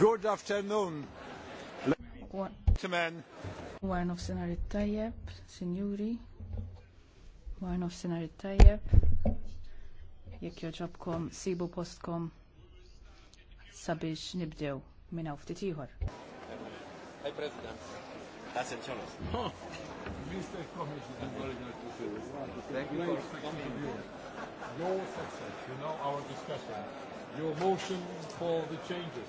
Good afternoon. Gentlemen. War of it Tayeb, sinjuri. War of it Tayeb. Jekk joġobkom sibu postkom sabiex nibdew minn hawn ftit ieħor. Hey President. Ascensionos. Mr. Commissioner, I'm going to say thank you for coming here. Your success, you know our discussion. Your motion for the changes.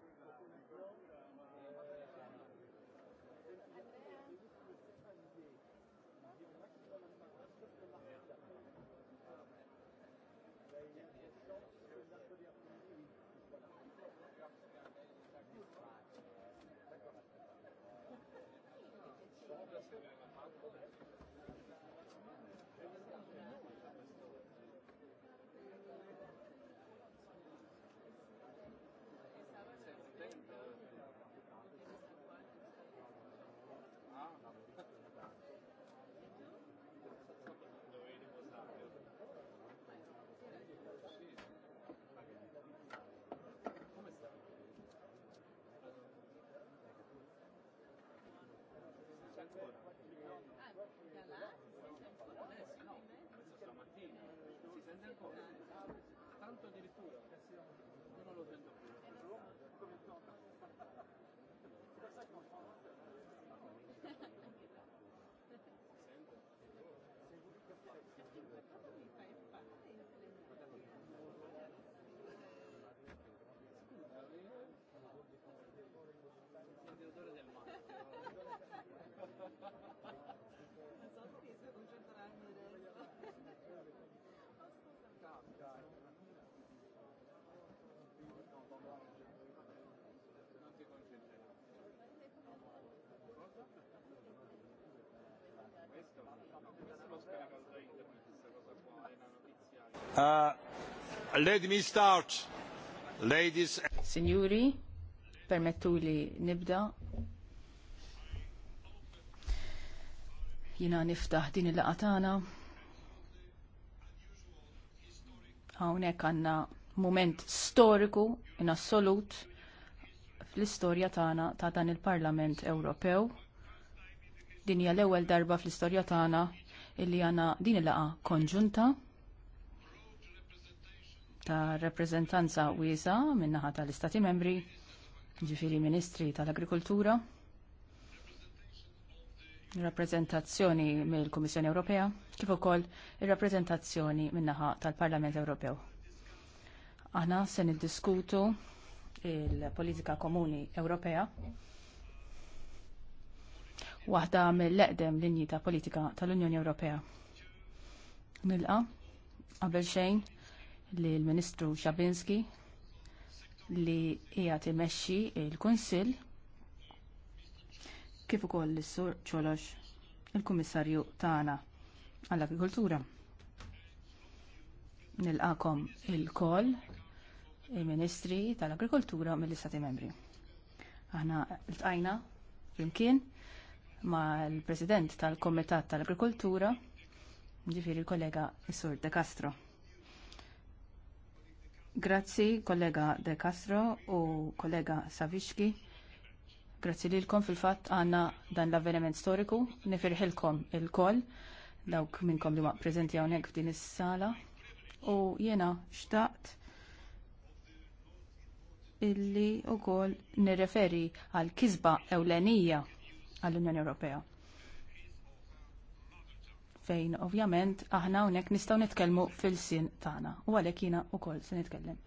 Uh, let me start, ladies. Signori, permettu li nibda. Jina niftaħ din il-laqatana. Hawnhekk għandna moment storiku in assolut fl-istorja tagħna ta' dan il-Parlament Ewropew Din hija l-ewwel darba fl-istorja tagħna illi għandna din il-laqa konġunta ta' rappreżentanza wiesa min-naħa tal-Istati Membri, ġifieri Ministri tal-Agrikoltura, rappreżentazzjoni mill-Kummissjoni Ewropea, kif ukoll ir-rappreżentazzjoni min-naħa tal-Parlament Ewropew. Aħna se niddiskutu il-politika komuni Ewropea waħda mill-eqdem linji ta' politika tal-Unjoni Ewropea. Nilqa qabel xejn li l-Ministru Xabinski li hija timexxi il-Kunsill kif ukoll is-Sur Ċolox il-Kummissarju tagħna għall-Agrikoltura. Nilqakom il-koll il-Ministri tal-Agrikoltura mill-Istati Membri. Aħna tqajna flimkien ma' l-President tal-Komitat tal-Agrikoltura, ġifiri kollega Isur De Castro. Grazzi kollega De Castro u kollega Savixki. Grazzi li l-kom fil-fat għanna dan l-avveniment storiku. Nifirħilkom il-koll dawk minnkom li ma' prezenti għonek f'din is-sala. U jena xtaqt illi u kol nireferi għal kizba ewlenija għall-Unjoni Ewropea. Fejn ovvjament aħna hawnhekk nistgħu nitkellmu fil-sin tagħna u għalhekk jiena wkoll se nitkellem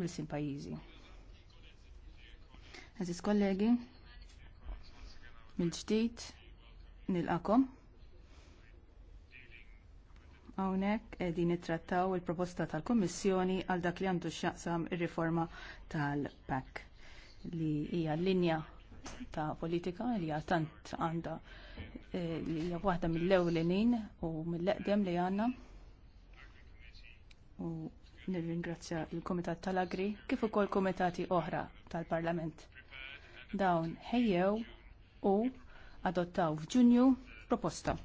mill-sin pajjiżi. Aziz kollegi, mill-ġdid nilqakom. Hawnhekk qegħdin nittrattaw il-proposta tal-Kummissjoni għal dak li għandu x'jaqsam ir-riforma tal-PAC li hija l linja ta' politika li għatant għanda eh, li hija waħda mill-ewlenin u mill-eqdem li għanna. U nirringrazzja il-Komitat tal-Agri kif ukoll komitati oħra tal-Parlament. Dawn ħejjew u adottaw f'Ġunju proposta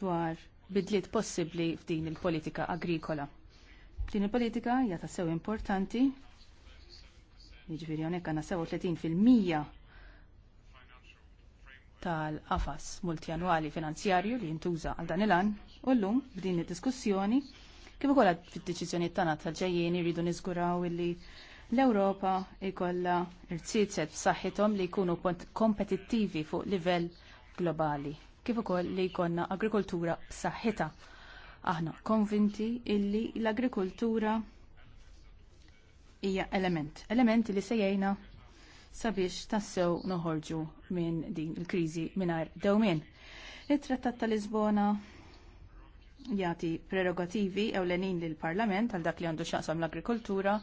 dwar bidliet possibbli f'din il-politika agrikola. Din il-politika hija sew importanti Jiġifieri hawnhekk għandna sew 30% tal-qafas multjanwali finanzjarju li jintuża għal dan il-an u llum b'din id-diskussjoni kif ukoll fid-deċiżjonijiet tagħna tal-ġejjieni rridu niżguraw illi l-Ewropa jkollha irtieset b'saħħithom li jkunu kompetittivi fuq livell globali kif ukoll li jkollna agrikoltura b'saħħitha. Aħna konvinti illi l-agrikoltura hija element, element li sejjejna sabiex tassew noħorġu minn din il-kriżi mingħajr dewmien. Il-Trattat ta' Lisbona jagħti prerogativi ewlenin lill parlament għal dak li għandu x'aqsam l-agrikoltura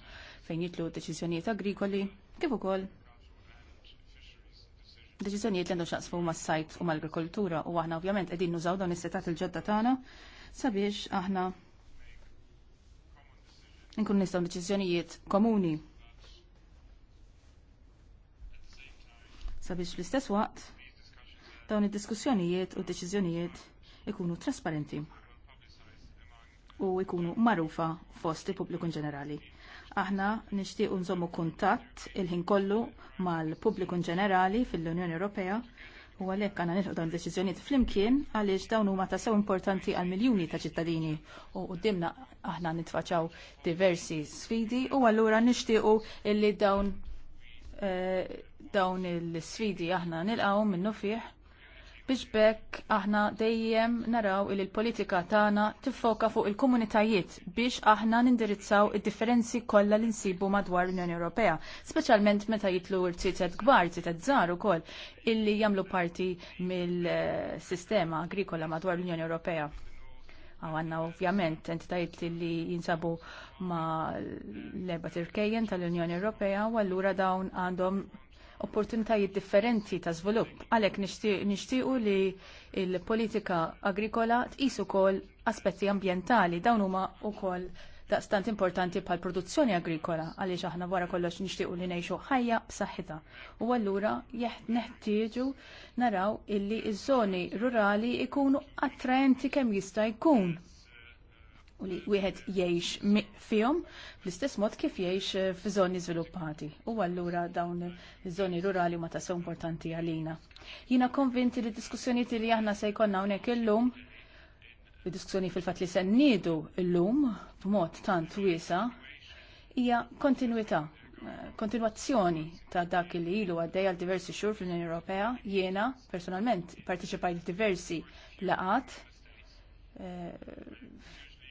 fejn jitlu deċiżjonijiet agrikoli kif ukoll deċiżjonijiet li għandu xaqsmu mas-sajt u mal-agrikoltura u aħna ovvjament qegħdin nużaw dawn is-setat il-ġodda tagħna sabiex aħna nkun nistgħu deċiżjonijiet komuni sabiex fl-istess waqt dawn id-diskussjonijiet u d-deċiżjonijiet ikunu trasparenti u ikunu magħrufa fost il-pubbliku ġenerali. Aħna nixtiequ nżommu kuntatt il-ħin kollu mal-pubbliku ġenerali fil-Unjoni Ewropea U għalhekk għandna nilħu dawn deċiżjonijiet flimkien għaliex dawn huma ta' sew importanti għal miljuni ta' ċittadini u qudiemna aħna nitfaċaw diversi sfidi u allura nixtiequ illi dawn Eh, dawn il-sfidi aħna nilqaw minnu fiħ biex bekk aħna dejjem naraw il l-politika tagħna tiffoka fuq il-komunitajiet biex aħna nindirizzaw id-differenzi kollha li nsibu madwar l-Unjoni Ewropea, speċjalment meta jitlu rtietet kbar, rtietet żgħar ukoll illi jagħmlu parti mill-sistema agrikola madwar l-Unjoni Ewropea. Għanna ovvjament entitajiet li jinsabu ma l-erba tirkejjen tal-Unjoni Ewropea u allura dawn għandhom opportunitajiet differenti ta' żvilupp. Għalhekk nixtiequ li l politika agrikola tqisu wkoll aspetti ambjentali dawn huma wkoll daqstant importanti bħal produzzjoni agrikola għaliex aħna wara kollox nixtiequ li ngħixu ħajja b'saħħitha. U allura neħtieġu naraw illi iż-żoni rurali jkunu attraenti kemm jista' jkun u li wieħed jgħix fihom fl-istess mod kif jgħix eh, f'żoni żviluppati. U allura dawn iż-żoni rurali ma tasew importanti għalina. Jiena konvinti li diskussjonijiet li aħna se jkollna hawnhekk illum id-diskussjoni fil-fat li sennidu l-lum b'mod tant wiesa hija kontinuità eh, kontinuazzjoni ta' dak li ilu għaddej għal diversi xhur fl-Unjoni Ewropea, jiena personalment parteċipajt diversi laqat eh,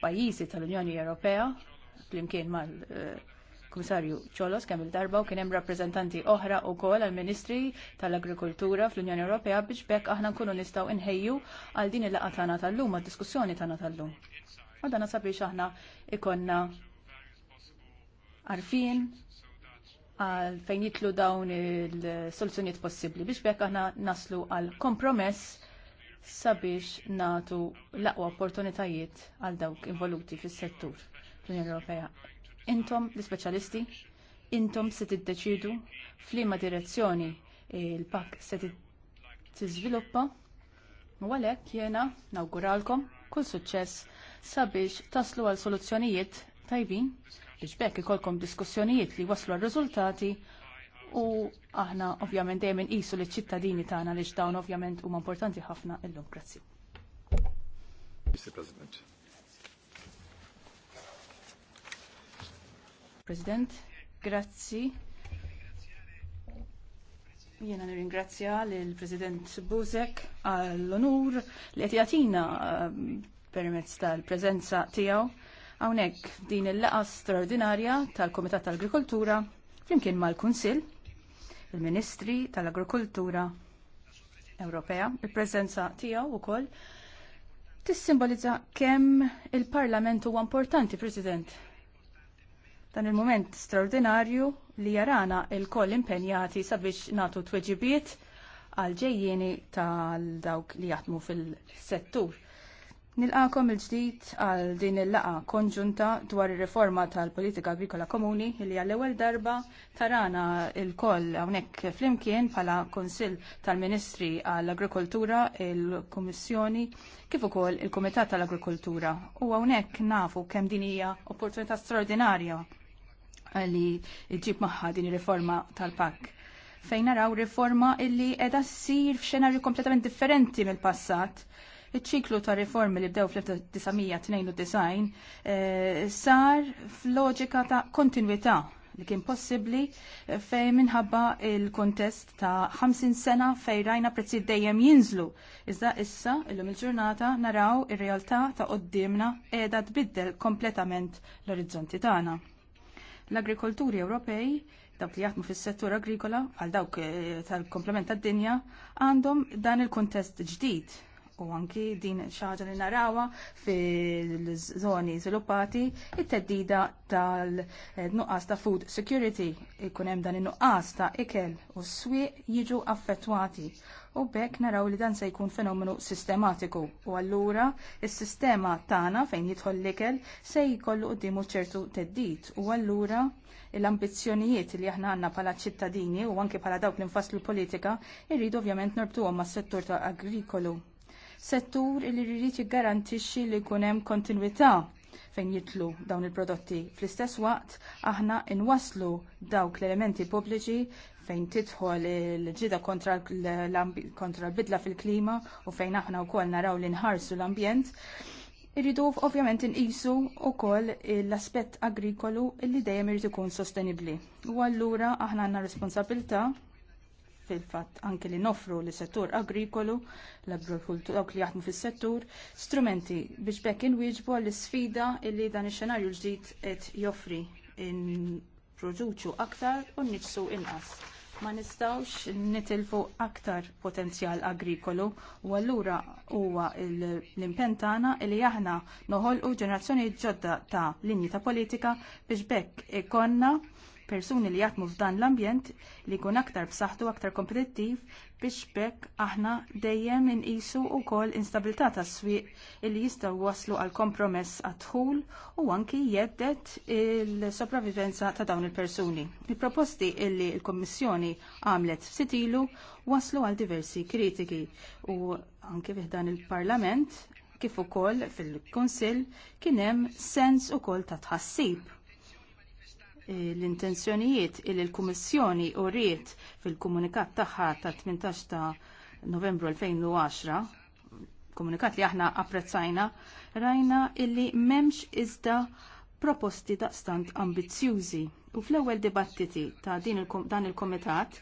pajjiżi tal-Unjoni Ewropea flimkien mal eh, il-Kummissarju Ċolos kemm il-darba u kien hemm rappreżentanti oħra wkoll għall-Ministri tal-Agrikoltura fl-Unjoni Ewropea biex bekk aħna nkunu nistgħu nħejju għal din il-laqgħa tagħna tal-lum għad-diskussjoni tagħna tal-lum. U dan sabiex aħna ikonna għarfien għal fejn jitlu dawn il-soluzzjonijiet possibbli biex bekk aħna naslu għal kompromess sabiex natu l-aqwa opportunitajiet għal dawk involuti fis-settur fl unjoni Ewropea. Intom l-speċjalisti, intom se tiddeċidu f'liema direzzjoni il-pak se tiżviluppa u għalhekk jiena nawguralkom kull suċċess sabiex taslu għal soluzzjonijiet tajbin biex bekk ikolkom diskussjonijiet li waslu għal riżultati u aħna ovvjament dejjem inqisu liċ ċittadini tagħna li dawn ovvjament huma importanti ħafna illum. Grazzi. Mr. President. President. Grazzi. Jena nirringrazzja l-President Buzek għall-onur li qed jagħtina eh, permezz tal prezenza tiegħu hawnhekk din il-laqa straordinarja tal-Kumitat tal-Agrikoltura flimkien mal-Kunsill, il-Ministri tal-Agrikoltura Ewropea, il tijaw tiegħu koll, tissimbolizza kemm il-Parlament huwa importanti, President dan il-moment straordinarju li jarana il-koll impenjati sabiex natu tweġibiet għal ġejjeni tal dawk li jaħdmu fil-settur. Nilqakom il-ġdid għal din il-laqa konġunta dwar ir-riforma tal-politika agrikola komuni li għall ewwel darba tarana il-koll hawnhekk flimkien bħala Kunsill tal-Ministri għall-Agrikoltura, il-Kummissjoni, kif ukoll il-Kumitat tal-Agrikoltura. U hawnhekk nafu kemm din hija opportunità straordinarja li iġib maħħa din ir-riforma tal-pak. Fejn naraw riforma illi edha ssir f'xenarju kompletament differenti mill-passat. Iċ-ċiklu ta' riformi li bdew fl-1992 sar eh, sar f'loġika ta' kontinwità li kien possibbli eh, fej minħabba il-kontest ta' 50 sena fej rajna prezzi dejjem jinżlu. Iżda issa illum il-ġurnata naraw ir-realtà ta' qoddimna qiegħda tbiddel kompletament l-orizzonti tagħna. L-agrikolturi Ewropej, dawk li jaħdmu fis-settur agrikola għal dawk eh, tal-komplement tad-dinja, għandhom dan il-kuntest ġdid u anki din xaġa li narawa fil-żoni sviluppati it-teddida tal-nuqqas ta' food security ikun hemm dan in-nuqqas ta' ikel u s-swieq jiġu affettwati u bekk naraw li dan se jkun fenomenu sistematiku u allura is-sistema tagħna fejn jidħol l-ikel se jkollu quddiemu ċertu teddid u allura l-ambizzjonijiet li aħna għandna bħala ċittadini u anke bħala dawk li nfasslu politika irridu ovvjament nortuhom mas-settur ta' agrikolu. Settur li rridu jiggarantixxi li jkun hemm kontinwità fejn jitlu dawn il-prodotti. Fl-istess waqt, aħna inwasslu dawk l-elementi pubbliċi fejn tidħol il-ġida kontra l-bidla fil-klima u fejn aħna wkoll naraw li nħarsu l-ambjent. Irridu ovvjament inqisu wkoll l-aspett agrikolu li dejjem irrid ikun sostenibbli. U allura aħna għandna responsabilità fil-fatt anke li nofru li settur agrikolu, l-agrikoltu dawk li jaħdmu fis-settur, strumenti biex bekk inwieġbu l sfida li dan ix-xenarju l ġdid qed joffri in aktar u nnifsu inqas ma nistawx nitilfu aktar potenzjal agrikolu u allura huwa l-impenn tagħna li aħna noħolqu ġenerazzjoni ġodda ta' linji ta' politika biex bekk ikonna persuni li jaħdmu f'dan l-ambjent li jkun aktar b'saħħtu aktar kompetittiv biex bekk aħna dejjem inqisu wkoll instabilità tas-swieq illi jistgħu waslu għal kompromess għad-dħul u anki jeddet il-sopravivenza ta' dawn il-persuni. Il-proposti li l kummissjoni għamlet f'sit ilu waslu għal diversi kritiki u anke fiħdan il-Parlament kif ukoll fil-Kunsill kien hemm sens ukoll ta' tħassib Eh, l-intenzjonijiet il l-Kummissjoni uriet fil-komunikat tagħha ta' 18 ta' Novembru 2010, komunikat li aħna apprezzajna, rajna illi memx iżda proposti ta' stant ambizzjużi. U fl-ewwel dibattiti ta' din il dan il-komitat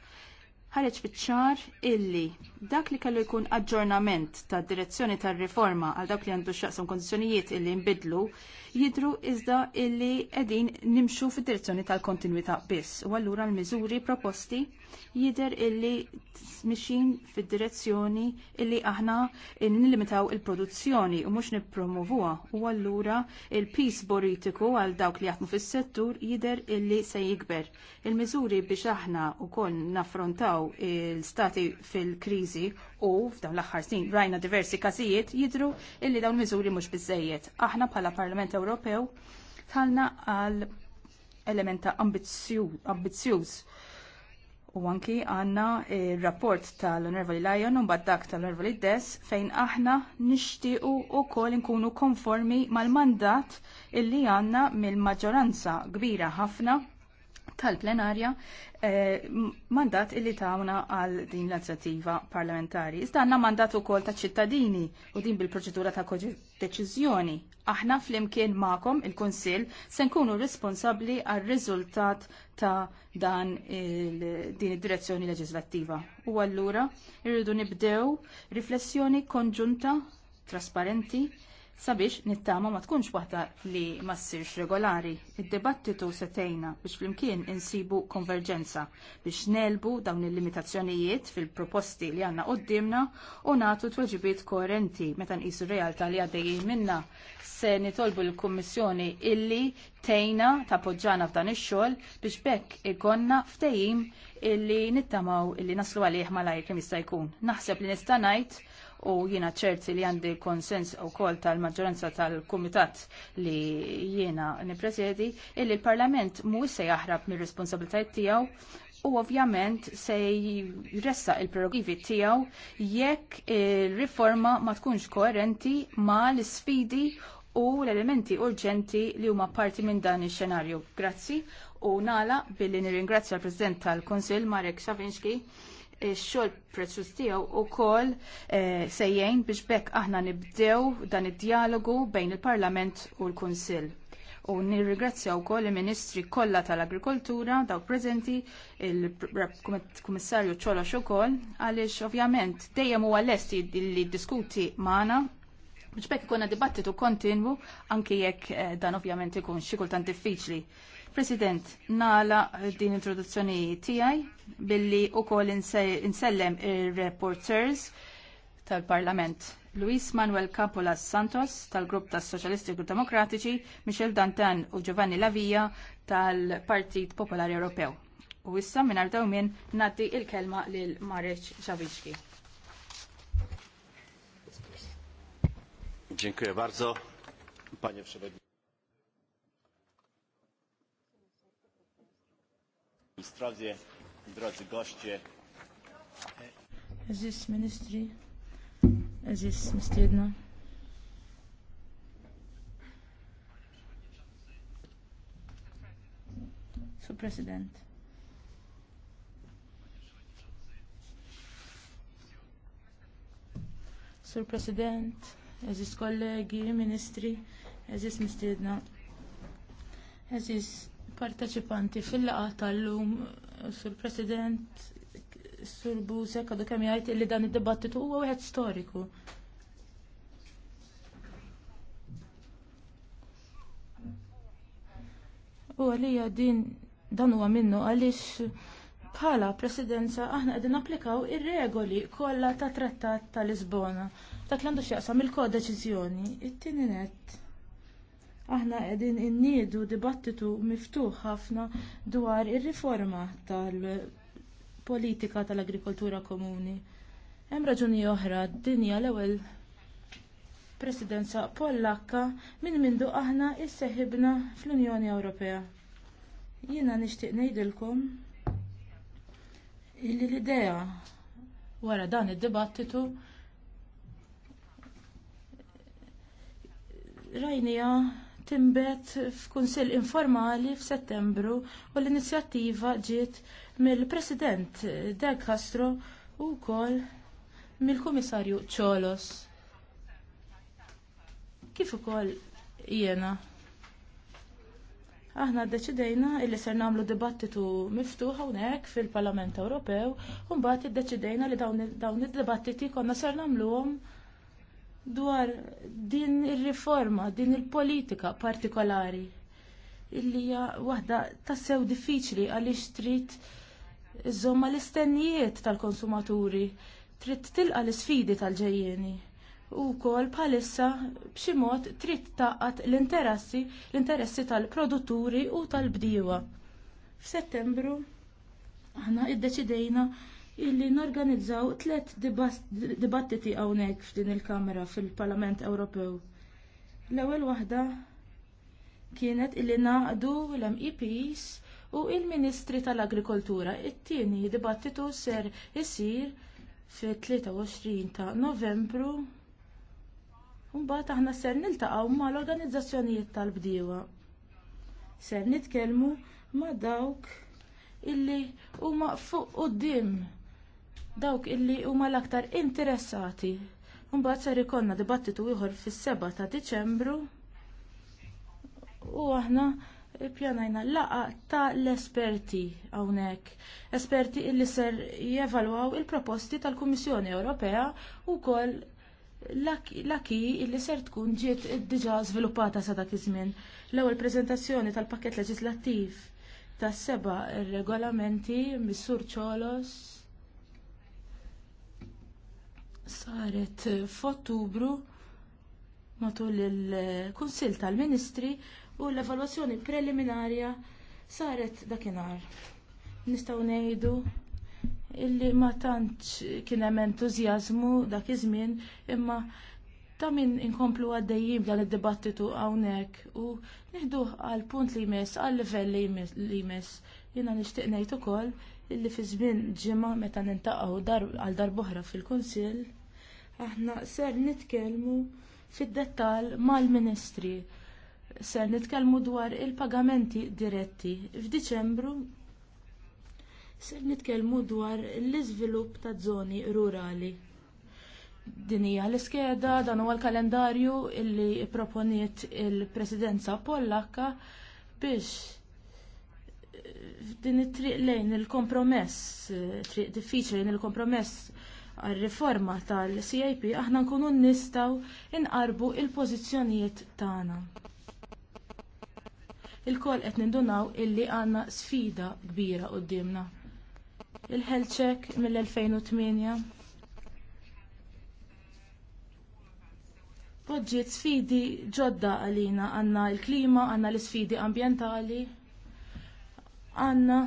ħareġ fiċ-ċar illi dak li kellu jkun aġġornament tad direzzjoni tar riforma għal dawk li għandu xaqsam kondizjonijiet illi nbidlu jidhru iżda illi qegħdin nimxu fid direzzjoni tal-kontinuità biss. U allura l-miżuri proposti jidher illi mixin fid direzzjoni illi aħna nlimitaw il-produzzjoni u mhux nippromovuha. U allura il peace politiku għal dawk li jaħdmu fis-settur jidher illi se jikber. Il-miżuri biex aħna wkoll naffrontaw il-stati fil-kriżi pajjiżi u f'dawn l-aħħar snin rajna diversi każijiet jidhru illi dawn miżuri mhux biżejjed. Aħna bħala Parlament Ewropew talna għal elementa ambizzjuż u anki għanna il-rapport tal onervali Lion un dak tal onervali Des fejn aħna nishtiqu u kol nkunu konformi mal-mandat illi għanna mill-maġġoranza kbira ħafna tal-plenarja eh, mandat illi tawna għal din l azzativa parlamentari. Iżda għanna mandat ukoll ta' ċittadini u din bil-proċedura ta' deċiżjoni. Aħna flimkien ma'kom il-Kunsill se nkunu responsabbli għal riżultat ta' dan din id-direzzjoni leġislattiva. U allura irridu nibdew riflessjoni konġunta, trasparenti, sabiex nittama ma tkunx waħda li ma ssirx regolari. Id-dibattitu setejna biex flimkien insibu konverġenza biex nelbu dawn il-limitazzjonijiet fil-proposti li għanna qoddimna u natu tweġibiet koerenti meta nqisu realtà li għaddejjin minna. Se nitolbu l-Kummissjoni illi tejna poġġana f'dan ix-xogħol biex bekk ikonna ftehim illi nittamaw illi naslu għalih malajr kemm jista' jkun. Naħseb li nista' ngħid u jiena ċerti li għandi konsens u kol tal-maġġoranza tal-Kumitat li jiena nipresedi illi l-Parlament mu se jaħrab mir responsabiltajt tijaw u ovvjament se jressa il-prerogativi tijaw jekk il-riforma ma tkunx koerenti ma l-sfidi u l-elementi urġenti li huma parti minn dan ix-xenarju. Grazzi u nala billi nirringrazzja l-President tal-Konsil Marek Xavinski xogħol tijaw tiegħu wkoll eh, sejjen biex bekk aħna nibdew dan id-dialogu bejn il-Parlament u l-Kunsill. U nirrigrazzjaw wkoll il-Ministri kollha tal-Agrikoltura daw preżenti il-Kummissarju Ċolox ukoll għaliex ovvjament dejjem huwa għalesti li diskuti magħna biex bekk ikonna dibattitu kontinwu anke jekk eh, dan ovvjament ikun xi diffiċli. President, nala din introduzzjoni tijaj billi u kol insellem il-reporters tal-Parlament. Luis Manuel Capolas Santos tal-Grupp tas Soċjalistiku Demokratiċi, Michel Dantan u Giovanni Lavija tal-Partit Popolari Ewropew. U issa minn ardaw minn nati il-kelma lil Marek Xavixki. Dziękuję bardzo, panie przewodniczący. Zdravje, drodzy goście. Aziz ministri, aziz mistiedna. Su president. Sur President, aziz kollegi, ministri, aziz mistiedna, Aziz parteċipanti fil-laqa tal-lum sur President sur Busek għadu kemm jgħid li dan id-dibattitu huwa wieħed storiku. U għalija din dan huwa minnu għaliex bħala presidenza aħna qegħdin applikaw ir-regoli kollha tat trattat ta' Lisbona. Dak l-għandu x'jaqsam il-kodeċiżjoni, it-tieni nett aħna qegħdin inniedu dibattitu miftuħ ħafna dwar ir-riforma tal-politika tal-agrikoltura komuni. Hemm raġuni oħra d-dinja l-ewwel presidenza Pollakka minn mindu aħna isseħibna fl-Unjoni Ewropea. Jiena nixtieq ngħidilkom illi l-idea wara dan id-dibattitu rajnija timbet f'kunsill informali f'Settembru u l-inizjattiva ġiet mill-President Del Castro u wkoll mill-Kummissarju Ċolos. Kif ukoll jiena? Aħna ddeċidejna illi ser nagħmlu dibattitu miftuħ hawnhekk fil-Parlament Ewropew u mbagħad iddeċidejna li dawn id-dibattiti konna ser nagħmluhom dwar din ir-riforma, din il-politika partikolari illi hija waħda tassew diffiċli għaliex trid iżomma l-istennijiet tal-konsumaturi, trid tilqa l-isfidi tal-ġejjeni. U wkoll bħalissa b'xi mod trid taqat l-interessi l-interessi tal-produtturi u tal-bdiewa. F'Settembru aħna iddeċidejna illi norganizzaw tliet dibattiti hawnhekk f'din il-Kamra fil-Parlament Ewropew. L-ewwel waħda kienet illi naqdu l-MEPs u l ministri tal-Agrikoltura. It-tieni dibattitu ser isir fit-23 ta' Novembru Mbagħad aħna ser niltaqgħu mal-organizzazzjonijiet tal-bdiewa. Ser nitkellmu ma' dawk illi huma fuq quddiem dawk illi huma l-aktar interessati. Mbagħad ser ikollna dibattitu ieħor fis-7 ta' Diċembru u aħna ppjanajna laqa ta' l-esperti hawnhekk. Esperti illi ser jevalwaw il-proposti tal-Kummissjoni Ewropea u koll l-aki illi ser tkun ġiet diġa żviluppata sa dak iż-żmien. L-ewwel preżentazzjoni tal-pakket leġislattiv tas seba regolamenti mis-sur Ċolos saret f'Ottubru matul il-Kunsil tal-Ministri u l-evalwazzjoni preliminarja saret dakinhar. Nistgħu ngħidu illi ma tantx kien hemm entużjażmu dak iż-żmien imma ta' min inkomplu għaddejjim dan id-dibattitu hawnhekk u nieħduh għal punt li jmiss għal livell li jmiss. Jiena nixtieq ngħid ukoll illi fi żmien ġimgħa meta nintaqgħu dar għal darb'oħra fil-Kunsill, aħna ser nitkellmu fid-dettall mal-Ministri. Ser nitkellmu dwar il-pagamenti diretti. F'Diċembru ser nitkellmu dwar l-iżvilupp ta' żoni rurali. Din hija l-iskeda, dan huwa l-kalendarju illi proponiet il-Presidenza Pollakka biex f'din it-triq lejn il-kompromess, eh, triq diffiċli lejn il-kompromess għar riforma tal-CIP, aħna nkunu nistaw inqarbu l pożizzjonijiet tagħna. Il-kol qed nindunaw illi għandna sfida kbira qudiemna. Il-health check mill-2008 Poġġiet sfidi ġodda għalina għandna l klima għandna l isfidi ambjentali għanna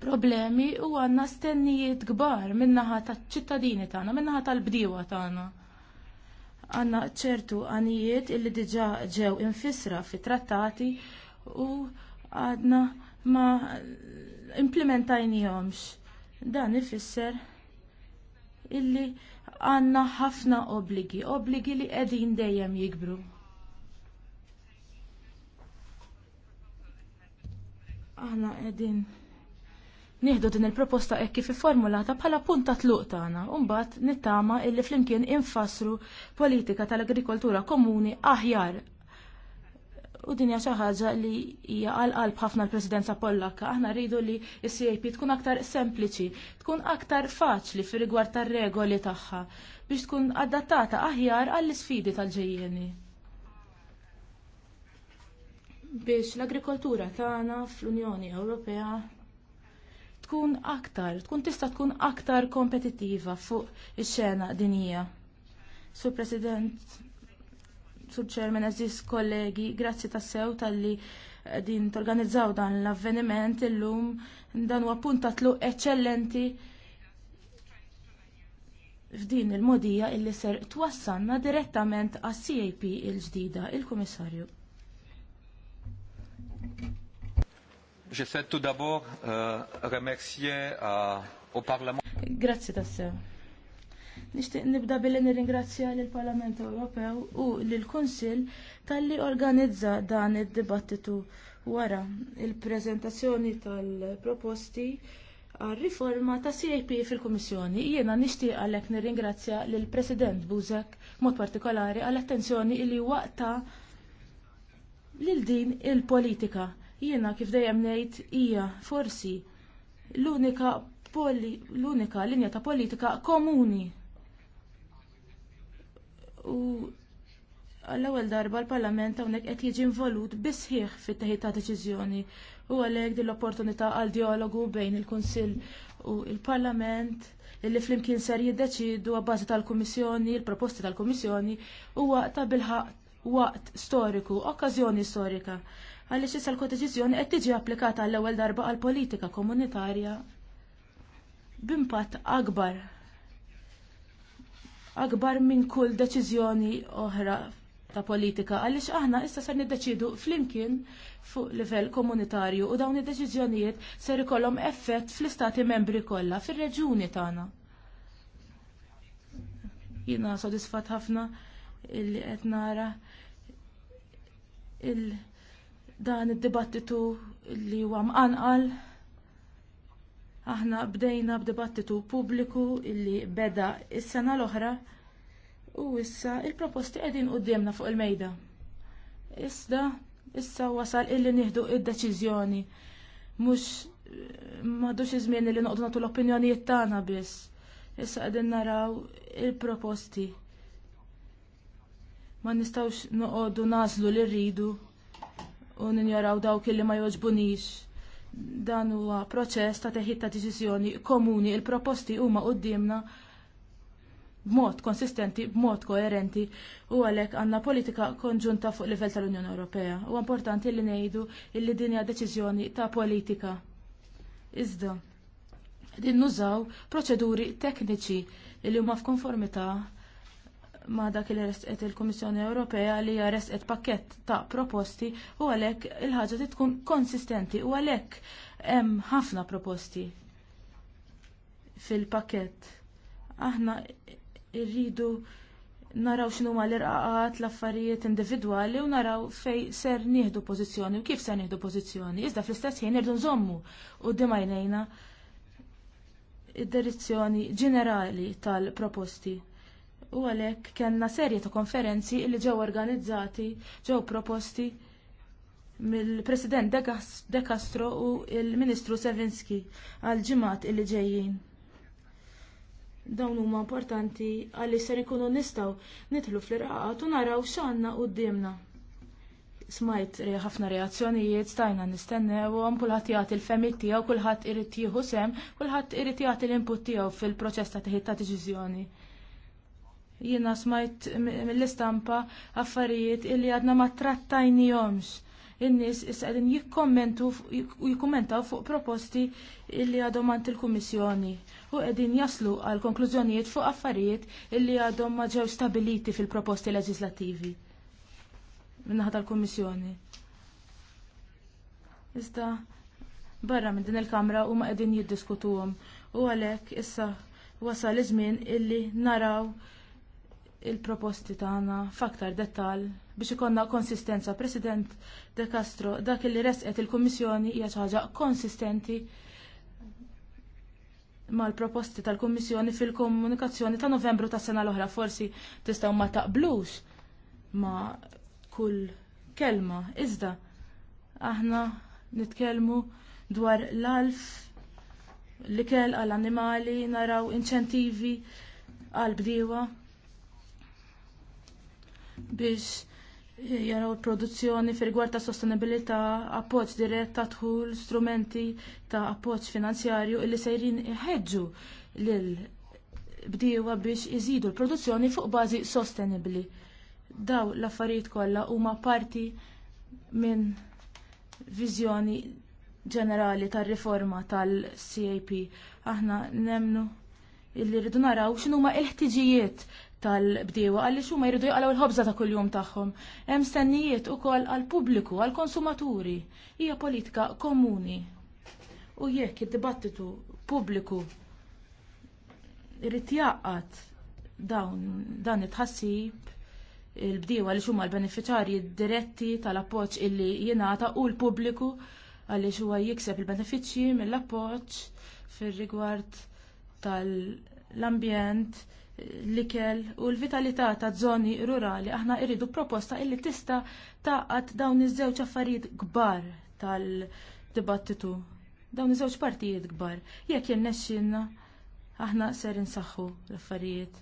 problemi u għanna stennijiet kbar minnaħa taċ ċittadini tagħna, minnaħa tal-bdiewa tagħna. Għanna ċertu għanijiet illi diġa ġew infisra fi trattati u għadna ma implementajnijomx. Dan ifisser illi għanna ħafna obligi, obligi li qegħdin dejjem jikbru. aħna qegħdin nieħdu din il-proposta hekk kif formulata bħala punta tluq tagħna u mbagħad nittama illi flimkien infassru politika tal-agrikoltura komuni aħjar. U din hija xi ħaġa li hija għal qalb ħafna l-Presidenza Pollakka. Aħna rridu li s-CAP tkun aktar sempliċi, tkun aktar faċli fir rigward tar-regoli tagħha biex tkun adattata aħjar għall-isfidi tal-ġejjeni biex l-agrikoltura tagħna fl-Unjoni Ewropea tkun aktar, tkun tista tkun aktar kompetittiva fuq ix-xena dinija. Sur President, Sur Chairman, Aziz kollegi, grazzi tassew tal-li din torganizzaw dan l-avveniment illum dan huwa punta tlu eċċellenti f'din il-modija illi ser twassanna direttament għas-CAP il-ġdida il-Kummissarju Je souhaite tout d'abord euh, remercier euh, au Parlement. Grazie tassew. Nishtiq nibda billi nirringrazzja lill parlament Ewropew u lill kunsill talli organizza dan id-dibattitu wara il-preżentazzjoni tal-proposti għar riforma ta' CAP fil-Kummissjoni. Jiena nixtieq għalhekk nirringrazzja lill President Buzek mod partikolari għall-attenzjoni li waqta' lil din il-politika. Jiena kif dejjem ngħid hija forsi l-unika l-unika linja ta' politika komuni. U għall-ewwel darba l-Parlament hawnhekk qed jiġi involut bisħieħ fit-teħid ta' deċiżjoni u għalhekk din l-opportunità għal dialogu bejn il-Kunsill u l il parlament illi flimkien ser jiddeċidu għabbażi tal-Kummissjoni, il-proposti tal-Kummissjoni huwa ta' bilħaq waqt storiku, okkażjoni storika, għaliex xissa l kodeċizjoni qed tiġi applikata għall-ewwel darba għall politika komunitarja b'impatt akbar akbar minn kull deċiżjoni oħra ta' politika għaliex aħna issa ser niddeċidu flimkien fuq livell komunitarju u dawn id-deċiżjonijiet ser ikollhom effett fl-istati membri kollha fir-reġjuni tagħna. Jiena sodisfat ħafna illi qed nara dan id-dibattitu li huwa mqanqal aħna bdejna b'dibattitu pubbliku illi beda is-sena l-oħra u issa il proposti qegħdin qudiemna fuq il-mejda. Issa issa wasal illi nieħdu id-deċiżjoni mhux m'għadux iż-żmien li noqdu nagħtu l-opinjonijiet tagħna biss. Issa qegħdin naraw il-proposti. Ma nistawx noqogħdu nażlu li rridu u ninjaraw dawk li ma joġbunix. Dan huwa proċess ta' teħid ta' deċiżjoni komuni, il-proposti huma qudiemna b'mod konsistenti, b'mod koerenti u għalhekk għandna politika konġunta fuq livell tal-Unjoni Ewropea. U importanti li ngħidu illi din hija deċiżjoni ta' politika. Iżda, din nużaw proċeduri tekniċi li huma f'konformità ma dak li resqet il-Kummissjoni Ewropea li hija resqet pakkett ta' proposti u għalhekk il-ħaġa tkun konsistenti u għalhekk hemm ħafna proposti fil-pakkett. Aħna rridu naraw x'inhu ma l-irqaqat l-affarijiet individwali u naraw fejn ser nieħdu pożizzjoni u kif ser nieħdu pożizzjoni. Iżda fl-istess ħin irdu nżommu u dimajnejna id-direzzjoni ġenerali tal-proposti u għalhekk kellna serje ta' konferenzi li ġew organizzati, ġew proposti mill-President De Castro u l ministru Sevinski għal ġimgħat illi ġejjin. Dawn huma importanti għalli ser ikunu nistgħu nidħlu fl-irqaqat u naraw x'għandna qudiemna smajt ħafna reazzjonijiet stajna nistennewhom kulħadd jagħti l-femit tiegħu, kulħadd irid jieħu sem, kulħadd irid jagħti l-input tiegħu fil-proċess ta' teħid ta' deċiżjoni. Jiena smajt mill-istampa affarijiet illi għadna ma trattajnijomx. In-nies issa qegħdin jikkommentu u jikkummentaw fuq proposti illi għadhom għand il-Kummissjoni u qegħdin jaslu għal konklużjonijiet fuq affarijiet illi għadhom ma ġew stabiliti fil-proposti leġislattivi minnaħa tal-Kummissjoni. Iżda barra minn din il-Kamra u ma qegħdin jiddiskutuhom u għalhekk issa wasal iż-żmien illi naraw il-proposti tagħna f'aktar dettall biex ikonna konsistenza. President De Castro, dak li resqet il-Kummissjoni hija xi ħaġa konsistenti mal-proposti tal-Kummissjoni fil-komunikazzjoni ta' Novembru tas sena l-oħra forsi tistgħu ma taqblux ma kull kelma. Iżda aħna nitkellmu dwar l-alf li kell għall-annimali naraw inċentivi għal bdiewa biex jaraw produzzjoni fi rigward ta' sostenibilità, appoġġ dirett ta' tħul, strumenti ta' appoġġ finanzjarju illi sejrin iħeġġu lil bdiewa biex iżidu l-produzzjoni fuq bażi sostenibbli. Daw l-affarijiet kollha huma parti minn viżjoni ġenerali tar-riforma tal-CAP. Aħna nemnu illi rridu naraw x'inhuma il ħtiġijiet tal-bdiewa għaliex huma jridu jgħalaw l-ħobża ta' kuljum tagħhom. Hemm stennijiet ukoll għall-pubbliku, għall-konsumaturi. Hija politika komuni. U jekk id-dibattitu pubbliku irid jaqgħad dawn dan it-ħassib il-bdiewa li huma l-beneficjarji diretti tal-appoġġ illi jingħata u l-pubbliku għaliex huwa jikseb il-benefiċċji mill-appoġġ fir-rigward tal-ambjent, l-ikel u l-vitalità ta' żoni rurali aħna irridu proposta illi tista taqat dawn iż-żewġ affarijiet kbar tal-dibattitu. Dawn iż-żewġ partijiet kbar. Jekk nexxinna, aħna ser insaħħu l-affarijiet.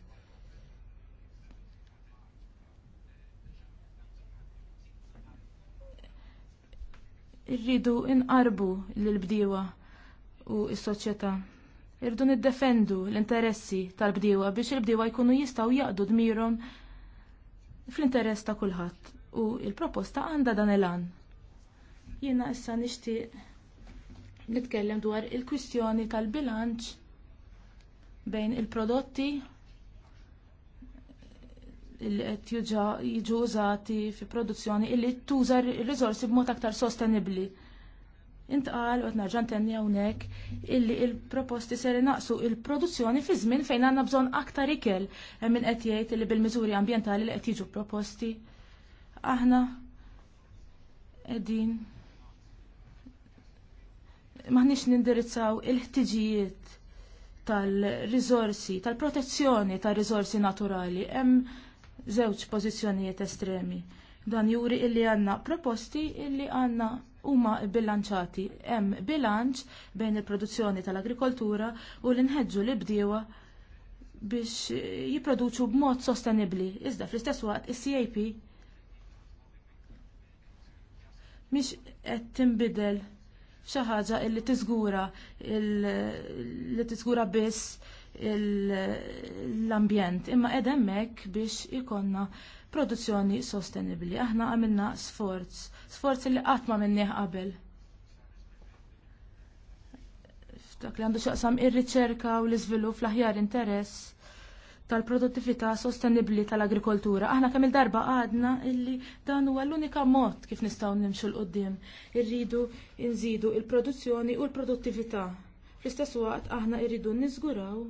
Irridu inqarbu lill bdiewa u s-soċjetà. Irdu niddefendu l-interessi tal-bdiewa biex il-bdiewa jkunu jistgħu jaqdu dmirhom fl-interess ta' kulħadd u l proposta għandha dan il-għan. Jiena issa nixtieq nitkellem dwar il-kwistjoni tal-bilanċ bejn il-prodotti li qed jiġu użati fi produzzjoni illi tuża r-riżorsi b'mod aktar sostenibbli intqal u nerġan tenni hawnhekk illi il-proposti ser naqsu il-produzzjoni fi żmien fejn għandna bżonn aktar ikel hemm min qed jgħid li bil-miżuri ambjentali li qed jiġu proposti. Aħna qegħdin maħniex nindirizzaw il-ħtiġijiet tal rizorsi tal-protezzjoni tal rizorsi naturali. Hemm żewġ pożizzjonijiet estremi. Dan juri illi għandna proposti illi għandna huma bilanċati. Hemm bilanċ bejn il-produzzjoni tal-agrikoltura u l-inħeġġu li bdiewa biex jipproduċu b'mod sostenibbli. Iżda fl-istess waqt is-CAP mhix qed tinbidel xi ħaġa li tiżgura li tiżgura biss l-ambjent imma qed hemmhekk biex ikonna produzzjoni sostenibbli. Aħna għamilna sforz sforzi li qatt ma qabel. Dak li għandu xaqsam ir-riċerka u l-iżvilupp fl-aħjar interess tal-produttività sostenibbli tal-agrikoltura. Aħna kemm il-darba għadna illi dan huwa l-unika mod kif nistgħu nimxu l-qudiem. Irridu nżidu l produzzjoni u l-produttività. Fl-istess waqt aħna irridu niżguraw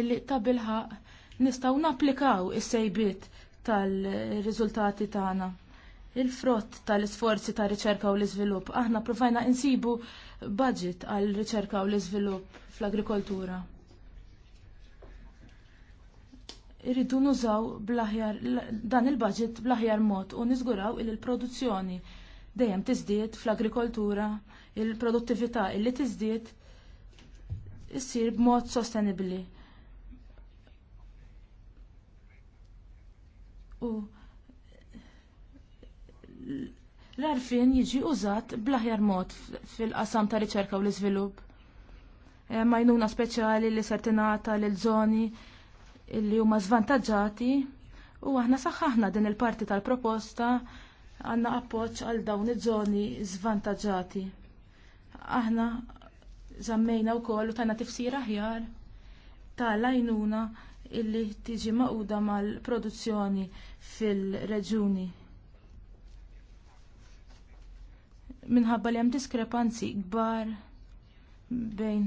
illi ta' bilħaq nistgħu napplikaw is-sejbiet tal-riżultati tagħna. Il-frott tal-isforzi ta' riċerka u l-iżvilupp. Aħna provajna insibu budget għal riċerka u l-iżvilupp fl-agrikoltura. Irridu nużaw blaħjar dan il-budget blaħjar mod u niżguraw il-produzzjoni dejjem tiżdied fl-agrikoltura, il-produttività illi tiżdied issir b'mod sostenibbli u l-arfin jiġi użat blaħjar mod fil-qasam ta' riċerka u l-iżvilupp. Eh, majnuna speċjali li sertinata l-żoni li huma zvantagġati u aħna saħħaħna din il-parti tal-proposta għanna appoċ għal dawn iż-żoni zvantagġati. Aħna zammejna u kollu tana tifsir aħjar tal-lajnuna illi tiġi maquda mal-produzzjoni fil-reġuni. Minħabba li hemm diskrepanzi kbar bejn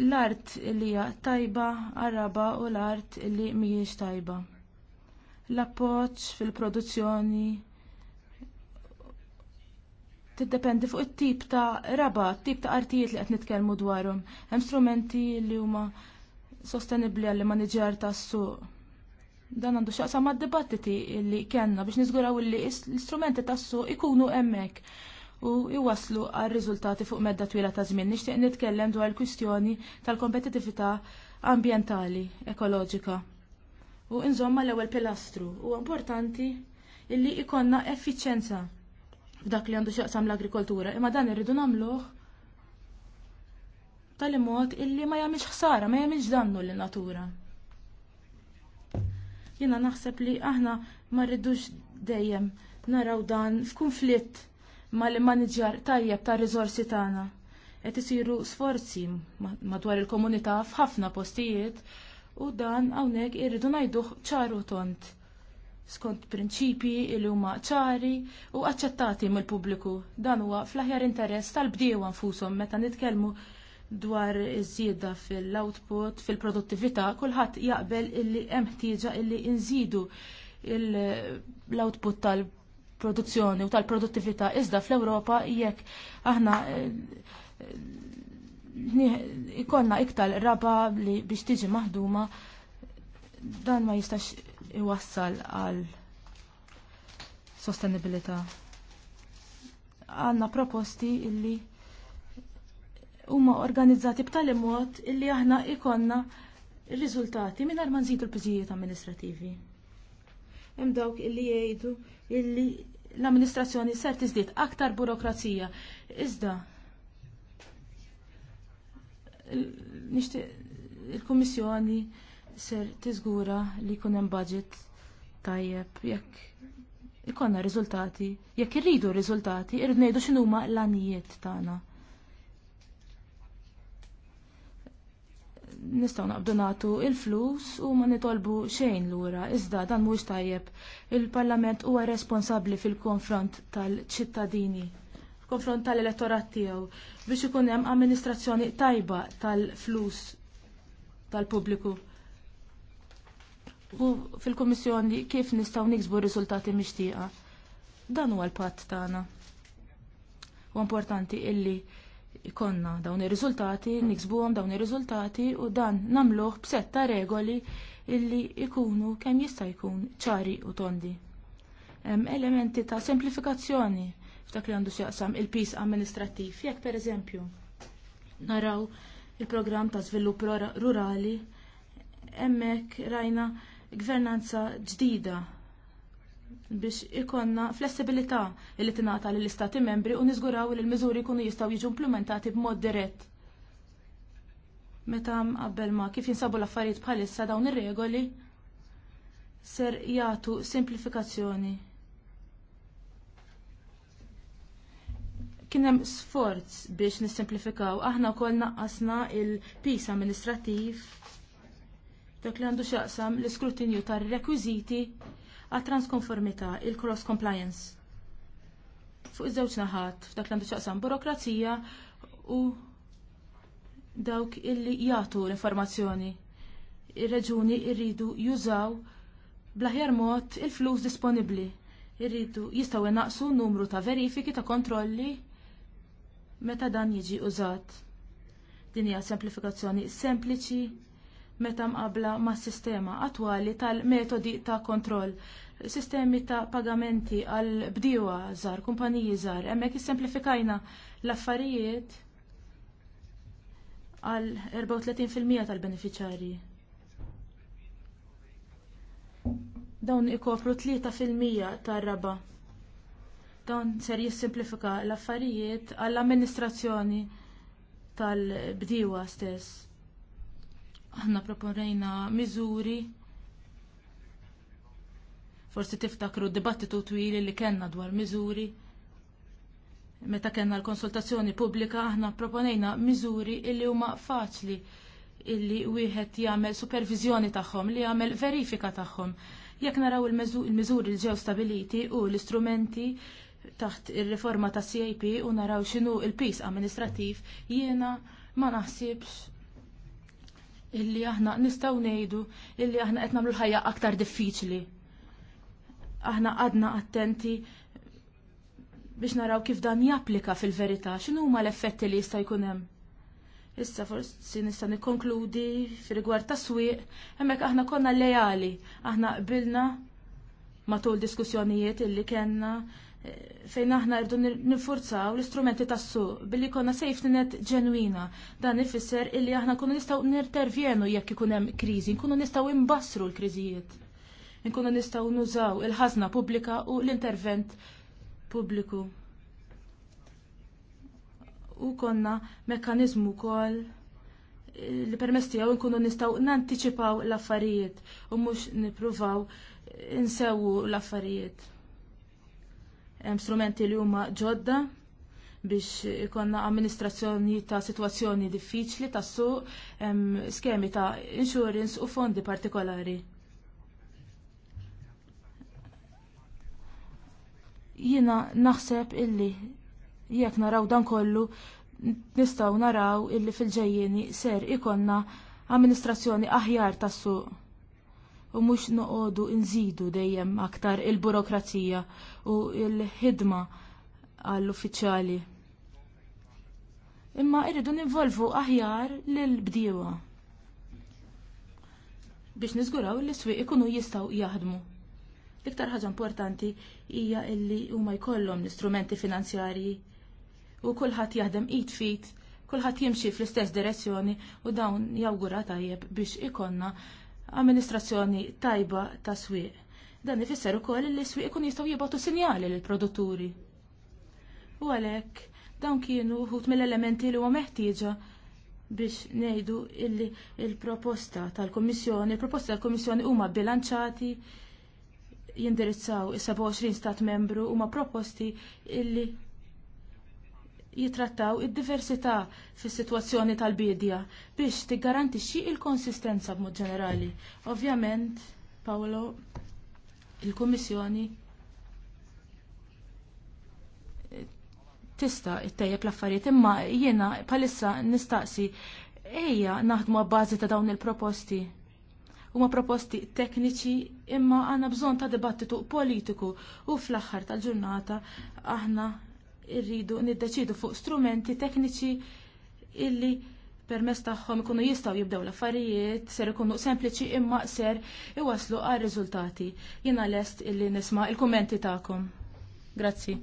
l-art li hija tajba għar-raba u l-art li mhijiex tajba. L-appoġġ fil-produzzjoni tiddependi fuq it-tip ta' raba, tip ta' artijiet li qed nitkellmu dwarhom. Hemm strumenti li huma sostenibli għall maniġer tas-suq. Dan għandu xaqsa ma' dibattiti li kellna biex nizguraw li l-istrumenti tas-suq ikunu hemmhekk u iwaslu għal riżultati fuq medda twila ta' żmien. Nixtieq nitkellem dwar il-kwistjoni tal-kompetitività ambjentali ekoloġika. U insomma l-ewwel pilastru huwa importanti illi ikonna effiċjenza f'dak li għandu xaqsam l-agrikoltura, imma dan irridu nagħmluh tal-imod illi ma jagħmilx ħsara, ma jagħmilx dannu lin natura Jiena naħseb li aħna ma rridux dejjem naraw dan f'kunflitt mal-manager tajjeb tar rizorsi tagħna. Qed isiru sforzi madwar il-komunità f'ħafna postijiet u dan hawnhekk irridu ngħiduh ċaru tont skont prinċipji li huma ċari u aċċettati mill-pubbliku. Dan huwa fl-aħjar interess tal-bdiewa nfushom meta nitkellmu dwar iż-żieda fil-output, fil-produttività, kulħadd jaqbel illi hemm ħtieġa illi nżidu l-output tal-produzzjoni u tal-produttività iżda fl-Ewropa jekk aħna eh, eh, ikonna iktar raba li biex tiġi maħduma dan ma jistax iwassal għal sostenibilità. Għanna proposti illi huma organizzati b'tali mod illi aħna ikonna r-riżultati mingħajr ma nżidu l-piżijiet amministrativi. Hemm dawk illi jgħidu illi l-amministrazzjoni ser tiżdied aktar burokrazija. Iżda nixtieq il-Kummissjoni ser tiżgura li jkun hemm budget tajjeb jekk ikonna riżultati, jekk irridu riżultati, irridu ngħidu x'inhuma l anijiet tagħna. nistgħu naqbdu nagħtu il-flus u ma nitolbu xejn lura, iżda dan mhuwiex tajjeb. Il-Parlament huwa responsabbli fil-konfront tal-ċittadini, konfront tal-elettorat tiegħu biex ikun hemm amministrazzjoni tajba tal-flus tal-pubbliku. U fil-Kummissjoni kif nistgħu niksbu riżultati mixtieqa. Dan huwa l-patt tagħna. U importanti illi ikonna dawn ir-riżultati, niksbuhom dawn ir-riżultati u dan nagħmluh b'setta regoli illi ikunu kemm jista' jkun ċari u tondi. Hemm elementi ta' semplifikazzjoni f'dak li għandu x'jaqsam il-pis amministrattiv, jekk pereżempju naraw il-programm ta' żvilupp rurali hemmhekk rajna gvernanza ġdida biex ikonna flessibilità li tingħata lill istati membri u niżguraw li l-miżuri jkunu jistgħu jiġu implementati b'mod dirett. Meta qabel ma kif jinsabu l-affarijiet bħalissa dawn ir-regoli ser jagħtu simplifikazzjoni. Kien hemm sforz biex nissimplifikaw, aħna wkoll naqqasna il-pis amministrattiv dak li għandu x'jaqsam l-iskrutinju tar rekwiżiti għat transkonformità il-cross compliance. Fuq iż-żewġ naħat, f'dak l-għandu xaqsam burokrazija u dawk illi jagħtu l-informazzjoni. Ir-reġuni rridu jużaw blaħjar mod il-flus disponibbli. Irridu jistgħu jnaqsu numru ta' verifiki ta' kontrolli meta dan jiġi użat. Din hija semplifikazzjoni sempliċi meta mqabbla mas sistema attwali tal-metodi ta' kontroll. Sistemi ta' pagamenti għal bdiewa żgħar, kumpaniji żgħar, hemmhekk jissemplifikajna l-affarijiet għal 34% tal benefiċjarji Dawn ikopru 3% tar-raba. Dawn ser jissimplifika l-affarijiet għall-amministrazzjoni tal-bdiewa stess Aħna proponejna miżuri forsi tiftakru dibattitu twili li kellna dwar miżuri. Meta kellna l-konsultazzjoni pubblika aħna proponejna miżuri illi huma faċli illi wieħed jagħmel supervizjoni tagħhom, li jagħmel verifika tagħhom. Jekk naraw il-miżuri li ġew stabiliti u l-istrumenti taħt ir-riforma tas CIP u naraw x'inhu l-pis amministrattiv, jiena ma naħsibx illi aħna nistgħu ngħidu illi aħna qed nagħmlu ħajja aktar diffiċli. Aħna għadna attenti biex naraw kif dan japplika fil-verità, x'inhu huma l-effetti li jista' jkun hemm. Issa forsi nista' nikkonkludi fir-rigward ta' swieq, hemmhekk aħna konna lejali, aħna qbilna matul diskussjonijiet illi kellna fejn aħna rridu nifurzaw l-istrumenti tas-suq billi jkollna safety net ġenwina. Dan ifisser illi aħna nkunu nistgħu nirtervjenu jekk ikun hemm kriżi, nkunu nistgħu imbassru l-kriżijiet. Nkunu nistgħu nużaw il-ħażna pubblika u l-intervent pubbliku. U konna mekkaniżmu wkoll eh, li permess tiegħu nkunu nistgħu nantiċipaw l-affarijiet u mhux nippruvaw insewu l-affarijiet strumenti li huma ġodda biex ikonna amministrazzjoni ta' situazzjoni diffiċli ta' suq skemi ta' insurance u fondi partikolari. Jina naħseb illi jekk naraw dan kollu nistaw naraw illi fil-ġejjeni ser ikonna amministrazzjoni aħjar tas suq u mhux noqogħdu nżidu dejjem aktar il-burokrazija u l-ħidma għall-uffiċjali. Imma irridu nivolvu aħjar lil bdiewa biex niżguraw li s ikunu jistgħu jaħdmu. L-iktar ħaġa importanti hija illi huma jkollhom l-istrumenti finanzjarji u kulħadd jaħdem id fit, kulħadd jimxi fl-istess direzzjoni u dawn jawgura tajjeb biex ikonna amministrazzjoni tajba ta' swieq. Dan ifisser ukoll li swieq ikun jistgħu jibgħatu sinjali lill produtturi U għalhekk dawn kienu wħud mill-elementi li huwa meħtieġa biex ngħidu illi il-proposta tal-Kummissjoni, il-proposta tal-Kummissjoni huma bilanċati jindirizzaw is-27 stat membru huma proposti illi jitrattaw id-diversità fis-sitwazzjoni tal-bidja biex tiggarantixxi l konsistenza b'mod ġenerali. Ovvjament, Paolo, il-Kummissjoni tista' ttejjeb l-affarijiet imma jiena bħalissa nistaqsi ejja naħdmu b'bażi ta' dawn il-proposti. Huma proposti tekniċi imma għandna bżonn ta' dibattitu politiku u fl-aħħar tal-ġurnata aħna irridu niddeċidu fuq strumenti tekniċi illi permess tagħhom ikunu jistgħu jibdew l-affarijiet, ser ikunu sempliċi imma ser iwaslu għal riżultati. Jiena lest illi nisma' il-kummenti tagħkom. Grazzi.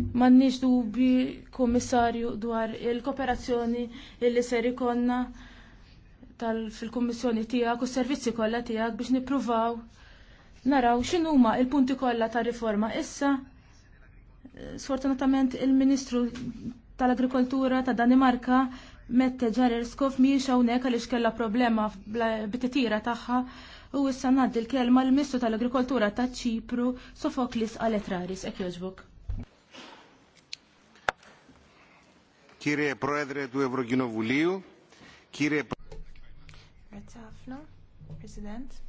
M'għandniex dubi, kummissarju, dwar il-kooperazzjoni illi ser ikonna tal fil-kummissjoni tiegħek u s-servizzi kollha tiegħek biex nippruvaw naraw x'inhuma l punti kollha tar riforma issa Sfortunatament il-Ministru tal-Agrikoltura ta' Danimarka mette ġarir skof miex hawnhekk għaliex kellha problema bit-titira tagħha u issa ngħaddi l-kelma l-Ministru tal-Agrikoltura ta' Ċipru Sofoklis Aletraris Ek jogħġbok. Kire Proedre du Evrokinovuliju, kire Grazie ħafna, President.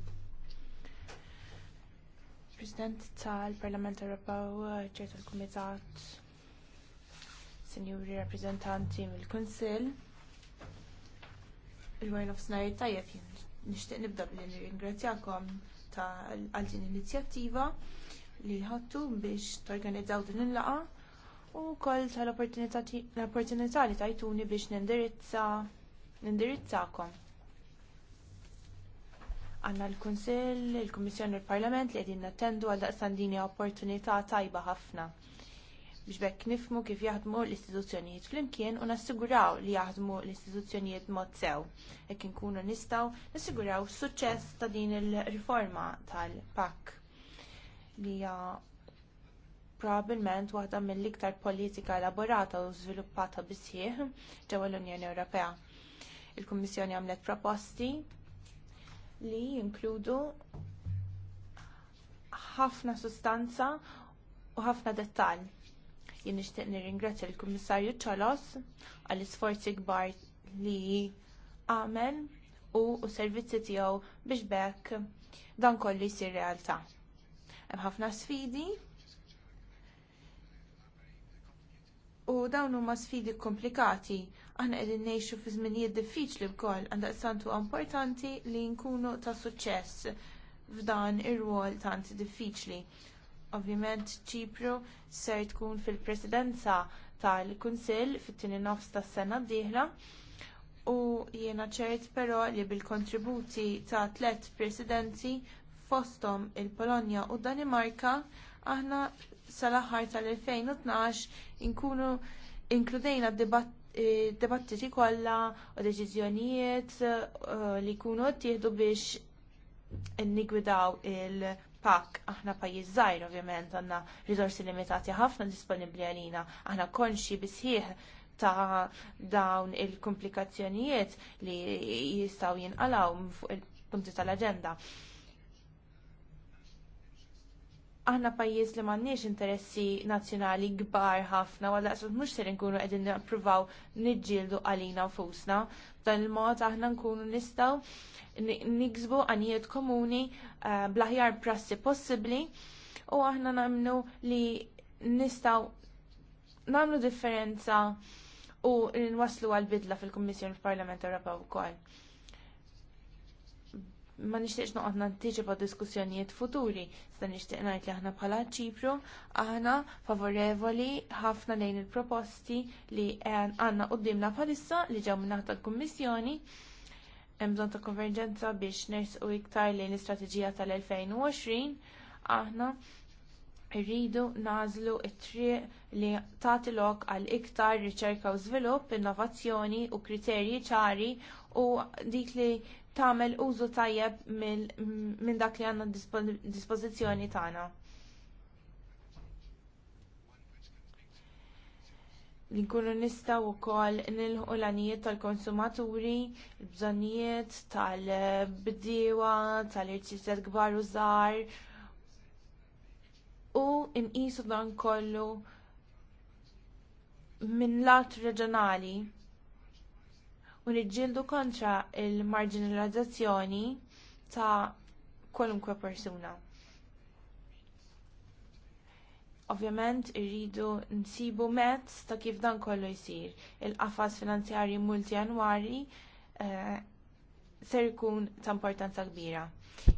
President tal-Parlament Ewropew, ċer tal-Kumitat, Sinjuri Rappresentanti mill-Kunsill. Il-Wajn of Snajt tajjeb jien nixtieq nibda billi nirringrazzjakom għal din inizjattiva li ħattu biex torganizzaw din il laqgħa u wkoll tal-opportunità li tajtuni biex nindirizzakom għanna l-Kunsill, il-Kummissjoni u l-Parlament li għedin nattendu għal daqstan dini opportunità tajba ħafna biex bekk nifmu kif jaħdmu l-istituzzjonijiet flimkien u nassiguraw li jaħdmu l-istituzzjonijiet mod sew. Jekk inkunu nistgħu nassiguraw suċċess ta' din il-riforma tal-PAK li hija probabbilment waħda mill-iktar politika elaborata u żviluppata bisħieħ ġewwa l-Unjoni Ewropea. Il-Kummissjoni għamlet proposti li jinkludu ħafna sustanza u ħafna dettal. Jien nixtieq nirringrazzja l-Kummissarju Ċolos għall isforzi kbar li għamel u s servizzi tiegħu biex bekk dan kollu jsir realtà. Hemm ħafna sfidi U dawn huma sfidi komplikati. Aħna qegħdin ngħixu fi żminijiet diffiċli wkoll għandha santu importanti li nkunu ta' suċċess f'dan ir-rwol tant diffiċli. Ovvjament Ċipru ser tkun fil-presidenza tal-Kunsill fit-tieni nofs tas-sena d-dieħla u jiena ċert però li bil-kontributi ta' tliet presidenti fosthom il-Polonja u d Danimarka aħna sal-aħħar tal-2012 inkunu inkludejna dibattiti eh, kollha u deċiżjonijiet eh, li jkunu ttieħdu biex nigwidaw il-pak aħna pajjiż żgħir ovvjament għandna risorsi limitati ħafna disponibbli għalina aħna konxi bisħieħ ta' dawn il-komplikazzjonijiet li jistgħu jinqalaw fuq il-punti tal-aġenda aħna pajjiż li m'għandniex interessi nazzjonali kbar ħafna wala qasod mhux ser nkunu qegħdin nippruvaw niġġieldu għalina nfusna. F'dan il-mod aħna nkunu nistgħu niksbu għanijiet komuni eh, bl-aħjar prassi possibbli u aħna nagħmlu li nistgħu nagħmlu differenza u nwaslu għal bidla fil-Kummissjoni fil-Parlament Ewropew ukoll ma nixtieqx noqgħod nanteċipa diskussjonijiet futuri. Sta nixtieq ngħid li aħna bħala ċipru aħna favorevoli ħafna lejn il-proposti li għandna qudiemna bħalissa li ġew minn tal-Kummissjoni hemm bżonn ta' konverġenza biex nersqu iktar lejn l-istrateġija tal-2020 aħna rridu nażlu t triq li tagħti lok għal iktar riċerka u żvilupp, innovazzjoni u kriterji ċari u dik li tagħmel użu tajjeb minn dak li għandna dispożizzjoni tagħna. li nkunu nistgħu wkoll nilħu l-għanijiet tal-konsumaturi, l-bżonijiet tal-bdiewa, tal-irċiżet kbar u żgħar u nqisu dan kollu minn lat reġjonali u niġġieldu kontra l marginalizzazzjoni ta' kwalunkwe persuna. Ovvjament irridu nsibu mezz ta' kif dan kollu jsir. Il-qafas finanzjarji multianwari eh, ser ikun ta' importanza kbira.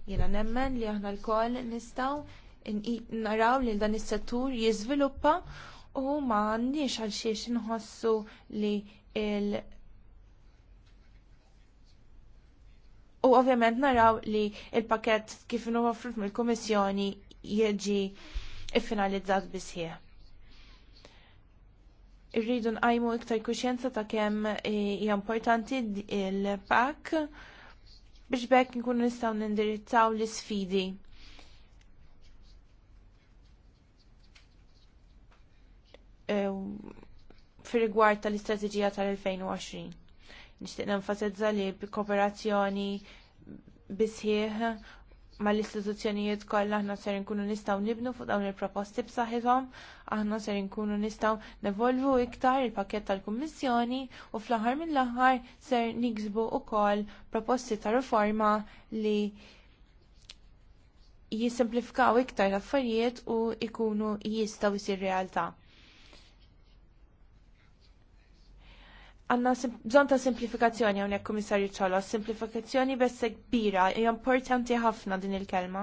Jiena nemmen li aħna lkoll nistgħu naraw li dan is-settur jiżviluppa u ma għandniex għal xiex nħossu li l U ovvjament naraw li il-pakett kif inhu offrut mill-Kummissjoni jiġi iffinalizzat bisħieħ. Irridu nqajmu iktar kuxjenza ta' kemm eh, hija importanti il-pak biex bekk nkunu nistgħu nindirizzaw l-isfidi. Eh, fir rigward tal-istrateġija tal-2020. Nixtieq nenfasizza li b'kooperazzjoni bisħieħ mal-istituzzjonijiet kollha aħna ser inkunu nistgħu nibnu fuq dawn il-proposti b'saħħithom, aħna ser inkunu nistgħu nevolvu iktar il-pakket tal-Kummissjoni u fl-aħħar mill-aħħar ser niksbu wkoll proposti ta' riforma li jisimplifikaw iktar l-affarijiet u jkunu jistgħu jsir realtà. għanna bżon ta' simplifikazzjoni għonek komissarju ċolo, simplifikazzjoni besse kbira, importanti ħafna din il-kelma.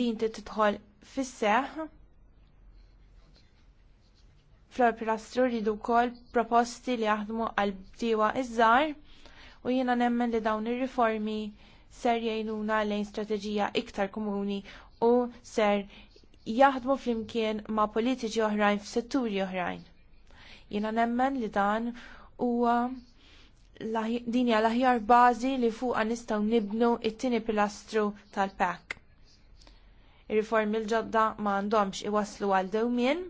Din titħol fisseħ flor pilastru ridu kol proposti li jaħdmu għal-bdiwa iż-żar u jiena nemmen li dawn ir-riformi ser jgħinuna lejn strateġija iktar komuni u ser jaħdmu flimkien ma' politiċi oħrajn f'setturi oħrajn. Jiena nemmen li dan huwa din hija l-aħjar bażi li fuqha nistgħu nibnu it-tieni pilastru tal-PAC. Ir-riformi l-ġodda m'għandhomx iwasslu għal dewmien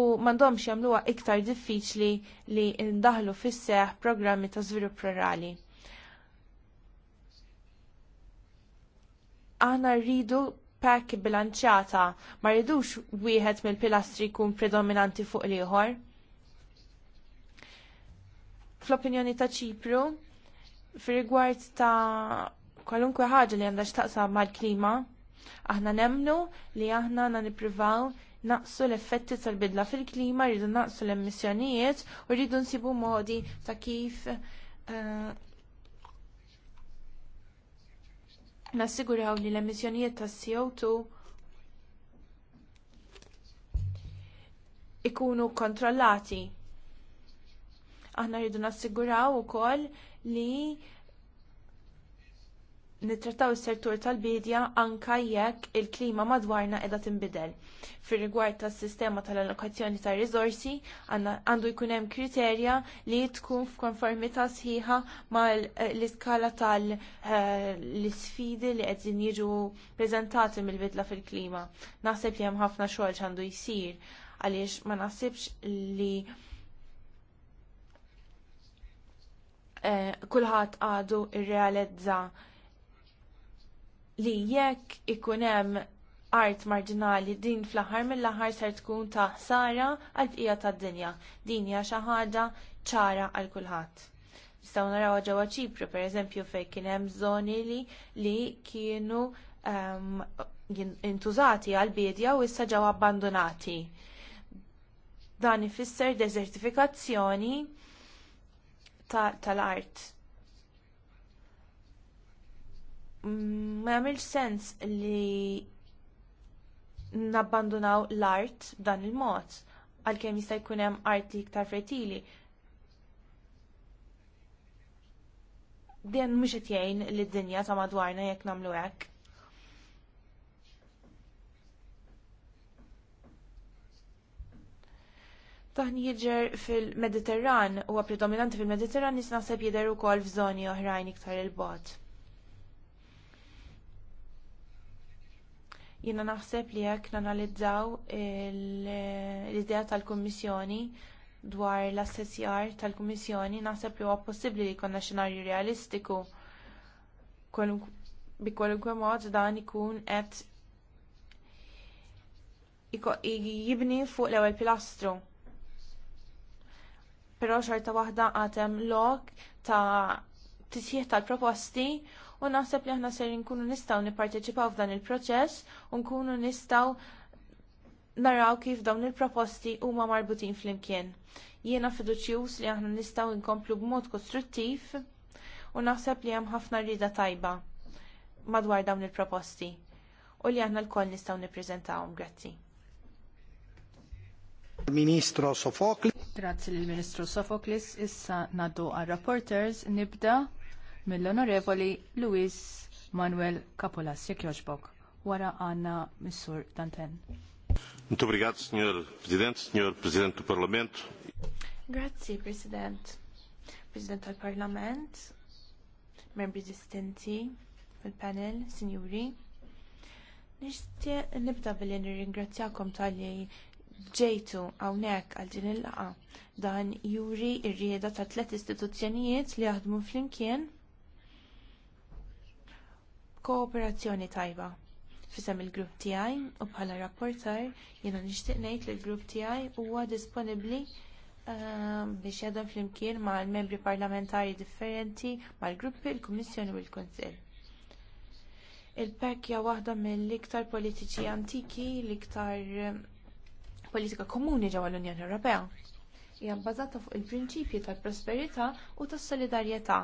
u m'għandhomx jagħmluha iktar diffiċli li ndaħlu fis programmi ta' żvilupp rurali. Aħna rridu PAC bilanċjata, ma rridux wieħed mill-pilastri jkun predominanti fuq l-ieħor fl-opinjoni ta' ċipru, fir-rigward ta' kwalunkwe ħaġa li għandha x'taqsam mal-klima, aħna nemnu li aħna na nippruvaw naqsu l-effetti tal-bidla fil-klima, rridu naqsu l-emissjonijiet u rridu nsibu modi ta' kif uh, nassiguraw li l-emissjonijiet ta' CO2 ikunu kontrollati. Aħna rridu nassiguraw ukoll li nittrattaw is-settur tal-bidja anka jekk il-klima madwarna qiegħda tinbidel. Fir-rigward tas-sistema tal-allokazzjoni tar riżorsi għandu jkun hemm kriterja li tkun f'konformità sħiħa mal eh, l-iskala tal-isfidi eh, li qegħdin jiġu preżentati mill-bidla fil-klima. Naħseb li hemm ħafna xogħol x'għandu jsir għaliex ma naħsibx li Eh, kulħadd għadu irrealizza li jekk ikun hemm art marġinali din fl-aħħar mill-aħħar ser tkun ta' sara għal bqija tad-dinja. Din hija xi ħaġa ċara għal kulħadd. Nistgħu naraw ġewwa Ċipru pereżempju fejn kien hemm żoni li, li kienu um, intużati għal bidja u issa ġew abbandonati. Dan ifisser deżertifikazzjoni tal-art. Mm, ma sens li nabbandunaw l-art b'dan il-mod għalkemm jista' jkun hemm art li iktar fertili. Dan mhux qed jgħin lid-dinja ta' madwarna jekk nagħmlu hekk. Taħn jiġer fil-Mediterran huwa predominanti fil-Mediterran nis naħseb jidher ukoll f'żoni oħrajn iktar il-bot. Jiena naħseb li jekk nanalizzaw l-idea tal-Kummissjoni dwar l-assessjar tal-Kummissjoni naħseb li huwa possibbli li jkollna xenarju realistiku bi kwalunkwe mod dan ikun qed jibni fuq l-ewwel pilastru però xorta waħda għatem lok ta' tisjieħ tal-proposti u naħseb li aħna ser nkunu nistgħu nipparteċipaw f'dan il-proċess u nkunu nistgħu naraw kif dawn il-proposti huma marbutin flimkien. Jiena fiduċjus li aħna nistgħu nkomplu b'mod kostruttiv u naħseb li hemm ħafna rida tajba madwar dawn il-proposti u li aħna lkoll nistgħu nippreżentawhom. Grazzi. Ministro Sofoklis. Grazzi lill ministru Sofoklis. Issa naddu għal rapporters nibda mill-onorevoli Luis Manuel Capolas jogħġbok. Wara għanna Missur Danten. Muito obrigado, Sr. Presidente, Sr. Presidente do Parlamento. Grazie, President. President tal-Parlament, membri distinti, il-panel, sinjuri. nibda billi nirringrazzjakom tal-li ġejtu hawnhekk għal din il laqgħa dan juri r rieda ta' tliet istituzzjonijiet li jaħdmu flimkien kooperazzjoni tajba. Fisem il-grupp tiegħi u bħala rapportar jiena nixtieq ngħid li l-grupp tiegħi huwa disponibbli ehm, biex jadhom flimkien mal membri parlamentari differenti mal-gruppi il-Kummissjoni u l-Kunsill. Il-pekja waħda mill-iktar politiċi antiki, l-iktar politika komuni ġewwa l-Unjoni Ewropea. Hija bbażata fuq il-prinċipji tal-prosperità u tas-solidarjetà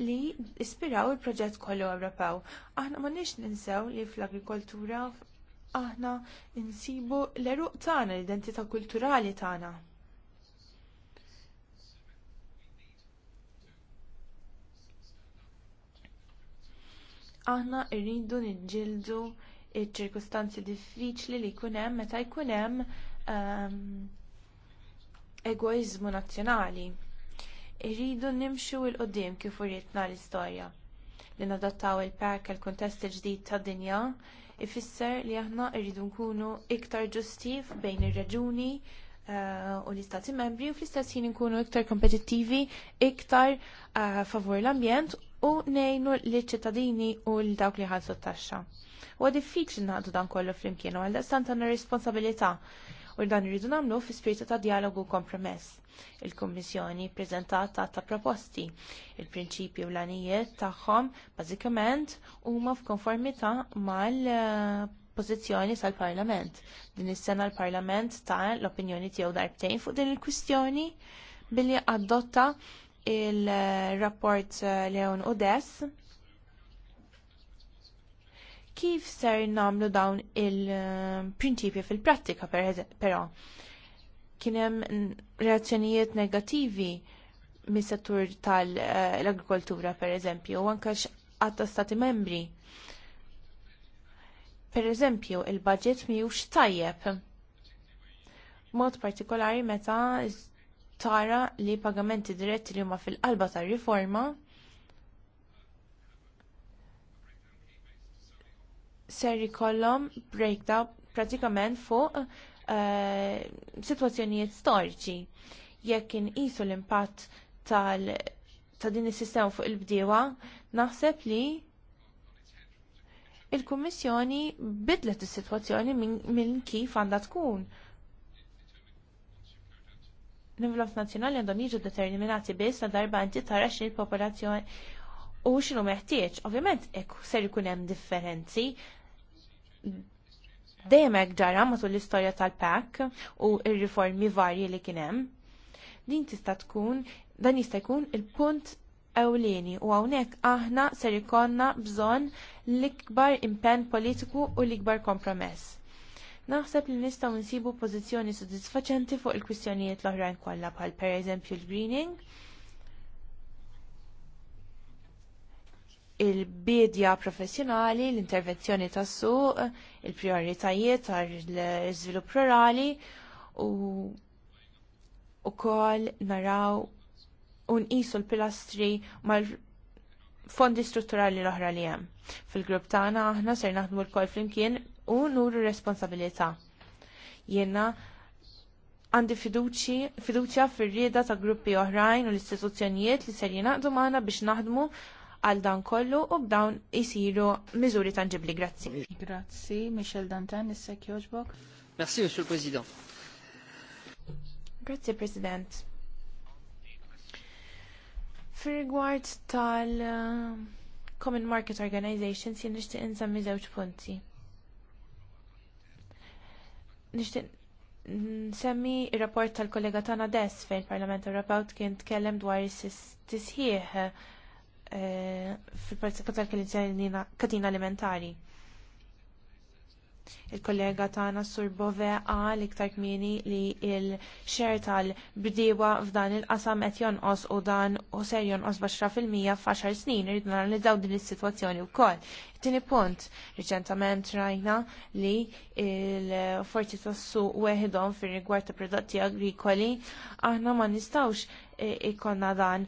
li ispiraw il-proġett kollu Ewropew. Aħna m'għandniex ninsew li fl-agrikoltura aħna insibu l-eruq tagħna, l-identità kulturali tagħna. aħna rridu niġġieldu ċ ċirkustanzi diffiċli li jkun hemm meta jkun hemm um, egoizmu nazzjonali. Irridu nimxu il qoddim kif uritna l-istorja. Li nadattaw il pak il kontest ġdid tad dinja ifisser li aħna rridu nkunu iktar ġusti bejn ir-raġuni uh, u l-istati membri u fl-istess ħin nkunu iktar kompetittivi, iktar uh, favur l-ambjent u nejnu l-ċittadini u l-dawk li ħalsu t-taxxa. U għad diffiċli naħdu dan kollu flimkien u għal-dastan tagħna responsabilità u dan rridu nagħmlu fi spiritu ta' dialogu kompromess. Il-Kummissjoni ppreżentat ta' proposti. Il-prinċipju u l-anijiet tagħhom bażikament huma f'konformità mal eh, pożizzjoni tal-Parlament. Din is-sena l-Parlament ta' l-opinjoni tiegħu darbtejn fuq din il-kwistjoni billi adotta il-rapport eh, Leon Odess Kif ser namlu dawn il-prinċipji fil-prattika però? Kien hemm reazzjonijiet negattivi mis-settur tal-agrikoltura pereżempju, u anke għatta stati membri. Pereżempju, il-budget mhijiex tajjeb mod partikolari meta tara li pagamenti diretti li huma fil-qalba tar-riforma ser jkollhom breakdown pratikament fuq uh, eh, sitwazzjonijiet storiċi. Jekk inqisu l-impatt tal ta' din is-sistema fuq il-bdiewa, naħseb li il-Kummissjoni bidlet is-sitwazzjoni minn kif għandha tkun. l nazjonali nazzjonali għandhom jiġu determinati biss la darba inti tara il popolazzjoni u x'inhu meħtieġ. Ovvjament hekk ser ikun hemm differenzi, dejjem hekk ġara matul l-istorja tal-PAC u r-riformi varji li kien hemm. Din tista' tkun dan jista' jkun il-punt ewlieni u hawnhekk aħna ser ikonna bżonn l-ikbar impenn politiku u l-ikbar kompromess. Naħseb li nistgħu nsibu pożizzjoni sodisfaċenti fuq il-kwistjonijiet l-oħrajn kollha bħal pereżempju l-greening, il-bidja professjonali, l-intervenzjoni tas-suq, il-prioritajiet tal-żvilupp rurali u ukoll naraw u nqisu l-pilastri mal-fondi strutturali l-oħra li hemm. Fil-grupp tagħna aħna ser naħdmu l-kol flimkien u nuru responsabilità. Jiena għandi fiduċi, fiduċja fir-rieda ta' gruppi oħrajn u l-istituzzjonijiet li ser jingħaqdu magħna biex naħdmu għal dan kollu u b'dawn isiru miżuri tangibli. Grazzi. Grazzi, Michel Dantan, issek joġbok. Merci, Monsieur le Président. Grazzi, President. Fir-rigward tal- uh, Common Market Organizations jien nixtieq insemmi żewġ punti. Nixtieq nsemmi r-rapport tal-kollega tagħna Dess fejn Parlament Ewropew kien tkellem dwar is-tisħieħ Eh, fil-partika tal-katina alimentari. Il-kollega tagħna Sur Bove qal iktar kmieni li il-xer tal-bdiewa f'dan il-qasam qed jonqos u dan u ser jonqos baxra fil-mija f'għaxar snin irid daw din is-sitwazzjoni wkoll. Tieni punt, riċentament rajna li il-forzi tas-suq weħidhom fir-rigward ta' prodotti agrikoli aħna ma nistgħux eh, ikonna dan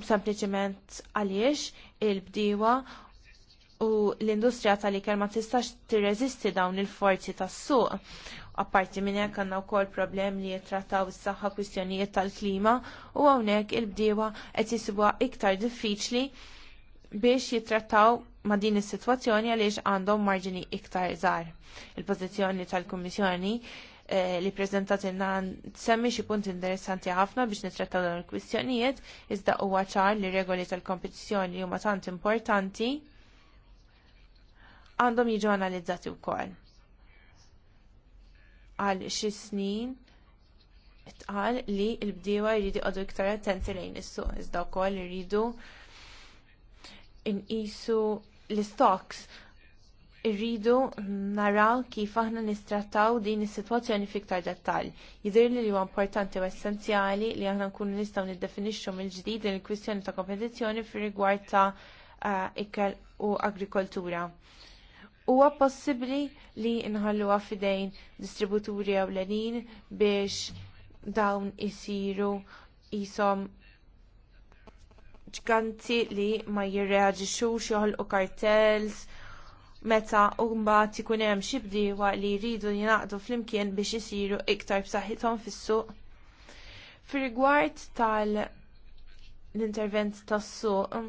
sempliċement għaliex il bdiwa u l-industrija tal-ikel ma tistax tirreżisti dawn il-forzi tas-suq. Apparti minn hekk għandna wkoll problemi li jittrattaw is-saħħa kwistjonijiet tal-klima u hawnhekk il-bdiewa qed jisibuha iktar diffiċli biex jittrattaw ma' din is-sitwazzjoni għaliex għandhom marġini iktar żgħar. Il-pożizzjoni tal-Kummissjoni Eh, li prezentatilna semmi xi punt interessanti ħafna biex nitrattaw dawn il-kwistjonijiet, iżda huwa ċar li regoli tal-kompetizzjoni huma tant importanti għandhom jiġu analizzati wkoll. Għal xi snin tqal li l-bdiewa jridu għadu iktar attenti lejn is-suq, iżda wkoll jridu inqisu l-stocks irridu naraw kif aħna nistrattaw din is-sitwazzjoni fiktar dettal. Jidher li huwa importanti u essenzjali li aħna nkunu nistgħu niddefinixxu mill-ġdid din il-kwistjoni ta' kompetizzjoni fir-rigward ta' uh, eh, ikkel u agrikoltura. Huwa possibbli li nħalluha fidejn distributuri ewlenin biex dawn isiru isom ċkanti li ma jirreagġixux joħolqu kartels meta mbagħad ikun hemm xi bdiewa li jridu jingħaqdu flimkien biex isiru iktar b'saħħithom fis-suq. Fir-rigward tal l-intervent tas-suq,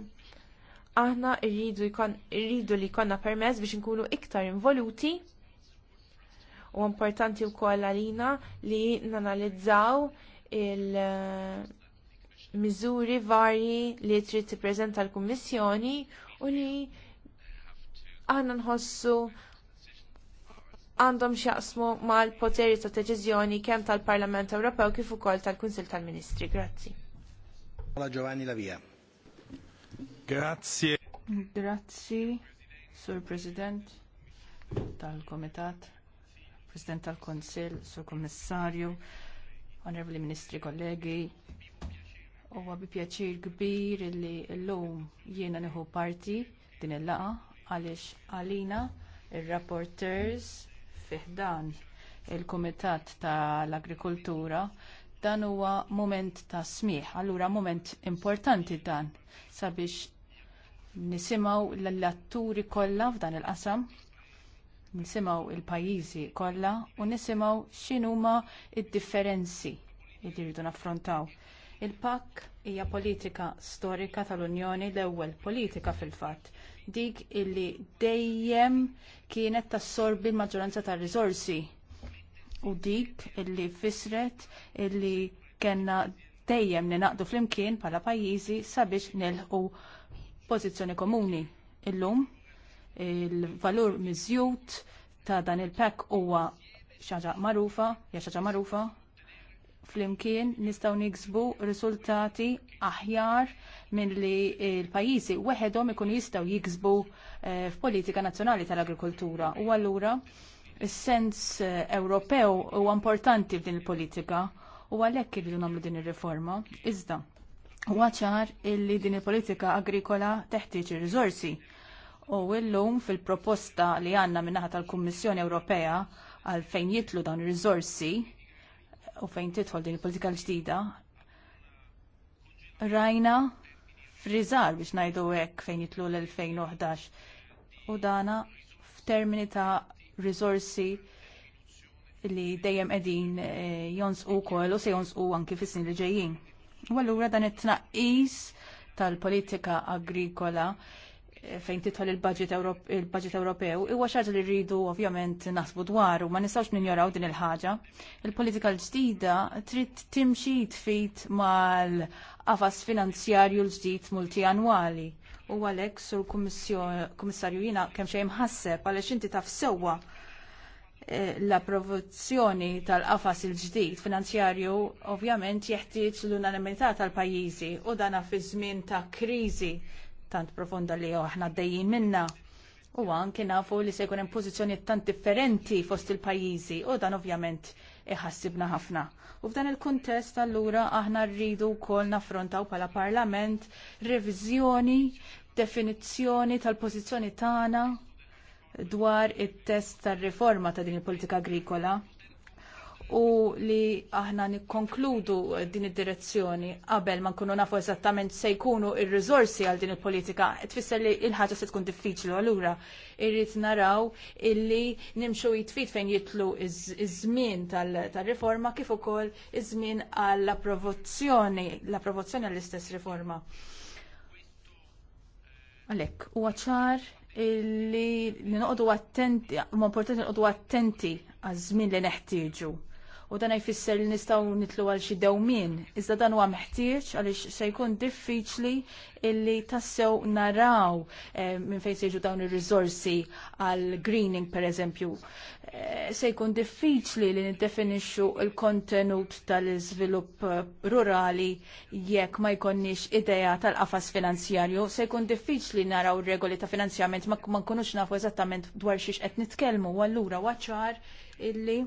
aħna rridu li jkollna permezz biex inkunu iktar involuti u importanti wkoll għalina li nanalizzaw il- miżuri varji li trid tippreżenta l-Kummissjoni u li aħna nħossu għandhom xjaqsmu mal-poteri ta' deċiżjoni kemm tal-Parlament Ewropew kif ukoll tal-Kunsil tal-Ministri. Grazzi. Giovanni Lavia. Grazie. Grazzi, Sur President tal-Komitat, President tal kunsil Sur Kommissarju, Onorevoli Ministri kollegi, huwa bi pjaċir kbir li l-lum jiena neħu parti din il-laqa għaliex għalina ir-rapporters fiħdan il-Kumitat tal-Agrikoltura dan huwa mument ta' smigħ, allura mument importanti dan sabiex nisimaw l-atturi kollha f'dan il-qasam, nisimaw il-pajjiżi kollha u nisimaw x'inhuma id-differenzi li jridu naffrontaw. Il-PAK hija politika storika tal-Unjoni l-ewwel politika fil-fatt dik illi dejjem kienet tassorbi l-maġġoranza tar-riżorsi u dik illi fisret illi kellna dejjem ninaqdu flimkien bħala pajjiżi sabiex nilħu pożizzjoni komuni. Illum il-valur miżjud ta' dan il-pek huwa xaġa marufa, ja xaġa marufa, flimkien nistgħu niksbu riżultati aħjar minn li l-pajjiżi weħedhom ikun jistgħu jiksbu eh, f'politika nazzjonali tal-agrikoltura. U allura is-sens eh, Ewropew huwa importanti f'din il-politika u għalhekk irridu nagħmlu din ir-riforma. Iżda, huwa ċar illi din il-politika agrikola teħtieġ ir-riżorsi. U llum fil-proposta li għandna min-naħa tal-Kummissjoni Ewropea għal fejn jitlu dawn ir-riżorsi u fejn tidħol din il-politika l-ġdida, rajna frizar biex najdu hekk fejn jitlu l-2011. U dana f'termini ta' risorsi li dejjem qegħdin eh, jonsqu wkoll u se jonsqu anki fis-snin li ġejjin. U allura dan it-tnaqqis tal-politika agrikola fejn titħol il-budget Ewropew huwa xaġa li rridu ovvjament nasbu dwaru, ma nistgħux ninjoraw din il-ħaġa. Il-politika l-ġdida trid timxi tfit mal-qafas finanzjarju l-ġdid multianwali. U għalhekk sur kummissarju jiena kemm xejn ħasseb għaliex inti taf sewwa eh, l-approvazzjoni tal-qafas il-ġdid finanzjarju ovvjament jeħtieġ l-unanimità tal-pajjiżi u dana fi żmien ta' kriżi tant profonda li aħna għaddejjin minna. U anki nafu li se jkun hemm pożizzjonijiet tant differenti fost il-pajjiżi u dan ovvjament iħassibna ħafna. U f'dan il-kuntest allura aħna rridu wkoll naffrontaw bħala Parlament reviżjoni, definizzjoni tal-pożizzjoni tagħna dwar it-test tar-riforma ta' din il-politika agrikola u li aħna nikkonkludu din id-direzzjoni qabel ma nkunu nafu eżattament se jkunu ir-riżorsi għal din il-politika, tfisser li il-ħaġa se tkun diffiċli allura irrid naraw illi nimxu jitfit fejn jitlu iż-żmien tal-riforma kif ukoll iż-żmien għall-approvazzjoni, l-approvazzjoni għall-istess riforma. Għalek, u għacħar li noqdu għattenti, ma importanti noqdu attenti għazmin li neħtieġu u dan jfisser li nistgħu nitlu għal xi dewmien. Iżda dan huwa meħtieġ għaliex se jkun diffiċli illi tassew naraw eh, minn fejn se jiġu dawn ir-riżorsi għal greening pereżempju. Eh, se jkun diffiċli li niddefinixxu l-kontenut tal-iżvilupp eh, rurali jekk ma jkonniex idea tal-qafas finanzjarju, se jkun diffiċli naraw regoli ta' finanzjament ma nkunux nafu eżattament dwar xiex qed nitkellmu u allura waċar illi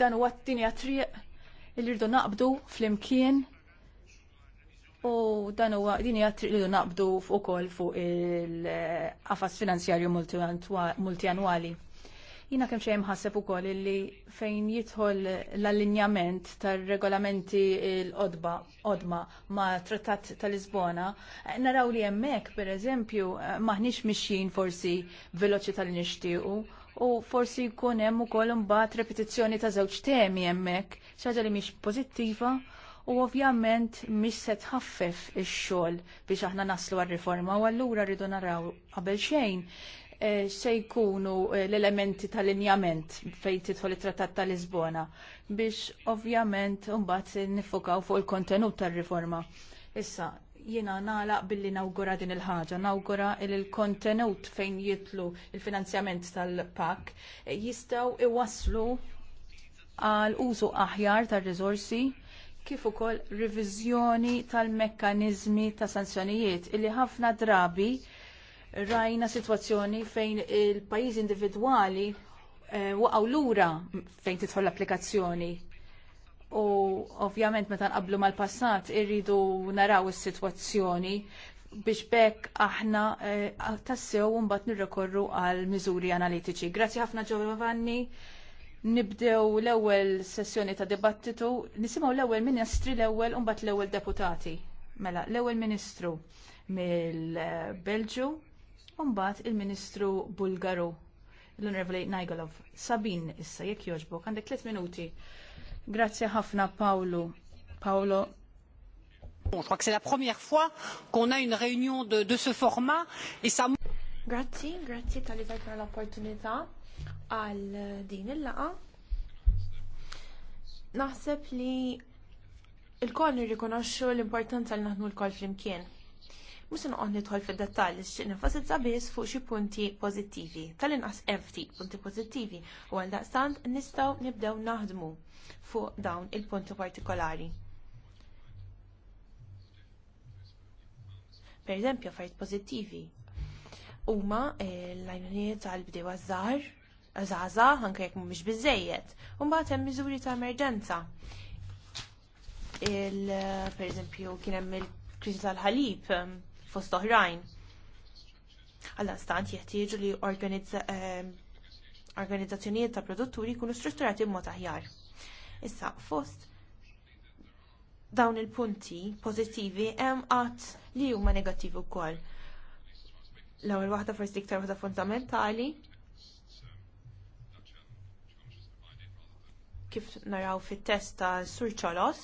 dan huwa t-tini għatriq li rridu naqbdu fl-imkien u dan huwa din hija il li rridu naqbdu fuq ukoll fuq il-qafas finanzjarju multianwali. Jina kemm xejn ħasseb ukoll li fejn jidħol l-allinjament tar-regolamenti l-qodba qodma ma' Trattat tal-Lisbona, naraw li hemmhekk pereżempju maħniex mixjin forsi veloċi tal-nixtiequ u forsi jkun hemm ukoll imbagħad repetizzjoni ta' żewġ temi hemmhekk, xi ħaġa li mhix pożittiva u ovvjament mhix se tħaffef ix-xogħol biex aħna naslu għar-riforma u allura rridu naraw qabel xejn eh, se jkunu eh, l-elementi tal-injament fejn tidħol it-Trattat ta' Lisbona biex ovvjament mbagħad nifokaw fuq il-kontenut tar-riforma. Issa, jiena nalaq billi nawgura din il-ħaġa, nawgura il-kontenut fejn jitlu il-finanzjament tal-PAK e jistaw iwaslu għal użu aħjar tal-rizorsi kif ukoll riviżjoni tal-mekkaniżmi ta' sanzjonijiet illi ħafna drabi rajna sitwazzjoni fejn il-pajjiż individwali e, waqgħu lura fejn tidħol l-applikazzjoni u ovvjament meta nqablu mal-passat irridu naraw is-sitwazzjoni biex bekk aħna eh, tassew tassew mbagħad nirrekorru għal miżuri analitiċi. Grazzi ħafna Giovanni. Nibdew l-ewwel sessjoni ta' dibattitu, nisimgħu l-ewwel ministri l-ewwel u mbagħad l-ewwel deputati. Mela, l-ewwel ministru mill-Belġu u mbagħad il-Ministru Bulgaru l-Onorevoli Najgolov. Sabin issa jekk jogħġbok, għandek tliet minuti. Grazzi ħafna Paolo. Paolo. Bon, je crois que c'est la première fois qu'on a une réunion de, de ce format et ça Grazzi, grazzi tal-li tajtna l-opportunità għal din il-laqa. Naħseb li il-koll nirrikonoxxu l-importanza li naħdmu l-koll flimkien. imkien Mux nidħol fid dettalji x'tieq nifasizza biss fuq xi punti pożittivi. Tal-inqas hemm ftit punti pożittivi u għal daqstant nistgħu nibdew naħdmu fuq dawn il-punti partikolari. Per eżempju, affarijiet pożittivi huma eh, l-għajnuniet għal-bdew għazzar, għazaza, anke jekk mhumiex biżejjed, u mbagħad hemm miżuri ta' emerġenza. Eh, per eżempju, kien hemm il-kriżi tal-ħalib eh, fost oħrajn. Għalla stant jeħtieġu li organizzazzjonijiet ta' produtturi jkunu strutturati b'mod aħjar. Issa fost dawn il-punti pożittivi hemm qatt li huma negattivi wkoll. L-ewwel waħda forsi iktar waħda fundamentali kif naraw fit-test ta' Sur Ċolos.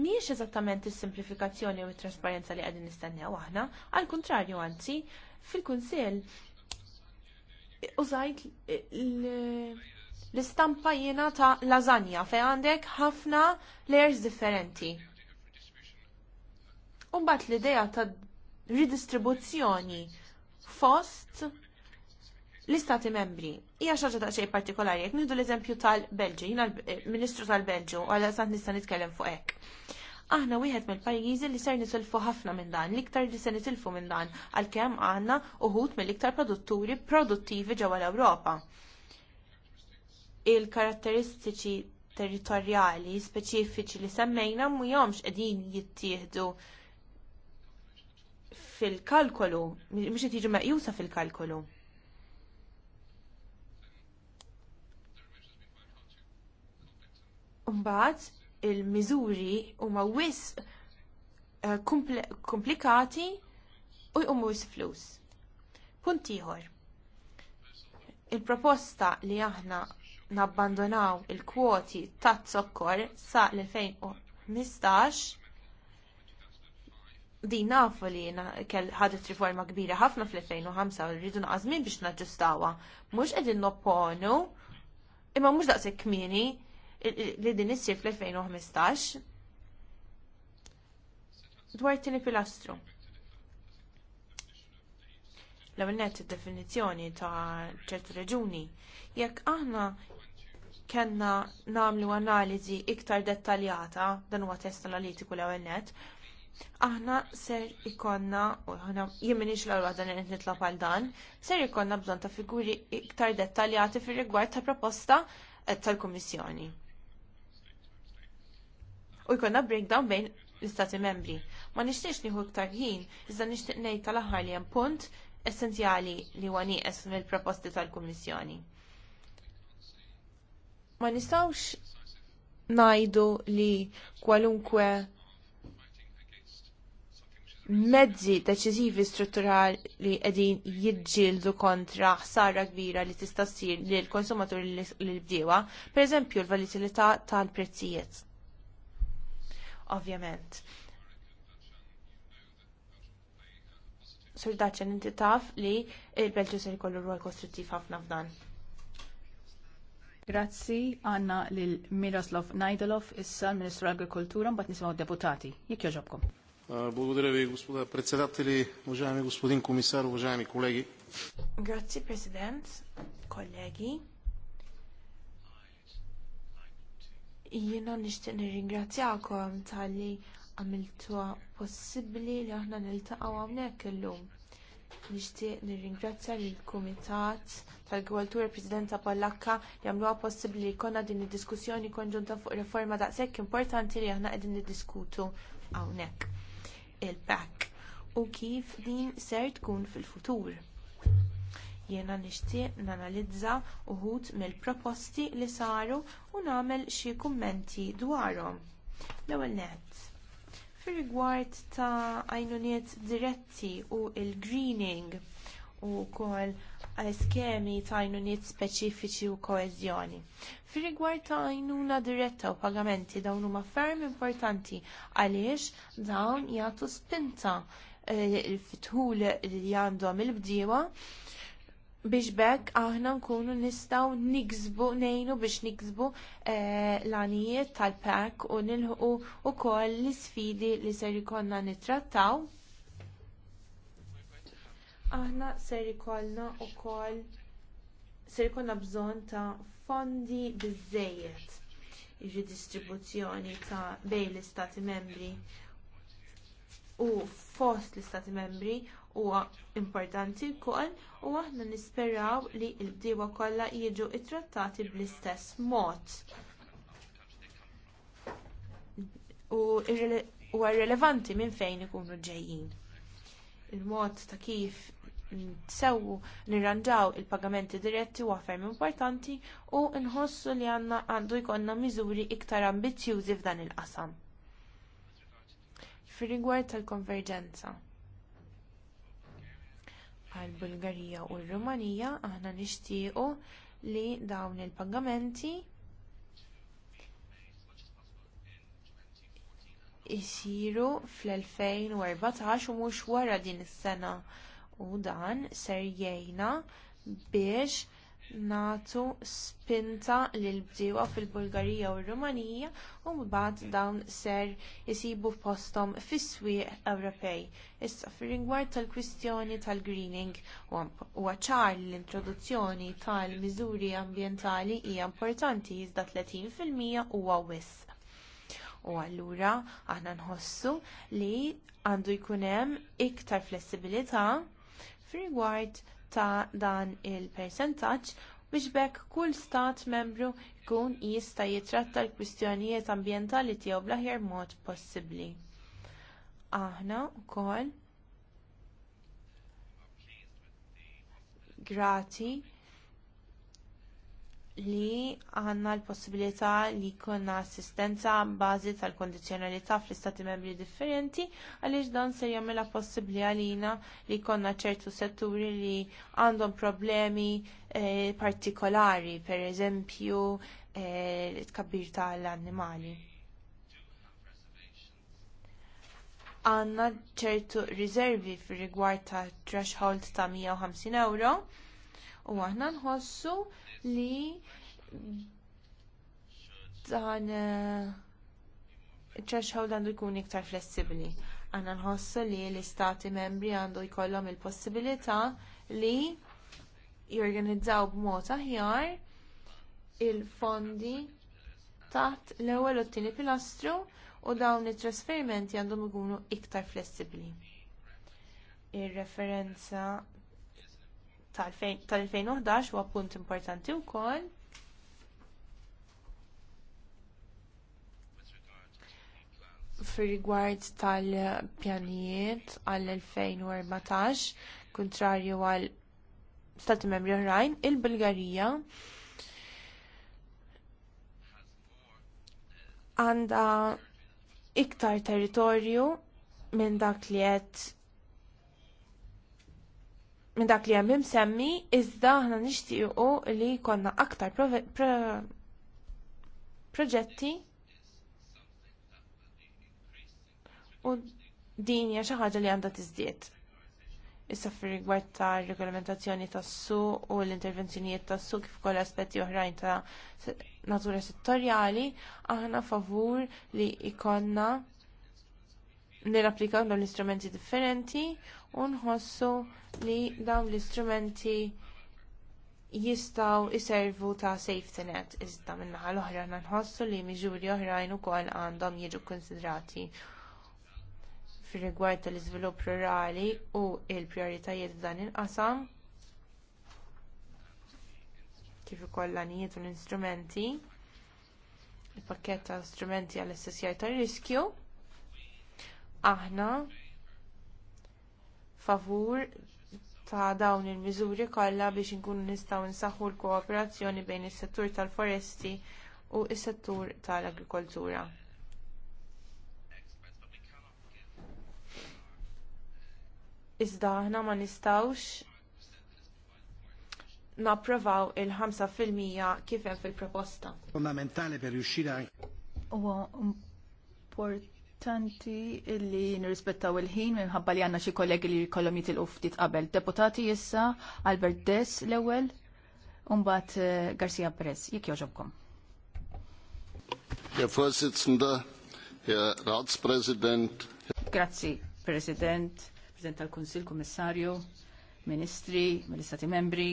Mhiex eżattament is-simplifikazzjoni u t-trasparenza li qegħdin nistennew aħna, għal kuntrarju anzi, fil-Kunsill użajt l-istampa jena ta' lasagna fej għandek ħafna layers differenti. Umbat l idea ta' ridistribuzzjoni fost l-istati membri. Hija xaġa ta' xejn partikolari, jekk nidu l-eżempju tal-Belġu, jiena l-Ministru tal-Belġu, għal sant nista' nitkellem fuq hekk. Aħna wieħed mill-pajjiżi li ser nisilfu ħafna minn dan, l-iktar li se nitilfu minn dan, għalkemm għandna uħud mill-iktar produtturi produttivi ġewwa l-Ewropa. Il-karatteristiċi territorjali speċifiċi li semmejna mhumx qegħdin jittieħdu fil-kalkolu, mhux qed jiġu meqjusa fil-kalkolu. Mbagħad il-miżuri huma wis eh, komplikati u jqumu wis flus. Punt ieħor. Il-proposta li aħna nabbandonaw il-kwoti ta' zokkor sa l-2015 din nafu li kell ħadet riforma kbira ħafna fl-2005 u rridu naqazmin biex naġġustawa. Mhux qegħdin nopponu imma mhux daqshekk kmieni li din issir fl-2015 dwar tieni pilastru. L-ewwel nett id-definizzjoni ta' ċertu reġuni. Jekk aħna kellna nagħmlu analiżi iktar dettaljata dan huwa test analitiku l-ewwel nett, aħna ser ikonna, u aħna jimminix l-għalwa dan li nitla pal dan, ser ikonna bżon ta' figuri iktar dettaljati fir rigward ta' proposta eh, tal-Komissjoni u jkollna breakdown bejn l-istati membri. Ma nixtiex nieħu iktar ħin, iżda nixtieq ngħid tal-aħħar li hemm punt essenzjali li huwa nieqes mill-proposti tal-Kummissjoni. Ma nistgħux ngħidu li kwalunkwe mezzi deċiżivi strutturali qegħdin jiġġieldu kontra ħsara kbira li tista' ssir lill konsumatur l bdiewa, pereżempju l valitilità tal-prezzijiet ovvjament. Sur daċċan inti taf li il-Belġu se jkollu rwol kostruttiv ħafna f'dan. Grazzi għanna lil Miroslav Najdolov, issa l-Ministru Agrikultura, mbagħad nisimgħu deputati. Jekk jogħġobkom. Uh, Благодаря gospoda, господа председатели, уважаеми господин комисар, уважаеми колеги. Grazie, President, колеги. Jiena nixtieq nirringrazzjakom talli għamiltuha possibbli li aħna niltaqgħu hawnhekk illum. Nixtieq nirringrazzja lill kumitat tal-Gwaltur Presidenta Pallakka li għamluha possibbli li jkollna din id-diskussjoni konġunta fuq riforma daqshekk importanti li aħna qegħdin niddiskutu hawnhekk. Il-PAC u kif din ser tkun fil-futur. Jiena nixtieq nanalizza uħud mill-proposti li saru u nagħmel xi kummenti dwarhom. L-ewwel nett. Fir-rigward ta' għajnuniet diretti u l greening u kol skemi ta' għajnuniet speċifiċi u koeżjoni. fir rigward ta' għajnuna diretta u pagamenti dawn huma ferm importanti għaliex dawn jagħtu spinta e, eh, fit li għandhom il-bdiewa biex bekk aħna nkunu nistaw niksbu, nejnu biex niksbu eh, l-anijiet tal pek u nilħu u koll l-sfidi li ser ikonna nitrattaw. Aħna ser ikollna u koll ser ikonna bżon ta' fondi bizzejiet iġi distribuzzjoni ta' bej l-istati membri u fost l-istati membri huwa importanti wkoll u aħna nisperaw li l-bdiewa kollha jiġu ittrattati bl-istess mod. U huwa relevanti minn fejn ikunu ġejjin. Il-mod ta' kif nsewwu nirranġaw il-pagamenti diretti huwa ferm importanti u nħossu li għandna għandu jkollna miżuri iktar ambizzjużi f'dan il-qasam fir-rigward tal-konverġenza. Għal Bulgarija u r-Rumanija aħna nixtiequ li dawn il-pagamenti jsiru fl-2014 u mhux wara din is-sena u dan ser jgħinna biex nagħtu spinta lill bdiewa fil-Bulgarija u r-Rumanija u mbagħad dawn ser isibu f'posthom fis-swieq Ewropej. Issa fir-rigward tal-kwistjoni tal-greening huwa ċar li l-introduzzjoni tal-miżuri ambjentali hija importanti iżda 30% huwa wisq. U allura aħna nħossu li għandu jkun hemm iktar flessibilità fir-rigward ta' dan il-persentaġġ biex bekk kull stat membru jkun jista' jitratta l-kwistjonijiet ambjentali tiegħu bl-aħjar mod possibbli. Aħna wkoll grati li għandna l-possibilità li jkollna assistenza b'bażi tal kundizzjonalità fl-istati membri differenti għaliex dan se jagħmilha possibbli għalina li jkollna ċertu setturi li għandhom problemi eh, partikolari, pereżempju eh, tkabbir tal-annimali. Għandna ċertu riservi fir rigward ta' threshold ta' 150 euro U aħna nħossu li dan eh, ċerxħaw għandu jkun iktar flessibbli. Għanna nħossu li l-istati membri għandu jkollhom il-possibilità li jorganizzaw b'mod aħjar il-fondi taħt l-ewwel u t-tieni pilastru u dawn it-trasferimenti għandhom ikunu iktar flessibbli. Ir-referenza tal-2011 huwa punt importanti wkoll. Fir-rigward tal-pjanijiet għall-2014, kontrarju għal stati membri oħrajn, il-Bulgarija għandha iktar territorju minn dak li qed minn dak li hemm imsemmi, iżda aħna nixtiequ li jkollna aktar proġetti u din hija xi ħaġa li għandha tiżdied. Issa fir rigward ta' regolamentazzjoni tas-suq u l-intervenzjonijiet tas-suq kif ukoll aspetti oħrajn ta' natura settorjali, aħna favur li ikonna nirapplikaw dawn l-istrumenti differenti u nħossu li dawn l-istrumenti jistgħu iservu ta' safety net iżda min-naħa l-oħra nħossu li miġuri oħrajn ukoll għandhom jiġu kkunsidrati fir-rigward tal-iżvilupp rurali u l-prijoritajiet f'dan il-qasam kif ukoll l-għanijiet u l-istrumenti il-pakket ta' strumenti għall-istessjar tar riskju aħna favur ta' dawn il-miżuri kollha biex inkunu nistgħu nsaħħu l-kooperazzjoni bejn is-settur tal-foresti u s-settur tal-agrikoltura. Iżda aħna ma nistgħux napprovaw il-5 fil-mija kif hemm fil-proposta. per riuscire importanti illi nirrispettaw il-ħin minħabba li għanna xi kollegi li kollhom jitilqu ftit qabel. Deputati issa Albert Dess l-ewwel u mbagħad eh, Garcia Perez. Jekk jogħġobkom. Herr Vorsitzender, Herr Ratspräsident. Grazzi, President, President tal-Kunsil, Kommissarju, Ministri, mill Membri,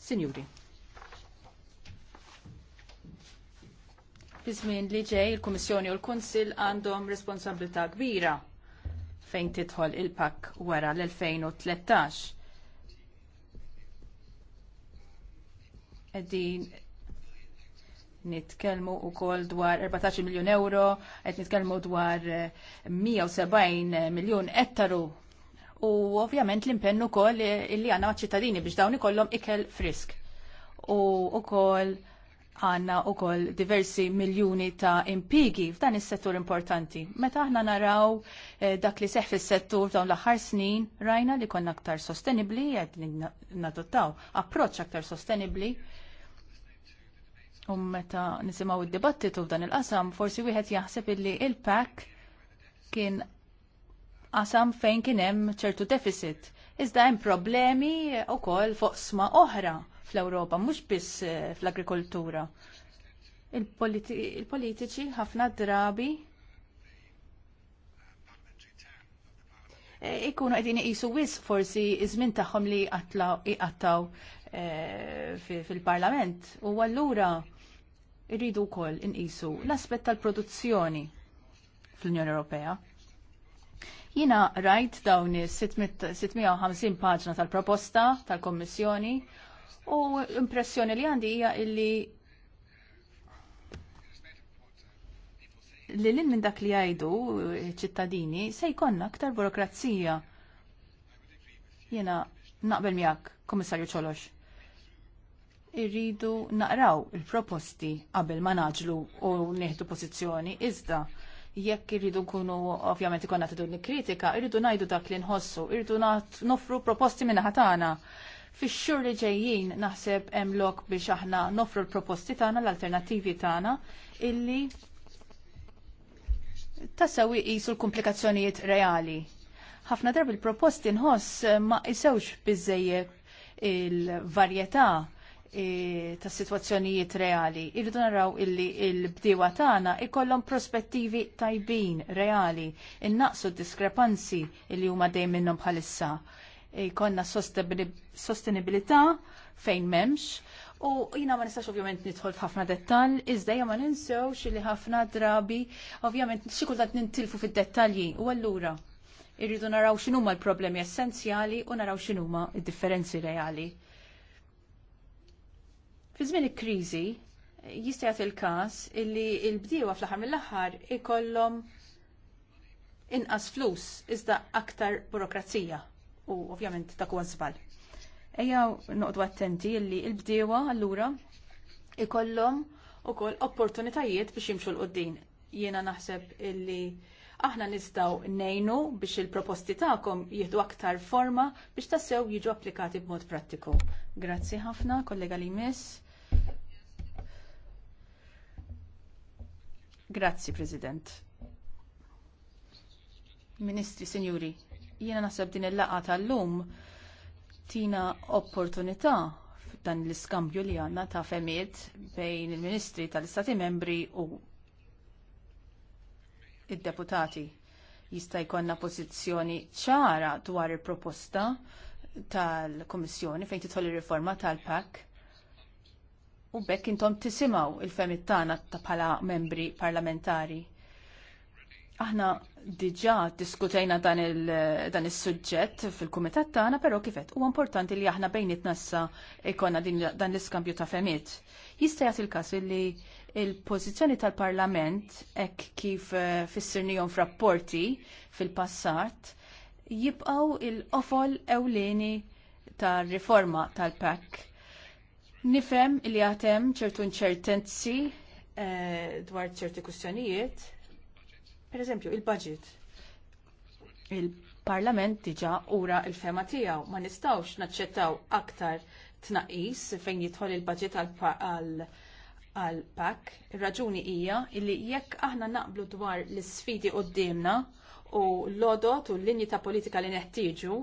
Signori. fi żmien li ġej il-Kummissjoni u l-Kunsill għandhom responsabilità kbira fejn tidħol il-pak wara l-2013. Eddin nitkellmu wkoll dwar 14 miljon euro, qed nitkellmu dwar 170 eh, miljun ettaru u ovvjament l-impenn ukoll li għanna maċ-ċittadini biex dawn ikollhom ikel frisk. U wkoll għanna u koll diversi miljoni ta' impigi f'dan is settur importanti. Meta aħna naraw eh, dak li seħ fis-settur dawn l-aħħar snin, rajna li konna aktar sostenibli, li nadottaw approċċ aktar sostenibli. U meta nisimgħu id-dibattitu f'dan il-qasam, forsi wieħed jaħseb illi il pac kien qasam fejn kien hemm ċertu deficit. Iżda hemm problemi wkoll fuq sma oħra fl-Ewropa, mhux biss eh, fl-agrikoltura. Il-politiċi il ħafna drabi eh, ikunu għedin jisu wis forsi izmin żmien tagħhom li jgħattaw eh, fil-Parlament u allura irridu wkoll inqisu l-aspett tal-produzzjoni fl-Unjoni Ewropea. Jina rajt dawn 650 paġna tal-proposta tal-Kommissjoni U impressjoni li għandi hija illi li l minn dak li għajdu ċittadini se jkollna aktar burokrazija. Jena naqbel miegħek, Komissarju Ċolox. Irridu naqraw il-proposti qabel ma naġlu u neħdu pożizzjoni iżda jekk irridu nkunu ovvjament ikonna tidulni kritika, irridu ngħidu dak li nħossu, irridu nofru proposti minna ħatana. Fix-xhur li ġejjin naħseb hemm lok biex aħna nofru l-proposti tagħna, l-alternattivi tagħna illi tassew iqisu l-komplikazzjonijiet reali. Ħafna darbi l-proposti nħoss ma isewx biżżejjed il-varjetà e, tas situazzjonijiet reali. Irridu naraw illi il-bdiewa tagħna ikollhom prospettivi tajbin reali, innaqsu d diskrepanzi illi huma dejjem minnhom bħalissa jkollna sostenibilità fejn m'hemmx. U jina ma nistax ovvjament nidħol f'ħafna dettal, iżda jgħam ma ninsewx li ħafna drabi, ovvjament xi nintilfu fid-dettalji. U allura irridu naraw x'inhuma l-problemi essenzjali u naraw x'inhuma d-differenzi reali. Fi żmien il-kriżi jista' jagħti il-każ illi l-bdiewa fl-aħħar mill-aħħar ikollhom inqas flus iżda aktar burokrazija u ovvjament dak huwa żball. Ejja noqdu attenti li l-bdiewa allura ikollhom ukoll opportunitajiet biex jimxu l-qoddin. Jiena naħseb illi aħna nistaw nejnu biex il-proposti ta'kom jihdu aktar forma biex tassew jiġu applikati b'mod prattiku. Grazzi ħafna, kollega li miss. Grazzi, President. Ministri, Signori. Jiena naħseb din il-laqa tal-lum tina opportunità dan l-iskambju li għanna ta' femiet bejn il-Ministri tal-Istati Membri u id-deputati. Jista' jkollna pożizzjoni ċara dwar il-proposta tal-Kummissjoni fejn titħol ir-riforma tal-PAK. U bekk intom tisimaw il femittana tagħna ta' bħala membri parlamentari. Aħna diġa diskutejna dan il sujġet fil-kumitat tagħna, però kifet huwa importanti li aħna bejn nassa ikonna dan l-iskambju ta' femiet. Jista' jagħti il-każ li il-pożizzjoni tal-Parlament hekk kif eh, fissirnihom f'rapporti fil-passat jibqgħu il-qofol ewlieni tar-riforma tal pac Nifhem li għatem ċertu inċertenzi eh, dwar ċerti kustjonijiet, Per eżempju, il-budget. Il-parlament diġa ura il-fema tijaw, ma nistawx naċċettaw aktar tnaqis fejn jidħol il-budget għal pak il raġuni hija li jekk aħna naqblu dwar l isfidi qoddimna u l-odot u l-linji ta' politika li neħtieġu,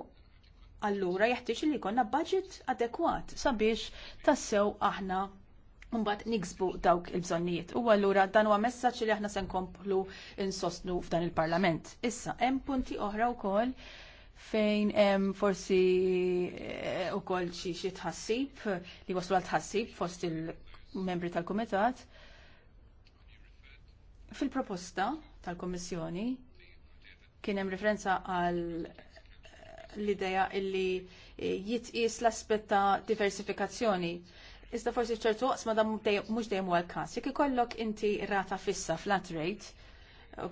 allura jeħtieġ li jkollna budget adekwat sabiex tassew aħna Mbagħad niksbu dawk il-bżonnijiet. U allura dan huwa messaġġ li aħna se nkomplu insostnu f'dan il-Parlament. Issa hemm punti oħra wkoll fejn hemm forsi wkoll eh, xi xi tħassib li waslu għal tħassib fost il-membri tal-Kumitat. Fil-proposta tal-Kommissjoni kien hemm referenza għal eh, l-idea illi eh, jitqies l-aspett ta' diversifikazzjoni iżda forsi ċertu ma da mhux dejjem huwa l-każ. Jekk ikollok inti rata fissa flat rate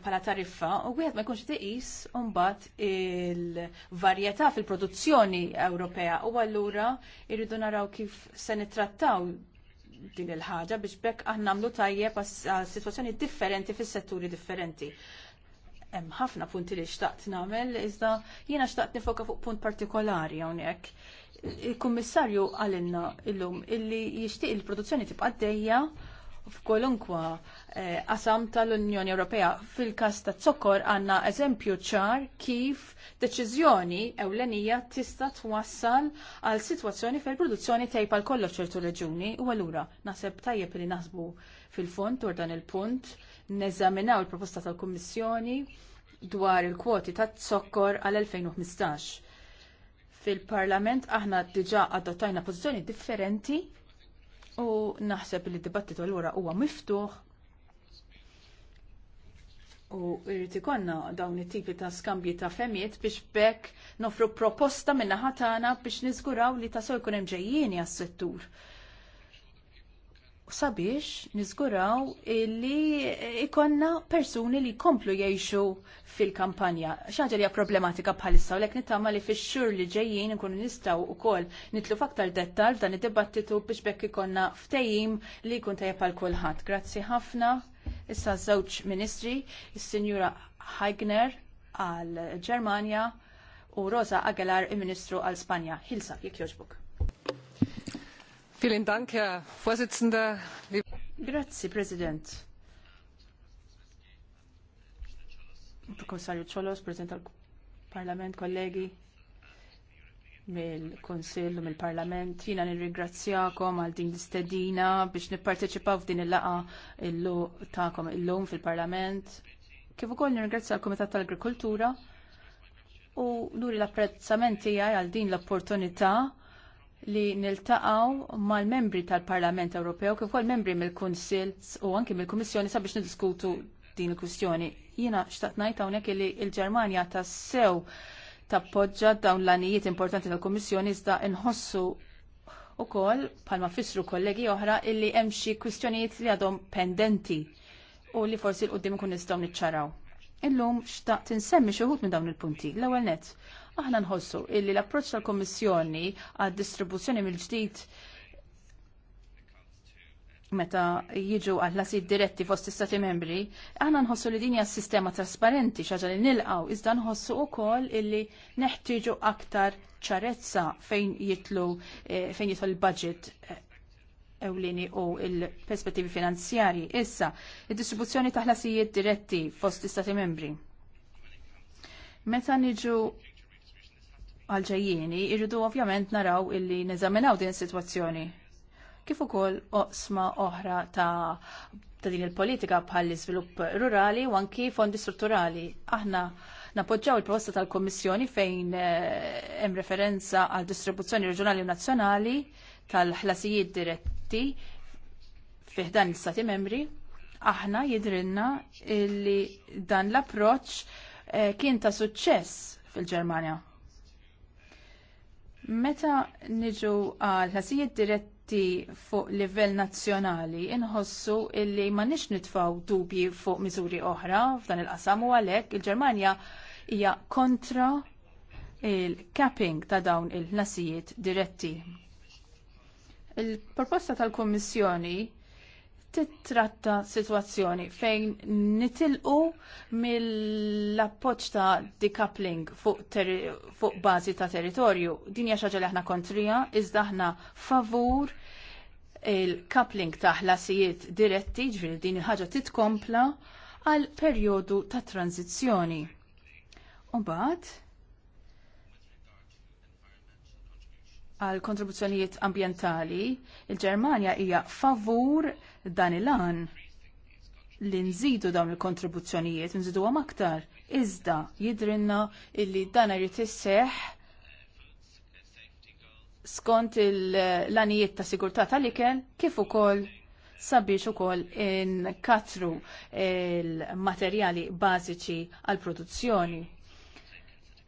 bħala tariffa, u wieħed ma jkunx tiqis mbagħad il-varjetà fil-produzzjoni Ewropea u allura jridu naraw kif se nittrattaw din il-ħaġa biex bekk aħna nagħmlu tajjeb għal sitwazzjoni differenti fis-setturi differenti hemm ħafna punti li xtaqt nagħmel iżda jiena xtaqt nifoka fuq punt partikolari hawnhekk il-kummissarju għalinna illum illi jixtieq il-produzzjoni tibqa' dejja f'kolunkwa eh, qasam tal-Unjoni Ewropea fil-każ ta' zokkor għandna eżempju ċar kif deċiżjoni ewlenija tista' twassal għal sitwazzjoni fejn produzzjoni tejpa l kollox ċertu reġuni u allura naħseb tajjeb li naħsbu fil-fond dwar dan il-punt neżaminaw il-proposta tal-Kummissjoni dwar il-kwoti ta' zokkor għal 2015 fil-Parlament aħna diġa adottajna pożizzjoni differenti u naħseb li d-dibattitu l wara huwa miftuħ u irrid ikonna dawn it-tipi ta' skambji ta' femijiet biex bekk nofru proposta minna ħatana biex niżguraw li ta' jkun hemm ġejjieni għas-settur sabiex nizguraw illi ikonna persuni li komplu jgħixu fil-kampanja. Xaġa li hija problematika bħalissa u lek nittama li fix-xhur li ġejjin nkunu u kol nitlu f'aktar dettal dan id-dibattitu biex bekk ikonna ftejim li jkun tajjeb għal kulħadd. Grazzi ħafna. Issa żewġ ministri, il sinjura Heigner għal Ġermanja u Rosa Aguilar, il-Ministru għal Spanja. Hilsa, jekk joġbuk. Vielen Grazie, President. Komissarju Ċolos, President tal-Parlament, kollegi mill kunsill u mill-Parlament. Jina nirringrazzjakom għal din l-istedina biex nipparteċipaw f'din il-laqa illu ta'kom illum fil-Parlament. Kif ukoll nirringrazzja l-Komitat tal-Agrikoltura u nuri l-apprezzament tiegħi għal din l-opportunità li niltaqgħu mal-membri tal-Parlament Ewropew kif ukoll membri mill-Kunsill u anke mill-Kummissjoni sabiex niddiskutu din il-kwistjoni. Jiena xtaqt ngħid hawnhekk li l-Ġermanja tassew tappoġġa dawn l-anijiet importanti tal-Kummissjoni iżda nħossu ukoll bħalma fissru kollegi oħra illi hemm xi kwistjonijiet li għadhom pendenti u li forsi l qudiem ikun nistgħu niċċaraw. Illum xtaqt insemmi xi wħud minn dawn il-punti. L-ewwel nett, Aħna nħossu illi l-approċċ tal-Kommissjoni għad distribuzzjoni mill-ġdid meta jiġu għall-lasid diretti fost istati membri, għana nħossu li dinja s-sistema trasparenti xaġa li nilqaw, iżda nħossu u kol illi neħtiġu aktar ċarezza fejn jitlu eh, fejn jitlu l-budget eh, ewlini u il-perspettivi finanzjari. Issa, il-distribuzzjoni ta' ħlasijiet diretti fost istati membri. Meta niġu għalġajjini irridu ovvjament naraw illi neżaminaw din is-sitwazzjoni. Kif ukoll oqsma oħra ta' ta' din il-politika bħal iżvilupp rurali u anki fondi strutturali. Aħna napoġġaw il-proposta tal-Kommissjoni fejn eh, hemm referenza għal distribuzzjoni reġjonali u nazzjonali tal-ħlasijiet diretti fiħdan il-Stati membri. Aħna jidrinna li dan l-approċ eh, kien ta' suċċess fil-Ġermanja. Meta niġu għal ħasijiet diretti fuq livell nazzjonali, inħossu illi ma nix nitfaw dubji fuq miżuri oħra f'dan il-qasam u għalhekk il-Ġermanja hija kontra il-capping ta' dawn il ħasijiet diretti. Il-proposta tal-Kommissjoni titratta situazzjoni fejn nitilqu mill-appoċ ta' decoupling fuq, teri, fuq bazi ta' territorju. Din hija xaġa li aħna kontrija, iżda aħna favur il-coupling ta' ħlasijiet diretti, ġifieri din il-ħaġa titkompla għal perjodu ta' U Umbagħad għal kontribuzzjonijiet ambjentali, il-Ġermanja hija favur dan il-an li nżidu dawn il-kontribuzzjonijiet, nżidu għam aktar. Iżda jidrinna illi dan għarri tisseħ skont l-anijiet ta' sigurtà tal-ikel kif ukoll sabiex ukoll katru il-materjali bażiċi għall produzzjoni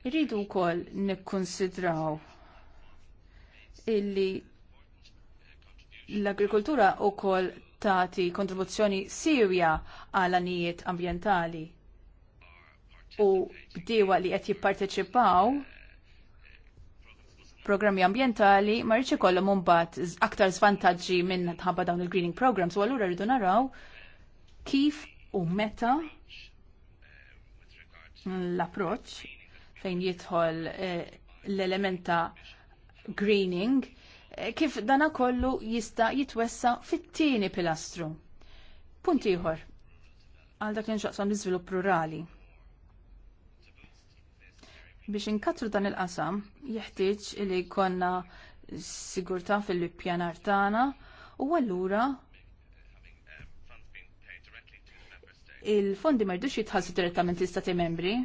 Irridu wkoll nikkonsidraw illi l-agrikoltura wkoll tagħti kontribuzzjoni sirja għal anijiet ambjentali u bdiewa li qed jipparteċipaw programmi ambjentali ma rridx ikollhom imbagħad aktar żvantaġġi minn tħabba dawn il-greening programs u allura rridu naraw kif u meta l-approċċ fejn jidħol eh, l elementa greening kif dana kollu jista jitwessa fit-tieni pilastru. Punt ieħor għal dak li nxaqsam l-iżvilupp rurali. Biex inkatru dan il-qasam, jeħtieġ li jkollna sigurtà fil-pjanar tagħna u allura il-fondi ma jdux jitħassu direttament l-istati membri,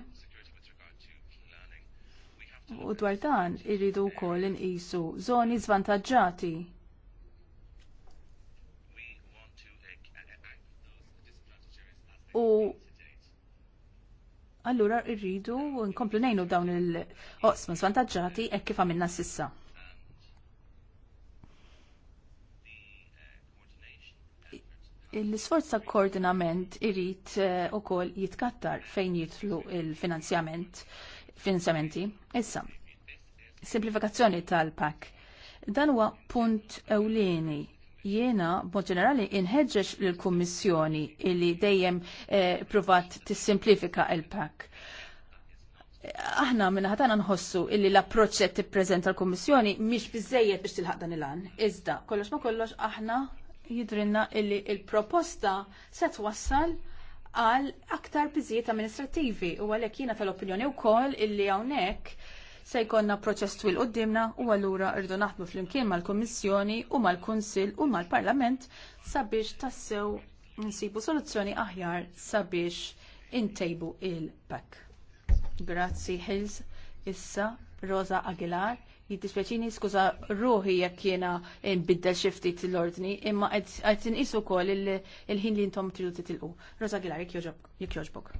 U dwar dan irridu wkoll inqisu żoni żvantaġġati. U allura rridu nkomplu ngħinu dawn il-oqsma żvantaġġati hekk kif għamilna sissa. l-isforz ta' koordinament irid eh, ukoll jitkattar fejn jidħlu l finanzjament finanzjamenti. Issa, simplifikazzjoni tal-pak. Dan huwa punt ewlieni jiena b'mod ġenerali inħeġġeġ lill-Kummissjoni illi dejjem eh, provat tissimplifika l-pak. Aħna minna ħatana nħossu illi l-approċċ qed tippreżenta l-Kummissjoni mhix biżejjed biex tilħaq dan il-għan. Iżda, kollox ma kollox aħna jidrinna illi il-proposta se twassal għal aktar biżijiet amministrattivi u għalhekk jiena tal-opinjoni wkoll illi hawnhekk se jkollna proċess twil qudiemna u allura rridu naħdmu flimkien mal-Kummissjoni u mal-Kunsill u mal-Parlament sabiex tassew nsibu soluzzjoni aħjar sabiex intejbu il-pak. Grazzi Hills, issa Rosa Aguilar Jiddispjaċini skuża ruħi jekk jiena nbiddel xi ftit l-ordni, imma qed tinqisu kol il-ħin li intom t titilqu. Rosa Gilar, jek jogħġbok.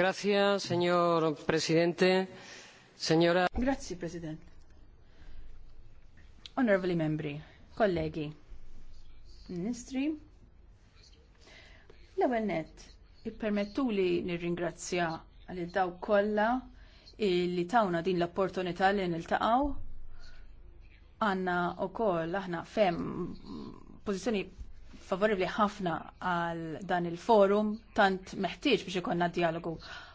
Grazie, signor Presidente. Signora Grazzi, President. Honorable membri, kollegi, ministri, l-ewwel nett nir nirringrazzja għal daw kollha li tawna din l-opportunità li niltaqgħu. Għanna wkoll aħna fem pożizzjoni favoribli ħafna għal dan il-forum tant meħtieġ biex ikonna dialogu.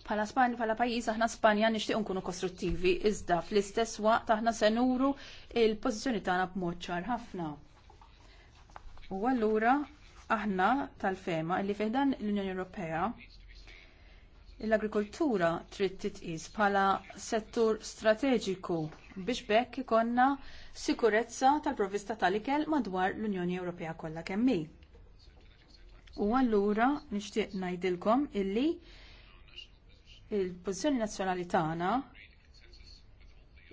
Pala Spanja, pala pajis, aħna Spanja nixtieq nkunu kostruttivi, iżda fl-istess waqt aħna se nuru il-pożizzjoni tagħna b'mod ċar ħafna. U allura aħna tal-fema li dan l-Unjoni Ewropea l-agrikoltura trid titqis bħala settur strateġiku biex bekk ikonna sikurezza tal-provista tal-ikel madwar l-Unjoni Ewropea kollha kemm hi. U allura nixtieq ngħidilkom illi il-pożizzjoni nazzjonali tagħna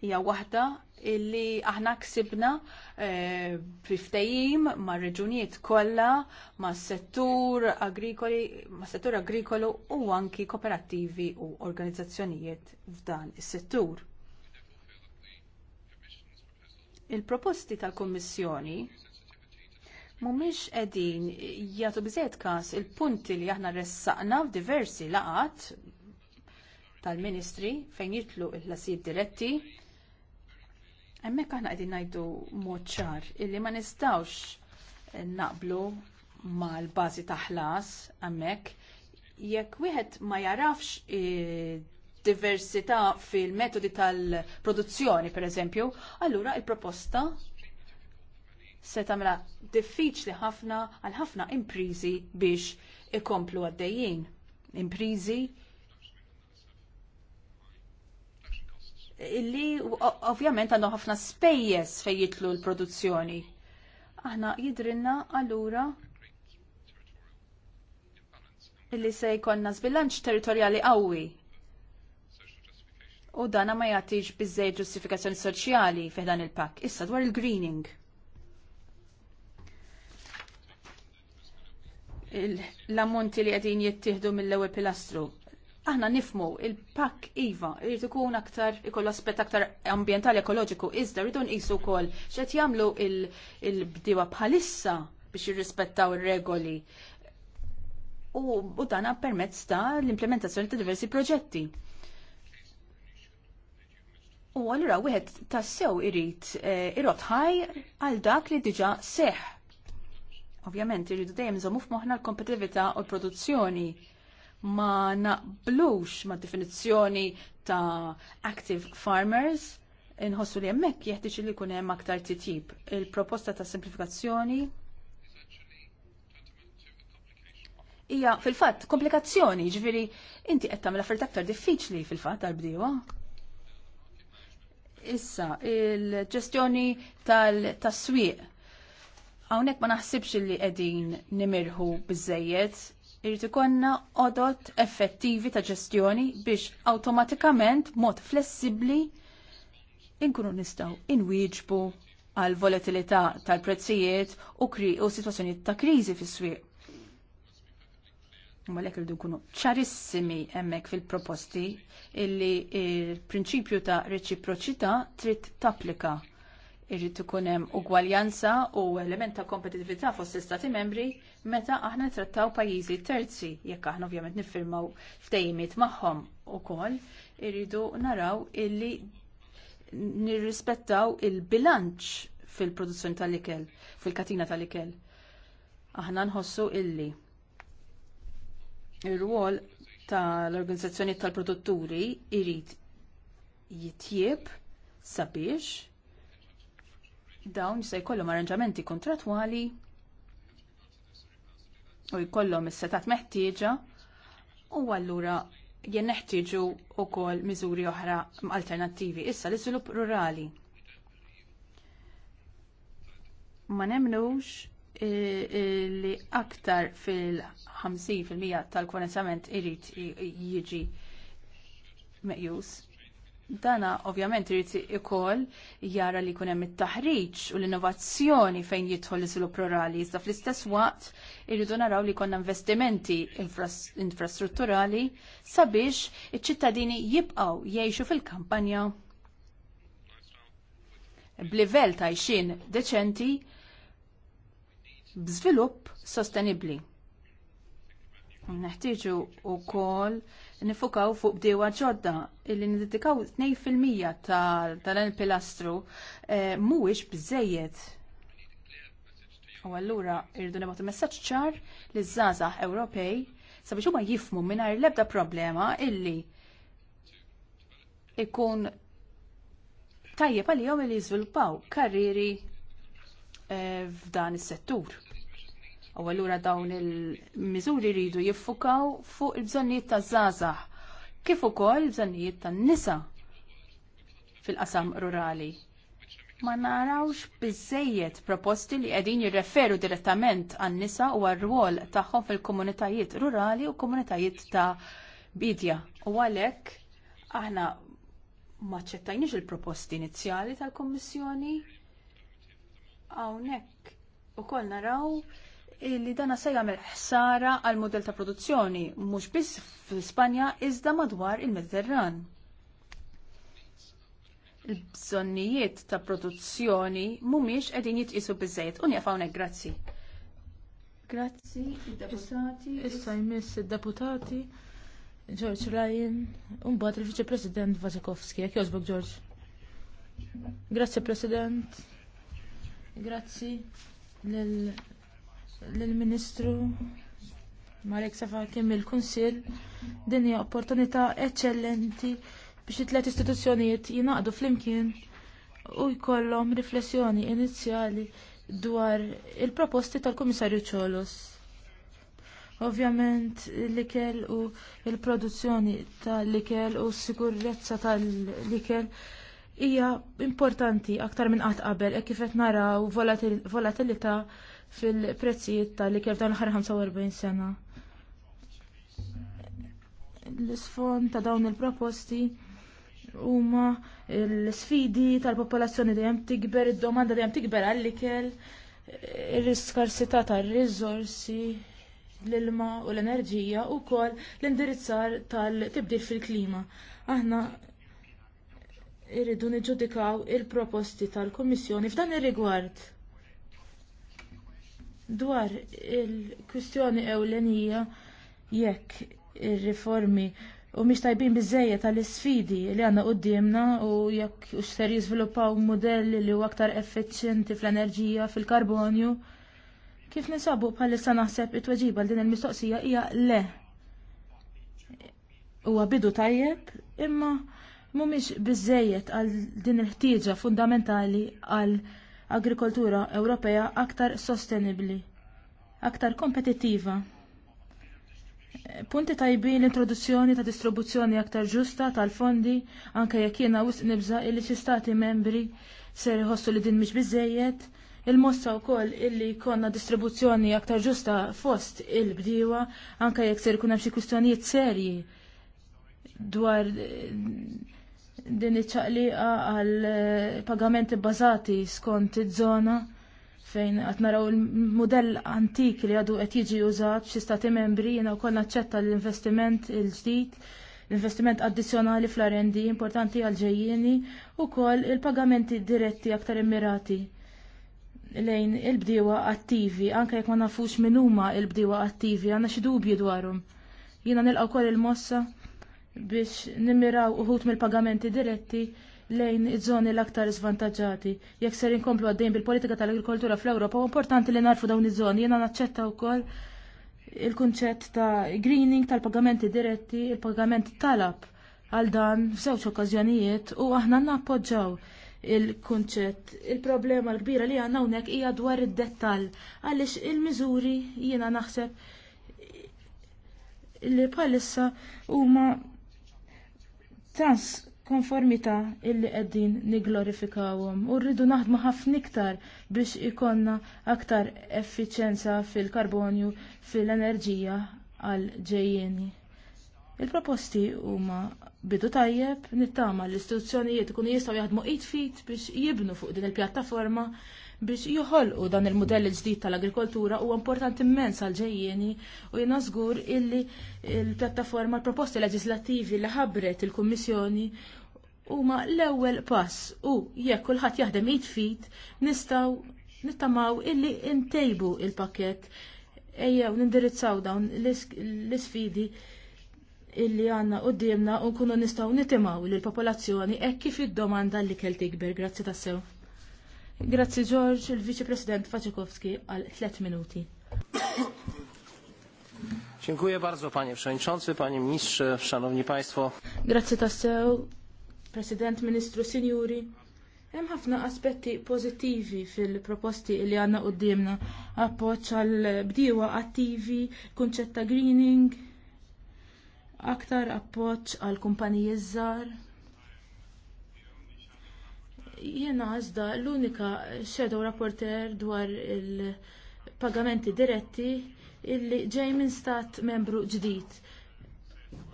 hija waħda illi aħna ksibna e, eh, fiftajim ma' reġunijiet kollha ma' settur agrikoli, ma' settur agrikolu u anki kooperativi u organizzazzjonijiet f'dan is-settur. Il-proposti tal-Kommissjoni mhumiex qegħdin jagħtu biżejjed każ il-punti li aħna ressaqna f'diversi laqat tal-Ministri fejn jitlu il-ħlasijiet diretti Hemmhekk aħna qegħdin ngħidu mod ċar illi ma nistgħux naqblu mal-bażi ta' ħlas hemmhekk jekk wieħed ma jarafx e, diversità fil-metodi tal-produzzjoni pereżempju, allura l proposta se tagħmilha diffiċli ħafna għal ħafna imprizi biex ikomplu għaddejjin. Imprizi illi ovvjament għandhom ħafna spejjeż fejn jitlu l-produzzjoni. Aħna jidrinna allura illi se jkollna zbilanċ territorjali qawwi. U dana ma jagħtix biżejjed ġustifikazzjoni soċjali fi dan il-pakk. Issa dwar il-greening. Il greening l ammonti li qegħdin jittieħdu mill-ewwel pilastru aħna nifmu il-pak IVA rridu ikun aktar ikollu aspett aktar ambjentali ekoloġiku iżda rridu nqisu wkoll x'qed jagħmlu il-bdiewa bħalissa biex jirrispettaw ir-regoli. U dan permezz ta' l-implementazzjoni ta' diversi proġetti. U allura wieħed tassew irid eh, irod ħaj għal dak li diġà seħ. Ovvjament irridu dejjem żommu f'moħħna l-kompetitività u l-produzzjoni ma naqblux ma' definizzjoni ta' active farmers inħossu li hemmhekk jieħtiċ li jkun hemm aktar titjib. Il-proposta ta' simplifikazzjoni hija fil-fatt komplikazzjoni, ġifieri inti qed tagħmel affarijiet aktar diffiċli fil-fatt għal bdiewa. Issa, il-ġestjoni tal-taswiq. Hawnhekk ma naħsibx li qegħdin nimirħu biżejjed Irid ikonna odot effettivi ta' ġestjoni biex awtomatikament mod flessibbli inkunu nistgħu inwieġbu għal volatilità tal-prezzijiet u, u sitwazzjonijiet ta' kriżi fis-swieq. Ma lek rridu nkunu ċarissimi hemmhekk fil-proposti illi il-prinċipju ta' reċiproċità trid tapplika Irrid ikun hemm ugwaljanza u element ta' kompetitività fost istati membri meta aħna trattaw pajjiżi terzi jekk aħna ovvjament niffirmaw fdejmiet magħhom ukoll irridu naraw illi nirrispettaw il-bilanċ fil-produzzjoni tal-ikel, fil-katina tal-ikel. Aħna nħossu illi ir-rwol tal-organizzazzjoni tal-produtturi irid jitjieb sabiex dawn se jkollhom arranġamenti kontratwali u jkollhom is-setat meħtieġa u allura jien neħtieġu wkoll miżuri oħra alternattivi. Issa l-iżvilupp rurali. Ma nemnux eh, eh, li aktar fil-50% tal-kwanessament irid jiġi meqjus. Dana ovvjament irid ikoll jara li jkun hemm it-taħriġ u l-innovazzjoni fejn jidħol iżvilupp rurali. Iżda fl-istess waqt irridu naraw li jkollna investimenti infrastrutturali sabiex iċ-ċittadini jibqgħu jgħixu fil-kampanja b'livell ta' għajxin deċenti b'żvilupp sostenibbli. Neħtieġu wkoll nifukaw fuq bdewa ġodda illi nidedikaw 2% tal il-pilastru eh, mhuwiex biżejjed. U allura irridu nibgħatu messaġġ ċar li żgħażagħ Ewropej sabiex huma jifmu mingħajr l-ebda problema illi ikun tajjeb għalihom li jiżviluppaw karriri eh, f'dan is-settur. U allura dawn il-miżuri jridu jiffukaw fuq il-bżonnijiet ta' żgħażagħ kif ukoll il-bżonnijiet tan-nisa fil-qasam rurali. Ma narawx bizzejiet proposti li qegħdin jirreferu direttament għan-nisa u għar-rwol tagħhom fil-komunitajiet rurali u komunitajiet ta' bidja. U għalhekk aħna maċċettajniex il-proposti inizjali tal kummissjoni hawnhekk ukoll naraw Li dana se jagħmel ħsara għal modell ta' produzzjoni mhux biss fl-Ispanja iżda madwar il-Mediterran. Il-bżonnijiet ta' produzzjoni mhumiex qegħdin jitqisu biżejjed. Unjaf hawnhekk grazzi. Grazzi, deputati. Issa jmiss id-deputati George Ryan, u mbagħad il viċi President Vasekowski. Jekk jogħġbok George. Grazzi President. Grazzi lill lill-Ministru Marek Safaki il kunsill din hija opportunità eċċellenti biex it-tliet istituzzjonijiet jingħaqdu flimkien u jkollhom riflessjoni inizjali dwar il-proposti tal-Kummissarju Ċolos. Ovvjament l-ikel u l produzzjoni tal-ikel u s-sigurezza tal-ikel hija importanti aktar minn qatt qabel e kif qed naraw volatilità volatil fil-prezzijiet tal kif dan l-ħar 45 sena. L-isfond ta' dawn il-proposti huma l-sfidi tal-popolazzjoni dejjem tikber, id-domanda dejjem tikber għall-ikel, l-iskarsità tar rizorsi l-ilma u l-enerġija u kol l-indirizzar tal-tibdil fil-klima. Aħna irridu niġġudikaw il-proposti tal kummissjoni f'dan ir-rigward. Dwar il-kwistjoni ewlenija jekk ir-riformi u mhix tajbin biżejjed tal isfidi li għandna qudiemna u jekk u jiżviluppaw mudelli li huwa aktar effiċjenti fl-enerġija fil-karbonju. Kif ninsabu bħalissa naħseb it-tweġiba din il-mistoqsija hija le. Huwa bidu tajjeb, imma mhumiex biżejjed għal din il-ħtieġa fundamentali għal agrikoltura Ewropea aktar sostenibbli, aktar kompetittiva. Punti tajbin l-introduzzjoni ta' distribuzzjoni aktar ġusta tal-fondi anke jekk jiena wisq nibża illi xi stati membri ser iħossu li din mhix biżejjed, il-mossa wkoll illi jkollna distribuzzjoni aktar ġusta fost il-bdiewa anke jekk ser ikun hemm xi kwistjonijiet serji dwar din iċċaqliqa għal eh, pagamenti bbażati skont iż-żona fejn qed naraw il-mudell antik li għadu qed jiġi użat xi stati membri jiena wkoll naċċetta l-investiment il-ġdid l-investiment addizzjonali fl-R&D importanti għal ġejjieni ukoll il-pagamenti diretti aktar immirati lejn il-bdiewa attivi, anke jekk ma nafux min huma l bdiewa attivi, għandna xi dubji dwarhom. Jiena nilqgħu wkoll il-mossa biex nimiraw uħut mill-pagamenti diretti lejn iż-żoni l-aktar svantaġġati. Jekk ser inkomplu għaddejn bil-politika tal-agrikoltura fl-Ewropa, u importanti li narfu dawn iż-żoni. Jiena naċċetta wkoll il-kunċett ta' greening tal-pagamenti diretti, il-pagament talab għal dan f'żewġ okkażjonijiet u aħna nappoġġaw il-kunċett. Il-problema l-kbira li għandna hawnhekk hija dwar id-dettall għaliex il-miżuri jiena naħseb li bħalissa huma trans konformita illi qegħdin nigglorifikawhom u rridu naħdmu ħafna iktar biex ikonna aktar effiċjenza fil-karbonju fil-enerġija għal ġejjeni. Il-proposti huma bidu tajjeb nittama l-istituzzjonijiet ikunu jistgħu jaħdmu id fit biex jibnu fuq din il-pjattaforma biex joħolqu dan il-modell ġdid tal-agrikoltura huwa importanti immens għal ġejjeni u jnażgur żgur illi l-pjattaforma l proposti leġislattivi li ħabbret il-Kummissjoni huma l-ewwel pass u jekk kulħadd jaħdem jitfid nistgħu nittamaw illi ntejbu il-pakett ejjew nindirizzaw dawn l-isfidi illi għanna u d-diemna u nkunu nistaw nitimaw l-popolazzjoni e kif id-domanda li kelti tikber. Grazzi tassew. Grazzi George, il-Vice President Faczykowski għal 3 minuti. Dziękuję bardzo panie przewodniczący, panie ministrze, szanowni państwo. Grazzi tassew, President Ministru Sinjuri. Hemm ħafna aspetti pożittivi fil-proposti li għandna qudiemna. Appoġġ għal bdiewa attivi, kunċett ta' greening, aktar appoġġ għal kumpaniji żgħar. Jiena iżda l-unika shadow rapporter dwar il-pagamenti diretti illi ġej minn stat membru ġdid.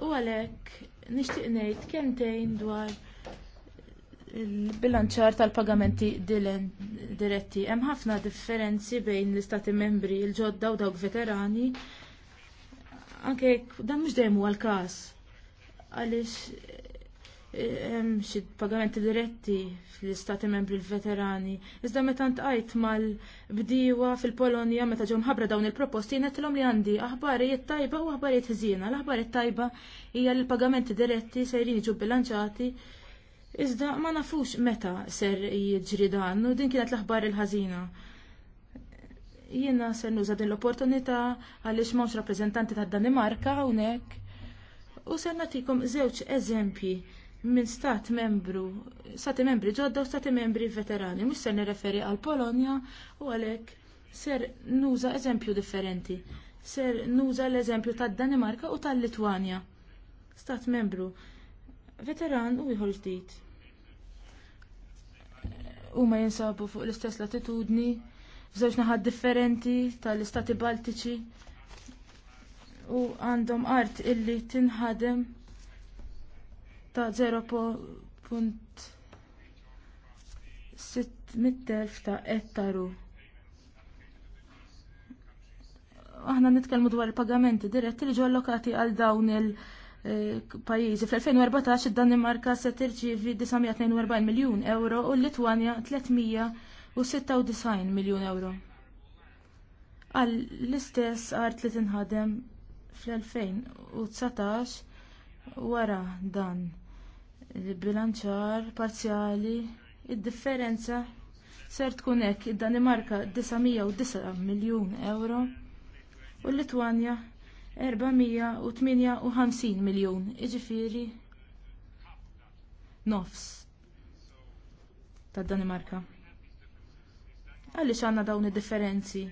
U għalhekk nixtieq ngħid kemmtejn dwar il-bilanċar tal-pagamenti diretti. Hemm ħafna differenzi bejn l-istati membri il-ġodda u dawk veterani. Anke dan mhux dejjem huwa l-każ. Għaliex hemm xi pagamenti diretti fl-istati membri l-veterani. Iżda meta ntqajt mal-bdiewa fil-Polonja meta ġew mħabbra dawn il-proposti jnetlhom li għandi aħbarijiet tajba u aħbarijiet ħżiena. L-aħbarijiet tajba hija li l-pagamenti diretti se jiġu bilanċati Iżda ma nafux meta ser jiġri dan u din kienet l-aħbar il-ħażina. Jiena ser nuża din l-opportunità għaliex m'hawnx rappreżentanti tad Danimarka hawnhekk u ser nagħtikom żewġ eżempji minn stat membru, stati membri ġodda u stati membri veterani, mhux se nirreferi għal Polonja u għalhekk ser nuża eżempju differenti. Ser nuża l-eżempju tad Danimarka u tal-Litwanja. Stat membru veteran u ieħor ġdid. Huma jinsabu fuq l-istess latitudni, f'żewġ naħat differenti tal-istati Baltiċi u għandhom art illi tinħadem ta' 0.600.000 ta' ettaru. Aħna nitkellmu dwar il-pagamenti diretti li ġew allokati għal dawn il-pajjiżi. Eh, Fl-2014 id-Danimarka se tirċievi 942 miljun euro u l-Litwanja 396 miljun euro. Għal l-istess art li tinħadem fl-2019 wara dan il-bilanċar parzjali, id-differenza ser tkun hekk id-Danimarka 909 miljun euro u l-Litwanja 458 miljun, jiġifieri nofs tad Danimarka. Għaliex għandna dawn id-differenzi?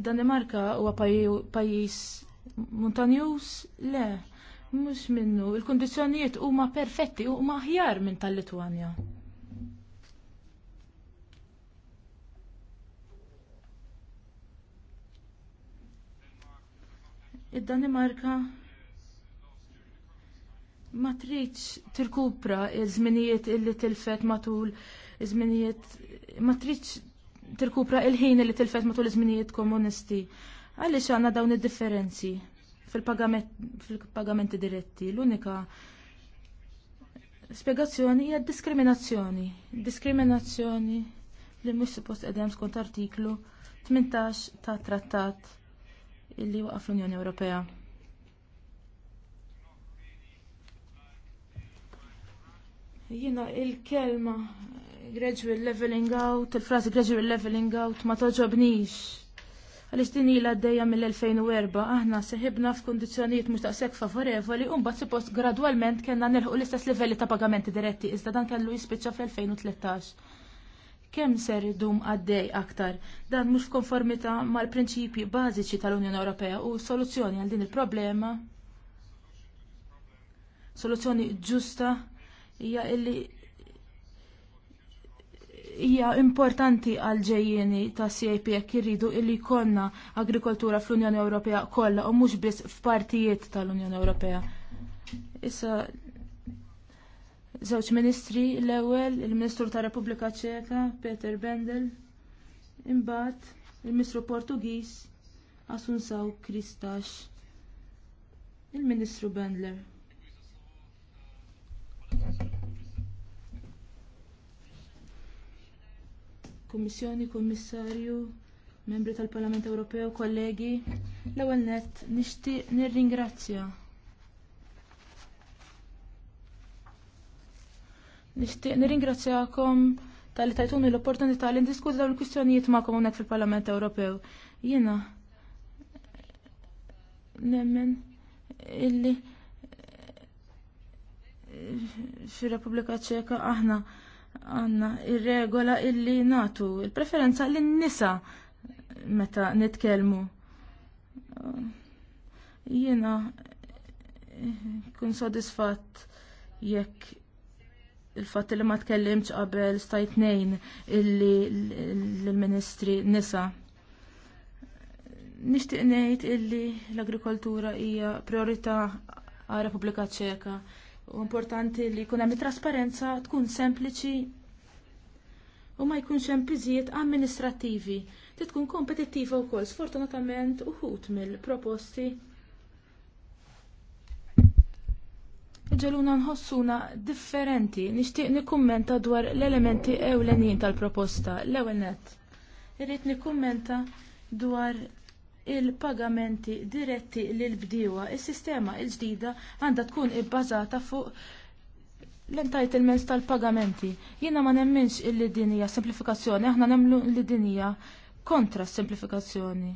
Id-Danimarka huwa pajjiż montanjuż? Le, Mhux minnu, il-kundizzjonijiet huma perfetti u huma aħjar minn tal-Litwanja. Id-Danimarka ma tridx tirkupra il żminijiet illi tilfet matul il żminijiet ma tridx tirkupra il-ħin illi tilfet matul iż-żminijiet komunisti. Għaliex għandna dawn id-differenzi? fil-pagamenti diretti. L-unika spiegazzjoni hija diskriminazzjoni. Diskriminazzjoni li mhux suppost qedem skont artiklu 18 ta' trattat illi waqaf l-Unjoni Ewropea. Jiena il-kelma gradual leveling out, il frasi gradual leveling out ma toġobnix għaliex din ilha għaddejja mill-2004 aħna seħibna f'kundizzjonijiet mhux daqshekk favorevoli u mbagħad suppost gradwalment kellna nilħu l-istess livelli ta' pagamenti diretti iżda dan kellu jispiċċa fl-2013 kemm ser idum għaddej aktar. Dan mhux f'konformità mal-prinċipji bażiċi tal-Unjoni Ewropea u soluzzjoni għal din il-problema. Soluzzjoni ġusta hija illi hija importanti għal ġejjieni ta' CIP jekk irridu illi jkollna agrikoltura fl-Unjoni Ewropea kollha u mhux biss f'partijiet tal-Unjoni Ewropea. Issa żewġ ministri l-ewwel il-Ministru tar Repubblika Ċeka Peter Bendel imbagħad il-Ministru Portugiż Asunsaw Kristax il-Ministru Bendler. Kommissjoni, Kommissarju, membri tal-Parlament Ewropew, kollegi, l-ewwel nett nixtieq nirringrazzja. Nixtieq nirringrazzjakom tal-li tajtuni l-opportunità li ndiskuti dawn il-kwistjonijiet magħkom hawnhekk fil-Parlament Ewropew. Jiena nemmen illi fir-Repubblika Ċeka aħna għanna ir-regola illi natu il-preferenza lin-nisa meta nitkellmu. Uh, jiena eh, kun sodisfatt jekk il-fatt li ma tkellimx qabel stajt nejn illi l-ministri nisa. Nixtieq ngħid illi l-agrikoltura hija priorità għal Repubblika Ċeka. U importanti li jkun hemm trasparenza tkun sempliċi u ma jkunx hemm biżijiet amministrattivi li tkun kompetittiva wkoll. Sfortunatament uħut mill-proposti ġeluna nħossuna differenti nixtieq nikkummenta dwar l-elementi ewlenin tal-proposta l-ewwel nett. Irrid nikkummenta dwar il-pagamenti diretti lill bdiewa Is-sistema l ġdida għandha tkun ibbażata fuq l-entitlements tal-pagamenti. Jiena ma nemminx illi din hija simplifikazzjoni, aħna nemlu li din hija kontra s simplifikazzjoni.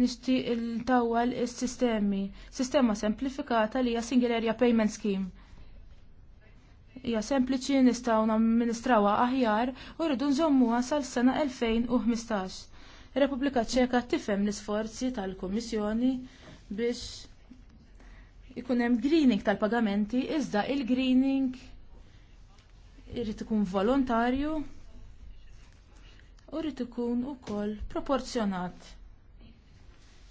Nixtieq il-tawal is-sistemi, sistema semplifikata li hija single area payment scheme. Hija sempliċi nistgħu namministrawha aħjar u rridu nżommuha sal-sena 2015 repubblika Ċeka tifhem l-isforzi tal-Kummissjoni biex ikun hemm greening tal-pagamenti iżda il-greening irrid ikun volontarju u rrid ikun ukoll proporzjonat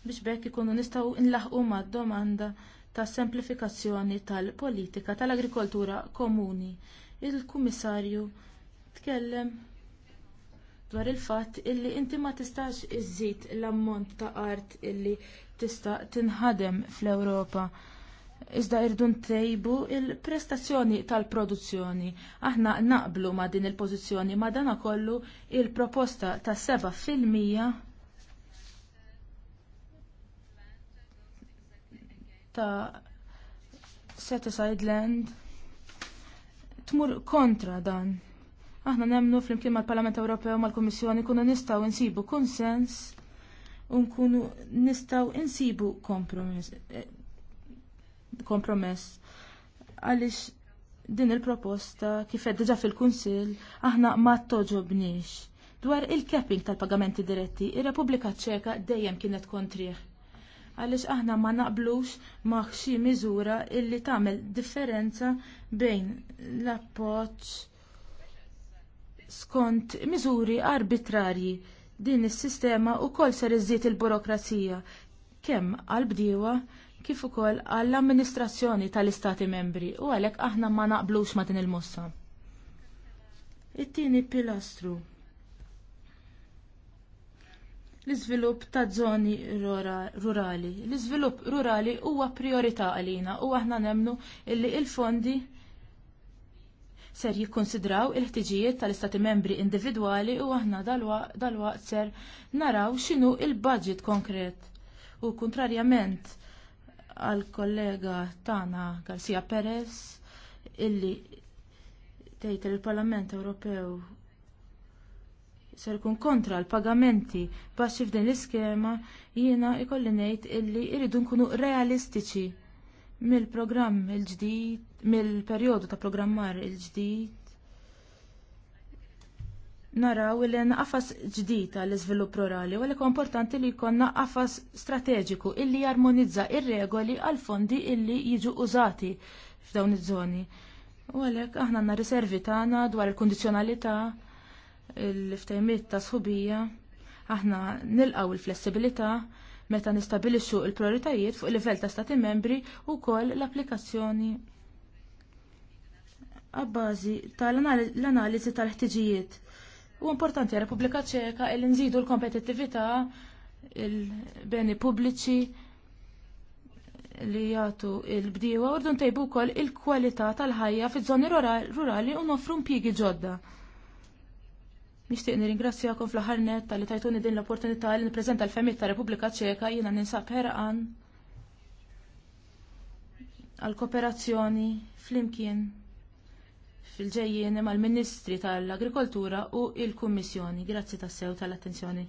biex bekk ikunu nistgħu nlaħqu mad-domanda ta' semplifikazzjoni tal-politika tal-agrikoltura komuni. Il-Kummissarju tkellem dwar il-fatt illi inti ma tistax iżżid l-ammont ta' art illi tista' tinħadem fl-Ewropa. Iżda rridu ntejbu l prestazzjoni tal-produzzjoni. Aħna naqblu ma' din il-pożizzjoni ma' dana kollu il-proposta ta' 7 fil-mija ta' set aside land tmur kontra dan. Aħna nemnu fl-imkien mal-Parlament Ewropew mal-Kummissjoni kunu nistgħu insibu konsens u nkunu nistgħu insibu kompromess. Eh, kompromess. Għaliex din il-proposta kif diġa diġà fil-Kunsill aħna ma toġobniex. Dwar il-capping tal-pagamenti diretti, ir-Repubblika Ċeka dejjem kienet kontrih. Għaliex aħna ma naqblux ma' miżura illi tagħmel differenza bejn l-appoġġ skont miżuri arbitrarji din is-sistema wkoll ser iżżid il-burokrazija kemm għall-bdiewa kif ukoll għall-amministrazzjoni tal-istati membri u għalhekk aħna ma naqblux ma din il-mossa. It-tieni pilastru l-iżvilupp ta' żoni rurali. L-iżvilupp rurali huwa priorità għalina u aħna nemmnu li l fondi il ser jikkonsidraw il-ħtiġijiet tal-istati membri individwali u aħna dal-waqt ser naraw x'inhu l budget konkret. U kontrarjament għall kollega Tana Garcia Perez illi tgħid il-Parlament Ewropew ser kun kontra l-pagamenti baxxi f'din l-iskema jiena ikolli ngħid illi jridu nkunu realistiċi mill-programm il-ġdid, mill-perjodu ta' programmar il-ġdid, naraw li naqafas ġdid għall iżvilupp rurali, u għalek importanti li jkollna qafas strateġiku illi jarmonizza ir-regoli għal fondi illi jiġu użati f'dawn iż-żoni. U għalhekk aħna għanna riservi tagħna dwar il-kundizzjonalità, il ftajmiet ta' sħubija, aħna nilqgħu il-flessibilità, il flessibilità meta nistabilixxu l-prioritajiet fuq il-livell ta' stati membri u l-applikazzjoni għabbażi tal-analiżi tal-ħtiġijiet. U importanti għal Repubblika Ċeka il nżidu l-kompetittività il-beni pubbliċi li jagħtu il-bdiewa u rdu ntejbu wkoll il-kwalità tal-ħajja fiż-żoni rurali u nofru impjiegi ġodda. Nixtieq nirringrazzjakom fl-aħħar net tal-li tajtuni din l-opportunità li nippreżenta l-Femit ta' Republika Ċeka jiena ninsab Herqan. għal kooperazzjoni fl-imkien fil-ġejjien mal-Ministri tal-Agrikoltura u l kummissjoni Grazzi sew tal-attenzjoni.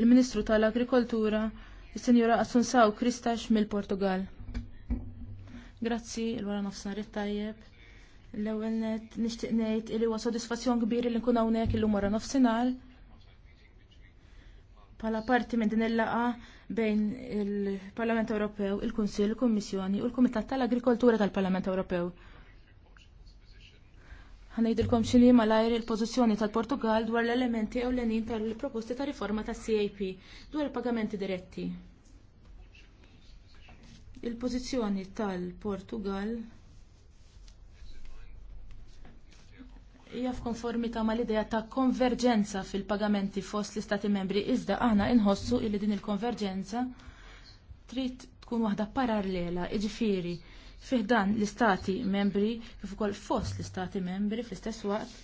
Il-Ministru tal-Agrikoltura il-Senjora Assunsaw Kristax mill-Portugal. Grazzi, l-wara nofsnar tajjeb L-ewel net nishtiq ngħid li huwa sodisfazzjon kbir li nkun hawnhekk illum wara nofsinhar. Pala parti minn din il-laqa bejn il-Parlament Ewropew, il-Kunsill, il-Kummissjoni u l-Kumitat tal-Agrikoltura tal-Parlament Ewropew xini ma lajr il-pozizjoni tal-Portugal dwar l-elementi ewlenin tal-proposti ta' riforma tas CAP dwar il-pagamenti diretti. Il-pozizjoni tal-Portugal hija f'konformità mal idea ta' konverġenza fil-pagamenti fost l-Istati membri iżda aħna inħossu li din il-konverġenza trid tkun waħda parallela, iġifieri fiħdan l-istati membri kif ukoll fost l-istati membri fl-istess waqt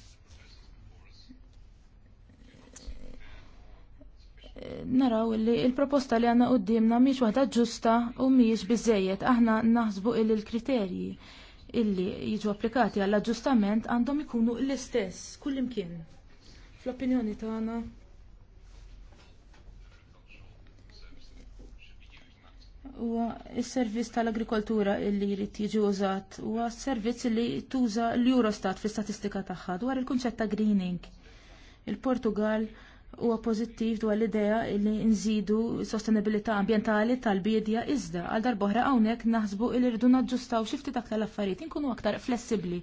naraw li l proposta li għandna għoddimna mhix waħda ġusta u mhijiex biżejjed aħna naħsbu li l kriterji illi jiġu applikati għall aġġustament għandhom ikunu l-istess kullimkien. Fl-opinjoni tagħna huwa s-servizz tal-agrikoltura illi jrid jiġi użat huwa servizz li tuża l-Eurostat fil statistika tagħha dwar il-kunċett ta' greening. Il-Portugal huwa pożittiv dwar l-idea li nżidu sostenibilità ambjentali tal-bidja iżda għal darbohra hawnhekk naħsbu li rridu naġġustaw xi ftit aktar l-affarijiet inkunu aktar flessibbli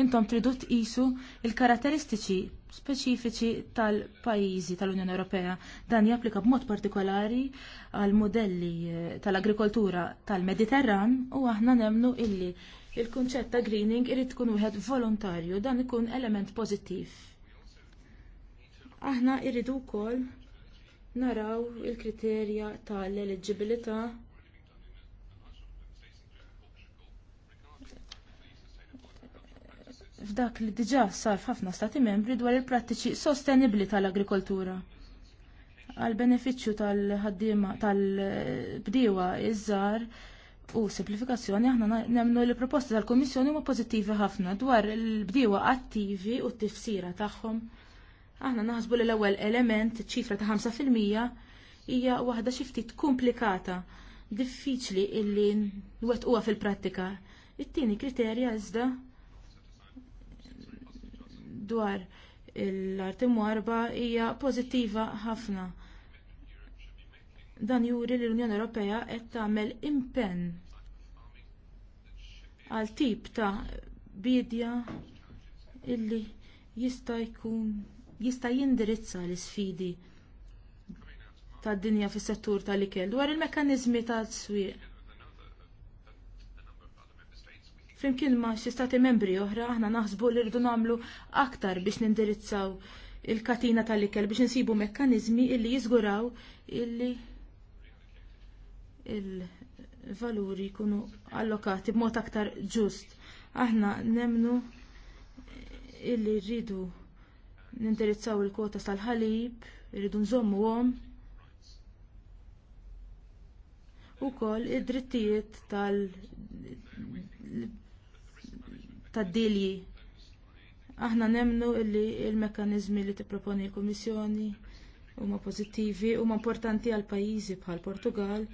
intom tridu tqisu il-karatteristiċi speċifiċi tal-pajjiżi tal-Unjoni Ewropea. Dan japplika b'mod partikolari għal modelli eh, tal-agrikoltura tal-Mediterran u aħna nemnu illi il-kunċett ta' greening irid tkun wieħed volontarju dan ikun element pożittiv. Aħna irridu wkoll naraw il-kriterja tal eliġibilità f'dak li diġà sar f'ħafna stati membri dwar il-prattiċi sostenibbli tal-agrikoltura għal benefiċċju tal-ħaddiema tal bdiwa iż-żar u simplifikazzjoni aħna nemnu li proposti tal-Kummissjoni huma pożittivi ħafna dwar il bdiwa attivi u t-tifsira tagħhom. Aħna naħsbu li l-ewwel element, ċifra ta' 5% hija waħda xi ftit komplikata, diffiċli illi nwettquha fil-prattika. It-tieni kriterja iżda dwar l-arti mwarba hija pożittiva ħafna. Dan juri li l-Unjoni Ewropea qed tagħmel impenn għal tip ta' bidja illi jista' jkun jista' jindirizza l isfidi tad dinja fis settur tal-ikel dwar il mekkaniżmi tas swieq Flimkien ma' xi stati membri oħra aħna naħsbu li rridu nagħmlu aktar biex nindirizzaw il-katina tal-ikel biex insibu mekkaniżmi illi jiżguraw illi il-valuri jkunu allokati b'mod aktar ġust. Aħna nemnu illi rridu nindirizzaw il kwota tal-ħalib, rridu nżommu għom. U kol id-drittijiet tal tad-dilji. Aħna nemnu illi il-mekkaniżmi li tipproponi l-Kummissjoni huma pożittivi huma importanti għal pajjiżi bħal Portugal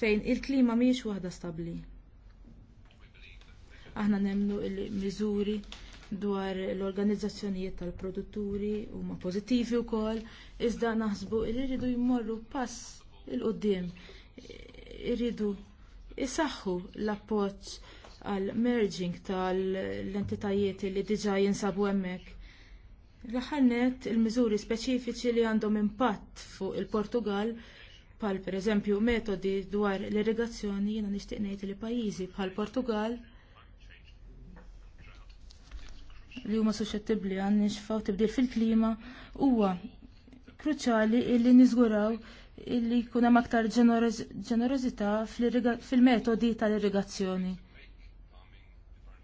fejn il-klima mhijiex waħda stabbli. Aħna nemnu illi miżuri dwar l-organizzazzjonijiet tal-produtturi huma pożittivi wkoll, iżda naħsbu li rridu jmorru pass il-qudiem, irridu isaħħu l-appoġġ għal merging tal-entitajiet li diġà jinsabu hemmhekk. l il-miżuri speċifiċi li għandhom impatt fuq il-Portugal bħal pereżempju metodi dwar l-irrigazzjoni jiena nixtieq ngħid li pajjiżi bħal Portugal li huma suċċettibbli għan nixfaw tibdil fil-klima huwa kruċjali li niżguraw illi jkun hemm aktar ġenerożità fil-metodi tal-irrigazzjoni.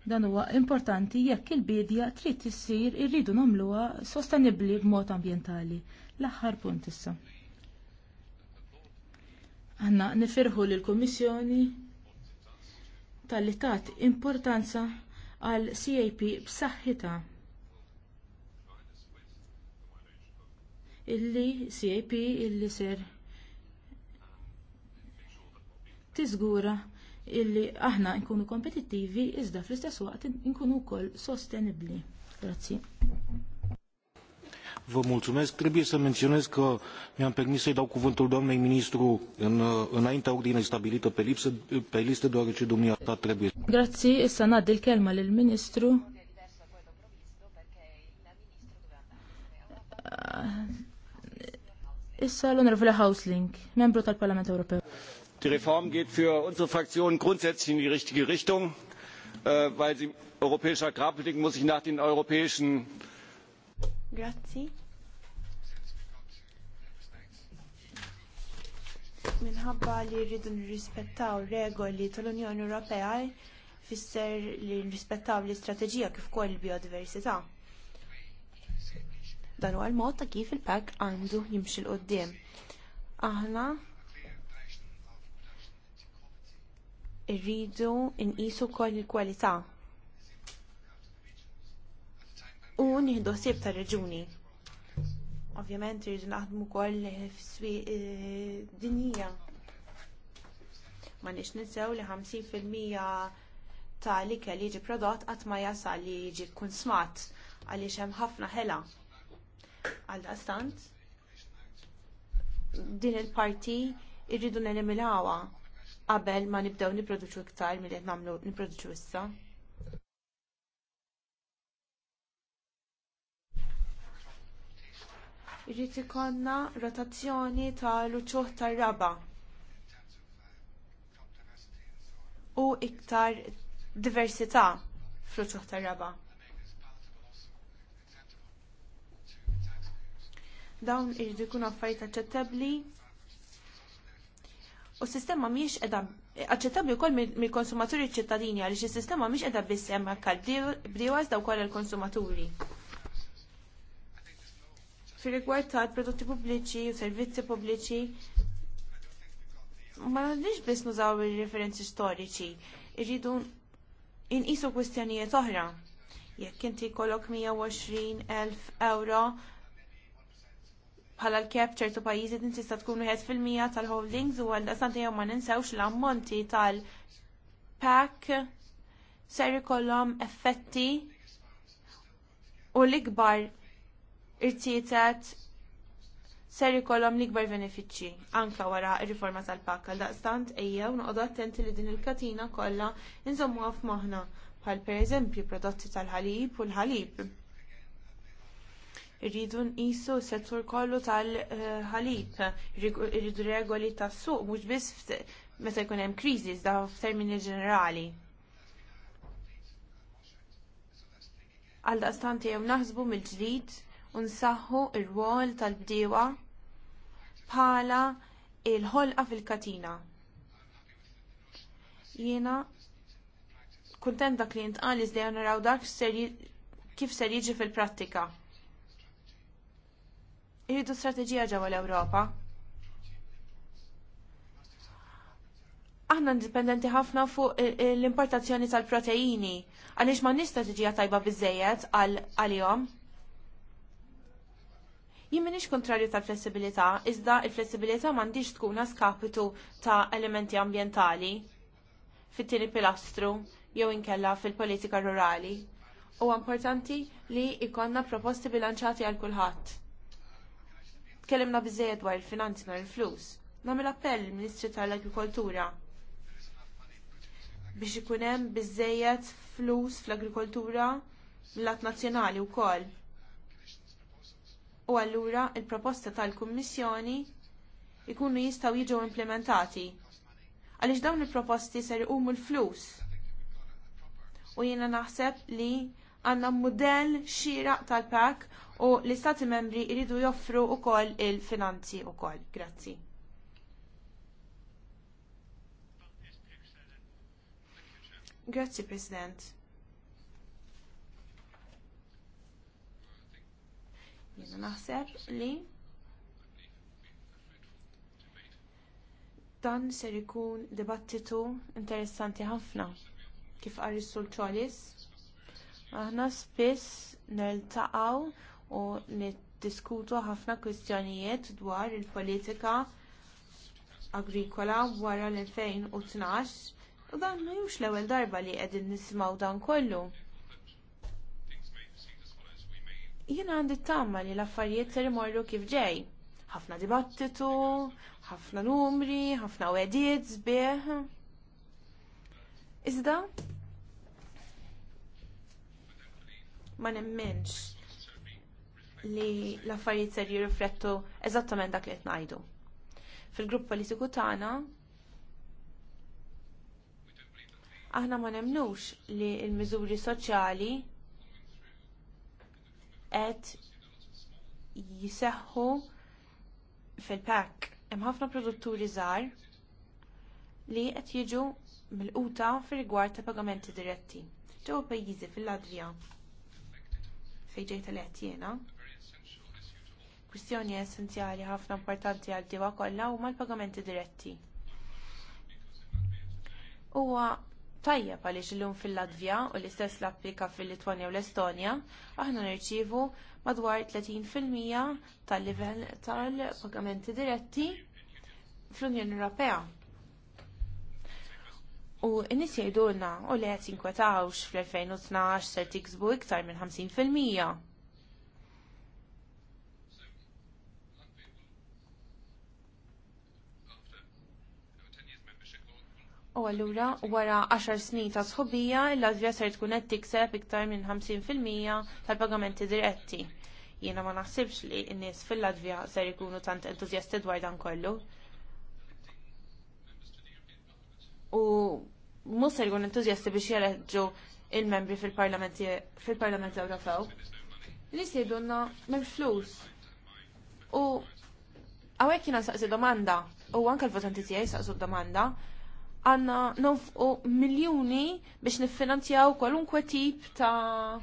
Dan huwa importanti jekk il-bidja trid issir irridu nagħmluha sostenibbli b'mod ambjentali. L-aħħar punt issa. Għanna nifirħu lill kummissjoni tal itat importanza għal CAP b'saħħitha. Illi CAP illi ser tiżgura illi aħna nkunu kompetittivi iżda fl-istess waqt nkunu wkoll sostenibbli. Grazzi. Vă mulțumesc. Trebuie să menționez că mi-am permis să-i dau cuvântul doamnei ministru în, înaintea ordinei stabilită pe, lipsă, pe listă, deoarece domnia ta trebuie. Grazie, issa nadi l-kelma lill-ministru. Issa l-onorevole Hausling, membru tal-Parlament Ewropew. Die Reform geht für unsere Fraktion grundsätzlich in die richtige Richtung, äh, weil sie europäische Agrarpolitik muss sich nach den europäischen Grazie. Minħabba li rridu nirrispettaw regoli tal-Unjoni Ewropea fisser li nirrispettaw l-istrateġija kif ukoll il-biodiversità. Dan huwa l-mod ta' kif il-pak għandu jimxi l-qoddim. Aħna irridu nqisu wkoll il-kwalità u nieħdu ħsieb tar-reġuni. Ovvjament irridu naħdmu wkoll f'swieq dinija. Ma nix ninsew li 50% tal-ikel jiġi prodott qatt ma jasal li jiġi kun smat għaliex hemm ħafna ħela. Għal daqstant din il-parti irridu neliminawha qabel ma nibdew niproduċu iktar milli qed nagħmlu niproduċu issa. Irrid ikollna rotazzjoni tal-uċuħ tar-raba. U iktar diversità fl-uċuħ tar-raba. Dawn irridu jkunu affarijiet aċċettabbli u s-sistema miex edha aċċettabli wkoll mill-konsumaturi ċittadini għaliex is-sistema miex qiegħda biss hemm hekk briewas daw kollha l-konsumaturi. Fir-rigward tal-prodotti pubbliċi u servizzi pubbliċi ma nix biss nużaw ir-referenzi storiċi, irridu inqisu kwistjonijiet oħra. Jekk inti jkollok 120,000 euro bħala l-kep ċertu pajjiżi din tista' tkun wieħed fil-mija tal-holdings u għal daqstant jew ma ninsewx l-ammonti tal-pack ser ikollhom effetti u l-ikbar irtietet ser jkollhom l-ikbar benefiċċji anke wara r-riforma tal pack għal daqstant ejjew noqogħdu attenti li din il-katina kollha inżommuha f'moħħna bħal pereżempju prodotti tal-ħalib u l-ħalib Irridu nqisu s-settur kollu tal-ħalib, rridu regoli tas-suq, mhux biss meta jkun hemm kriżi, iżda f'termini ġenerali. Għaldaqstanti jew naħsbu mill-ġdid u nsaħħu r rwol tal-bdiewa bħala l ħolqa fil-katina. Jiena kuntent dak li jintqal iżda naraw dak kif ser jiġi fil-prattika. Iridu strateġija ġewwa l-Ewropa. Aħna indipendenti ħafna fuq l-importazzjoni tal-proteini għaliex ma strateġija tajba biżejjed għal-jom. Jien m'iniex kontrarju tal-flessibilità, iżda il-flessibilità m'għandix tkun skapitu ta' elementi ambjentali fit-tieni pilastru jew inkella fil-politika rurali. Huwa importanti li jkollna proposti bilanċati għal kulħadd tkellimna bizzejed dwar il-finanzi nhar il-flus. Nagħmel appell il-Ministri tal-Agrikoltura biex ikun hemm biżejjed flus fl-agrikoltura mill-att nazzjonali wkoll. U allura l proposta tal-Kummissjoni ikunu jistgħu jiġu implementati. Għaliex dawn il-proposti ser jqumu l-flus. U jiena naħseb li għandna mudell xieraq tal-pak u l-Istati membri jridu joffru wkoll il-finanzi wkoll. Grazzi. Grazzi, President. Jena naħseb li dan ser ikun dibattitu interessanti ħafna kif qari sul Cholis. Aħna spiss niltaqgħu u niddiskutu ħafna kwistjonijiet dwar il-politika agrikola wara l-2012 u dan mhux l-ewwel darba li qegħdin nisimgħu dan kollu. Jiena għandi tama li l-affarijiet ser imorru kif ġej. Ħafna dibattitu, ħafna numri, ħafna wedid, sbieħ. Iżda, ma nemmenx li l-affarijiet ser jirriflettu eżattament dak li qed ngħidu. Fil-grupp politiku tagħna aħna ma nemnux li l-miżuri soċjali qed jiseħħu fil-pack. Hemm ħafna produtturi żgħar li qed jiġu mill-quta fir-rigward ta' pagamenti diretti ġewwa pajjiżi fil-Latvja fejn ġejt elett jiena kwistjoni essenzjali ħafna importanti għad-diwa kollha huma l-pagamenti diretti. Huwa tajjeb għaliex illum fil-Latvja u l-istess l-applika fil-Litwanja u l-Estonja, aħna nirċievu madwar 30% tal-livell tal-pagamenti diretti fl-Unjoni Ewropea. U n-nis jgħidulna u li qed jinkwetawx fl-2012 ser tiksbu iktar minn 50%. U allura wara 10 snin ta' sħobija, l-Latvija ser tkun qed tikseb iktar minn 50% tal-pagamenti diretti. Jiena ma naħsibx li n-nies fil-Latvija ser ikunu tant entużjasti dwar dan kollu. U mhux ser ikun entużjasti biex jeleġġu il-membri fil-Parlament fil-Parlament Ewropew. Nies jgħidulna m'hemmx flus. U għawek jiena saqsi domanda, u anke l-votanti tijaj saqsu domanda, għanna nofqu miljoni biex niffinanzjaw kwalunkwe tip ta'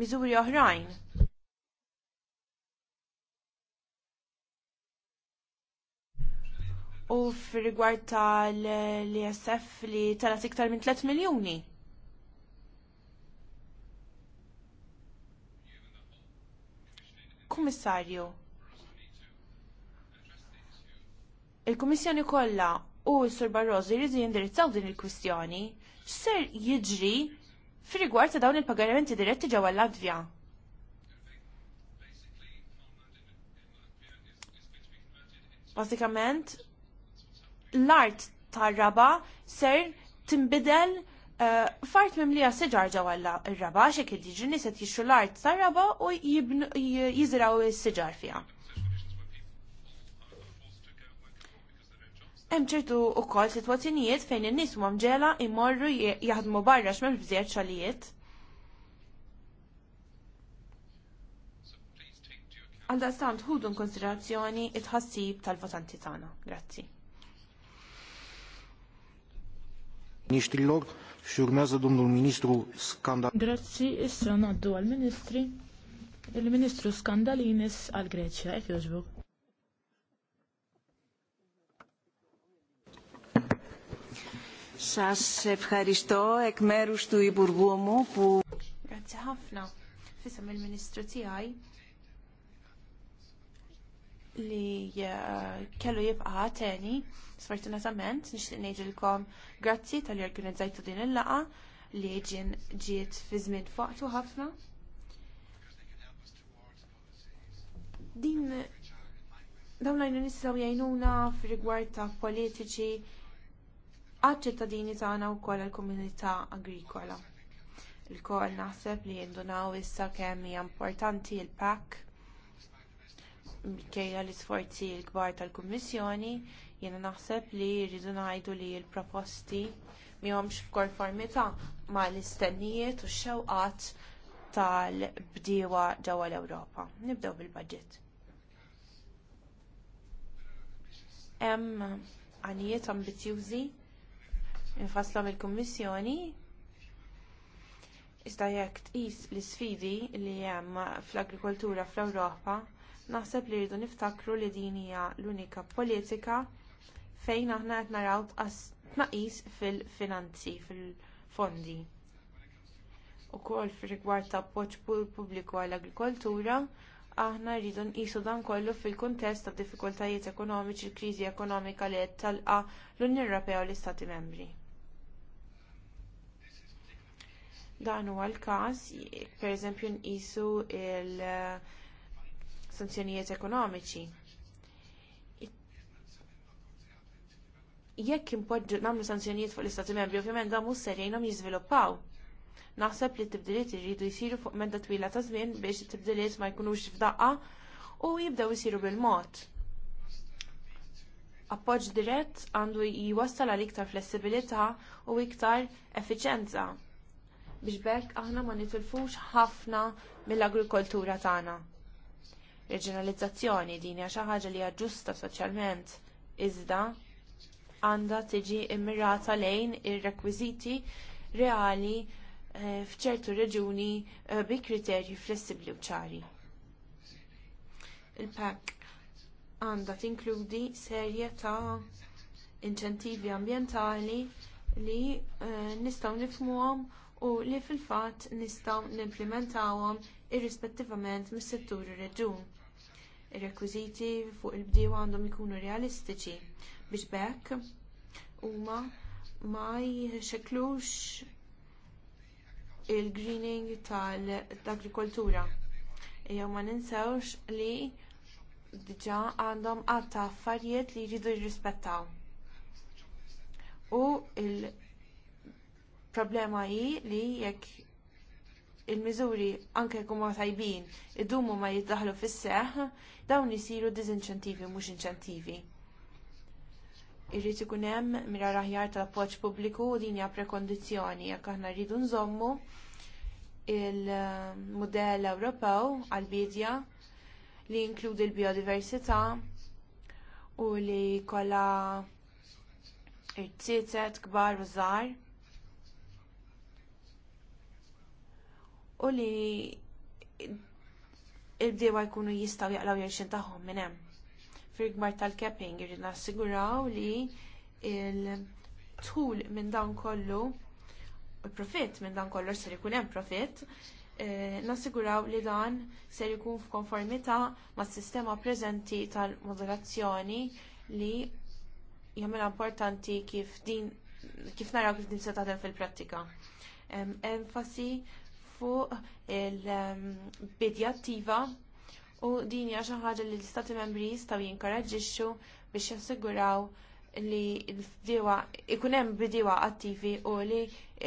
miżuri oħrajn. U f-rigward tal-ISF li talat iktar minn 3 miljoni. Kummissarju, il-Kummissjoni kollha u s-Sur Barroso jridu jindirizzaw din il-kwistjoni, x'ser jiġri fir-rigward ta' dawn il-pagamenti diretti ġewwa Latvja. Basikament, l-art tar-raba ser timbidel Uh, eh, fart mim li għassi ġarġa għalla r-raba, xek id-ġini set jixxu l-art tar-raba u jizraw s-sġar fija. Hemm ċertu wkoll sitwazzjonijiet fejn in-nies huma mġela jmorru jaħdmu barra x'mel bżejjed xogħlijiet. Għal daqstant ħudu konsiderazzjoni it-ħassib tal-votanti tagħna. Grazzi. Ministrilor, xi urmează l ministru skandal. Grazzi, issa ngħaddu għall-Ministri. Il-Ministru Skandalinis għal Greċja, jekk jogħġbu. Σας Grazie ħafna. Fisa il ministru tiegħi li eh, kellu jibqa' għateni, sfortunatament, nixtieq ngħidilkom grazzi tal-li organizzajtu din il-laqa li ġien ġiet fi żmien fuqtu ħafna. Din dawn l-għajnu jgħinuna f'rigward ta' politiċi għad-ċittadini tagħna wkoll għall-komunità agrikola. Il-koll naħseb li jindunaw issa kemm hija importanti l-pak kejja l-isforzi l-kbar tal-Kummissjoni, jiena naħseb li jridu ngħidu li l-proposti mihomx f'konformità mal istennijiet u x-xewqat tal-bdiewa ġewwa l-Ewropa. Nibdew bil-budget. Hemm għanijiet ambizjużi infaslom il-Kummissjoni Iżda jekk tqis l isfidi li hemm fl-agrikoltura fl-Ewropa, naħseb li rridu niftakru li din hija l-unika politika fejn aħna qed naraw tnaqis fil-finanzi, fil-fondi. Ukoll fir-rigward ta' appoġġ pubbliku għall-agrikoltura, aħna rridu nqisu dan kollu fil-kuntest tad diffikultajiet ekonomiċi, l kriżi ekonomika li qed talqa l-Unjoni Ewropea u l-Istati Membri. Dan huwa l-każ, pereżempju nqisu l eh, sanzjonijiet ekonomiċi. Jekk impoġġu nagħmlu sanzjonijiet fuq l-Istati Membri, ovvjament dan mhux ser jgħinhom jiżviluppaw. Naħseb li t-tibdiliet irridu jsiru fuq menda twila ta' żmien biex t tibdiliet ma jkunux f'daqqa u jibdew isiru bil-mod. Appoġġ dirett għandu jwassal għal iktar flessibilità u iktar effiċenza biex bekk aħna ma nitilfux ħafna mill-agrikoltura tagħna. Reġjonalizzazzjoni din hija xi ħaġa li ġusta soċjalment iżda għandha tiġi immirata lejn ir-rekwiżiti reali eh, f'ċertu reġuni eh, bi kriterji flessibbli u ċari. Il-PAC għandha tinkludi serje ta' inċentivi ambjentali li eh, nistgħu nifhmuhom u li fil fatt nistgħu nimplementawhom irrispettivament mis-settur ir reġjun Ir-rekwiżiti fuq il-bdiewa għandhom ikunu realistiċi biex bekk huma ma jxekklux il-greening tal-agrikoltura. Jew ma ninsewx li diġà għandhom għatta affarijiet li jridu jirrispettaw. U il- Problema hi li jekk il-miżuri anke jkunu tajbin idumu ma jiddaħlu fis-seħ, dawn isiru diżinċentivi mhux inċentivi. Irrid ikun hemm mira raħjar tal-appoġġ pubbliku u din hija prekondizzjoni jekk aħna rridu nżommu il-modell Ewropew għal-bidja li jinkludi l-biodiversità u li kollha irtietet kbar u żgħar u li il-bdewa jkunu jistaw jaqlaw jirxin taħħom minn hemm. Fil-gbar tal kepping irrid nassiguraw li il-tul minn dan kollu il profit minn dan kollu ser jkun hemm profit, eh, nassiguraw li dan ser ikun f'konformità mas sistema preżenti tal-modulazzjoni li jagħmel importanti kif din kif naraw kif din se tagħtem fil-prattika. Enfasi fuq il-bidja ehm, attiva u din hija xi ħaġa li l-Istati Membri jistgħu jinkoraġġixxu biex jassiguraw li l-bdiewa ikunem hemm attivi u li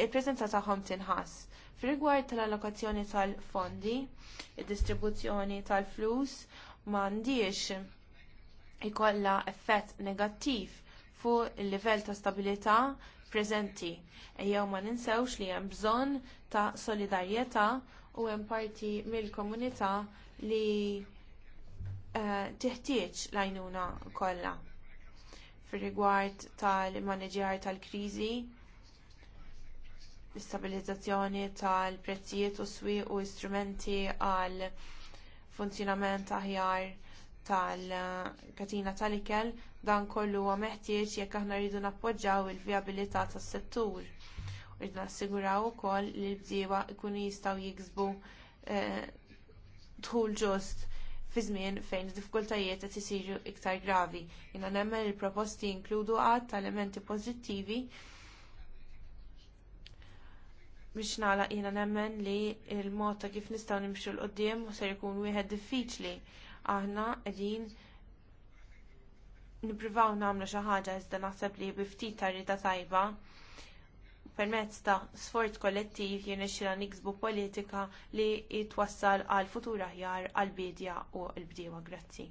l-preżenza taħħom tinħass. fil rigward tal-allokazzjoni tal-fondi, id-distribuzzjoni tal-flus m'għandix ikollha effett negattiv fuq il-livell ta' stabilità preżenti. Ejjew ma ninsewx li hemm bżonn ta' solidarjetà u hemm parti mill-komunità li eh, teħtieġ l-għajnuna kollha. Fir-rigward tal-maneġjar tal-kriżi, l-istabilizzazzjoni tal-prezzijiet u swieq u strumenti għal funzjonament aħjar tal-katina tal-ikel dan kollu huwa meħtieġ jekk aħna rridu nappoġġjaw il-vjabilità tas-settur biex nassiguraw ukoll li l-bdiewa jkunu jistgħu jiksbu eh, dħul ġust fi żmien fejn id-diffikultajiet qed isiru iktar gravi. Jiena nemmen il-proposti jinkludu għad ta' elementi pożittivi biex nagħlaq jiena nemmen li l-mod ta' kif nistgħu nimxu l-qoddim ser jkun wieħed diffiċli. Aħna qegħdin nippruvaw nagħmlu xi ħaġa iżda naħseb li bi ftit tarita tajba Permezz ta' sfort kollettiv jien niksbu politika li jitwassal għal futur aħjar għall bidja u l-bdiewa. Grazzi.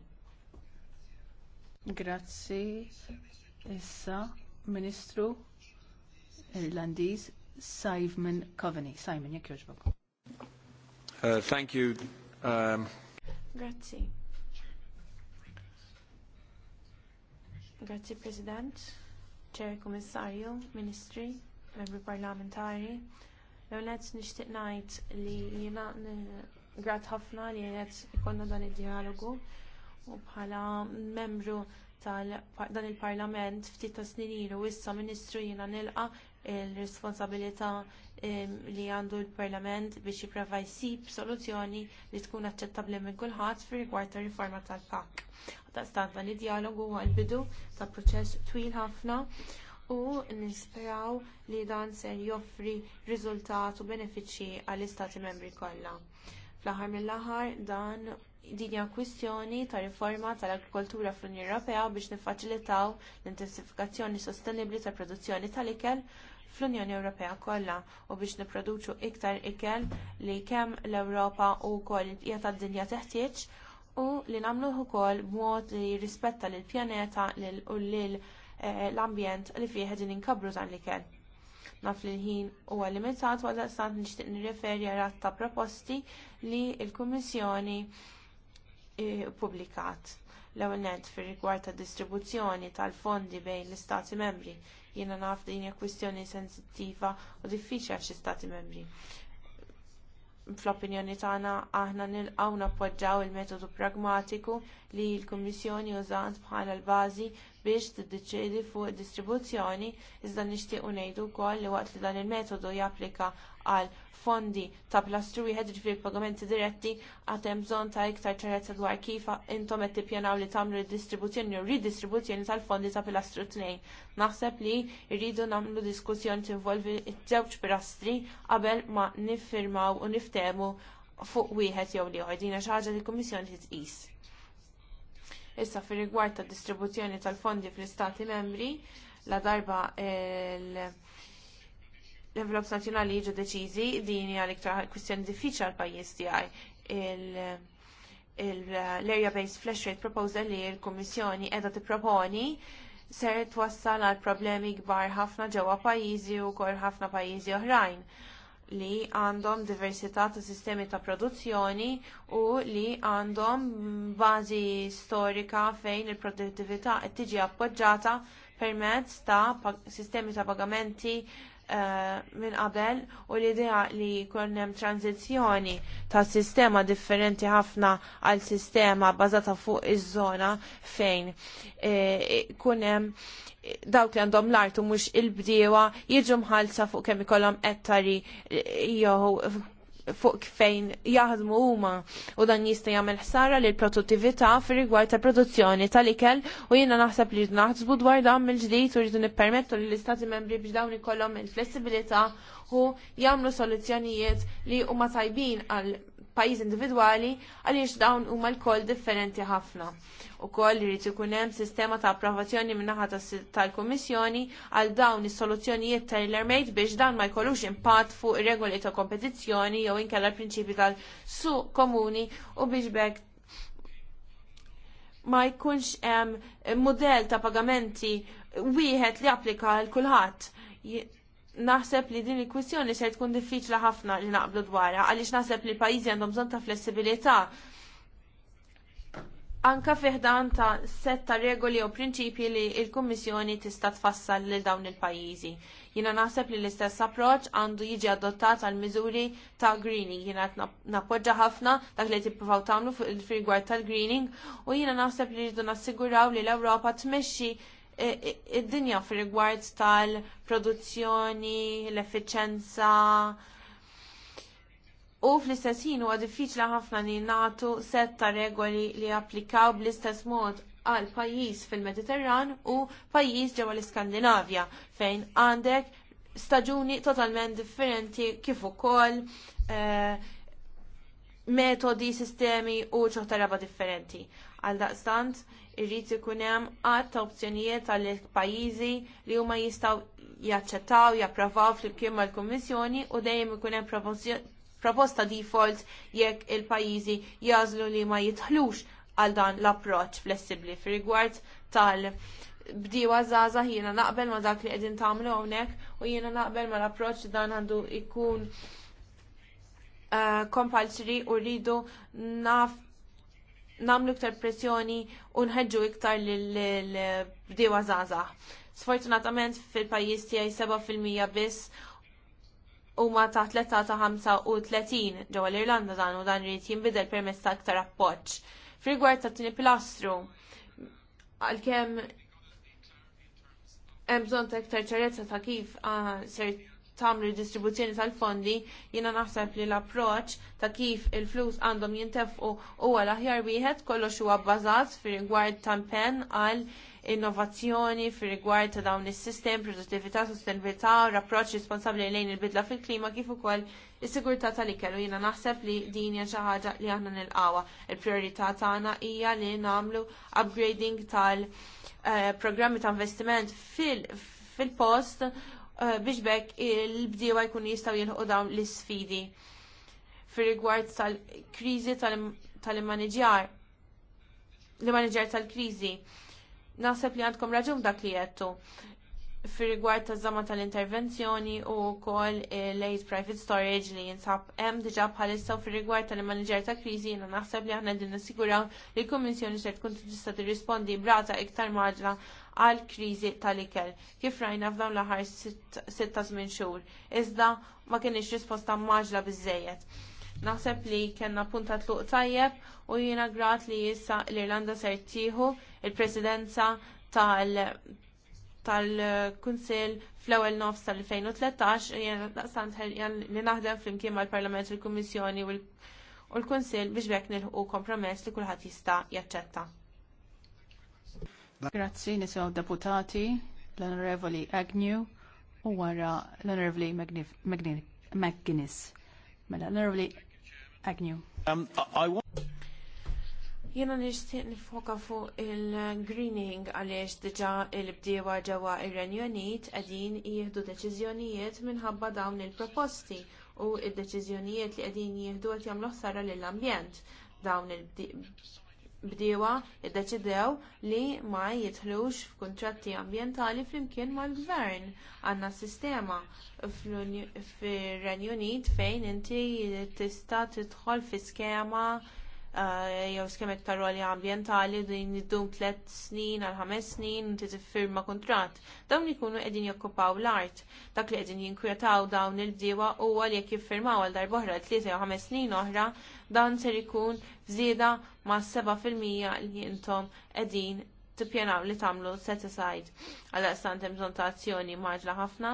Grazzi. Issa, Ministru Irlandiż Simon Coveney. Simon, jekk jogħġbok. Uh, thank you. Um... Grazzi. Grazzi President, Chair Commissario, Ministri membri parlamentari. L-għonet nixtieq ngħid li jiena grat ħafna li qed ikonna dan id-dialogu u bħala membru tal dan il-parlament ftit ta' snin ilu issa ministru jiena nilqa il-responsabilità ehm, li għandu l-parlament biex jipprova jisib soluzzjoni li tkun aċċettabbli minn kulħadd fi rigward riforma tal-PAK. stat dan il dialogu huwa l bidu ta' proċess twil ħafna u nisperaw li dan ser joffri riżultat u benefiċċji għall-istati membri kollha. Fl-aħħar mill-aħħar dan din hija kwistjoni ta' riforma tal-agrikoltura fl-Unjoni Ewropea biex niffaċilitaw l-intensifikazzjoni sostenibbli tal produzzjoni tal-ikel fl-Unjoni Ewropea kollha u biex nipproduċu iktar ikel li kemm l-Ewropa u wkoll hija tad-dinja teħtieġ u li nagħmluh ukoll b'mod li jirrispetta lill pjaneta u lil Eh, l-ambjent li fih din inkabru dan li kien. Naf li l-ħin huwa limitat għal daqstant nixtieq nirreferi għal ta' proposti li l-Kummissjoni ppubblikat eh, l-ewwel nett fir-rigward distribuzzjoni tal-fondi bejn l-istati membri. Jiena naf din hija kwistjoni sensittiva u diffiċli għax Stati membri. Fl-opinjoni tagħna aħna nilqgħu nappoġġjaw il-metodu pragmatiku li l-Kummissjoni użant bħala l-bażi biex tiddeċiedi fuq id distribuzzjoni iżda nixtiequ ngħidu wkoll li waqt li dan il-metodu japplika għal fondi ta' plastru wieħed ġifieri pagamenti diretti għad hemm bżonn ta' iktar ċerezza dwar kif intom qed tippjanaw li tagħmlu redistribuzzjoni u ridistribuzzjoni tal-fondi ta' pilastru tnejn. Naħseb li rridu nagħmlu diskussjoni tinvolvi ż-żewġ pilastri qabel ma niffirmaw u niftehmu fuq wieħed jew li Dina xi ħaġa li l-Kummissjoni tqis Issa fir rigward ta' distribuzzjoni tal-fondi fl-istati membri, la darba l envelop nazzjonali jiġu deċiżi din hija l-iktar kwistjoni diffiċli għal pajjiż tiegħi l-area based flash rate proposal li l-Kummissjoni qiegħda tipproponi ser twassal għal problemi kbar ħafna ġewwa pajjiżi u kol ħafna pajjiżi oħrajn li għandhom diversità ta' sistemi ta' produzzjoni u li għandhom bażi storika fejn il-produttività qed tiġi appoġġata permezz ta' sistemi ta' pagamenti Eh, minn qabel u l-idea li jkun hemm transizzjoni ta' sistema differenti ħafna għal sistema bbażata fuq iż-żona fejn jkun eh, hemm dawk li għandhom l-art u mhux il-bdiewa jiġu mħallsa fuq kemm ikollhom ettari eh, jew fuq fejn jaħdmu huma u dan jista' jagħmel ħsara lil produttività fir-rigward ta' produzzjoni tal-ikel u jiena naħseb li naħsbu dwar dan mill-ġdid u rridu nippermettu lill istati membri biex dawn ikollhom il-flessibilità u jagħmlu soluzzjonijiet li huma tajbin għal pajjiż individwali għaliex dawn huma lkoll differenti ħafna. Ukoll jrid ikun hemm sistema ta' approvazzjoni min-naħa tal-Kummissjoni għal dawn is-soluzzjonijiet tailor-made biex dan ma jkollux impatt fuq ir-regoli ta' kompetizzjoni jew inkella l-prinċipji tal-suq komuni u biex bekk ma jkunx hemm modell ta' pagamenti wieħed li applika għal kulħadd naħseb li din il-kwistjoni se tkun diffiċla ħafna li naqblu dwarha għaliex naħseb li pajjiżi għandhom bżonn ta' flessibilità anka fiħdan ta' set ta' regoli u prinċipji li il-Kummissjoni tista' tfassal lil dawn il-pajjiżi. Jiena naħseb li l-istess approċ għandu jiġi adottat għal miżuri ta' greening. Jiena qed nappoġġa ħafna dak li tippruvaw tagħmlu fuq il-rigward tal-greening u jiena naħseb li rridu nassiguraw li l-Ewropa tmexxi id-dinja fir rigward tal-produzzjoni, l-effiċenza. U fl-istess ħin huwa diffiċli ħafna li nagħtu set ta' regoli li applikaw bl-istess mod għal pajjiż fil-Mediterran u pajjiż ġewwa l-Iskandinavja fejn għandek staġuni totalment differenti kif ukoll eh, metodi, sistemi u ċoħta raba differenti. Għal daqstant, irrid ikun hemm għadd ta' opzjonijiet għall pajjiżi li huma jistgħu jaċċettaw, japprovaw flimkien mal-Kummissjoni u dejjem ikun hemm proposta default jekk il-pajjiżi jażlu li ma jidħlux għal dan l-approċċ flessibbli fir-rigward tal- bdiewa zaza jiena naqbel ma dak li qegħdin tagħmlu hawnhekk u jiena naqbel ma l li dan għandu jkun uh, compulsory u rridu naf namlu iktar pressjoni u nħedġu iktar l-bdiewa zazah. Sfortunatament fil-pajis tiegħi 7% biss huma ta' 3 ta' 35 ġewwa l-Irlanda dan u dan rrit jinbidel permezz ta' iktar appoġġ. Frigward ta' tieni pilastru għalkemm hemm bżonn ta' iktar ċerezza ta' kif ah, ser tamlu distribuzzjoni tal-fondi, jiena naħseb li l-approċ ta' kif il-flus għandhom jintefqu huwa l-aħjar wieħed kollox huwa bbażat fi rigward tal-pen għal innovazzjoni fi rigward ta' dawn is-sistem, produttività, sostenibilità, rapproċ responsabbli lejn il-bidla fil-klima kif ukoll is-sigurtà tal-ikel u jiena naħseb li din hija xi ħaġa li aħna nilqawha. Il-prijorità tagħna hija li nagħmlu upgrading tal-programmi eh, ta' investiment fil- fil-post Eh, biex bekk il-bdiewa jkun jistaw jilħu dawn l-sfidi fir rigward tal-krizi tal-immaniġjar l-immaniġjar tal-krizi. Naħseb li għandkom raġun dak li jettu fir-rigward ta' zama tal-intervenzjoni u wkoll eh, l private storage li jinsab hemm diġà bħalissa u fir-rigward tal-manager ta' kriżi jiena naħseb li aħna din nassiguraw li l-Kummissjoni se tkun tista' tirrispondi brata iktar maġla għal kriżi tal-ikel kif rajna f'dawn l-aħħar sitta żmien xhur. Iżda ma kienx risposta maġla biżżejjed. Naħseb li kellna punta tluq tajjeb u jiena grat li issa l-Irlanda ser tieħu il-presidenza tal tal kunsel fl-ewwel nofs tal-2013 li naħdem flimkien mal-Parlament il-Kummissjoni u l kunsel biex bekk nilħu kompromess li kulħadd jista' jaċċetta. Grazzi nisimgħu deputati l-Onorevoli Agnew u wara l-Onorevoli McGuinness. Mela l-Onorevoli Agnew. Um, I Jena nishtiq nifoka fuq il-greening għaliex diġa il-bdiewa ġewwa ir-Renju Unit qegħdin jieħdu deċiżjonijiet minħabba dawn il-proposti u d deċiżjonijiet li qegħdin jieħdu qed jagħmlu ħsara lill-ambjent. Dawn il-bdiewa ddeċidew li ma jidħlux f'kuntratti ambjentali flimkien mal-gvern għandna sistema fir-Renju Unit fejn inti tista' tidħol fi skema Eh, jew skemet paroli ambientali li din iddum tliet snin għal ħames snin inti tiffirma kuntratt. Dawn ikunu qegħdin jokkupaw l-art. Dak li qegħdin jinkwetaw dawn il-bdiewa huwa li jekk jiffirmaw għal darb'oħra tlieta jew ħames snin oħra, dan ser ikun fżieda ma' 7% li intom qegħdin tipjena li tagħmlu set aside għal daqstant hemm bżonn ta' azzjoni maġla ħafna,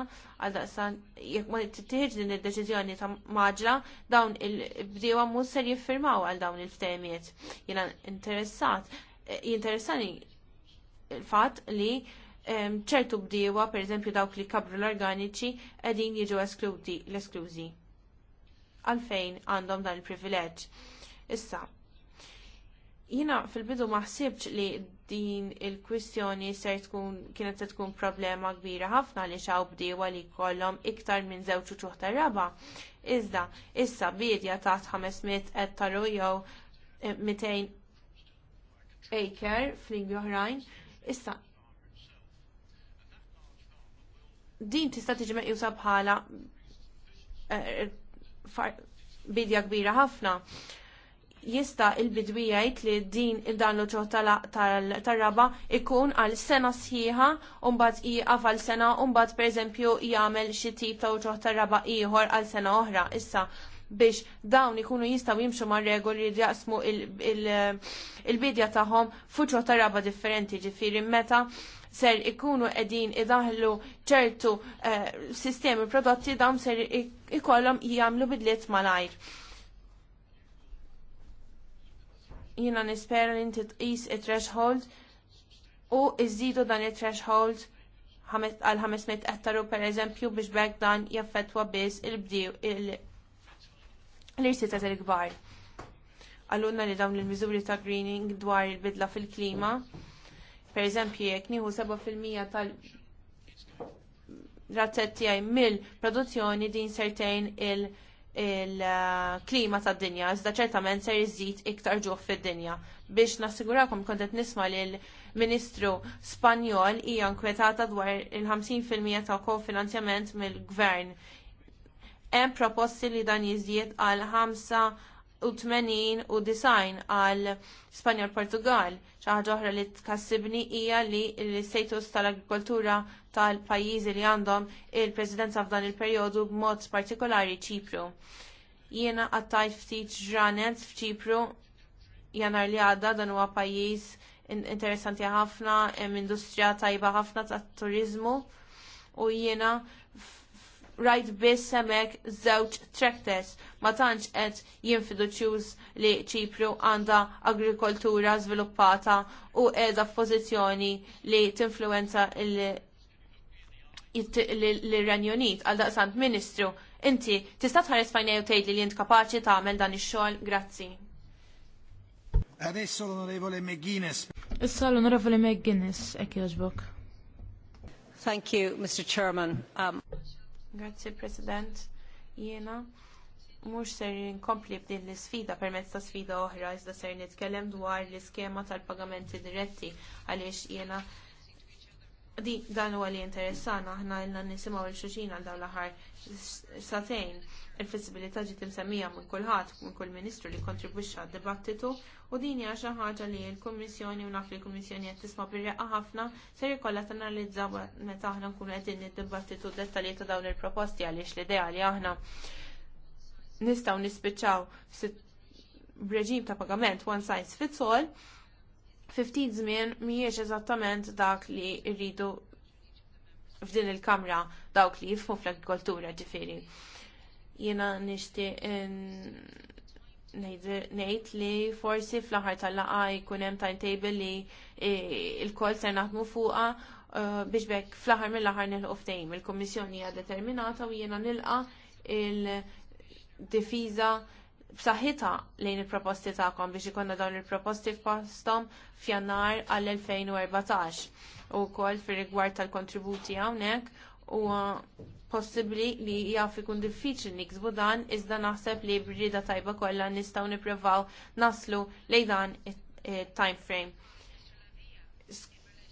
għal daqstant jekk ma tittieħed din id-deċiżjoni ta' maġla dawn il-bdiewa mhux ser jiffirmaw għal dawn il-ftehmiet. Jiena interessat, jinteressani il-fatt li ċertu bdiewa, per eżempju dawk li kabru l-organiċi, qegħdin jiġu eskluti l-esklużi. Għalfejn għandhom dan il-privileġġ. Issa, jina fil-bidu maħsibċ li din il-kwistjoni ser tkun kienet se tkun problema kbira ħafna li xaw bdiewa li jkollhom iktar minn żewġ uċuħ tar-raba. Iżda, issa bidja taħt 500 ettaru jew 200 eh, acre fl ingi oħrajn, issa din tista' tiġi meqjusa bħala eh, bidja kbira ħafna jista' il-bidwija jgħid li din il-dan l tar-raba ikun għal sena sħiħa u mbagħad jieqaf għal sena u mbagħad pereżempju jagħmel xi tip ta' uċoħ tar-raba ieħor għal sena oħra. Issa biex dawn ikunu jistgħu jimxu mar regoli li jaqsmu il-bidja tagħhom fuċo tar-raba differenti ġifieri meta ser ikunu edin idaħlu ċertu eh, sistemi prodotti dawn ser ikollhom jagħmlu bidliet malajr. Jiena nispera li inti tqis il threshold u iżidu dan it-threshold għal 500 ettaru per eżempju biex bekk dan jaffetwa biss il bdiw l-irsi ta' il-gbar. Għallunna li dawn il-miżuri ta' greening dwar il-bidla fil-klima. Per eżempju, jek nieħu 7% tal- razzetti għaj mill-produzzjoni din sertajn il- il-klima tad dinja, iżda ċertament ser iżid iktar ġuħ fid-dinja. Biex nassigurakom kontet nisma li l-Ministru Spanjol hija nkwetata dwar il-50% ta' finanzjament mill-gvern. Hemm proposti li dan jiżdied għal 5 u 80 u design għal Spanjol Portugal. ċaħġa oħra li tkassibni hija li l-status tal-agrikoltura tal-pajjiżi li għandhom il-presidenza f'dan il-perjodu b'mod partikolari ċipru. Jiena għattaj ftit ġranet f'ċipru janar li għadda dan huwa pajjiż interessanti ħafna, hemm industrija tajba ħafna tat-turizmu u jiena rajt biss semek żewġ trektes ma tantx qed jinfiduċjuż li Ċipru għandha agrikoltura żviluppata u qiegħda f'pożizzjoni li tinfluwenza l-Iran Unit għal daqsant Ministru. Inti tista' tħares fajnejn u tgħidli li jint kapaċi tagħmel dan ix-xogħol? Grazzi. Adesso l-Onorevole McGuinness. Issa l-Onorevole McGuinness, ekki Thank you, Mr. Chairman. Um... Grazzi President, Jena, mhux ser nkompli b'din l isfida permezz ta' sfida oħra iżda ser nitkellem dwar l-iskema tal-pagamenti diretti għaliex jiena di dan huwa li interessana aħna illa nisimgħu il-xoċina għal dawn l-aħħar il-flessibilità ġiet imsemmija minn kulħadd minn kull ministru li kontribuċa għad-dibattitu u din hija xi ħaġa li l-Kummissjoni u naf li l-Kummissjoni qed tisma' bir-reqqa ħafna ser ikollha tanalizza meta aħna nkunu qegħdin id-dibattitu ta' dawn il-proposti għaliex l-idea li aħna nistgħu nispiċċaw b'reġim ta' pagament one size fits all ftit żmien mhijiex eżattament dak li rridu f'din il-kamra dawk li jifmu fl-agrikoltura ġifieri. Jiena nixtieq ngħid li forsi fl-aħħar tal laqa jkun hemm timetable li e, l-kol ser naħdmu fuqha e, biex bekk fl-aħħar mill-aħħar nilħu Il-Kummissjoni hija determinata u jiena nilqa' il-difiża il b'saħħitha lejn il-proposti tagħkom biex ikonna dawn il-proposti f'postom f'jannar għall-2014 u wkoll fir-rigward tal-kontributi hawnhekk u possibbli li jaf ikun diffiċli niksbu dan iżda naħseb li brida tajba kollha nistgħu nippruvaw naslu lejn dan it-time frame.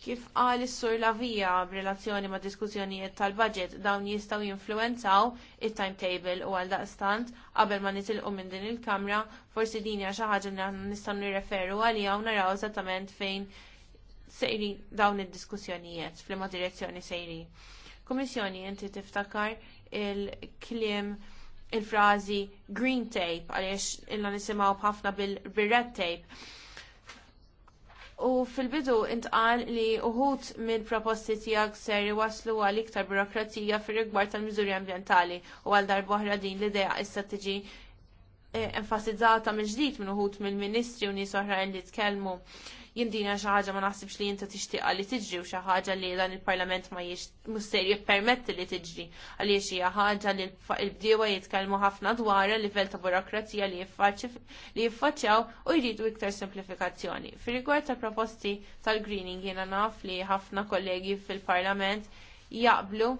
Kif qal is-sur Lavija b'relazzjoni ma' diskussjonijiet tal-budget dawn jistgħu jinfluwenzaw it-timetable u għal daqstant qabel ma nitilqu minn din il-kamra forsi din hija xi ħaġa li nistgħu nirreferu għaliha u naraw eżattament fejn sejri dawn id-diskussjonijiet f'liema direzzjoni sejri. Kummissjoni inti tiftakar il-kliem il-frażi green tape għaliex illa nisimgħu b'ħafna bil-red tape U fil-bidu intqal li uħut mill-proposti tiegħek ser waslu għal iktar burokratija fir-rigward tal-miżuri ambjentali u għal darbohra din l-idea issa tiġi eh, enfasizzata mill-ġdid minn uħut mill-ministri u nies oħrajn li tkellmu jindina xi ħaġa ma naħsibx li inta tixtieqa li tiġri u xi ħaġa li dan il-Parlament ma muster jippermetti li tiġri għaliex hija ħaġa li l-bdiewa jitkellmu ħafna dwar livell ta' burokrazija li jiffaċċjaw u jridu iktar semplifikazzjoni. Fir-rigward tal-proposti tal-greening jiena naf li ħafna kollegi fil-Parlament jaqblu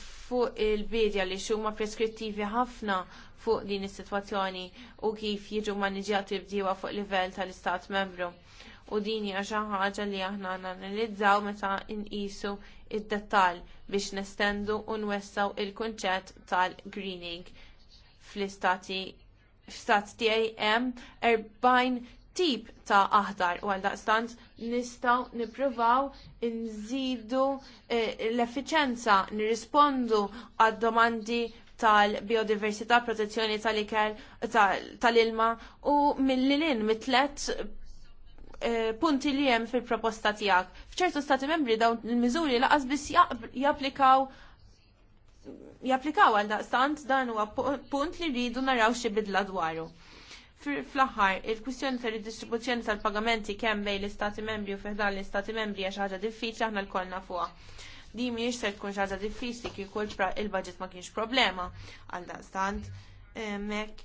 fuq il-bidja li xuma preskrittivi ħafna fuq din is-sitwazzjoni u kif jiġu maniġjati bdiewa fuq livell tal-istat membru. U din hija xi ħaġa li aħna nanalizzaw meta nqisu id-dettall biex nestendu u nwessaw il-kunċett tal-greening fl-istati f'stat tiegħi hemm 40 tip ta' aħdar u għaldaqstant nistgħu nippruvaw nżidu eh, l effiċjenza nirrispondu għad domandi tal-biodiversità, protezzjoni tal-ikel, tal-ilma u mill-lin mitlet eh, punti li hemm fil-proposta tiegħek. F'ċertu stati membri dawn il-miżuri laqas biss japplikaw japplikaw għal daqstant dan huwa punt li rridu naraw xi bidla dwaru. Fl-aħħar, il-kwistjoni tal ridistribuzzjoni tal-pagamenti kemm bejn l-Istati membri u fiħdan l-Istati membri għaxħaġa ħaġa diffiċli aħna l-kolna fuqha Di miex se tkun xaġa diffiċli kieku il-budget ma kienx problema għal dan stant. Mek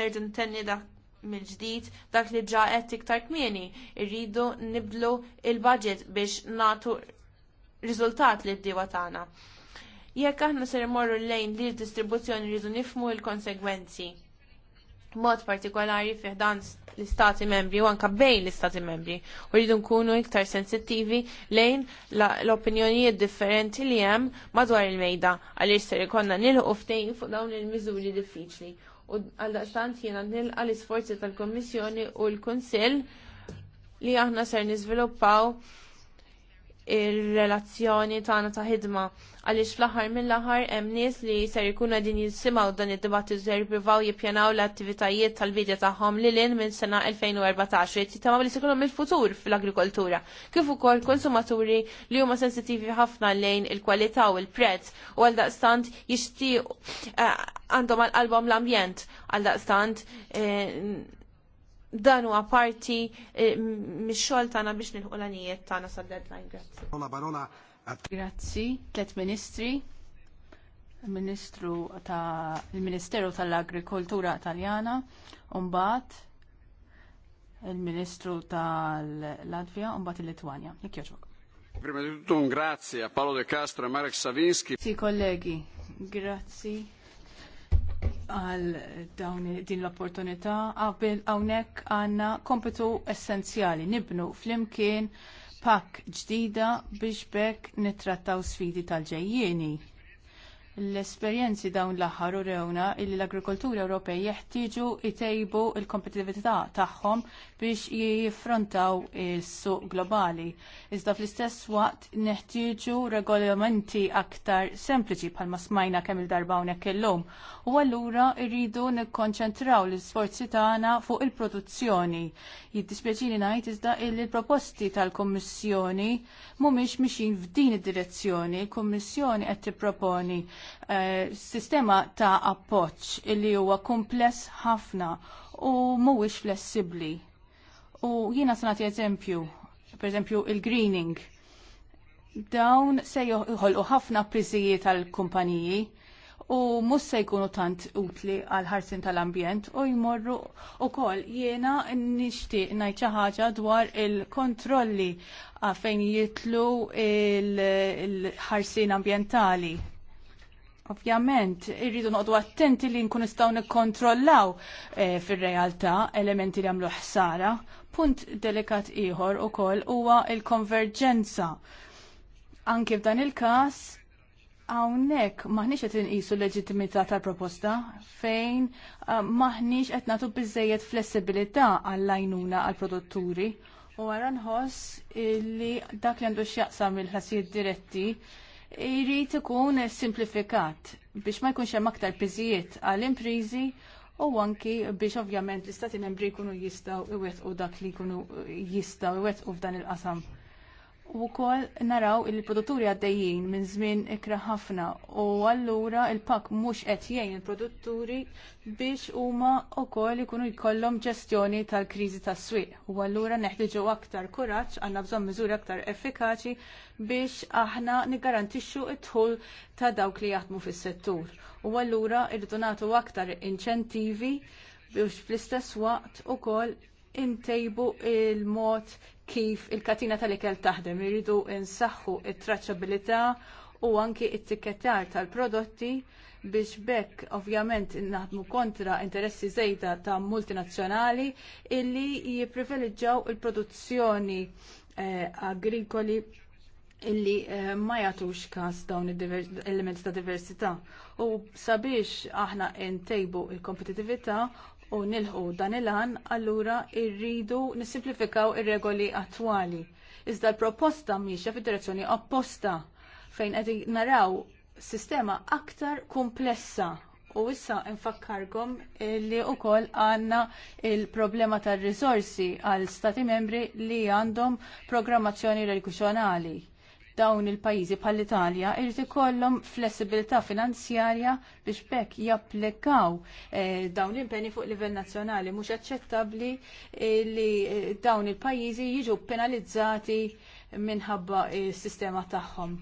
nerdu ntenni dak mill-ġdid dak li ġa qed kmieni. Irridu niblu il-budget biex natu riżultat li d-diwa tagħna. Jekk aħna ser imorru lejn li l-distribuzzjoni rridu nifmu l-konsegwenzi mod partikolari fiħdan l-istati membri u anka bejn l-istati membri u rridu nkunu iktar sensittivi lejn l-opinjonijiet differenti li hemm madwar il-mejda għaliex ser ikonna nilħu ftejn fuq dawn il-miżuri diffiċli. U għaldaqstant jiena nilqa l-isforzi tal-Kommissjoni u l-Kunsill li aħna ser niżviluppaw ir-relazzjoni tagħna ta' ħidma ta għaliex fl-aħħar mill-aħħar hemm nies li ser ikunu din jisimgħu dan id-dibattit ser jippruvaw jippjanaw l-attivitajiet tal-vidja tagħhom l-in minn sena 2014 qed jittama' li sikulhom il-futur fil agrikoltura Kif ukoll konsumaturi li huma sensittivi ħafna lejn il-kwalità u l-prezz u għal daqstant jishti eh, għandhom għal album l-ambjent għal daqstant eh, dan huwa parti eh, mix-xogħol tagħna biex nilħu l-għanijiet tagħna sal-deadline. Grazzi, tlet ministri, il-Ministru ta' il-Ministeru tal-Agrikoltura Taljana, umbat il-Ministru tal-Latvija, umbat il-Litwanja. Jek joġok. Prima di tutto un grazie a Paolo De Castro e Marek Savinski. Sì, colleghi, grazie għal dawn din l-opportunità. Għawnek għanna kompetu essenzjali, nibnu fl-imkien pak ġdida biex bekk nittrattaw sfidi tal-ġejjieni. L-esperjenzi dawn l-aħħar u rewna illi l-agrikoltura Ewropej jeħtieġu jtejbu l kompetitività tagħhom biex jiffrontaw is-suq globali. Iżda fl-istess waqt neħtieġu regolamenti aktar sempliċi bħalma smajna kemm il-darba hawnhekk illum. U allura rridu nikkonċentraw l-isforzi tagħna fuq il-produzzjoni. Jiddispjaċini ngħid iżda il-proposti tal-Kummissjoni mhumiex mixin f'din id-direzzjoni. Il-Kummissjoni qed tipproponi eh, sistema ta' appoġġ li huwa kumpless ħafna u mhuwiex flessibbli U jiena eżempju, per eżempju, il-greening. Dawn se joħolqu ħafna priżijiet tal kumpaniji u mus se jkunu tant utli għal ħarsin tal-ambjent u jmorru u kol jena nishti najċa ħaġa dwar il-kontrolli fejn jitlu il-ħarsin ambientali. Ovvjament, irridu noqdu attenti li nkun nistgħu nikkontrollaw e, fir-realtà elementi li għamlu ħsara Punt delikat ieħor ukoll huwa l-konverġenza. Anke f'dan il-każ hawnhekk maħniex qed inqisu l-leġittimità tal-proposta fejn eh, maħniex qed nagħtu biżżejjed flessibilità għall-għajnuna għall-produtturi u għara nħoss li dak li għandu x'jaqsam il-ħasijiet diretti jrid ikun simplifikat biex ma jkunx hemm aktar piżijiet għall impriżi u anki biex ovvjament l-istati membri jkunu jistaw iwet u dak li jkunu jistaw iwet u f'dan il-qasam. U kol naraw il-produtturi għaddejjin minn żmien ikra ħafna u allura il-pak mhux qed jgħin il-produtturi biex huma wkoll ikunu jkollhom ġestjoni tal-kriżi tas-swieq. U allura neħtieġu aktar kuraġġ għanna bżonn miżuri aktar effikaċi biex aħna niggarantixxu it dħul ta' dawk li jaħdmu fis-settur. U allura irridu nagħtu aktar inċentivi biex fl-istess waqt ukoll intejbu il-mod kif il-katina tal-ikel taħdem, iridu insaħħu it-traċabilità u anki it-tikketar tal-prodotti biex bekk ovvjament naħdmu kontra interessi żejda ta' multinazzjonali illi jipprivileġġaw il-produzzjoni eh, agrikoli illi eh, ma jagħtux każ dawn elementi ta' diversità. U sabiex aħna ntejbu l kompetitività u nilħu dan il-għan, allura irridu nisimplifikaw ir-regoli attwali. Iżda l-proposta mhixa fid-direzzjoni opposta fejn qed naraw sistema aktar komplessa u issa infakkarkom li wkoll għandna l problema tar-risorsi għal stati membri li għandhom programmazzjoni religjonali dawn il-pajjiżi bħall-Italja irid ikollhom flessibilità finanzjarja biex bekk japplikaw eh, dawn l-impenni fuq livell nazzjonali mhux aċċettabbli eh, li eh, dawn il-pajjiżi jiġu penalizzati minħabba s-sistema tagħhom.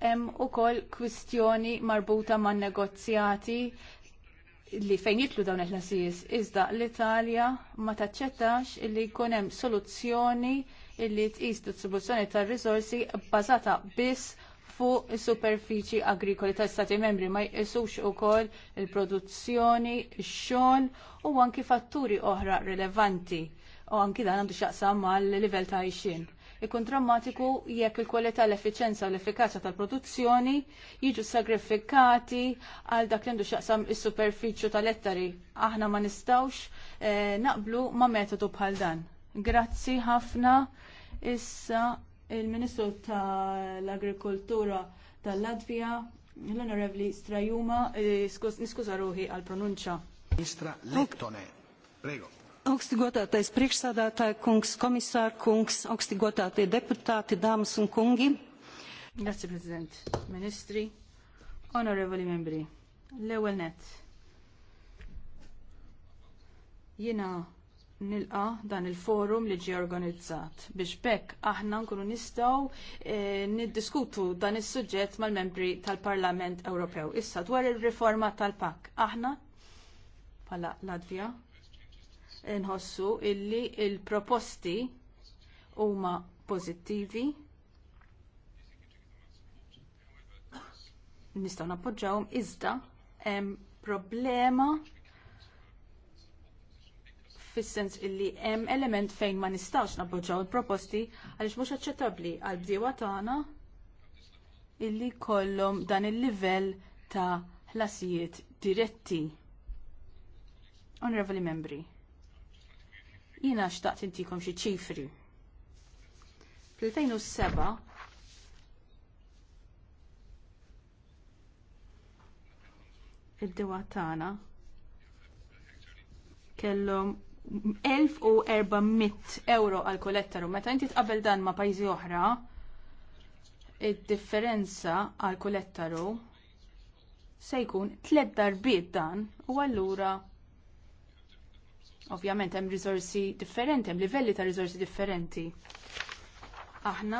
Hemm ukoll kwistjoni marbuta man negozjati li fejn jitlu dawn il-ħlasijiet iżda l-Italja ma taċċettax li jkun hemm soluzzjoni li tqis distribuzzjoni tar risorsi bbażata biss fuq is-superfiċi agrikoli tal-Stati membri ma jqisux ukoll il-produzzjoni, ix-xogħol u anki fatturi oħra rilevanti u anki dan għandu x'jaqsam mal-livell ta' għajxin ikun drammatiku jekk il-kwalità l-effiċenza u l-effikaċja tal-produzzjoni jiġu sagrifikati għal dak li għandu xaqsam is-superfiċju tal-ettari. Aħna ma nistawx eh, naqblu ma metodu bħal dan. Grazzi ħafna. Issa il-Ministru tal-Agrikoltura tal-Latvija, l-Onorevli Strajuma, eh, niskuża ruħi għal-pronunċa. Ministra Lektone, prego. Augsti godātais priekšsādātāja kungs, komisāra kungs, augsti godātie deputāti, dāmas un kungi. Grazie, Prezident, Ministri, onorevoli membri. l net. Jina nilqa dan il-forum li ġie organizzat biex bekk aħna nkunu nistgħu eh, niddiskutu dan is-suġġett mal-membri tal-Parlament Ewropew. Issa dwar ir riforma tal-PAK. Aħna bħala latvija nħossu illi l proposti huma pożittivi nistgħu nappoġġawhom iżda hemm problema fis-sens illi hemm element fejn ma nistgħux nappoġġaw il-proposti għaliex mhux aċċettabbli għal bdiewa tagħna illi jkollhom dan il-livell ta' ħlasijiet diretti. Onorevoli membri. Jiena xtaqt intikom xi ċifri. fil 2007 id-dewa tagħna kellhom 1400 euro għal kolettaru. Meta inti tqabel dan ma' pajjiżi oħra, id-differenza għal kolettaru se jkun tliet darbiet dan u allura Ovvjament hemm riżorsi differenti, hemm livelli ta' riżorsi differenti. Aħna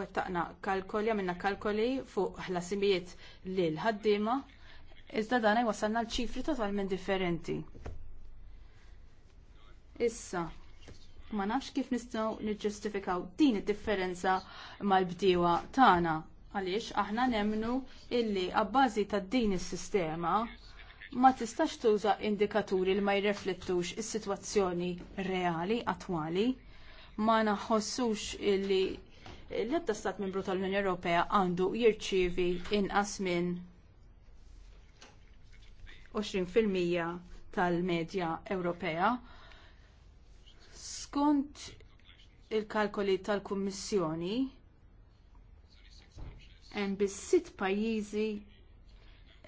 wettaqna kalkoli, għamilna kalkoli fuq ħlasimijiet lil ħaddiema, iżda dan wasalna l-ċifri totalment differenti. Issa, ma nafx kif nistgħu niġġustifikaw din id-differenza mal-bdiewa tagħna għaliex aħna nemnu illi abbażi ta' din is-sistema ma tistax tuża indikaturi li ma jirreflettux is-sitwazzjoni reali attwali, ma naħossux li l-ebda stat membru tal-Unjoni Ewropea għandu jirċievi inqas minn 20% tal-medja Ewropea. Skont il-kalkoli tal-Kummissjoni, hemm bis sitt pajjiżi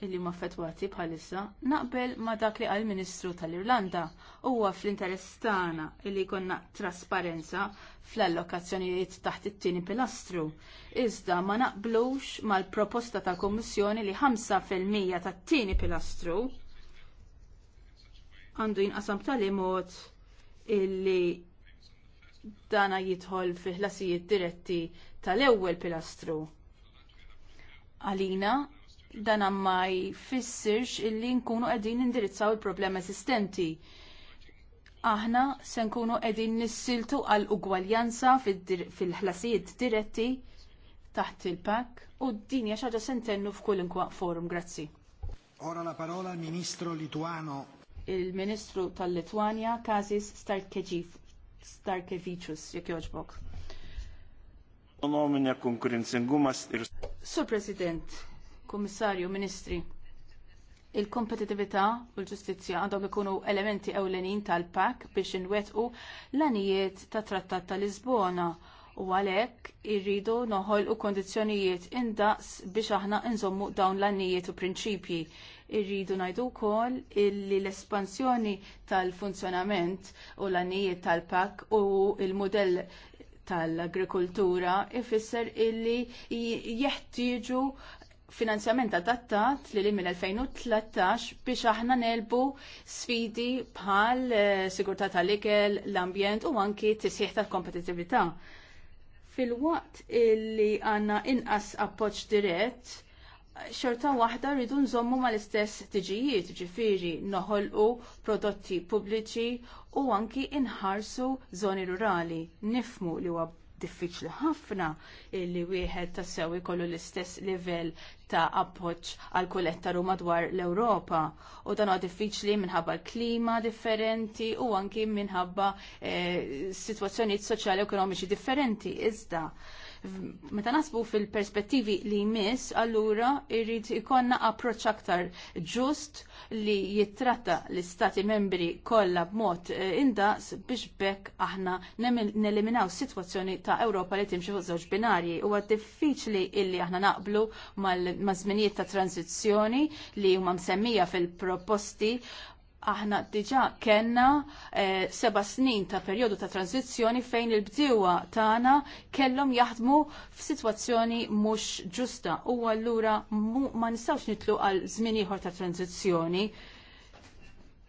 li ma fetwati bħalissa naqbel ma dak li għal Ministru tal-Irlanda huwa fl-interess tagħna li jkollna trasparenza fl-allokazzjonijiet taħt it-tieni pilastru. Iżda ma naqblux mal-proposta tal-Kommissjoni li 5% tat-tieni pilastru għandu jinqasam b'tali mod illi dana jidħol fi ħlasijiet diretti tal-ewwel pilastru. Għalina dan ma jfissirx illi nkunu qegħdin indirizzaw il-problema esistenti. Aħna se nkunu qegħdin nissiltu għal ugwaljanza fil-ħlasijiet diretti taħt il-pak u din hija xi ħaġa sentennu f'kull inkwa forum. Grazzi. Ora la parola al ministro lituano. Il-ministru tal-Litwanja, Kazis Starkevicius, jekk jogħġbok. Sur President, Kummissarju, Ministri, il-kompetitività u l-ġustizzja għandhom ikunu elementi ewlenin tal-pak biex inwettqu l-anijiet ta' trattat ta' Lisbona u għalhekk irridu noħolqu kondizzjonijiet indaqs biex aħna nżommu dawn l annijiet u prinċipji. Irridu ngħidu wkoll illi l-espansjoni tal-funzjonament u l annijiet tal-pak u l-mudell tal-agrikoltura ifisser illi jeħtieġu finanzjament adattat li li mill-2013 biex aħna nelbu sfidi bħal eh, sigurtà tal-ikel, l-ambjent u anki tisħiħ tal-kompetitività. Fil-waqt illi għanna inqas appoġġ dirett, xorta waħda rridu nżommu mal-istess tiġijiet, ġifiri noħolqu prodotti pubbliċi u anki inħarsu żoni rurali. Nifmu li huwa diffiċli ħafna li wieħed tassew ikollu l-istess livell ta' appoġġ għal ru madwar l-Ewropa. U dan huwa diffiċli minħabba l-klima differenti u anki minħabba eh, situazzjonijiet soċjali ekonomiċi differenti. Iżda meta nasbu fil-perspettivi li jmiss, allura irrid ikonna approċċ aktar ġust li jittratta l-istati membri kollha b'mod eh, indaqs biex bekk aħna neliminaw sitwazzjoni ta' Ewropa li timxi fuq żewġ binarji. Huwa diffiċli illi aħna naqblu maż-żminijiet ta' tranzizzjoni li huma msemmija fil-proposti aħna diġa kena eh, seba snin ta' periodu ta' tranzizjoni fejn il-bdiewa tagħna kellhom jaħdmu f'sitwazzjoni mhux ġusta u allura ma nistgħux nitlu għal zminiħor ieħor ta' tranzizjoni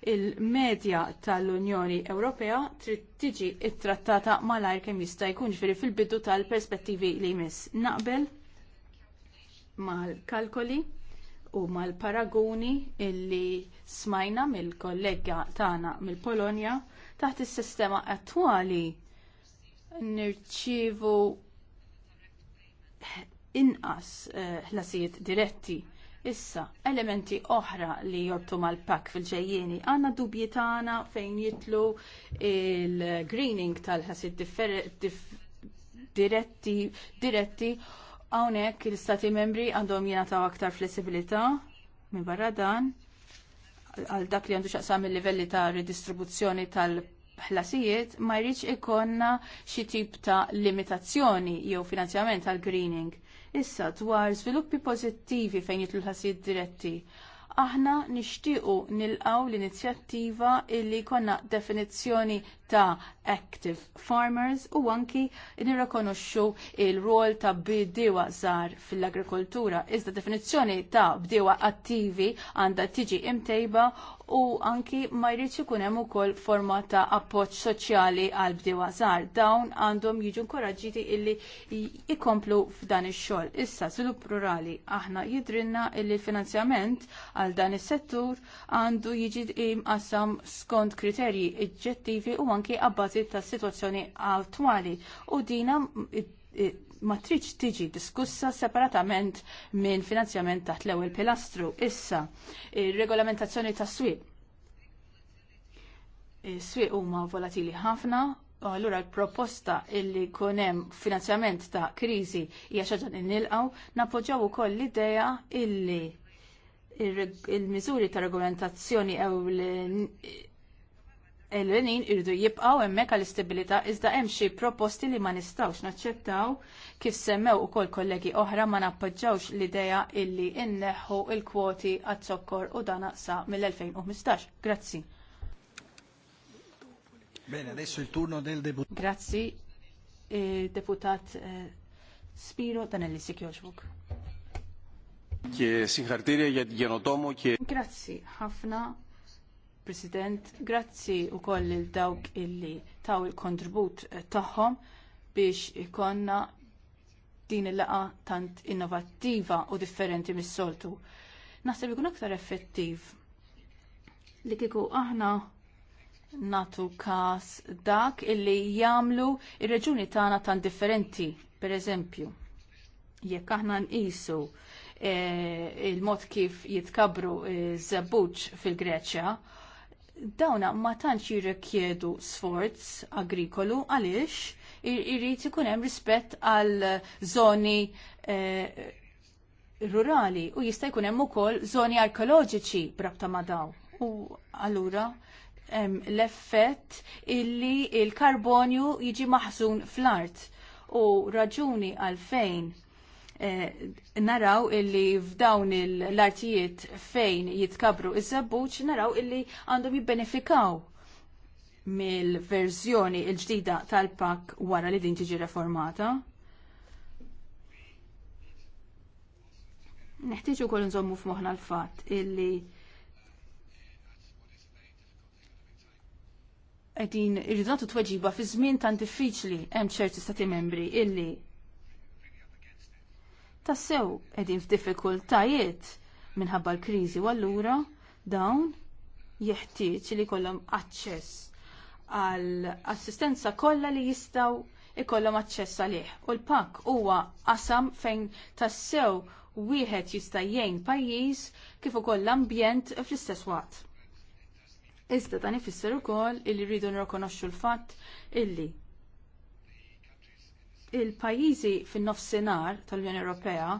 Il-medja tal-Unjoni Ewropea trid tiġi ittrattata malajr kemm jista' jkun ġifieri fil-bidu tal-perspettivi li jmiss naqbel mal-kalkoli u mal-paraguni illi smajna mill-kollega tagħna mill-Polonja taħt is-sistema attwali nirċievu inqas eh, ħlasijiet uh, diretti. Issa, elementi oħra li jgħottu mal-pak fil-ġejjeni, għanna dubji tagħna fejn jitlu il-greening tal-ħasid diretti, diretti Hawnhekk l-istati membri għandhom jingħataw aktar flessibilità minn barra dan għal dak li għandu xaqsam il-livelli ta' redistribuzzjoni tal-ħlasijiet ma jridx ikonna xi tip ta' limitazzjoni jew finanzjament tal greening. Issa dwar sviluppi pożittivi fejn jitlu ħlasijiet diretti. Aħna nixtiequ nilqaw l-inizjattiva illi jkollna definizzjoni ta' active farmers u anki nirrikonoxxu il-rol ta' bdiewa żgħar fil-agrikoltura. Iżda definizzjoni ta' bdiewa attivi għandha tiġi imtejba u anki ma jridx ikun hemm ukoll forma ta' appoġġ soċjali għal bdiewa żgħar. Dawn għandhom jiġu inkoraġġiti illi jikomplu f'dan ix-xogħol. Issa svilupp rurali aħna jidrinna illi finanzjament għal dan is-settur għandu jiġi imqassam skont kriterji oġġettivi u anki għabbażi ta' situazzjoni attwali u dina ma tridx tiġi diskussa separatament minn finanzjament taħt l-ewwel pilastru. Issa, ir-regolamentazzjoni tas swieq. Is-swieq huma volatili ħafna Allura l-proposta illi kunem finanzjament ta' krizi hija xi ħaġa nilqgħu, nappoġġaw ukoll l-idea illi il-miżuri ta' regolamentazzjoni ew ewlenin irdu jibqgħu hemmhekk għall-istabilità iżda hemm xi proposti li ma nistgħux naċċettaw kif semmew ukoll kollegi oħra ma nappoġġawx l-idea illi inneħħu l il kwoti għat-sokkor u dan aqsa mill-2015. Grazzi. Bene, adesso il turno del deputato. Grazzi, eh, deputat eh, Spiro Danelli Sikjoġbuk. Και συγχαρητήρια για την President, grazzi u koll il-dawk illi taw il-kontribut tagħhom biex ikonna din il laqgħa tant innovattiva u differenti mis-soltu. Naħseb ikun aktar effettiv li kieku aħna natu każ dak illi jagħmlu r il reġuni tagħna tant differenti, pereżempju. Jekk aħna nqisu eh, il-mod kif jitkabru e, eh, żabbuġ fil-Greċja dawna ma tantx jirrikjedu sforz agrikolu għaliex irrid ikun hemm rispett għal żoni eh, rurali u jista' jkun hemm ukoll żoni arkeoloġiċi brabta ma' daw. U allura l-effett illi l il karbonju jiġi maħżun fl-art u raġuni għalfejn Eh, naraw illi f'dawn l-artijiet fejn jitkabru iż-żabbuċ naraw illi għandhom jibbenefikaw mill-verżjoni l-ġdida tal-pak wara li din tiġi reformata. Neħtieġu wkoll nżommu f'moħħna l-fatt illi qegħdin irridu nagħtu tweġiba fi żmien tant diffiċli hemm ċerti stati membri illi tassew qegħdin f'diffikultajiet minħabba l-kriżi u allura dawn jeħtieġ li jkollhom aċċess għall assistenza kollha li jistgħu ikollhom aċċess għalih. U l pakk huwa qasam fejn tassew wieħed jista' jgħin pajjiż kif ukoll l-ambjent fl-istess waqt. Iżda dan ifisser ukoll illi rridu nirrikonoxxu l-fatt illi il-pajjiżi fin-nofsinhar tal-Unjoni Ewropea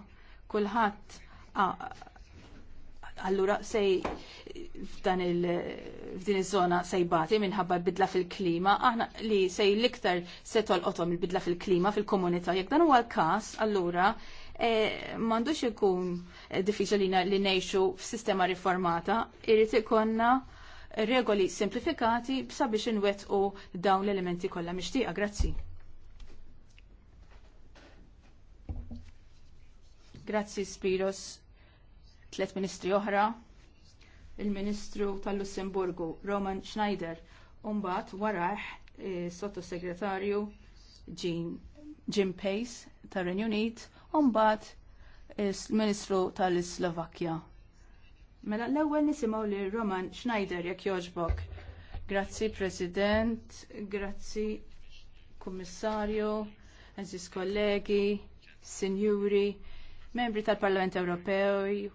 kulħadd allura sej f'dan il f'din iż-żona sejbati minħabba bidla fil-klima, aħna li sej l-iktar se tolqothom il-bidla fil-klima fil-komunità. Jekk dan huwa l-każ, allura e, m'għandux ikun eh, diffiċli li ngħixu f'sistema riformata, jrid ikonna regoli simplifikati sabiex inwettqu dawn l-elementi kollha mixtieqa. Grazzi. Grazzi Spiros, tlet ministri oħra, il-Ministru tal-Lussemburgu, Roman Schneider, umbat waraħ eh, sottosegretarju Jean Jim Pace tar renju Unit, umbat il-Ministru eh, tal slovakja Mela l-ewwel nisimgħu li Roman Schneider jekk jogħġbok. Grazzi President, grazzi Kummissarju, eżis kollegi, Sinjuri, membri tal-Parlament Ewropew.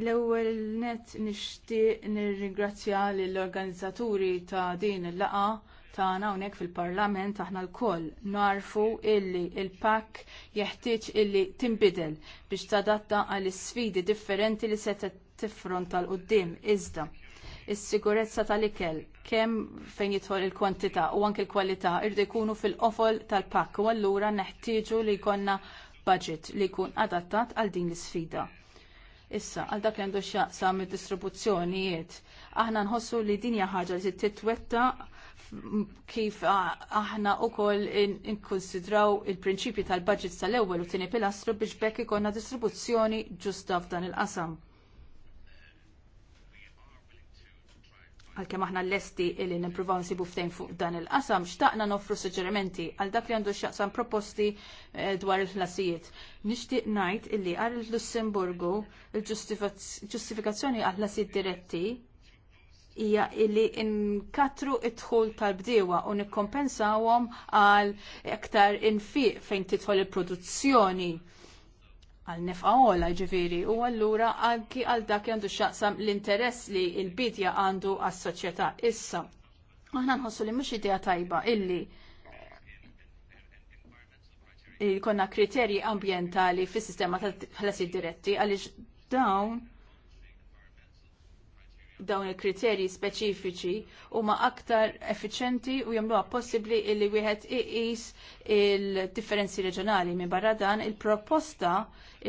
L-ewwel net nixtieq nirringrazzja lill-organizzaturi ta' din il laqgħa tagħna hawnhekk fil-Parlament aħna lkoll narfu illi il-pakk jeħtieġ illi tinbidel biex tadatta għall isfidi differenti li se tiffronta l-qudiem iżda is-sigurezza tal-ikel kemm fejn jidħol il-kwantità u anke l-kwalità irdu jkunu fil-qofol tal-pakk u allura neħtieġu li jkollna budget li jkun adattat għal din l-isfida. Issa, għal dak li għandu xaqsa il-distribuzzjonijiet, aħna nħossu li din hija ħaġa li titwetta kif aħna u koll inkonsidraw il-prinċipji tal-budget tal-ewwel u tieni pilastru biex bekk ikonna distribuzzjoni ġusta f'dan il-qasam. għalkemm aħna lesti illi nippruvaw nsibu ftejn fuq dan il-qasam, xtaqna nofru suġġerimenti għal dak li għandu x'jaqsam proposti eh, dwar il-ħlasijiet. Nixtieq ngħid illi għal il-Lussemburgu il-ġustifikazzjoni għal ħlasijiet diretti hija illi nkatru id-dħul tal-bdiewa u nikkompensawhom għal iktar infiq fejn tidħol il-produzzjoni. il produzzjoni għal nefqa ola ġifiri u allura anki għal dak għandu xaqsam l-interess li il-bidja għandu għas soċjetà issa. Aħna nħossu li mhux idea tajba illi konna kriterji ambientali fis sistema tal-ħlasi diretti għaliex dawn dawn il-kriterji speċifiċi huma aktar effiċenti u jagħmluha possibbli li wieħed iqis il-differenzi reġjonali minn barra dan il-proposta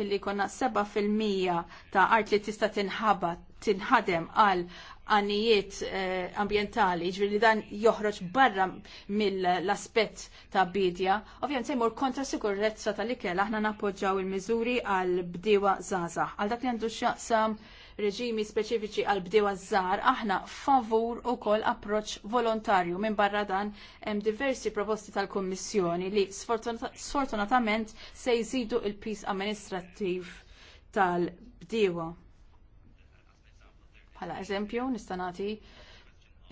illi konna 7% ta' art li tista' tinħaba tinħadem għal għanijiet eh, ambientali, ġviri dan joħroġ barra mill-aspett ta' bidja. Ovvijament sejmur kontra sikurezza tal-ikel, aħna nappoġġaw il-miżuri għal bdiwa zaza. Għal dak li għandu xaqsam reġimi speċifiċi għal bdewa żgħar, aħna favur ukoll approċċ volontarju. Minn barra dan hemm diversi proposti tal-Kummissjoni li sfortunatament se jżidu il-pis amministrattiv tal-bdewa. Bħala eżempju, nista' nagħti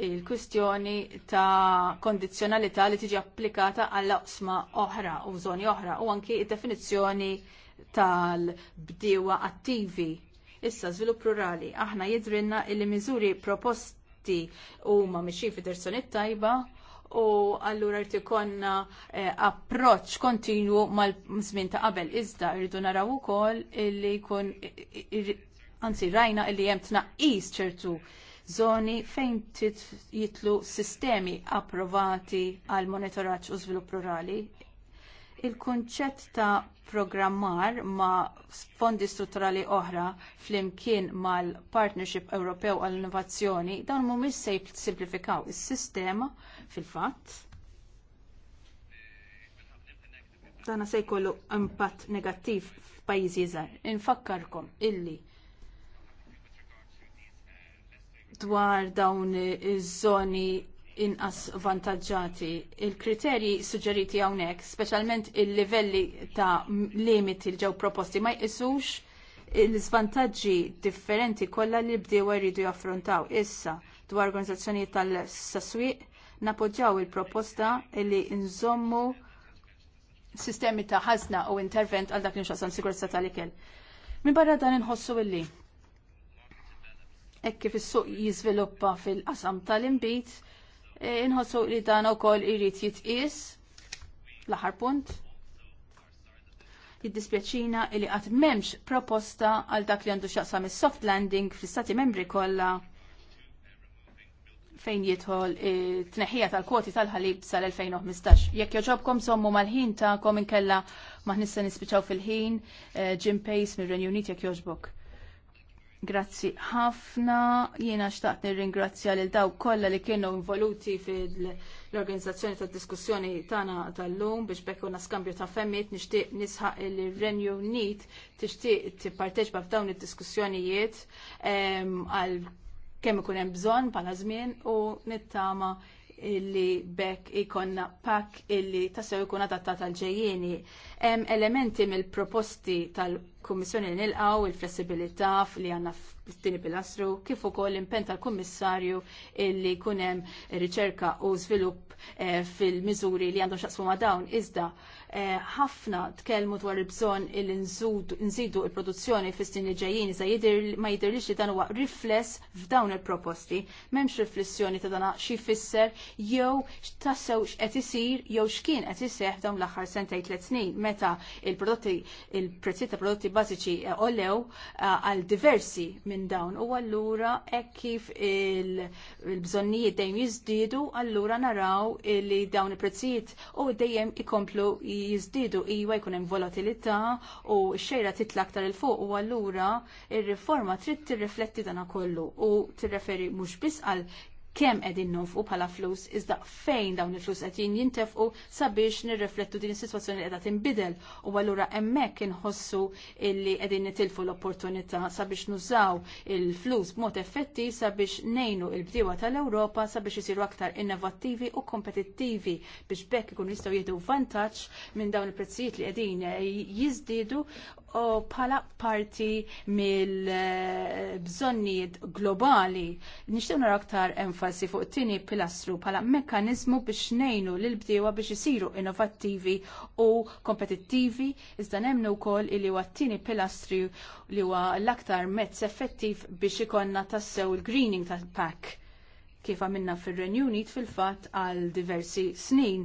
il kustjoni ta' kondizjonalità li tiġi applikata għall oqsma oħra u żoni oħra u anki il definizzjoni tal-bdiewa attivi Issa żvilupp rurali, aħna jidrinna li miżuri proposti huma mixi fi direzzjoni tajba u allura rti konna eh, approċ kontinwu mal-żmien ta' qabel. Iżda rridu naraw ukoll li jkun anzi rajna li hemm tnaqqis ċertu zoni fejn jitlu sistemi approvati għal monitoraġġ u żvilupp rurali il-kunċett ta' programmar ma' fondi strutturali oħra flimkien mal-Partnership Ewropew għall-Innovazzjoni dawn mhumiex se jsimplifikaw is-sistema fil-fatt. Dana se jkollu impatt negattiv f'pajjiżi iżgħar. Infakkarkom illi dwar dawn iż-żoni inqas vantaġġati. Il-kriterji suġġeriti hawnhekk, speċjalment il-livelli ta' limiti li ġew proposti ma jqisux l-iżvantaġġi differenti kollha li bdew jridu jaffrontaw issa dwar organizzazzjonijiet tal-saswiq napoġġaw il-proposta li nżommu sistemi ta' ħazna u intervent għal dak li nxaqsam sigurezza tal-ikel. Min barra dan inħossu illi. Ekk kif is-suq jiżviluppa fil-qasam tal-imbit, Eh, inħossu li dan ukoll koll jitqies l laħar punt. Jiddispjaċina li qatt m'hemmx proposta għal dak li għandu x'aqsam is-soft landing fl-istati membri kollha fejn jidħol eh, tneħħija tal-kwoti tal-ħalib sal-2015. Jekk joġobkom sommu mal-ħin kom inkella ma' nissa nispiċaw fil-ħin, eh, Jim Pace mir-Renju Unit jekk joġbok. Grazzi ħafna, jiena xtaqt nirringrazzja lil daw kollha li kienu involuti fil-organizzazzjoni tad diskussjoni tagħna tal-lum biex bekkuna skambju ta' femmit nixtieq nisħaq il-Renju Unit tixtieq tipparteċipa f'dawn id-diskussjonijiet għal kemm ikun hemm bżonn bħala żmien u nittama illi bekk ikonna pak illi tassew ikun adattata għal ġejjieni. Hemm elementi mill-proposti tal kummissjoni nilqaw il-flessibilità li għanna f'tini pilastru kif ukoll l-impenn tal-kummissarju li jkun hemm riċerka u żvilupp eh, fil-miżuri li għandhom xaqsmu ma' dawn iżda eh, ħafna tkellmu dwar il-bżonn il nżidu il-produzzjoni fis-snin li ġejjin iżda ma jidhirlix li dan huwa rifless f'dawn il-proposti. M'hemmx riflessjoni ta' dan xi jfisser jew tassew x'qed isir jew x'kien qed iseħħ dawn l-aħħar sentejn tliet snin meta il-prodotti il ta' prodotti basiċi bażiċi eh, ollew eh, għal diversi minn dawn u allura hekk kif il-bżonnijiet dejjem jiżdiedu allura naraw li dawn il-prezzijiet u dejjem ikomplu jiżdiedu iwa jkun hemm volatilità u x-xejra titla aktar il fuq u allura ir-riforma trid tirrifletti dana kollu u tirreferi mhux biss għal kemm qegħdin nufqu bħala flus iżda fejn dawn il-flus qed jintefqu sabiex nirriflettu din is-sitwazzjoni li qiegħda tinbidel u allura hemmhekk inħossu illi qegħdin nitilfu l-opportunità sabiex nużaw il-flus b'mod effettiv sabiex ngħinu l-bdiewa tal-Ewropa sabiex isiru aktar innovattivi u kompetittivi biex bekk ikun jistgħu jieħdu vantaġġ minn dawn il-prezzijiet li qegħdin jiżdiedu u bħala parti mill-bżonnijiet globali. Nixtieq nara aktar enfasi fuq it-tieni pilastru bħala mekkaniżmu biex ngħinu lil bdiewa biex isiru innovattivi u kompetittivi, iżda nemmnu wkoll li huwa t-tieni pilastri li huwa l-aktar mezz effettiv biex ikonna tassew il-greening tal-pack kif għamilna fir renju Unit fil-fatt għal diversi snin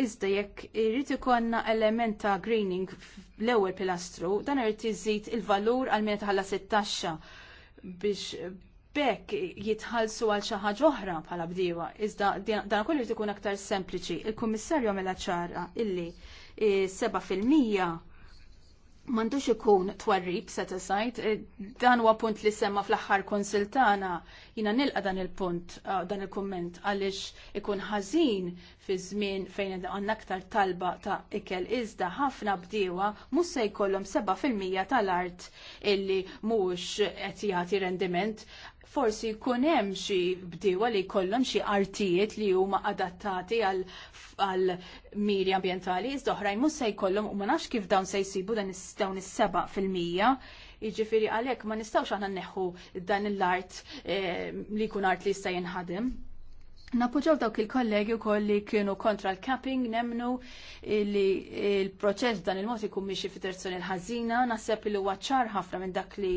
Iżda jekk irrid ikollna element ta' greening l-ewwel pilastru, dan irid iżid il-valur għal meta ħalla sittaxxa biex bekk jitħallsu għal xi ħaġa oħra bħala bdiewa. Iżda dan ukoll ikun aktar sempliċi. Il-Kummissarju għamilha ċara illi seba' fil-mija mandux ikun twarrib set aside, eh, dan huwa punt li semma fl-aħħar konsiltana, jina nilqa dan il-punt, eh, dan il kumment għaliex ikun ħażin fi żmien fejn għandna aktar talba ta' ikel iżda ħafna bdiewa mhux se jkollhom 7% tal-art illi mhux qed jagħti rendiment. Forsi jkun hemm xi bdiewa li jkollhom xi artijiet li huma adattati għal miri ambjentali iżda oħrajn mhux se jkollhom u ma nafx kif dawn se jsibu dan dawn is-7%. Jiġifieri għalhekk ma nistgħux aħna neħħu dan l-art eh, li jkun art li jista' jinħadem. Napoġaw dawk il-kollegi wkoll li kienu kontra l-capping nemnu li il-proċess dan il-mod ikun miexi f'direzzjoni l-ħażina, naħseb li huwa ċar ħafna minn dak li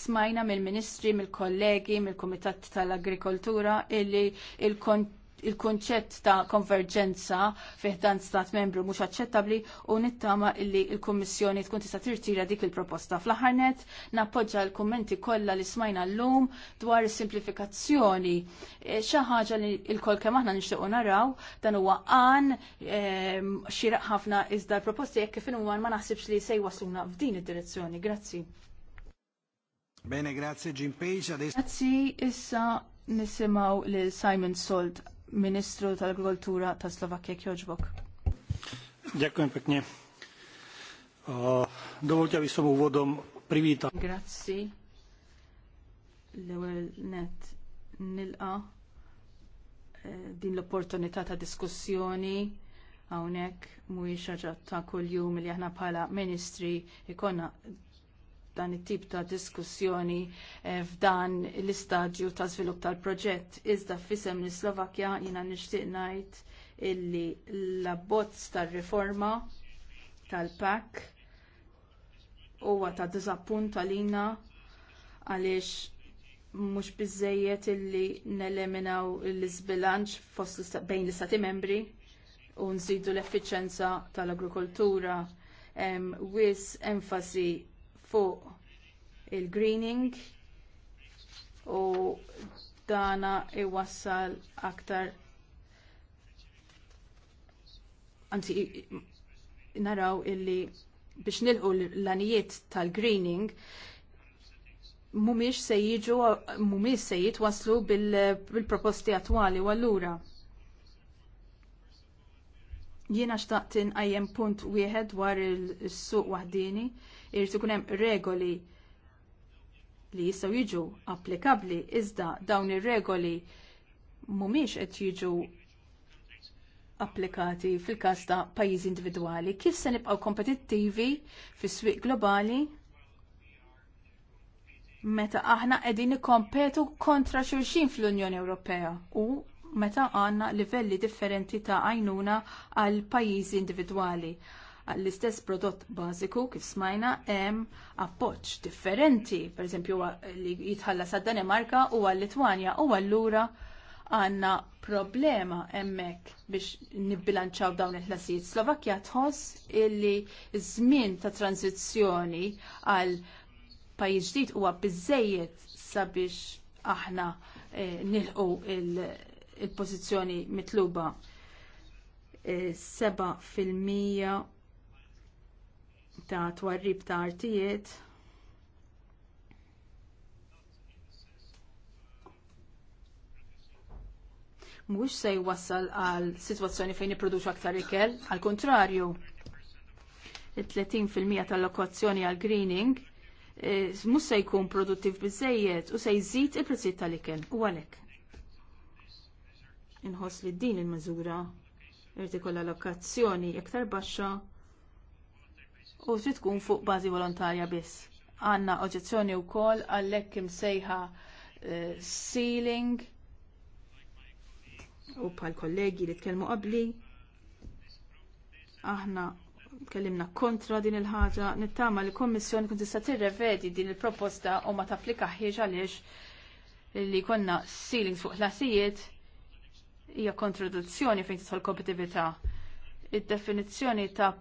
smajna mill-ministri, mill-kollegi, mill-Kumitat tal-Agrikoltura illi il-kont il-konċett ta' konverġenza fih dan stat membru mhux aċċettabbli u nittama illi il-Kummissjoni tkun tista' tirtira dik il-proposta. Fl-aħħar net nappoġġa l-kummenti kollha li smajna llum dwar is-simplifikazzjoni. E, xi ħaġa li l-kol kemm aħna nixtiequ naraw dan huwa e, xi raq ħafna iżda l-proposti jekk kif huma ma naħsibx li se jwasluna f'din id-direzzjoni. Grazzi. Bene, grazie Jim Page. Adesso... Grazie, issa nisimaw lil Simon Salt. Ministru tal-Agrikoltura ta' Slovakkja Kjoġbok. Dziękuję pięknie. Dowolcie, aby sobą wodą privita. Grazzi. L-ewel net nilqa eh, din l-opportunità ta' diskussjoni hawnhekk mhuwiex ħaġa ta' kuljum li aħna bħala ministri ikonna dan it-tip ta' diskussjoni eh, f'dan l-istadju ta' żvilupp tal-proġett. Iżda f'isem l Slovakkja jiena nixtieq ngħid illi l-abbozz tar-riforma tal-PAK huwa ta' diżappunt għalina għaliex mhux biżżejjed illi neleminaw l-isbilanċ fost bejn l-istati membri u nżidu l effiċjenza tal-agrikoltura wis enfasi fuq il-greening u dana iwassal aktar anzi naraw illi biex nilqu l-anijiet tal-greening mumiex se jiġu mumiex se jitwaslu bil-proposti attuali attwali u allura jiena xtaqt inqajjem punt wieħed dwar is-suq waħdini, irid ikun hemm regoli li jistgħu jiġu applikabbli iżda dawn ir-regoli mhumiex qed jiġu applikati fil-każ ta' pajjiżi individwali. Kif se nibqgħu kompetittivi fis-swieq globali meta aħna qegħdin nikkompetu kontra xulxin fl-Unjoni Ewropea u meta għandna livelli differenti ta' għajnuna għal pajjiżi individwali għall-istess prodott bażiku kif smajna hemm appoġġ differenti, pereżempju li jitħallas għad-Danimarka u għall-Litwanja u allura għandna problema hemmhekk biex nibbilanċaw dawn il-ħlasijiet. Slovakkja tħoss illi żmien ta' tranzizzjoni għal pajjiż ġdid huwa biżejjed sabiex aħna eh, nilqu il-pożizzjoni mitluba. 7% eh, ta' twarrib ta' artijiet mhux se jwassal għal sitwazzjoni fejn jiproduċu aktar ikel, għal kontrarju. Il-30% tal-lokazzjoni għal greening eh, mhux se jkun produttiv bizzejiet u se jżid il-prezzijiet tal-ikel u għalhekk. Inħoss li din il-miżura irtikolla lokazzjoni iktar baxxa u trid tkun fuq bażi volontarja biss. Għandna oġezzjoni wkoll għalhekk imsejħa uh, eh, ceiling u bħal kollegi li tkellmu qabli. Aħna kellimna kontra din il-ħaġa, nittama li l-Kommissjoni kun tista' tirrevedi din il-proposta u ma tapplika ħieġ għaliex li konna ceilings fuq ħlasijiet hija kontraduzzjoni fejn tidħol kompetitività. Id-definizzjoni ta'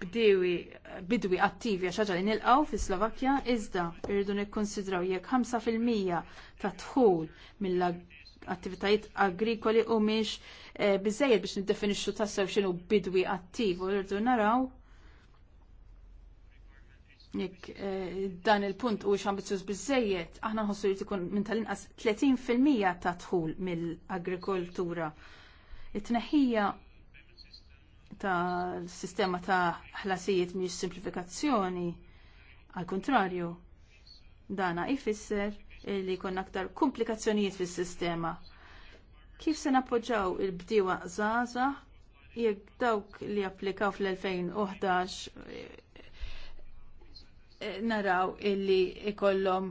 bdewi bidwi attivi għax ħaġa li nilqgħu fi Slovakkja iżda rridu nikkonsidraw jekk 5% ta' dħul mill attivitajiet agrikoli u eh, biżżejjed biex niddefinixxu tassew x'inhu bidwi attiv u rridu naraw jekk eh, dan il-punt huwiex ambizzjuż biżejjed, aħna nħossu li tkun minn tal-inqas 30% ta' dħul mill-agrikoltura. It-tneħħija ta' sistema ta' ħlasijiet mhix simplifikazzjoni, għal kontrarju, dana jfisser li jkollna aktar komplikazzjonijiet fis sistema Kif se nappoġġaw il-bdiewa zaza jekk dawk li applikaw fl-2011 eh, eh, naraw illi ikollhom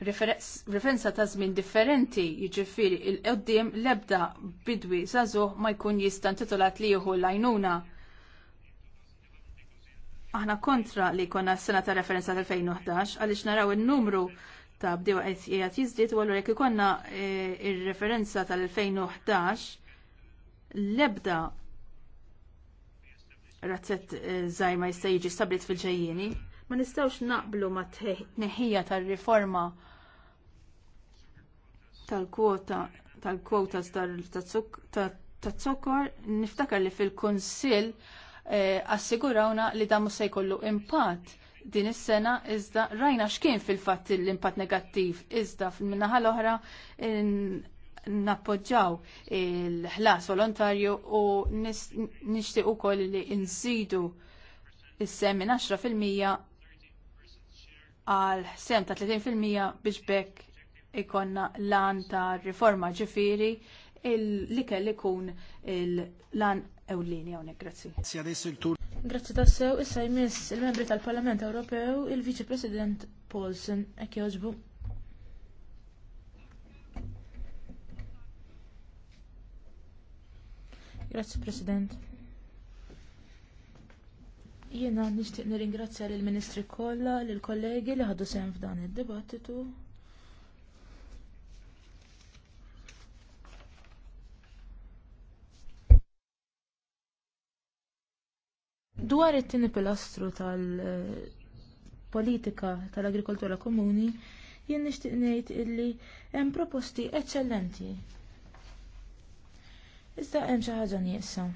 referenza ta' żmien differenti, jiġifieri il-qoddim l-ebda bidwi żagħżugħ ma jkun jista' intitolat li jieħu l-għajnuna. Aħna kontra li jkollna s-sena ta' referenza tal-2011 għaliex naraw in-numru ta' bdew qed jiżdied u allura jekk ikollna e, ir-referenza tal-2011 l-ebda razzett e, żgħir ma jista' jiġi stablit fil-ġejjieni. Ma nistawx naqblu ma t-neħija tal-riforma tal-kwota tal kwota tal-zokkor, niftakar li fil-Kunsill eh, assigurawna li da mhux se jkollu impatt din is-sena iżda rajna x'kien fil-fatt l-impatt negattiv iżda fil-minnaħa l-oħra nappoġġaw il-ħlas volontarju u nixtieq ukoll li nżidu is-semmi 10% għal sem ta' 30% biex bekk ikonna lan ta' riforma ġifiri li kell ikun il-lan ewlini hawnhekk grazzi. Grazzi tassew, issa jmiss il-membri tal-Parlament Ewropew il-Viċi President Paulsen hekk jogħġbu. Grazzi President. Jiena nixtieq nirringrazzja lill ministri kollha, lill kollegi li ħadu sehem f'dan id-dibattitu. Dwar it-tieni pilastru tal-politika tal-agrikoltura komuni, jien nixtieq ngħid illi hemm proposti eċċellenti. Iżda hemm xi ħaġa nieqsa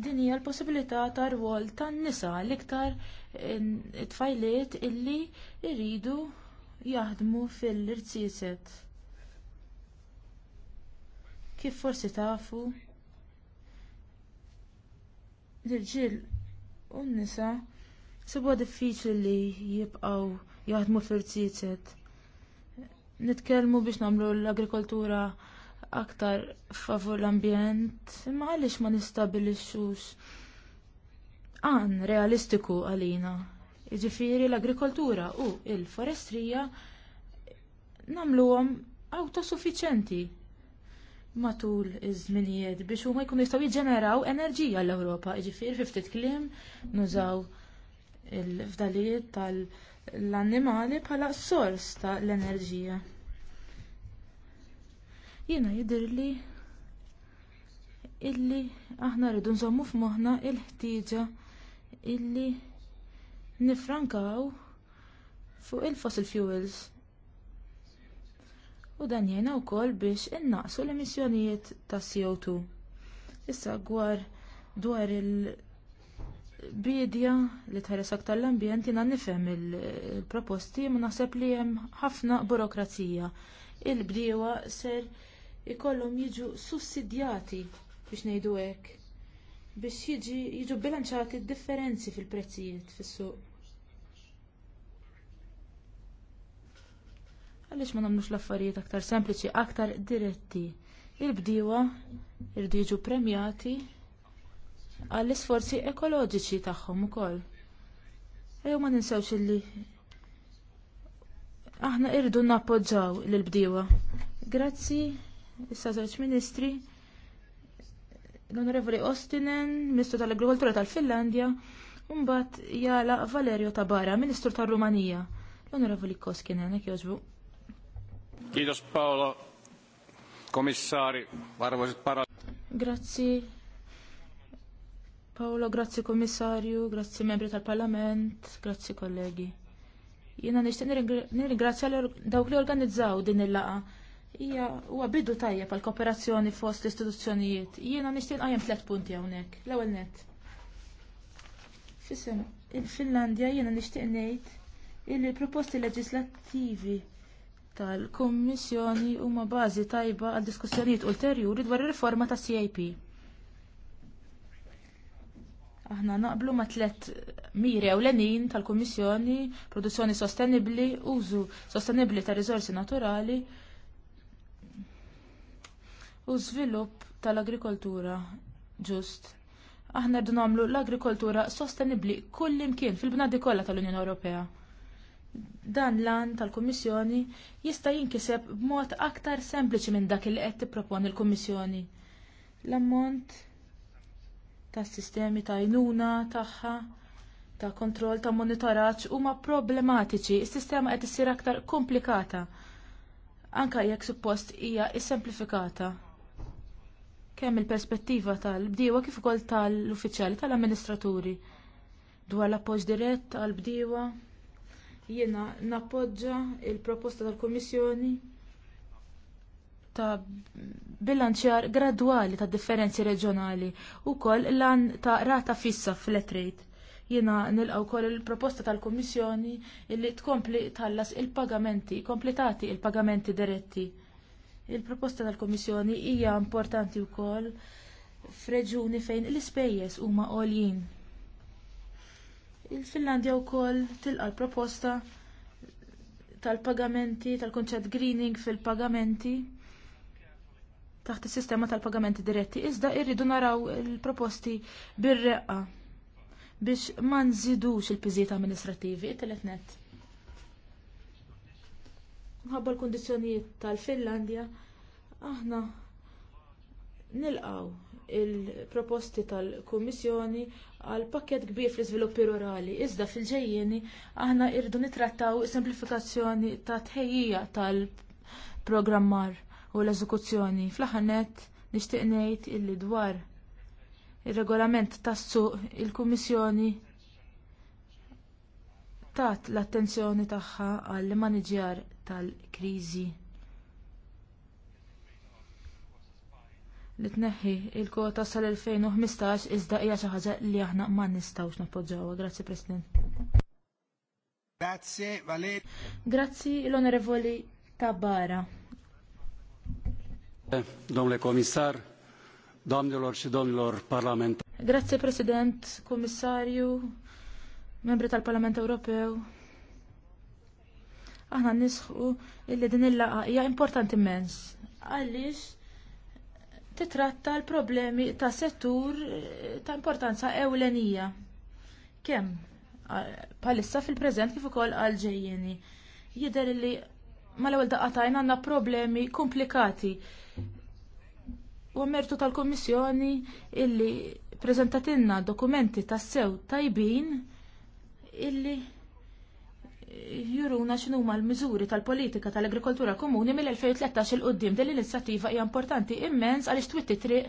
din hija l-possibilità ta' rwol tan-nisa l-iktar eh, tfajliet illi jridu jaħdmu fil-irtsiset. Kif forsi tafu l-irġiel u n-nisa sebuwa diffiċli li jibqgħu jaħdmu fil-irtsiset. Nitkellmu biex nagħmlu l-agrikoltura aktar favur l-ambjent, imma għaliex ma nistabilixux għan realistiku għalina. Iġifiri l-agrikoltura u l forestrija nagħmluhom autosuffiċenti matul iż-żminijiet biex huma jkunu jistgħu jiġġeneraw enerġija l-Ewropa. Jiġifieri fi ftit kliem nużaw il-fdalijiet tal-annimali bħala sors tal-enerġija. Jiena jidher li illi aħna rridu nżommu f'moħħna l ħtieġa illi nifrankaw fuq il-fossil fuels. U dan jgħinna wkoll biex innaqsu l-emissjonijiet ta' CO2. Issa gwar dwar il-bidja li tħares aktar l-ambjent jiena nifhem il-proposti ma naħseb li hemm ħafna burokrazija. Il-bdiewa ser ikollhom jiġu sussidjati biex ngħidu hekk biex jiġi jiġu bilanċati d differenzi fil-prezzijiet fis-suq. Għaliex ma nagħmlux l-affarijiet aktar sempliċi, aktar diretti. Il-bdiewa irdu jiġu premjati għall-isforzi ekoloġiċi tagħhom ukoll. Ejjew ma ninsewx illi aħna irdu nappoġġaw lill bdiewa Grazzi issa żewġ ministri l-Onorevoli Ostinen, Ministru tal-Agrikoltura tal-Finlandja, u mbagħad jala Valerio Tabara, Ministru tal-Rumanija. L-Onorevoli Koskinen, jekk jogħġbu. Paolo, komissaari, arvoisat para. Grazzi. Paolo, grazzi komissarju, grazzi membri tal-Parlament, grazzi kollegi. Jiena nixtieq nirringrazzja dawk li organizzaw din il laqgħa hija huwa bidu tajjeb pal kooperazzjoni fost l-istituzzjonijiet. Jiena nixtieq għajem tliet punti hawnhekk. L-ewwel nett. Fissem, il-Finlandja jiena nixtieq ngħid illi proposti leġislattivi tal-Kummissjoni huma bażi tajba għal diskussjonijiet ulterjuri dwar ir-riforma ta' CIP. Aħna naqblu ma tlet miri lenin tal-Kummissjoni, produzzjoni sostenibbli, użu sostenibbli ta' rizorsi naturali, u żvilupp tal-agrikoltura ġust. Aħna rridu nagħmlu l-agrikoltura sostenibbli kull imkien fil-bnadi kollha tal-Unjoni Ewropea. Dan l-an tal-Kummissjoni jista' jinkiseb b'mod aktar sempliċi minn dak li qed tipproponi l-Kummissjoni. L-ammont tas sistemi ta' għajnuna tagħha ta' kontroll ta' monitoraġġ huma problematiċi, is-sistema qed issir aktar komplikata anke jekk suppost hija ssemplifikata kemm il-perspettiva tal-bdiewa kif ukoll tal-uffiċjali tal-amministraturi dwar l-appoġġ dirett għall-bdiewa jiena nappoġġa l proposta tal-Kummissjoni ta' bilanċjar gradwali tad differenzi reġjonali wkoll lan ta' rata fissa flat rate. Jiena nilqgħu wkoll il-proposta tal-Kummissjoni li tkompli tallas il-pagamenti, kompletati il-pagamenti diretti Il-proposta tal-Komissjoni hija importanti wkoll f'reġuni fejn l-ispejjeż huma għoljin. Il-Finlandja wkoll tilqa l-proposta tal-pagamenti, tal-konċett greening fil-pagamenti taħt is-sistema tal-pagamenti diretti. Iżda irridu naraw il-proposti bir-reqqa biex ma nżidux il-piżiet amministrativi, telet net mħabba l kundizzjonijiet tal-Finlandja, aħna nilqaw il-proposti tal-Kummissjoni għal pakket kbir fl-iżviluppi rurali. Iżda fil-ġejjeni aħna irdu nitrattaw simplifikazzjoni ta' tħejjija tal-programmar u l-eżekuzzjoni. Fl-ħanet nixtieq ngħid illi dwar ir-regolament tas-suq il-Kummissjoni tat l-attenzjoni tagħha għall maniġjar tal-kriżi. li tneħħi il-kota sal-2015 iżda hija xi ħaġa li aħna ma nistgħux nappoġġawha. Grazzi President. Grazzi, Valer. Grazzi l-Onorevoli Tabara. Domnule Komissar, domnilor xi domnilor Parlament. Grazzi President, Komissarju, membri tal-Parlament Ewropew aħna nisħu illi din il-laqa hija importanti immens. Għaliex titratta l-problemi ta' settur eh, ta' importanza ewlenija. Kemm palissa fil-preżent kif ukoll għal ġejjeni. Jidher li mal-ewwel daqatajn għandna problemi komplikati. U mertu tal-Kommissjoni illi preżentatilna dokumenti tas-sew tajbin illi juruna xinu ma l-miżuri tal-politika tal-agrikoltura komuni mill-2013 il qoddim din l-inizjattiva hija importanti immens għaliex twitti triq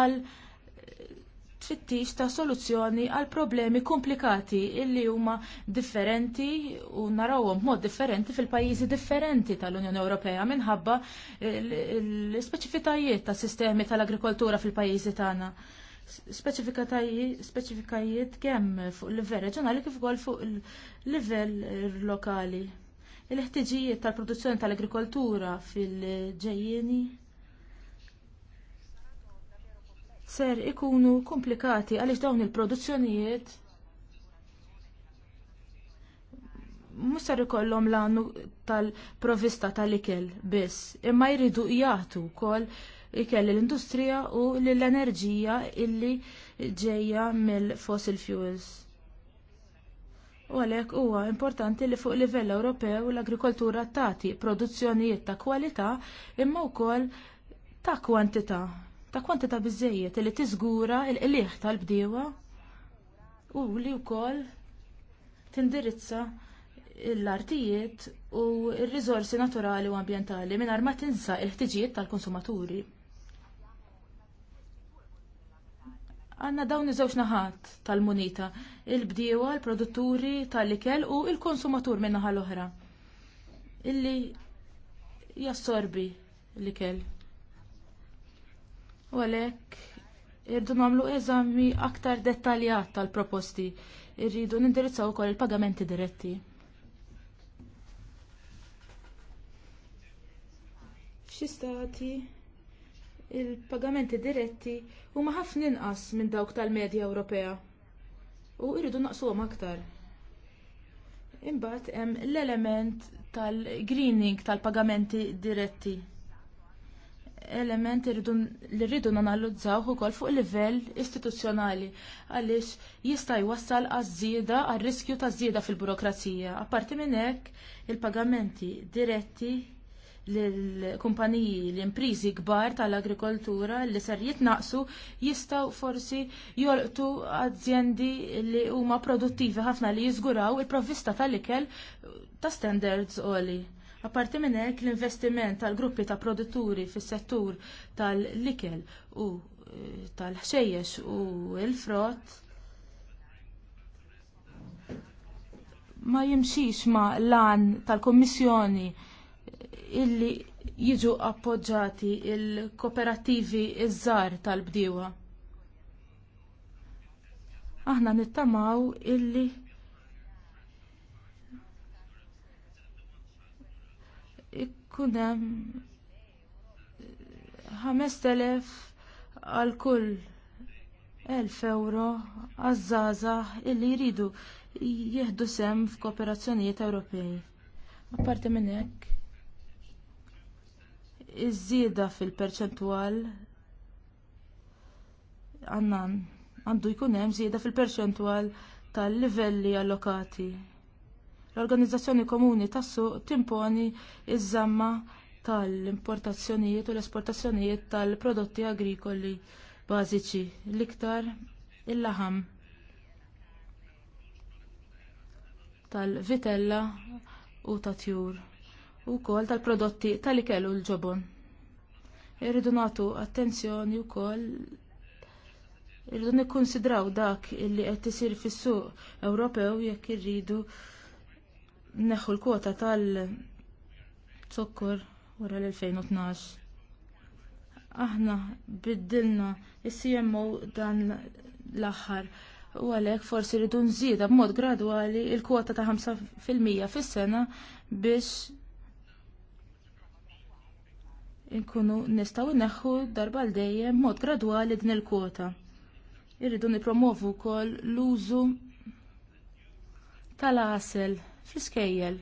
għal tfittix ta' soluzzjoni għal problemi komplikati illi huma differenti u narawhom b'mod differenti fil-pajjiżi differenti tal-Unjoni Ewropea minħabba l-ispeċifitajiet tas sistemi tal-agrikoltura fil-pajjiżi tagħna speċifikajiet kemm fuq il-livell reġjonali kif ukoll fuq il-livell lokali. Il-ħtiġijiet tal-produzzjoni tal-agrikoltura fil-ġejjieni ser ikunu komplikati għaliex dawn il-produzzjonijiet mhux ser ikollhom l-għannu tal-provista tal-ikel biss, imma jridu jagħtu wkoll ikelli l-industrija u l-enerġija illi ġejja mill-fossil fuels. U għalhekk huwa importanti li fuq livell Ewropew l-agrikoltura tagħti produzzjonijiet ta' kwalità imma wkoll ta' kwantità, ta' kwantità biżżejjed li tiżgura l-qliħ tal-bdiewa u li wkoll tindirizza l-artijiet u r-riżorsi naturali u ambjentali mingħajr ma tinsa l ħtiġijiet tal-konsumaturi. Għanna dawn iż-żewġ naħat tal-munita, il-bdiewa, il-produtturi tal-ikel u il-konsumatur minn naħa l-oħra. Illi jassorbi l-ikel. U għalhekk irdu nagħmlu eżami aktar dettaljat tal-proposti. Irridu nindirizzaw ukoll il-pagamenti diretti. X'istati? stati il-pagamenti diretti huma ħafna inqas minn dawk tal-medja Ewropea. U jridu naqsuhom aktar. Imbagħad hemm l-element tal-greening tal-pagamenti diretti. Element li rridu nanalluzzawh ukoll fuq livell istituzzjonali għaliex jista' jwassal għaż-żieda għar-riskju ta' żieda fil-burokrazija. Apparti minn hekk, il-pagamenti diretti l-kumpaniji l-imprizi kbar tal-agrikoltura li ser jitnaqsu jistaw forsi jolqtu azzjendi li huma produttivi ħafna li jiżguraw il-provvista tal-ikel ta' standards oli. Apparti minn hekk l-investiment tal-gruppi ta' produtturi fis-settur tal-ikel u eh, tal-ħxejjex u l-frott ma jimxix ma lan tal-Kommissjoni illi jiġu appoġġati il-kooperativi iż-żar tal-bdiewa. Aħna nittamaw illi ikkunem 5.000 għal kull 1000 euro għazzaza illi jridu jieħdu sem f'kooperazzjonijiet Ewropej. Apparti minn hekk iż-żieda fil-perċentwal għandu jkun hemm żieda fil-perċentwal tal-livelli allokati. L-Organizzazzjoni Komuni tas-Suq timponi iż-żamma tal-importazzjonijiet u l-esportazzjonijiet tal-prodotti agrikoli bażiċi l-iktar il-laħam tal-vitella u tat-tjur u kol tal-prodotti tal-ikel u l-ġobon. Irridu natu attenzjoni u kol irridu nikkonsidraw dak illi qed isir fis-suq Ewropew jekk irridu neħu l-kwota tal-zokkor wara l-2012. Aħna biddilna is-CMO dan l-aħħar u għalhekk forsi rridu nżida b'mod gradwali l kwota ta' 5% fil-mija fis-sena biex nkunu nistgħu neħħu darba l dejjem mod gradwali din il-kwota. Irridu nipromovu wkoll l-użu tal asel fl-iskejjel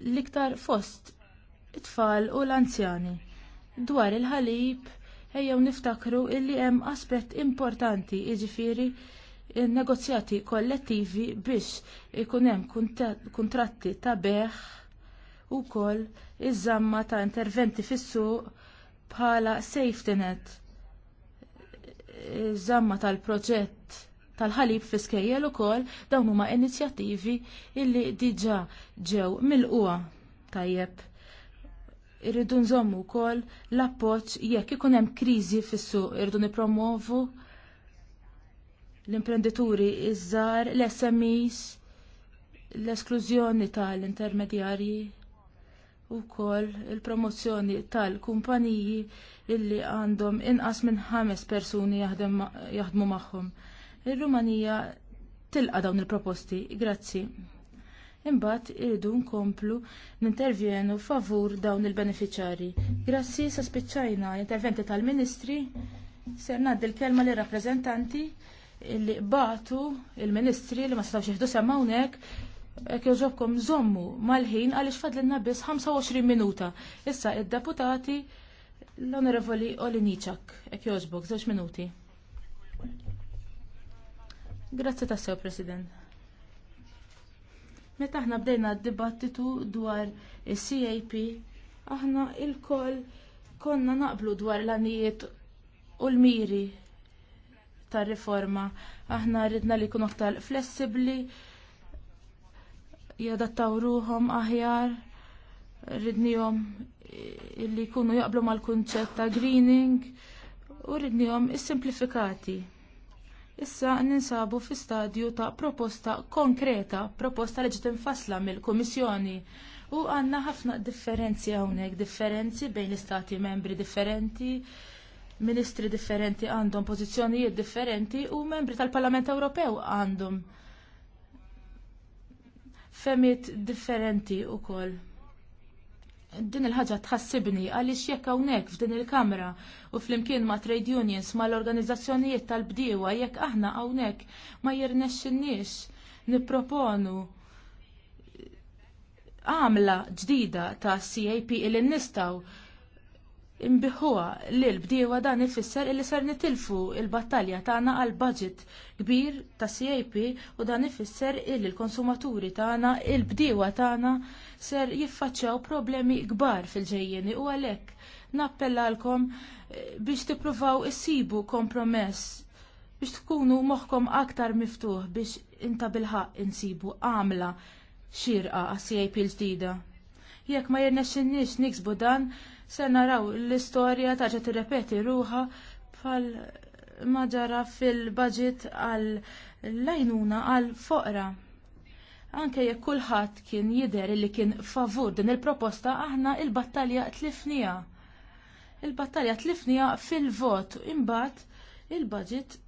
l-iktar fost it-tfal u l-anzjani. Dwar il-ħalib ejjew niftakru illi hemm aspett importanti jiġifieri negozjati kollettivi biex ikun hemm kuntratti ta' beħ wkoll iż-żamma ta' interventi fis-suq bħala safety net. Iż-żamma tal-proġett tal-ħalib fiskejjel ukoll dawn huma inizjattivi illi diġà ġew milquha tajjeb. Irridu nżommu wkoll l-appoġġ jekk ikun hemm kriżi fis-suq, irridu nippromovu l-imprenditori iż-żgħar, l-SMEs, l-esklużjoni tal-intermedjarji kol il-promozzjoni tal-kumpaniji illi għandhom inqas minn ħames persuni jaħdmu magħhom. Ir-Rumanija tilqa' dawn il-proposti. Grazzi. Imbagħad irridu nkomplu n-intervjenu favur dawn il-beneficjari. Grazzi sa spiċċajna interventi tal-Ministri ser ngħaddi l-kelma lir rappreżentanti li batu il-ministri li ma setgħux jieħdu semma hawnhekk Ek joġobkom żommu mal-ħin għaliex fadlinna biss 25 minuta. Issa id-deputati l-Onorevoli Olinicak. Ek joġbok, żewġ minuti. Grazzi tassew, President. Meta aħna bdejna d-dibattitu dwar il cap aħna il-koll konna naqblu dwar l-anijiet u l-miri tar-riforma. Aħna ridna li kun aktar flessibli, jadattaw ruhom aħjar ridnihom illi jkunu jaqblu mal-kunċett ta' greening u ridnihom is-simplifikati. Issa ninsabu fi stadju ta' proposta konkreta, proposta li ġiet infassla mill-Kummissjoni u għandna ħafna differenzi hawnhekk, differenzi bejn l-istati membri differenti, ministri differenti għandhom pożizzjonijiet differenti u membri tal-Parlament Ewropew għandhom femiet differenti wkoll. Din il ħaġa tħassibni għaliex jekk hawnhekk f'din il-Kamra u flimkien ma' trade unions mal organizzazzjonijiet tal-bdiewa jekk aħna hawnhekk ma jirnexxinniex nipproponu għamla ġdida ta' CAP il-nistaw imbiħuha li l-bdiewa dan ifisser illi ser nitilfu l battalja tagħna għal budget kbir ta' CAP u dan ifisser illi l-konsumaturi tagħna il-bdiewa tagħna ser jiffaċċjaw problemi kbar fil-ġejjeni u għalhekk nappellalkom eh, biex tippruvaw issibu kompromess biex tkunu moħħkom aktar miftuħ biex inta bilħaq insibu għamla xirqa għas CAP l-ġdida. Jekk ma jirnexxinniex niksbu dan, Se naraw l-istorja ta' ġet repeti ruha bħal ma ġara fil-budget għal lajnuna għal foqra. Anke jekk kulħadd kien jidher li kien favur din il-proposta aħna il-battalja tlifnija. Il-battalja tlifnija fil-vot imbagħad il-budget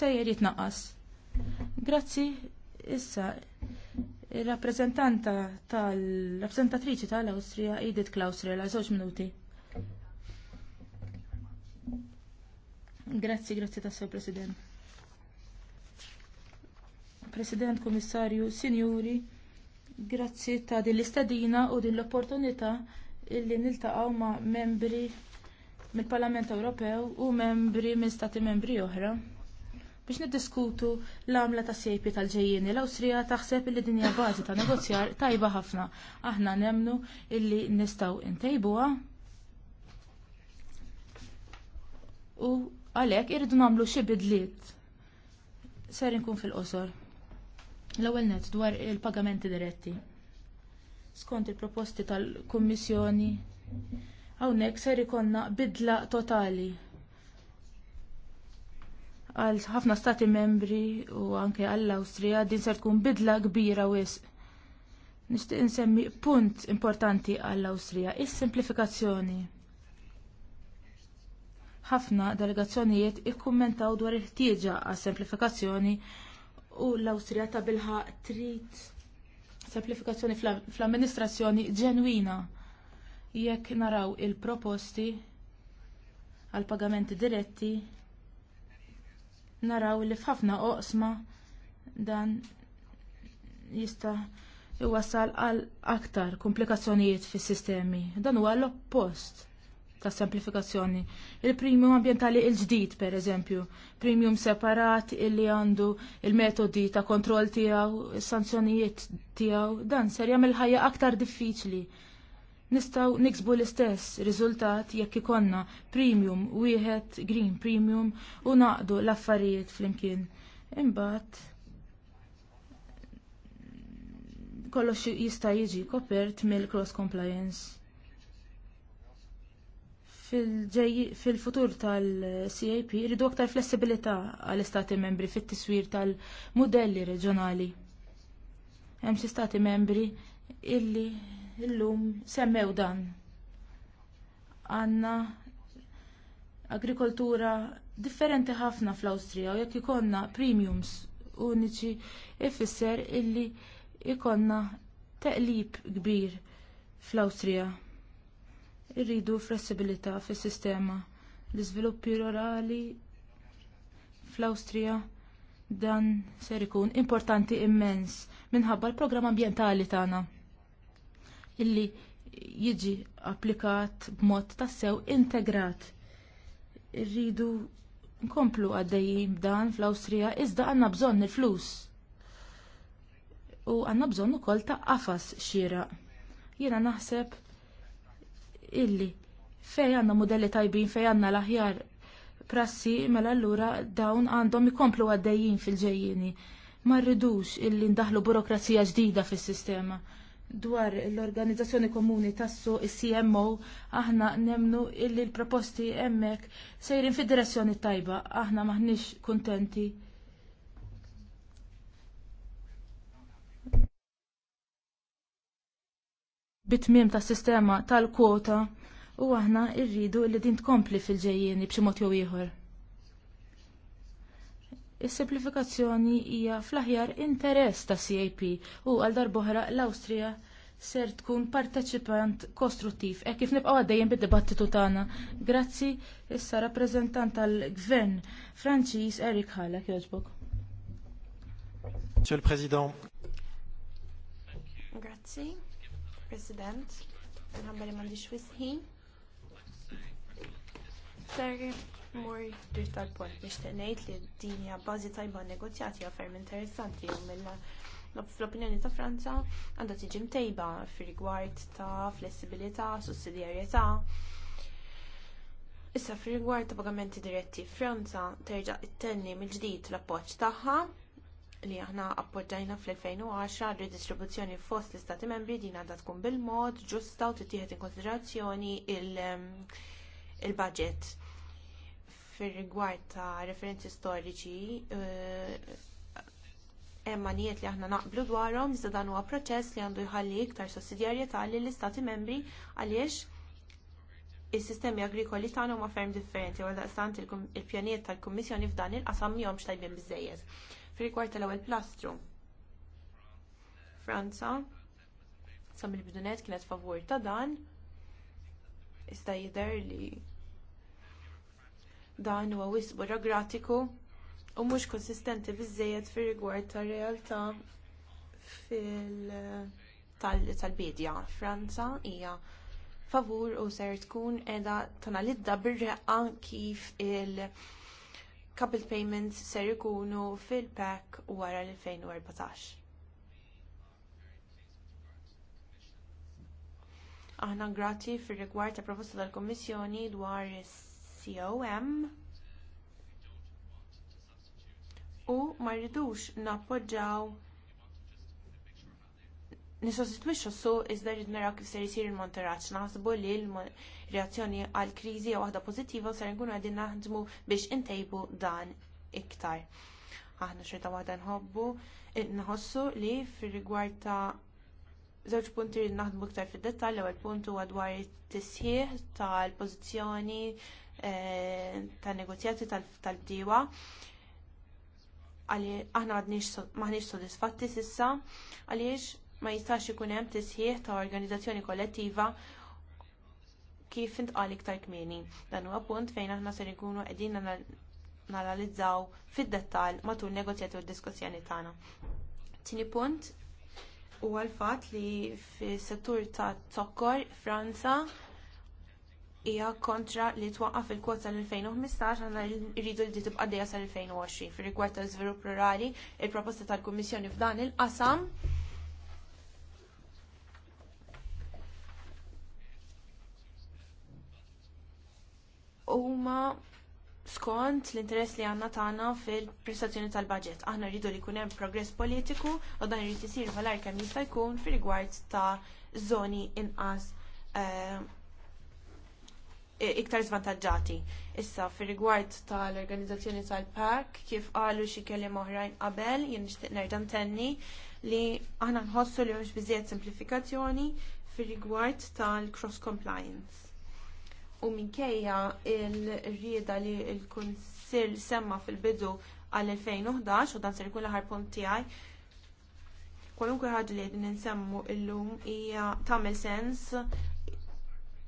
sejjer jitnaqqas. Grazzi issa Il-rappresentanta tal-rappresentatriċi tal-Awstrija Edith Klausre la żewġ minuti. Grazzi, grazzi tassew President. President, Kommissarju, Sinjuri, grazzi ta' din l istedina u din l-opportunità illi niltaqgħu ma' membri mill-Parlament Ewropew u membri minn stati membri oħra biex niddiskutu l-għamla ta' sejpi tal-ġejjeni. L-Awstrija taħseb li dinja bażi ta' negozjar tajba ħafna. Aħna nemnu illi nistgħu intejbuha u għalhekk irridu nagħmlu xi bidliet. Ser inkun fil-qosor. L-ewwel nett dwar il-pagamenti diretti. Skont il-proposti tal-Kummissjoni hawnhekk ser ikonna bidla totali għal ħafna stati membri u anke għall awstrija din ser tkun bidla kbira wis. Nixtieq insemmi punt importanti għall awstrija is-simplifikazzjoni. Ħafna delegazzjonijiet ikkummentaw dwar il-ħtieġa għas semplifikazzjoni u l-Awstrija ta' bilħa trid semplifikazzjoni fl-amministrazzjoni ġenwina. Jekk naraw il-proposti għal pagamenti diretti naraw li f'ħafna oqsma dan jista' iwassal għal aktar komplikazzjonijiet fis sistemi Dan huwa l-oppost ta' semplifikazzjoni. Il-premium ambjentali l ġdid pereżempju, premium separat illi għandu il-metodi ta' kontroll tiegħu, is sanzjonijiet tiegħu, dan ser jagħmel ħajja aktar diffiċli nistaw niksbu l-istess riżultat jekk ikonna premium wieħed green premium u naqdu l-affarijiet flimkien. Imbagħad kollox jista' jiġi kopert mill-cross compliance. Fil-futur tal-CAP rridu aktar flessibilità għall-istati membri fit-tiswir tal-modelli reġjonali. Hemm xi stati membri illi illum semmew dan. Għanna agrikoltura differenti ħafna fl-Awstrija u jekk ikonna premiums uniċi ifisser illi ikonna teqlib kbir fl-Awstrija. Irridu flessibilità fis-sistema. L-iżviluppi rurali fl-Awstrija dan ser ikun importanti immens minħabba l-programm ambjentali tagħna illi jiġi applikat b'mod tassew integrat. Irridu nkomplu għaddejjin dan fl-Awstrija iżda għandna bżonn il-flus. U għandna bżonn ukoll ta' qafas xieraq. Jiena naħseb illi fejn għandna mudelli tajbin fejn għandna l-aħjar prassi mela l-lura dawn għandhom ikomplu għaddejjin fil-ġejjini. Ma rridux illi ndaħlu burokrazija ġdida fis-sistema dwar l-Organizzazzjoni Komuni tassu il-CMO, aħna nemnu illi l-proposti emmek sejrin fid direzzjoni tajba, aħna maħnix kontenti. Bitmim ta' sistema tal-kwota u aħna irridu illi din tkompli fil-ġejjeni b'xi mod jew ieħor. Is-simplifikazzjoni hija fl-aħjar interess ta' CAP u għal darbohra l-Awstrija ser tkun parteċipant kostruttiv. hekk kif nibqgħu għaddejjem bid-dibattitu tagħna. Grazzi issa rappreżentant tal-Gvern Franċiż Erik Hallek jogħġbok. Monsieur le Président. Grazzi, President. Nħabba li m'għandix wisħin. Mur dir tal-punt biex ngħid li din hija bażi tajba negozjati ferm interessanti u mill fl-opinjoni ta' Franza għandha tiġi mtejba fir-rigward ta' flessibilità, sussidjarjetà. Issa fir-rigward ta' pagamenti diretti Franza terġa' ttenni mill-ġdid l-appoġġ tagħha li aħna appoġġajna fl-2010 redistribuzzjoni fost l-Istati membri din għandha tkun bil-mod ġusta u tittieħed in konsiderazzjoni il-budget fir-rigward ta' referenzi storiċi eh, hemm manijiet li aħna naqblu dwarhom iżda dan huwa proċess li għandu jħalli iktar sussidjarjetà lill istati membri għaliex is-sistemi agrikoli tagħna huma ferm differenti għal daqstant il-pjanijiet tal-Kummissjoni f'dan il-qasam mihomx tajbin biżżejjed. Fir-rigward tal-ewwel plastru. Franza sa mill-bidunet kienet favur ta' dan iżda jidher li dan huwa wisq burokratiku u mhux konsistenti biżżejjed fir-rigward tar-realtà fil tal-bidja. Franza hija favur u ser tkun qiegħda tanalizza bir-reqqa kif il- coupled payments ser ikunu fil-pack wara l-2014. Aħna grati fir rigward ta' proposta tal kommissjoni dwar is COM u ma rridux nappoġġaw nisostitwixxu su iżda rrid nara kif ser jisir il-monteraġġ. Naħsbu li l-reazzjoni għall kriżi hija waħda pożittiva u ser nkunu qegħdin naħdmu biex intejbu dan iktar. Aħna xorta waħda nħobbu nħossu li fir-rigward ta' żewġ punti rrid naħdmu iktar fid-dettall l-ewwel punt huwa dwar it-tisħiħ tal-pożizzjoni Eh, ta' negozjati tal-bdiewa għalli aħna maħniex sodisfatti sissa għaliex ma jistax ikun hemm tisħiħ ta' organizzazzjoni kollettiva kif intqal iktar kmieni. Dan huwa punt fejn aħna ser ikunu qegħdin nanalizzaw fid-dettall matul negozjati u diskussjoni tagħna. Tieni punt huwa l-fatt li fis-settur ta' zokkor Franza hija kontra li twaqqaf il-kwota tal-2015 għandna rridu li tibqa' dejja sal-2020 fir-rigward tal żvilupp rurali il-proposta tal-Kummissjoni f'dan il-qasam huma skont l-interess li għandna tagħna fil-prestazzjoni tal-budget. Aħna rridu li jkun hemm progress politiku u dan irid isir valar kemm jista' jkun fir-rigward ta' żoni inqas uh, iktar zvantagġati. Issa, fir rigward tal-organizzazzjoni tal-PAK, kif qalu xi kelli oħrajn qabel, jien nixtieq nerġa' ntenni li aħna nħossu li mhux biżejjed simplifikazzjoni fir rigward tal-cross compliance. U minkejja il-rieda li l-Kunsill semma fil-bidu għal-2011 u dan ser ikun l-aħħar punt tiegħi, kwalunkwe ħaġa li qegħdin insemmu illum hija tagħmel sens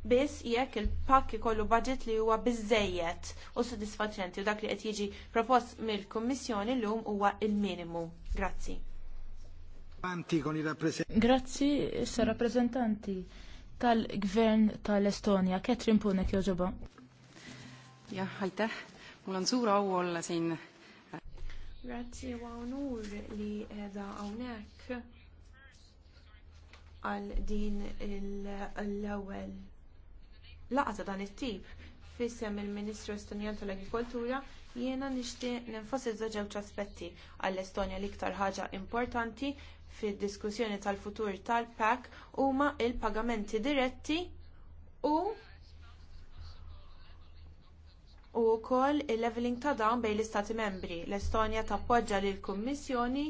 biss jekk il-pakk ikollu budget li huwa biżżejjed u sodisfaċenti u dak li qed jiġi propost mill-Kummissjoni llum huwa il-minimu. Grazzi. Grazzi issa rappreżentanti tal-Gvern tal-Estonja, Ketrin Punek joġoba. Ja, ħajte, Mul on suur au Grazzi wa li edha hawnhekk għal din l-ewwel laqgħa ta' dan it-tip fissem il-Ministru Estonjan tal-Agrikoltura jiena nixtieq nenfasizza ġewġ aspetti għall-Estonja l-iktar ħaġa importanti fid-diskussjoni tal-futur tal pac huma l pagamenti diretti u u il-leveling ta' dawn bejn l-Istati membri. L-Estonja tappoġġa lill kummissjoni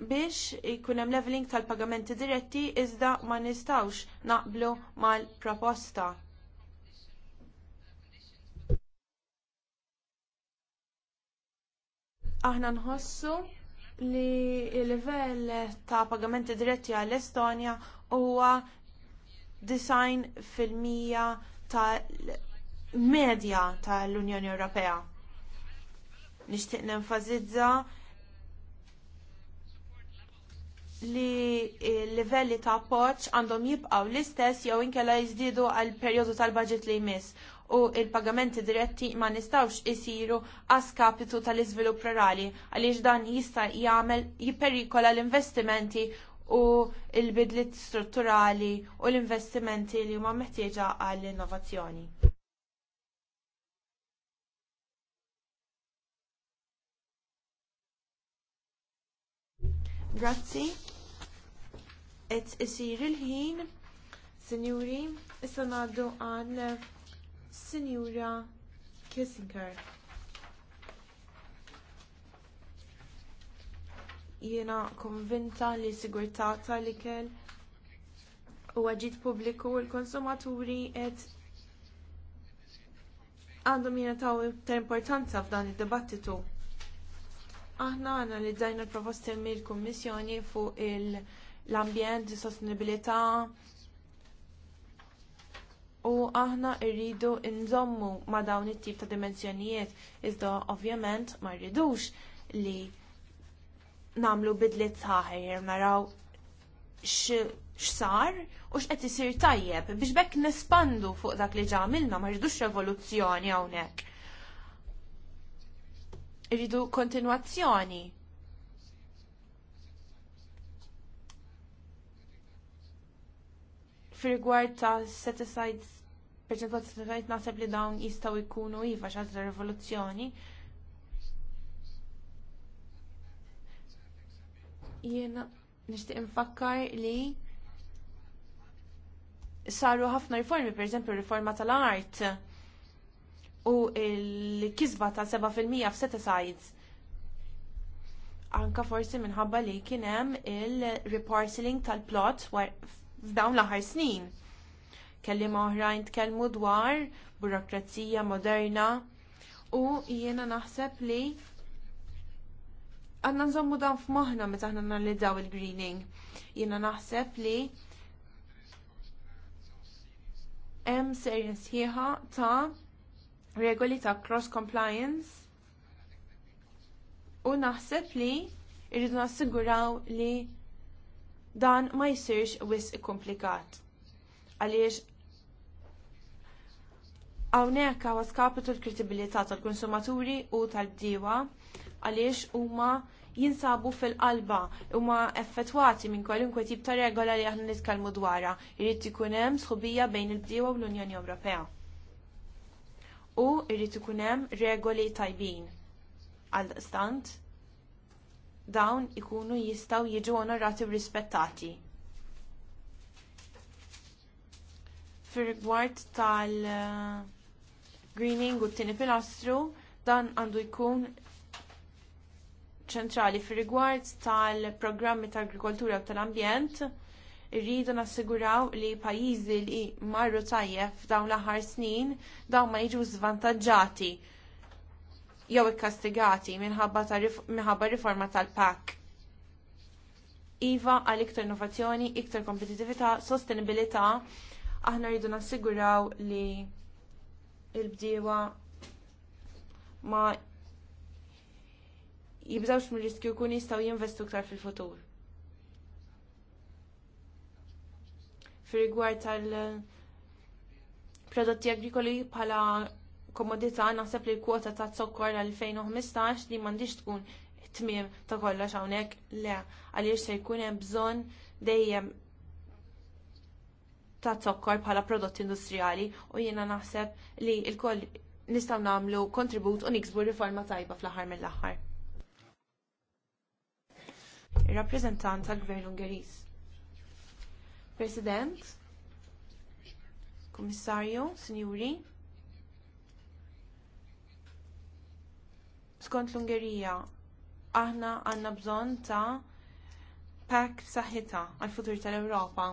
biex ikun hemm leveling tal-pagamenti diretti iżda ma nistawx naqblu mal-proposta. Aħna nħossu li il-livell ta' pagamenti diretti għall-Estonja huwa design fil-mija tal-medja tal-Unjoni Ewropea. Nixtieq nenfasizza li livelli ta' appoġġ għandhom jibqgħu l-istess jew inkella jiżdiedu għal perjodu tal-budget li jmiss u l pagamenti diretti ma nistawx isiru għaskapitu tal-iżvilupp rurali għaliex dan jista' jagħmel jipperikola l-investimenti u l-bidliet strutturali u l-investimenti li huma meħtieġa għall-innovazzjoni. Grazzi. Et isir il-ħin, Sinjuri, issa naddu għal Sinjura Kissinger. Jiena konvinta li sigurtà tal-ikel u għagġit pubbliku u l-konsumaturi qed għandhom jena taw importanza f'dan id-dibattitu. Aħna analizzajna l-proposti mill-Kummissjoni fuq l-ambjent, sostenibilità u aħna rridu nżommu ma dawn it-tip ta' dimensjonijiet iżda ovvjament ma rridux li namlu bidliet saħir naraw x'sar u x'qed isir tajjeb biex bekk nespandu fuq dak li ġamilna ma rridux revoluzzjoni hawnhekk. Irridu kontinuazzjoni. Firgward ta' set-asides, perċentu ta' set-asides nasab li dawn jistaw ikunu jifax xazza rivoluzzjoni. Jena nishtiq infakkar li saru ħafna riformi, per esempio riforma tal-art u l-kisba ta' 7% f'seticides. Anka forsi minħabba li kien hemm il-reparceling tal-plot f'dawn l-aħħar snin. Kellim oħrajn tkellmu dwar burokrazija moderna u jiena naħseb li għanna nżommu dan f'maħna me taħna analizzaw il-greening. Jiena naħseb li hemm serjen sħiħa ta' regoli ta' cross compliance u naħseb li irridu nassiguraw li dan ma jsirx wisq komplikat. Għaliex hawnhekk għawa skapitu l-kredibilità tal-konsumaturi u tal-bdiewa għaliex huma jinsabu fil-qalba huma effettwati minn kwalunkwe tip ta' regola li aħna nitkellmu dwarha jrid ikun hemm sħubija bejn il-bdiewa u l-Unjoni Ewropea u irrid ikun hemm regoli tajbin. stant dawn ikunu jistgħu jiġu onorati u rispettati. Fir-rigward tal-greening eh, u t-tieni pilastru, dan għandu jkun ċentrali fir rigward tal-programmi tal-agrikoltura u tal-ambjent rridu nassiguraw li pajjiżi li marru tajjeb f'dawn l-aħħar snin dawn ma jiġu żvantaġġati jew ikkastigati minħabba riforma tal-PAK. Iva għal iktar innovazzjoni, iktar kompetitività, sostenibilità, aħna rridu nassiguraw li l-bdiewa ma jibżawx mir riskju kun jistgħu jinvestu iktar fil-futur. fir-rigward tal-prodotti agrikoli bħala komodità naħseb li l-kwota ta' zokkor għal-2015 li m'għandix tkun tmiem ta' kollox hawnhekk le għaliex se jkun hemm bżonn dejjem ta' zokkor bħala prodotti industrijali u jiena naħseb li l-koll nistgħu nagħmlu kontribut u niksbu riforma tajba fl-aħħar mill-aħħar. il rappreżentant tal-Gvern Ungheriż. President, Commissario, Signori, skont l-Ungerija, aħna għanna bżon ta' pak saħħita għal futur tal-Ewropa.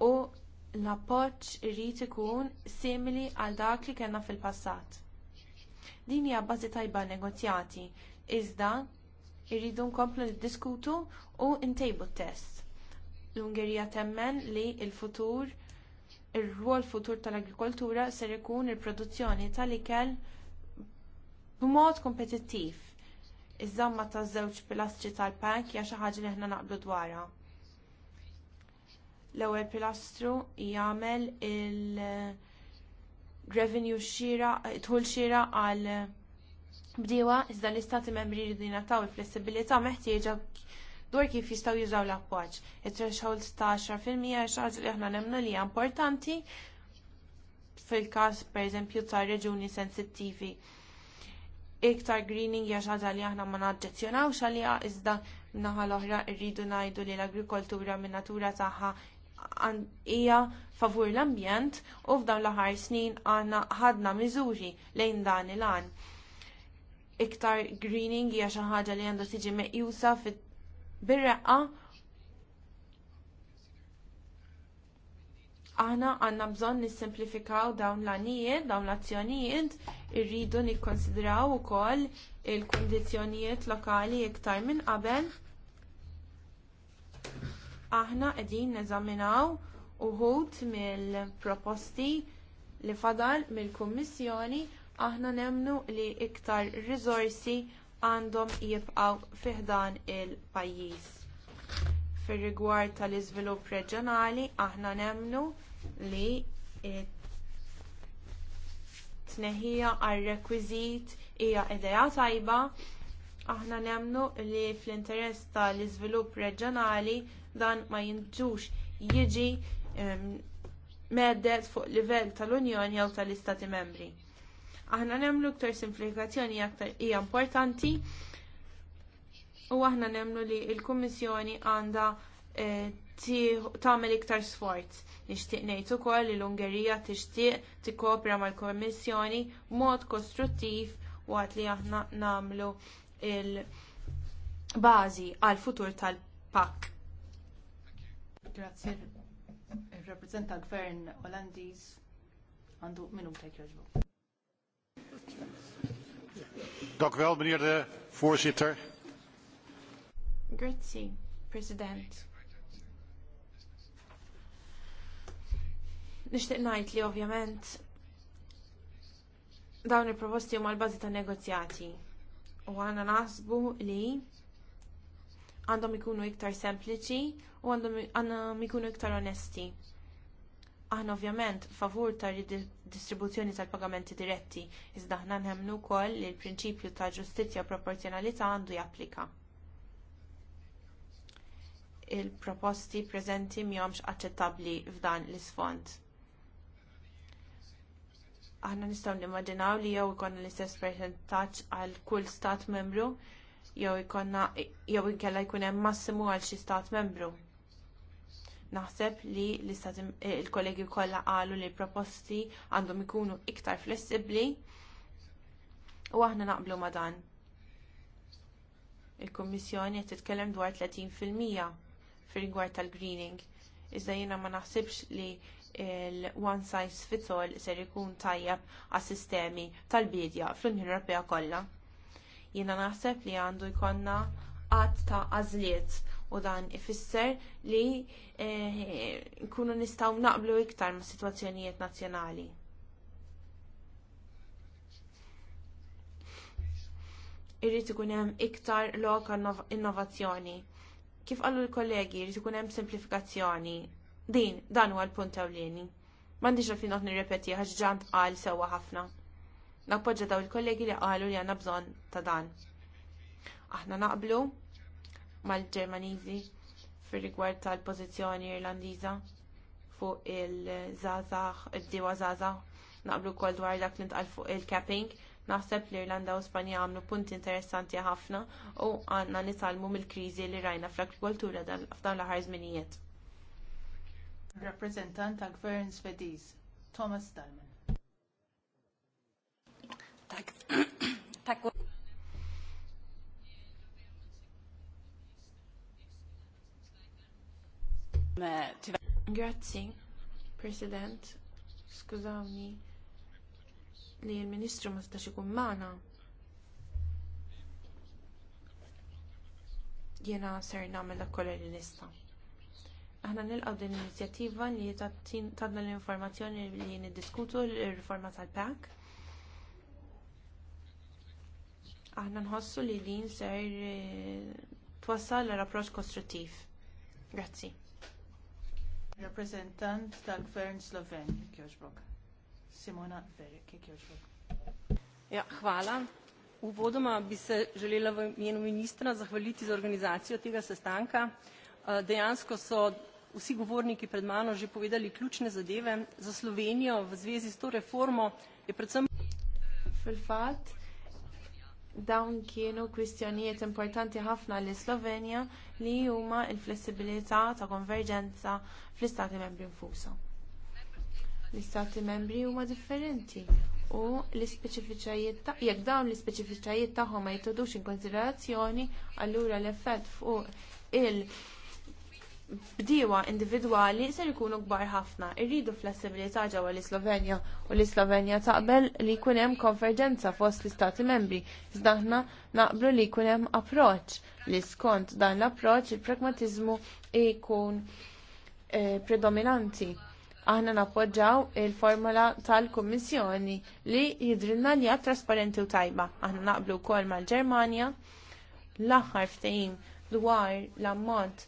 U l-appoċ irrid ikun simili għal dak li kena fil-passat. Din hija bażi tajba negozjati, iżda irridu nkomplu niddiskutu u ntejbu t-test. L-Ungerija temmen li l futur ir-rwol futur tal-agrikoltura ser ikun il-produzzjoni tal-ikel b'mod kompetittiv. Iż-żamma taż-żewġ pilastri tal-pak hija xi ħaġa li aħna naqblu dwarha l-ewwel pilastru jagħmel il-revenue xira, tħul xira għal bdiewa iżda l-istati membri jridu jingħataw il-flessibilità meħtieġa dwar kif jistgħu jużaw l-appoġġ. It-threshold ta' 10% xaġa li aħna nemmnu li hija importanti fil-każ pereżempju ta' reġuni sensittivi. Iktar greening hija xaġa li aħna ma naġġezzjonawx għaliha iżda naħa l-oħra rridu ngħidu li l-agrikoltura min natura tagħha hija favur l-ambjent u f'dawn l-aħħar snin għandna ħadna miżuri lejn dan il-għan iktar greening hija xi ħaġa li għandha tiġi meqjusa bir-reqqa aħna għandna bżonn nissimplifikaw dawn l-għanijiet, dawn l-azzjonijiet, irridu nikkonsidraw ukoll il-kundizzjonijiet lokali iktar minn qabel. Aħna qegħdin neżaminaw uħud mill-proposti li fadal mill-Kummissjoni aħna nemnu li iktar riżorsi għandhom jibqgħu fih dan il-pajjiż. Fir-rigward tal-iżvilupp reġjonali aħna nemnu li t-tneħija għal-rekwizit hija idea tajba, aħna nemnu li fl-interess tal-iżvilupp reġjonali dan ma jinġux jiġi medet fuq livell tal-Unjoni jew tal-Istati membri. Aħna nemlu ktar simplifikazzjoni hija importanti u aħna nemlu li l-Kummissjoni għandha eh, tagħmel iktar sforz. Nixtieq ngħid ukoll li l-Ungerija tixtieq tikkopra mal-Kummissjoni b'mod kostruttiv waqt li aħna nagħmlu il-bażi għall futur tal-PAK. Grazie. Il-rappresentant gvern Olandiż għandu minuta jkjoġbu. Dank u wel, meneer de voorzitter. Grazie, president. Nishtiq ngħid li ovvjament dawn il-proposti huma l-bażi ta' negozjati u għana naħsbu li għandhom ikunu iktar sempliċi u għandhom ikunu iktar onesti. Aħna ovvjament favur ta' distribuzzjoni tal-pagamenti diretti, iżda aħna nemmnu wkoll li l-prinċipju ta' ġustizzja proporzjonalità għandu japplika. Il-proposti preżenti mhomx aċċettabbli f'dan l-isfond. Aħna nistgħu nimmaġinaw li jew ikon l-istess percentaġġ għal kull stat membru jew ikonna jew inkella jkun hemm massimu għal xi stat membru Naħseb li eh, il-kollegi kollha qalu li l-proposti għandhom ikunu iktar flessibbli u aħna naqblu ma' dan. Il-Kummissjoni qed titkellem dwar 30% fil-mija fir-rigward tal-greening. Iżda jiena ma naħsibx li il-one size fits all ser ikun tajjeb għas sistemi tal-bidja fl-Unjoni Ewropea kollha. Jiena naħseb li għandu jkollna qatt ta' għażliet u dan ifisser li eh, nkunu eh, nistgħu naqblu iktar ma' sitwazzjonijiet nazzjonali. Irrit ikun hemm iktar loka innovazzjoni. Kif qalu l-kollegi, irrit ikun hemm simplifikazzjoni. Din, dan huwa l-punt ewlieni. M'għandix għalfin qed nirrepeti ħax ġant qal sewwa ħafna. Nappoġġa daw il-kollegi li qalu li għandna bżonn ta' dan. Aħna naqblu mal-Ġermaniżi fir-rigward tal-pożizzjoni Irlandiża fuq il-żazax, id-diwa żazax, naqblu wkoll dwar dak li ntqal fuq il-capping. Naħseb li Irlanda u Spanja għamlu punti interessanti ħafna u għandna nitalmu mill-kriżi li rajna fl-agrikoltura f'dan l-aħħar żminijiet. Rappresentant ta' Gvern Svediż, Thomas Dalman. Grazzi, President, skużawni li l-Ministru ma stax ikun magħna. Jiena ser nagħmel dak kollha li nista. Aħna nilqgħu din l-inizjattiva li tadna l-informazzjoni li niddiskutu l-riforma tal-PAK. Aħna nħossu li din ser eh, twassal l-approċċ kostruttiv. Grazzi. Rappresentant tal-Gvern Sloven, Kjoġbok. Simona Verek, Kjoġbok. Ja, hvala. Uvodoma bi se želela v imenu ministra zahvaliti za organizacijo tega sestanka. Eh, dejansko so vsi govorniki pred mano že povedali ključne zadeve. Za Slovenijo v zvezi s to reformo je predvsem... Fil-fat, dawn kienu kwistjonijiet importanti ħafna li Slovenja li huma l flessibilità ta' konverġenza fl-istati membri nfusa. L-istati membri huma differenti u l-ispeċifiċajiet ta' jekk dawn l-ispeċifiċajiet tagħhom ma jitodux in konsiderazzjoni allura l-effett fuq il- bdiewa individwali ser ikunu kbar ħafna. Irridu flessibilità ġewwa l-Islovenja u l-Islovenja taqbel li jkun hemm konverġenza fost l-Istati membri. Iżda aħna naqblu li jkun hemm approċċ li skont dan l-approċċ il-pragmatiżmu jkun eh, predominanti. Aħna nappoġġaw il-formula tal-Kummissjoni li jidrilna li trasparenti u tajba. Aħna naqblu wkoll mal-Ġermanja l-aħħar ftehim dwar l-ammont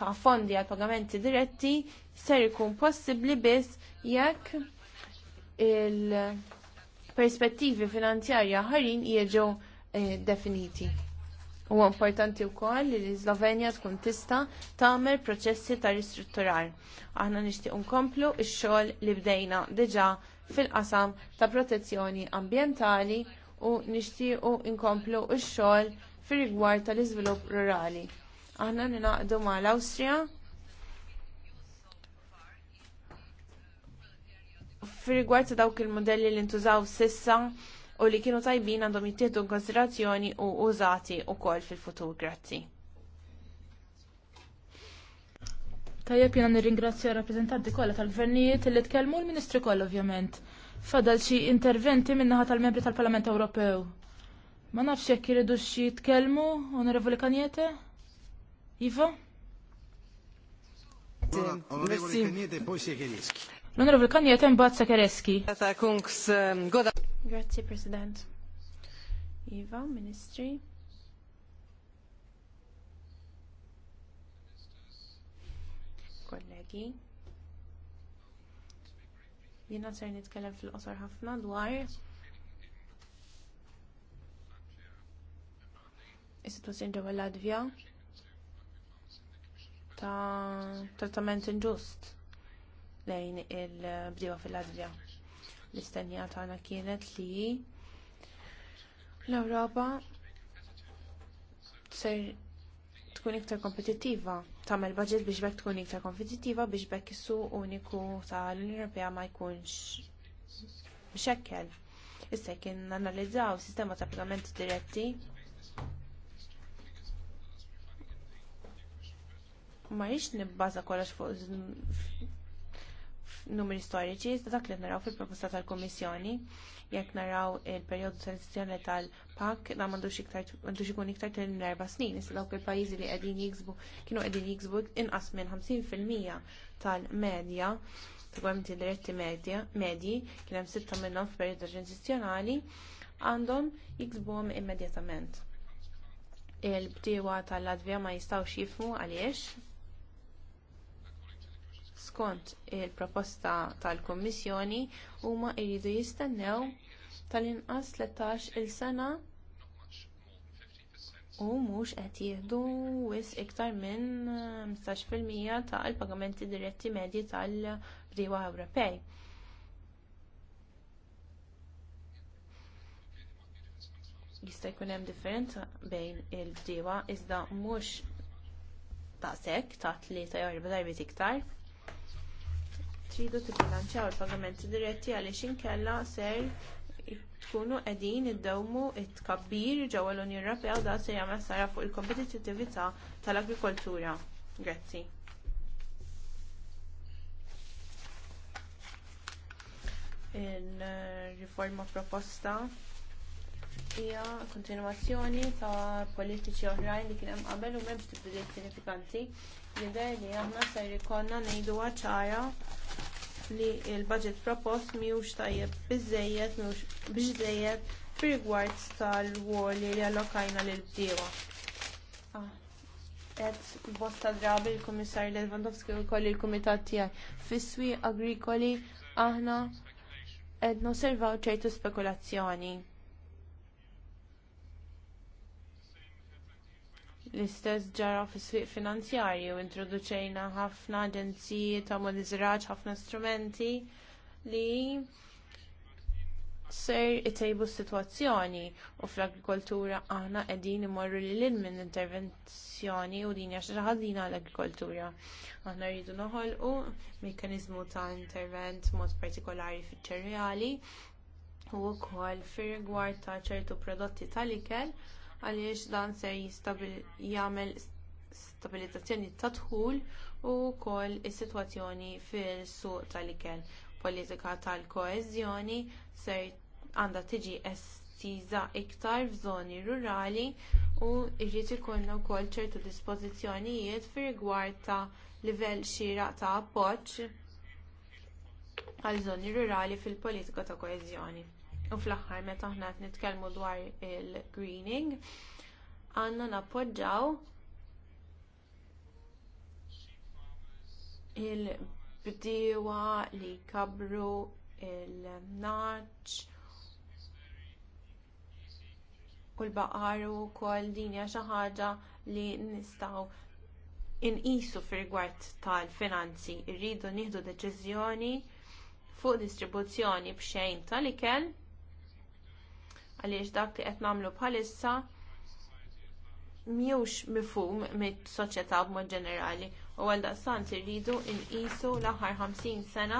ta' fondi għal pagamenti diretti ser ikun possibbli biss jekk il-perspettivi finanzjarja ħarin jieġu eh, definiti. U importanti wkoll li l-Slovenja tkun tista tagħmel proċessi ta' ristrutturar. Aħna nixtieq nkomplu ix xogħol li bdejna diġà fil-qasam ta' protezzjoni ambjentali u nixtiequ nkomplu ix xogħol fir rigward tal-iżvilupp rurali. Aħna ninaqdu mal awstrija Fir-rigward ta' dawk il-modelli li ntużaw sissa u li kienu tajbin għandhom jittieħdu konsiderazzjoni u użati wkoll fil-futur. Grazzi. Tajjeb jiena nirringrazzja r-rappreżentanti kollha tal-gvernijiet li tkellmu l-Ministri kollha ovvjament. Fadal xi interventi min-naħa tal-membri tal-Parlament Ewropew. Ma nafx jekk iridu xi jitkellmu, Onorevoli Kanjete? Ivo? Onorevole Cagnete, poi Sechereschi. L'onorevole Cagnete, imbat Sechereschi. Grazie, President. Ivo, Ministri. Kollegi. Jena ser nitkellem fil-qosor ħafna dwar is situazzjoni ġewwa Latvja ta' trattament inġust lejn il-bdiewa fil-Azja. L-istennija tagħna kienet li l-Ewropa ser tkun iktar kompetittiva, tagħmel budget biex bekk tkun iktar kompetittiva biex bekk issu uniku uniku tal-Unjoni Ewropea ma jkunx mxekkel. Issa kien analizzaw sistema ta' pagamenti diretti ma nix nibbaza kollox fuq numri storiċi, iżda dak li naraw fil-proposta tal-Komissjoni, jekk naraw il-perjodu tranzizjoni tal-PAK, da mandux ikun iktar tal erba snin, issa dawk il-pajizi li qegħdin jiksbu kienu qegħdin jiksbu inqas minn 50% tal-medja segwamti diretti medji, kien hemm sitta minnhom f'perjodu tranzizjonali, għandhom jiksbuhom immedjatament. Il-bdiewa tal-Latvija ma jistgħux jifhmu għaliex skont il-proposta tal-Kummissjoni huma jridu jistennew tal-inqas 13 il sena u mhux qed jieħdu wisq iktar minn 15% eh, tal-pagamenti diretti medji tal-bdiewa Ewropej. Jista' jkun hemm differenza bejn il-bdiewa iżda mhux ta' sekk ta' tlieta jew darbiet iktar tridu tibbilanċaw il-pagamenti diretti għaliex inkella ser tkunu qegħdin iddewmu it-tkabbir ġewwa l-Unjoni Ewropea u dan se jagħmel sara fuq il-kompetittività tal-agrikoltura. Grazzi. Il-riforma proposta hija kontinwazzjoni ta' politiċi oħrajn li kien hemm qabel u m'hemmx tibdiliet sinifikanti Jidher li aħna se jkollna ngħidu ċara li l budget propost mhux tajjeb biżżejjed mhux biżżejjed fir-rigward tal-woli li allokajna lil bdiewa. Qed ah, bosta drabi l kummissarju Lewandowski u kolli kumitat tiegħi. Fis-swieq agrikoli aħna qed noservaw ċertu spekulazzjoni. L-istess ġara fis-swieq finanzjarji u introduċejna ħafna aġenziji ta' monizraġ ħafna strumenti li ser itejbu s-sitwazzjoni u fl-agrikoltura aħna qegħdin imorru li lil minn intervenzjoni u din xi ħażina l-agrikoltura. Aħna rridu u mekkaniżmu ta' intervent mod partikolari fiċ-ċerjali u wkoll fir-rigward ta' ċertu prodotti tal-ikel għaliex dan se jagħmel stabilizzazzjoni ta' dħul u wkoll is-sitwazzjoni fil-suq tal-ikel. Politika tal-koeżjoni se għandha tiġi estiża iktar f'żoni rurali u jrid ikollna wkoll ċertu dispożizzjonijiet fir-rigward ta' livell xieraq ta' appoġġ għal żoni rurali fil-politika ta' koeżjoni. U fl-aħħar meta aħna qed nitkellmu dwar il-greening, għandna nappoġġaw il-bdiewa li kabru il-naċ u l-baqaru wkoll din hija xi ħaġa li nistgħu inqisu fir-rigward tal-finanzi, irridu nieħdu deċiżjoni fuq distribuzzjoni b'xejn tal-ikel għaliex dak li qed nagħmlu bħalissa mhijiex mifhum mis-soċjetà b'mod ġenerali u għaldaqstant irridu nqisu l-aħħar 50 sena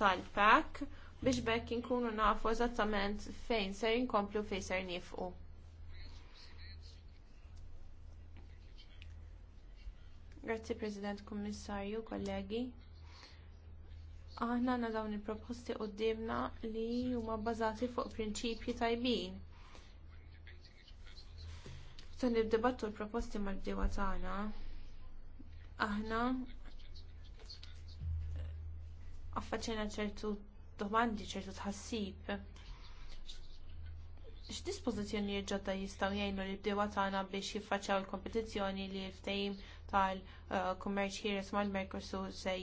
tal-pak biex bekk inkunu nafu eżattament fejn ser inkomplu fejn ser nifqu. Grazzi President Kummissarju, kollegi. Aħna għandna dawn il-proposti qudiemna li huma bbażati fuq prinċipji tajbin. Se nibdebattu l-proposti mal bdewa tagħna. Aħna affaċċjana ċertu domandi, ċertu tħassib. X'dispożizzjonijiet ġodda jistgħu jgħinu li bdiewa tagħna biex jiffaċċjaw il-kompetizzjoni li ftehim tal-kummerċ ħieles mal-Merkusu se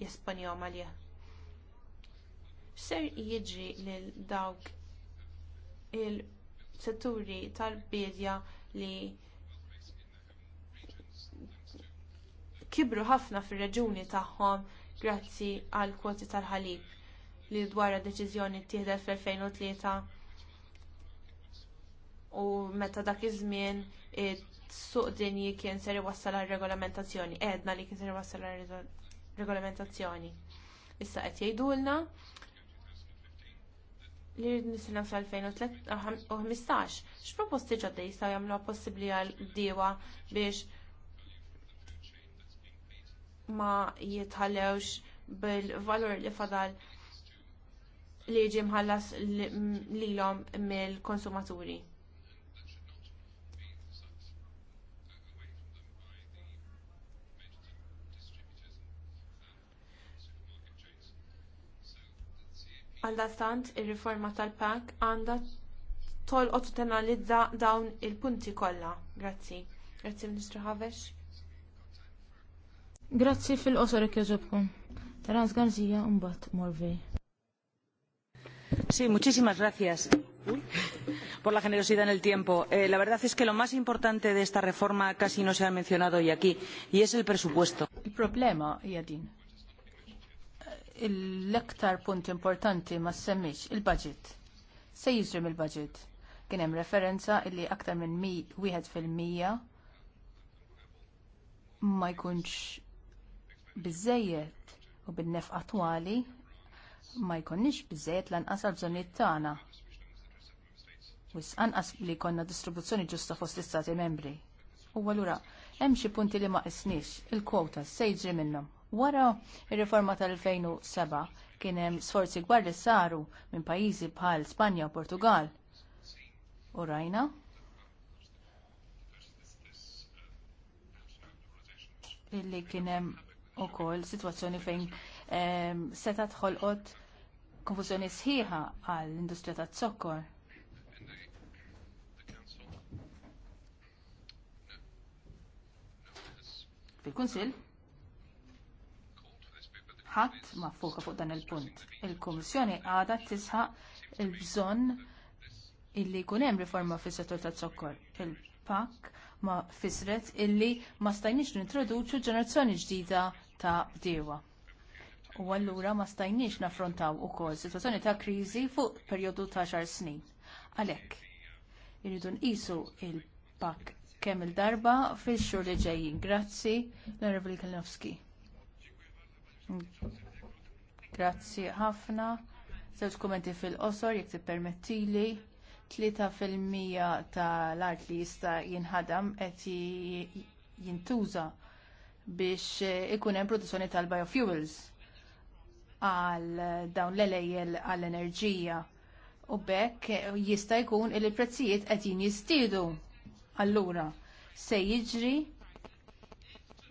jesponjom għalih ser jiġri lil dawk il-setturi tal-bidja li kibru ħafna fir-reġuni tagħhom grazzi għall kwoti tal-ħalib li dwar deċiżjoni ttieħdet fl-2003 u meta dak iż-żmien suq dinji kien ser iwassal għal regolamentazzjoni, edna li kien ser iwassal għal regolamentazzjoni. Issa qed jgħidulna li rrid nisilna sal-2015, x'proposti ġodda jistgħu jagħmlu possibbli għal diewa biex ma jitħallewx bil-valur li fadal li jiġi mħallas lilhom mill-konsumaturi. Għaldastant ir-riforma tal-PAK għandha tolqot u tenalizza dawn il-punti kollha. Grazzi. Grazzi Ministru Ħavex. Grazzi fil-qosor kieġobkom. Terans Garzija mbagħad Morvej. Sí, muchísimas gracias por la generosidad en el tiempo. Eh, la verdad es que lo más importante de esta reforma casi no se ha mencionado hoy aquí y es el presupuesto. Il problema hija l iktar punt importanti ma semmix il-budget. Se jiżrim il-budget. Kien hemm referenza li aktar minn wieħed fil-mija ma jkunx biżżejjed u bin-nef attwali ma jkunniex biżejjed lanqas għal bżonnijiet tagħna. Wis anqas li jkollna distribuzzjoni ġusta fost l-istati membri. U allura hemm xi punti li ma qisniex il-kwota se jiġri minnhom Wara r riforma tal-2007 kien hemm sforzi kbar li saru minn pajjiżi bħal Spanja u Portugal. U rajna illi kien hemm ukoll sitwazzjoni fejn ehm, seta tħolqot konfużjoni sħiħa għall-industrija taż-zokkor. fil-Kunsil ħadd ma foka fuq dan il-punt. Il-Kummissjoni għadha tisħaq il-bżonn illi jkun hemm riforma fis-settur taz-zokkor. Il-PAK ma fisret illi ma stajniex nintroduċu ġenerazzjoni ġdida ta' bdiewa. U allura ma stajniex naffrontaw ukoll sitwazzjoni ta' kriżi fuq perjodu ta' xar snin. Għalhekk irridu nqisu il-pak kemm il-darba fix-xhur li ġejjin. Grazzi, l-Onorevoli Grazzi ħafna. Żewġ kumenti fil-qosor jekk tippermettili. 3% tal-art li jista' jinħadam qed jintuża biex ikun hemm produzzjoni tal-biofuels għal dawn l-elejjel għall-enerġija u bekk jista' jkun li l prezzijiet qed jistiedu. Allura se jiġri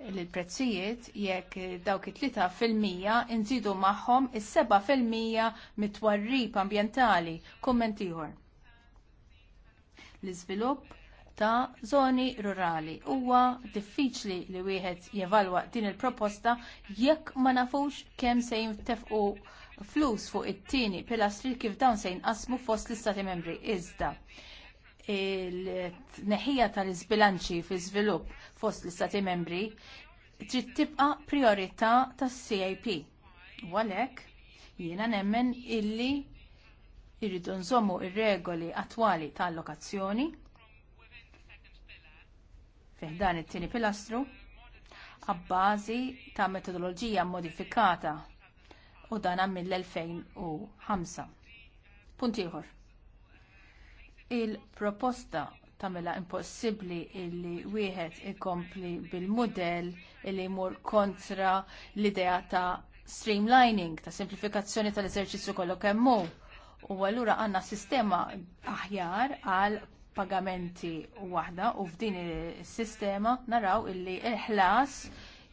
l-prezzijiet jekk dawk it-3 fil-mija nżidu magħhom is-7 fil-mija mitwarrib ambjentali. Kumment ieħor. L-iżvilupp ta' żoni rurali. Huwa diffiċli li wieħed jevalwa din il-proposta jekk ma nafux kemm se jintefqu flus fuq it-tieni pilastri kif dawn se jinqasmu fost l-istati membri iżda il-neħija tal-izbilanċi fi żvilupp fost l-istati membri trid tibqa' priorità tas-CIP. U għalhekk jiena nemmen illi jridu nżommu ir-regoli attwali ta' allokazzjoni fiħdan it-tieni pilastru għabbażi ta' metodoloġija modifikata u dan mill-2005. Punt ieħor Il-proposta tagħmilha impossibbli illi wieħed ikompli bil mudell illi jmur kontra l-idea ta' streamlining, ta' simplifikazzjoni tal-eżerċizzju kollu kemm hu. U allura għandna sistema aħjar għal pagamenti waħda u f'din is-sistema naraw illi il-ħlas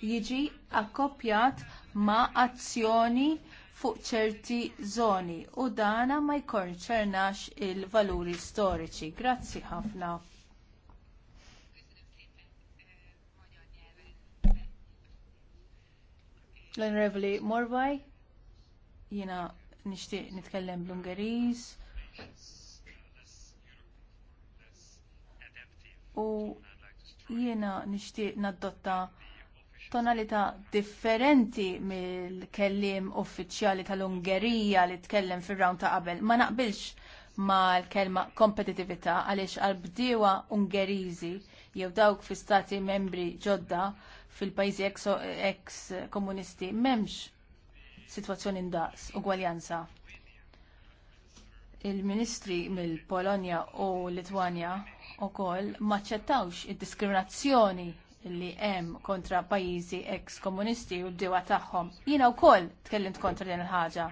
jiġi akkoppjat ma' azzjoni fuq ċerti zoni. u dana ma jkonċernax il-valuri storiċi. Grazzi ħafna. L-Onorevoli Morvaj, jina nishtiq nitkellem bl ungeriz U jiena nixtieq naddotta tonalità differenti mill-kellim uffiċjali tal-Ungerija li tkellem fir-round ta' qabel. Ma naqbilx ma l-kelma kompetitività għaliex għal-bdiewa Ungeriżi jew dawk fi stati membri ġodda fil-pajzi ex-komunisti memx situazzjoni ndaqs, gwaljanza. Il-ministri mill-Polonja u Litwanja u ma maċċettawx id-diskriminazzjoni li hemm kontra pajjiżi eks komunisti u d-diwa tagħhom. Jiena wkoll tkellimt kontra din il-ħaġa.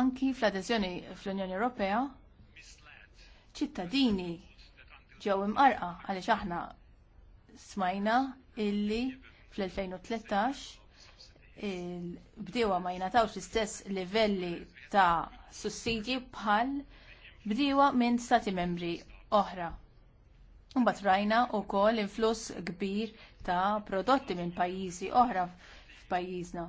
Anki fl-adeżjoni fl-Unjoni Ewropea, ċittadini ġew imqarqa għaliex aħna smajna illi fl-2013 il-bdiewa ma jingħatawx l-istess livelli ta' sussidji bħal bdiewa minn stati membri oħra Mbagħad rajna wkoll influss kbir ta' prodotti minn pajjiżi oħra f'pajjiżna.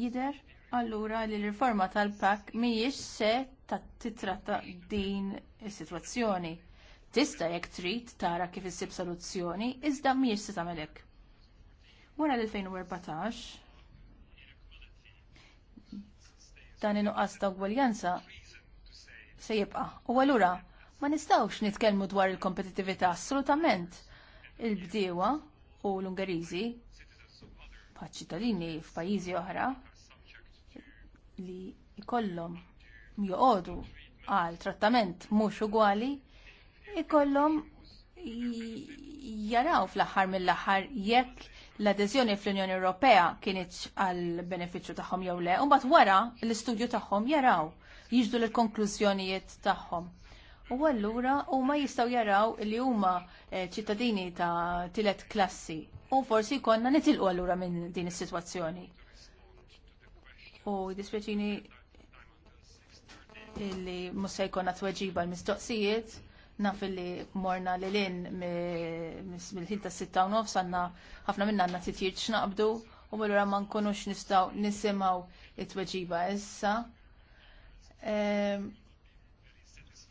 Jidher allura li l-riforma tal-pak mhijiex se ta' titratta din is-sitwazzjoni. Tista' jekk trid tara kif issib soluzzjoni, iżda mhijiex se tagħmel hekk. Wara l-2014 dan in-nuqqas ta' ugwaljanza se jibqa' u allura Ma nistawx nitkellmu dwar il-kompetitività assolutament. Il-bdiewa u l-Ungeriżi bħal ċittadini f'pajjiżi oħra li jkollhom joqogħdu għal trattament mhux ugwali ikollhom jaraw fl-aħħar mill-aħħar jekk l-adeżjoni fl-Unjoni Ewropea kienet għal benefiċċju tagħhom jew le, u mbagħad wara l-istudju tagħhom jaraw jiġdu l-konklużjonijiet tagħhom. U allura huma jistgħu jaraw li huma eh, ċittadini ta' tilet klassi. U forsi jkollna nitilqu allura minn din is-sitwazzjoni. U dispieċini illi musa se jkollna tweġiba l-mistoqsijiet naf illi morna li l-in mill-ħin tas sitta u nofs għandna ħafna minna għandna titjir x'naqbdu u allura ma nkunux nistgħu nisimgħu it-tweġiba issa. Ehm,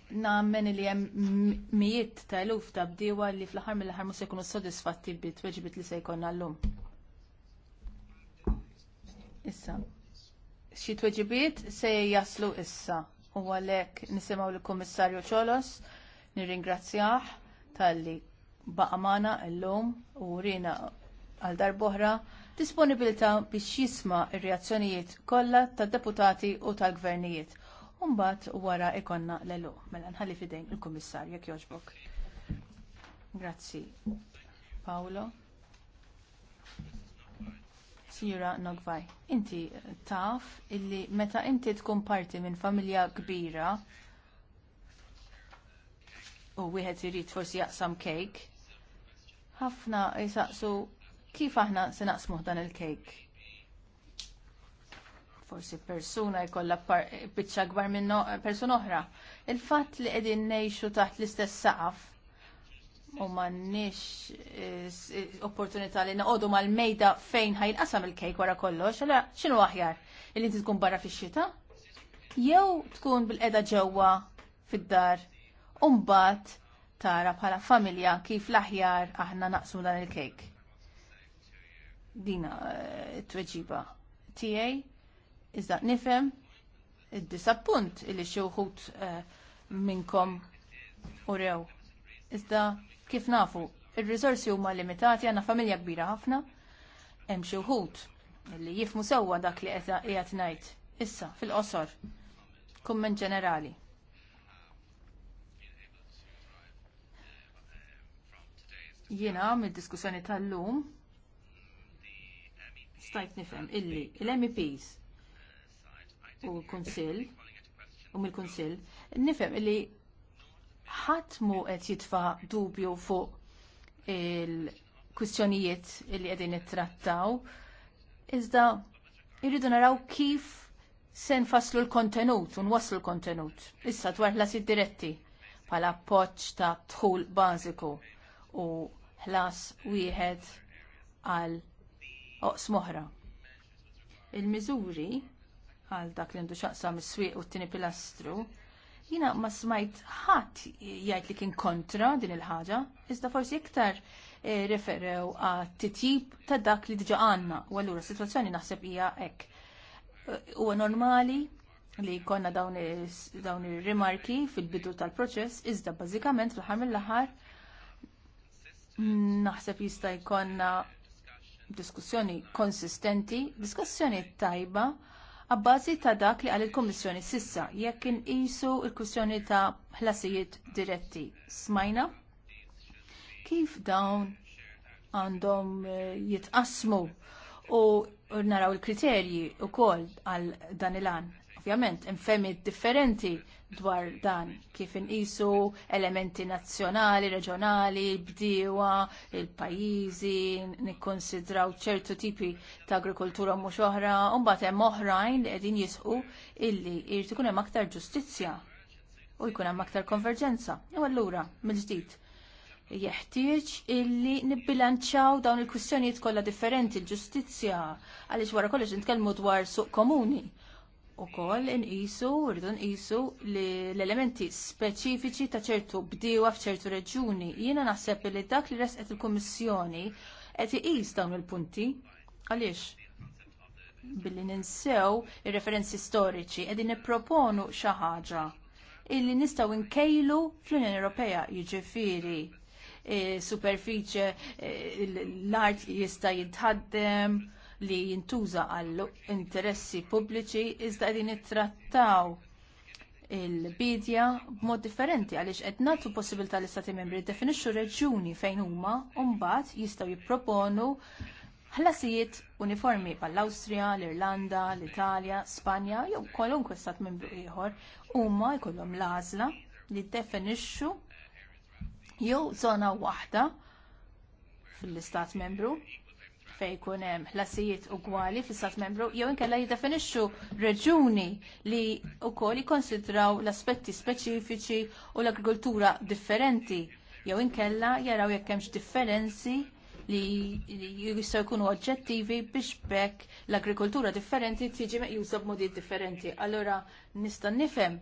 namen li hemm mijiet ta' eluf ta' bdiewa li fl-aħħar mill ħar mus se jkunu sodisfatti bit-tweġbit li se jkollna llum. Issa. Xi tweġibiet se jaslu issa u għalhekk nisimaw lill-Kummissarju Ċolos nirringrazzjah talli baqa' l-lum u rina għal darb'oħra disponibilta biex jisma' ir-reazzjonijiet kollha tad-deputati u tal-gvernijiet. Umbat wara ikonna l-elu. Mela nħalli fidejn il-komissar, jek joġbok. Grazzi. Paolo. Sira Nogvaj, inti taf illi meta inti tkun parti minn familja kbira u wieħed irid forsi jaqsam kejk, ħafna jsaqsu kif aħna se naqsmuh dan il-kejk forsi persuna jkollha biċċa kbar minn persuna oħra. Il-fatt li qegħdin ngħixu taħt l-istess saqaf u m'għandniex eh, opportunità li noqogħdu mal-mejda fejn ħajnqasam il-kejk wara kollox, għala x'inhu aħjar? Illi inti tkun barra fix-xita? Jew tkun bil-qeda ġewwa fid-dar u mbagħad tara bħala familja kif l-aħjar aħna naqsmu dan il-kejk. Dina eh, t-tweġiba tiegħi Iżda nifem id-disappunt illi xewħut eh, minnkom u rew. Iżda kif nafu, ir rizorsi huma limitati għandna familja kbira ħafna, hemm xi wħud li jifmu sewwa dak li qiegħed ngħid. Issa fil-qosor, kumment ġenerali. Jiena mid-diskussjoni tal-lum stajt nifhem illi l meps u l-Kunsill u mill-Kunsill, nifhem li ħadd mu qed jitfa' dubju fuq il-kwistjonijiet li qegħdin nittrattaw, iżda irridu naraw kif se nfasslu l-kontenut u nwasslu l-kontenut. Issa dwar ħlas diretti bħala appoġġ ta' dħul bażiku u ħlas wieħed għal oqs moħra. Il-miżuri għal dak li ndu xaqsam is-swieq u t-tieni pilastru, jina ma smajt ħadd jgħajt li kien kontra din il-ħaġa, iżda forsi iktar e, referew għat titjib ta' dak li diġa għanna, u għallura situazzjoni naħseb hija hekk. Eh, huwa normali li konna dawn ir-rimarki fil-bidu tal-proċess, iżda bażikament fl ħarm l-ħar naħseb jista' jkollna diskussjoni konsistenti, diskussjoni tajba għabbażi ta' dak li għal il-Kommissjoni sissa jekk inqisu l-kwistjoni ta' ħlasijiet diretti. Smajna kif dawn għandhom eh, jitqasmu u naraw il-kriterji u kol għal dan il għan Ovvjament, infemmi differenti dwar dan kif inqisu elementi nazzjonali, reġjonali, bdiewa, il-pajjiżi, nikkonsidraw ċertu tipi ta' agrikoltura mhux oħra, u mbagħad hemm oħrajn li qegħdin jisqu illi jrid ikun hemm aktar ġustizzja u jkun hemm aktar konverġenza. U allura, mill-ġdid, jeħtieġ illi nibbilanċaw dawn il-kwistjonijiet kollha differenti, il-ġustizzja, għaliex wara kollox nitkellmu dwar suq komuni ukoll isu rridu nqisu l-elementi speċifiċi ta' ċertu bdiewa f'ċertu reġuni. Jiena naħseb li dak li resqet il-Kummissjoni qed iqis dawn il-punti. Għaliex? Billi ninsew ir-referenzi storiċi qegħdin nipproponu xi ħaġa illi nistgħu nkejlu fl-Unjoni Ewropea jiġifieri eh, superfiċe eh, l-art jista' jitħaddem li jintuża għall interessi pubbliċi iżda qegħdin nittrattaw il-bidja b'mod differenti għaliex qed nagħtu possibilità l istati membri jiddefinixxu reġjuni fejn huma u mbagħad jistgħu jipproponu ħlasijiet uniformi bħall-Awstrija, l-Irlanda, l-Italja, Spanja jew kwalunkwe stat membru ieħor huma jkollhom l-għażla li jiddefinixxu jew żona waħda fil-istat membru kunem l hemm ħlasijiet ugwali fl-istat membru jew inkella jiddefinixxu reġuni li wkoll jikkonsidraw l-aspetti speċifiċi u l-agrikoltura differenti jew inkella jaraw jekk hemmx differenzi li jistgħu jkunu oġġettivi biex bekk l-agrikoltura differenti tiġi meqjusa b'modi differenti. Allura nista' nifhem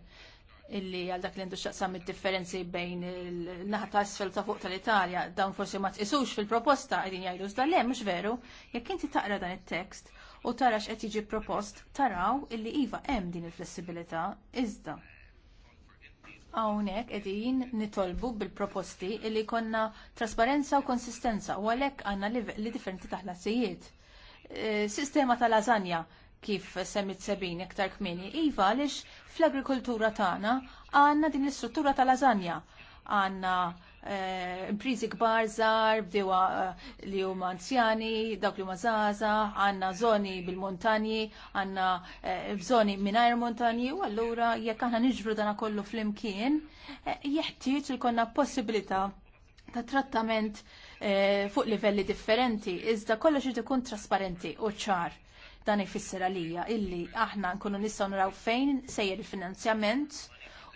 illi għal dak li għandu xaqsam id-differenzi bejn il-naħa ta' isfel ta' fuq tal-Italja, dawn forsi ma tqisux fil-proposta qegħdin jgħidu s le mux veru, jekk inti taqra dan it-tekst u tara x'qed jiġi propost, taraw illi iva hemm din il-flessibilità iżda. Hawnhekk qegħdin nitolbu bil-proposti illi konna trasparenza u konsistenza u għalhekk għandna li differenti taħlasijiet. Eh, sistema tal-lażanja kif semmit sebin iktar kmini. Iva, għaliex fl-agrikoltura tagħna għandna din l-istruttura tal-lażanja. Għanna eh, imprizi kbar zar, bdewa eh, li huma anzjani, dawk li huma żaża, għandna żoni bil muntanji għandna b'żoni eh, mingħajr montanji, u allura jekk aħna niġbru dana kollu flimkien, jeħtieġ li konna possibilità ta' trattament fuq livelli differenti, iżda kollox ikun trasparenti u ċar Dan ifisser għalija illi aħna nkunu nistgħu naraw fejn sejjer il-finanzjament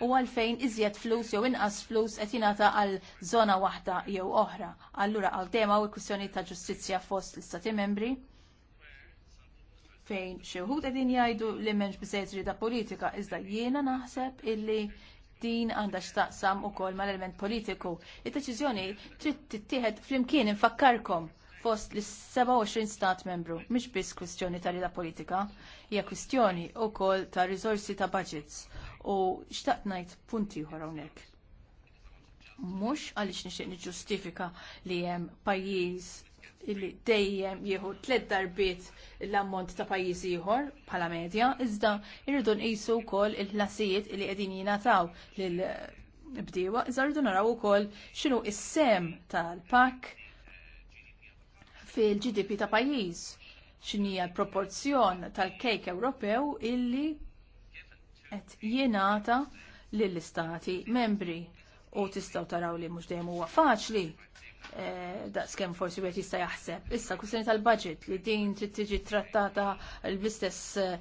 u għalfejn iżjed flus jew inqas flus qed jingħata għal żona waħda jew oħra. Allura għal tema u kwistjoni ta' ġustizzja fost l-istati membri fejn xi wħud qegħdin jgħidu li m'hemmx biżejjed ġrieda politika iżda jiena naħseb illi din għandha x'taqsam ukoll mal-element politiku. Id-deċiżjoni trid tittieħed flimkien infakkarkom fost li 27 stat membru, mhix biss kwistjoni ta' rida politika, hija kwistjoni wkoll ta' riżorsi ta' budgets u xtaqt ngħid punti hawnhekk. Mhux għaliex nixtieq niġġustifika li hemm pajjiż li dejjem jieħu tliet darbiet l-ammont ta' pajjiż ieħor bħala medja, iżda irridu nqisu wkoll il-ħlasijiet li qegħdin jingħataw lil bdiewa, iżda rridu naraw ukoll x'inhu is-sem tal-pak fil-GDP ta' pajjiż x'inhija l-proporzjon tal-kejk Ewropew illi qed jingħata lill-istati membri u tistgħu taraw li mhux dejjem huwa faċli eh, daqskemm forsi wieħed jista jaħseb. Issa, kwistjoni tal-budget li din trid tiġi trattata l-istess eh,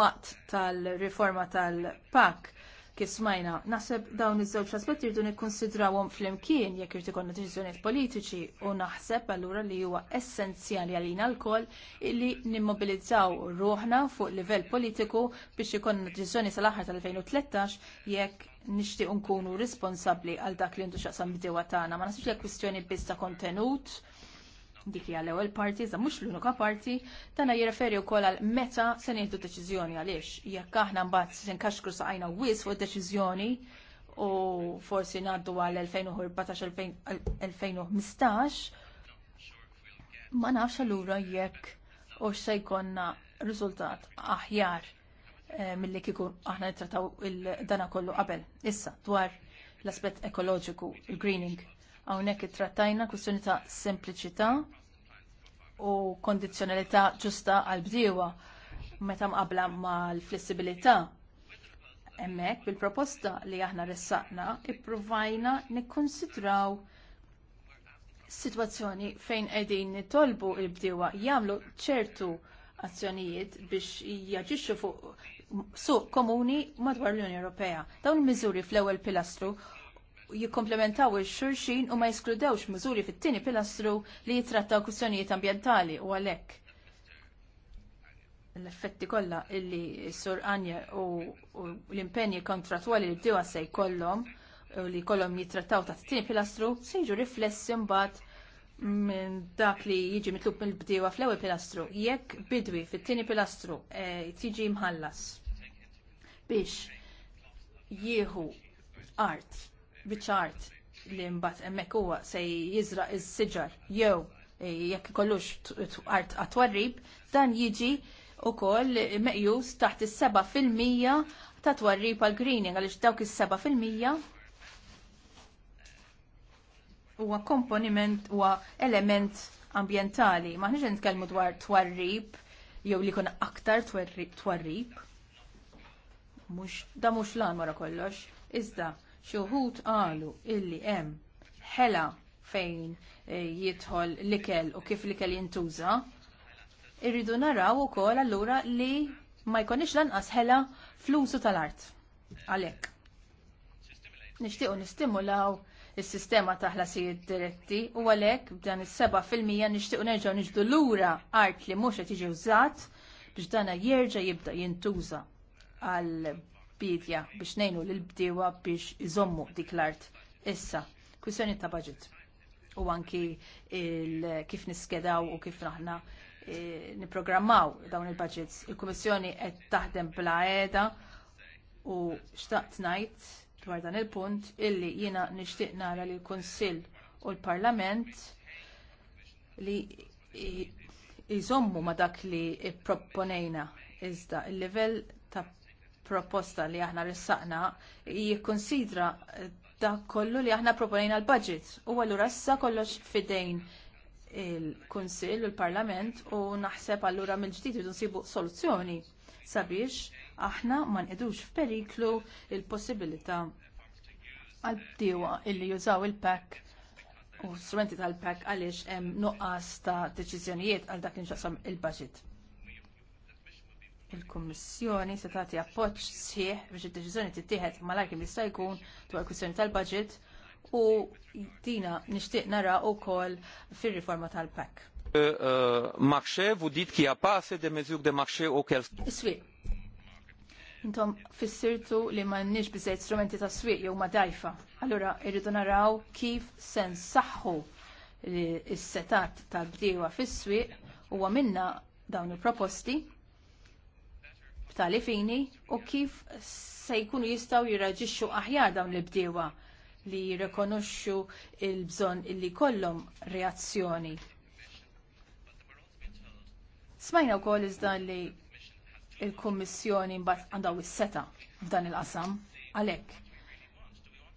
waqt tal-riforma tal-PAK kismajna. Naħseb dawn iż-żewġ aspetti rridu nikkonsidrawhom flimkien jekk irid ikollna deċiżjonijiet politiċi u naħseb allura li huwa essenzjali għalina lkoll li nimmobilizzaw ruħna fuq livell politiku biex ikollna deċiżjoni sal-aħħar tal-2013 jekk nixtieq nkunu responsabbli għal dak li ndu xaqsam bidewa tagħna. Ma naħsibx li kwistjoni biss ta' kontenut dik hija l-ewwel parti, iżda mhux l-unika parti, tagħna jirreferi wkoll għal meta se nieħdu deċiżjoni għaliex. Jekk aħna mbagħad se nkaxkru saqajna wis fuq deċiżjoni u forsi ngħaddu għal 2014-2015, ma nafx allura jekk u se jkollna riżultat aħjar eh, milli kieku aħna nittrataw il-dana kollu qabel. Issa, dwar l-aspett ekoloġiku, il-greening. Hawnhekk it-trattajna kwistjoni ta' sempliċità u kondizjonalità ġusta għal-bdiewa meta mqabla mal-flessibilità. Hemmhekk bil-proposta li aħna ressaqna ippruvajna nikkonsidraw sitwazzjoni fejn qegħdin nitolbu l bdiewa jagħmlu ċertu azzjonijiet biex jaġixxu fuq suq komuni madwar l-Unjoni Ewropea. Dawn il-miżuri fl-ewwel pilastru jikkomplementaw il-xurxin u ma jiskludewx miżuri fit-tieni pilastru li jitrattaw kwistjonijiet ambjentali u għalhekk l-effetti kollha illi sur Anja u l-impenji kontratwali li bdiewa se jkollhom u li kollhom jitrattaw ta' t pilastru se jiġu riflessi mbagħad minn dak li jiġi mitlub mill-bdiewa fl-ewwel pilastru. Jekk bidwi fit-tieni pilastru e, tiġi mħallas biex jieħu art biċart li mbagħad hemmhekk huwa se jiżraq is-siġar jew eh, jekk ikollux art għat-twarrib, dan jiġi wkoll meqjus taħt is-7 fil-mija ta' twarrib għal greening għaliex dawk is-7 fil-mija huwa komponiment huwa element ambjentali. Maħniex nitkellmu dwar twarrib jew li jkun aktar twarrib. Mhux da mhux lan wara kollox. Iżda, Xi wħud qalu illi hemm ħela fejn eh, jidħol l-ikel u kif l-ikel jintuża, irridu naraw ukoll allura li ma jkunix lanqas ħela fl-użu tal-art. Għalhekk. Nixtiequ nistimulaw il sistema ta' ħlasijiet diretti u għalhekk b'dan is-7 fil-mija nixtiequ nerġgħu niġdu lura art li mhux qed jiġi użat biex dana jerġa' jibda jintuża għal bidja biex nejnu l-bdiewa biex iżommu dik l-art. Issa, kwistjoni ta' budget u anki kif niskedaw u kif naħna e, niprogrammaw dawn il-budgets. Il-Kummissjoni qed taħdem bla għeda u xtaqt ngħid dwar dan il-punt illi jiena nixtieq nara li l-Kunsill u l-Parlament li jżommu ma dak li pproponejna iżda il-livell proposta li aħna ressaqna jikkonsidra dak kollu li aħna proponejna l-budget. U allura issa kollox fidejn il-Kunsill u l-Parlament u naħseb allura minn ġdid jridu nsibu soluzzjoni sabiex aħna ma nqidux f'periklu il-possibilità għal bdiewa illi jużaw il-PAC u strumenti tal-PAC għaliex hemm nuqqas ta' deċiżjonijiet għal dak li nxaqsam il-budget il-Kummissjoni se tagħti appoġġ sħiħ biex id-deċiżjoni tittieħed malajr kien jista' jkun dwar kwistjoni tal-budget u dina nixtieq nara wkoll fir-riforma tal-PAC. Euh, euh, marché, de Intom fissirtu li m'għandniex biżżejjed strumenti ta' swieq jew ma dajfa. Allura irridu naraw kif se nsaħħu s setat tal-bdiewa fis-swieq huwa minna dawn il-proposti tal fini u kif se jkunu jistgħu jirraġixxu aħjar dawn l-bdiewa li jirrekonoxxu il-bżonn illi jkollhom reazzjoni. Smajna wkoll iżda li l kummissjoni mbagħad għandha is-seta f'dan il-qasam għalhekk.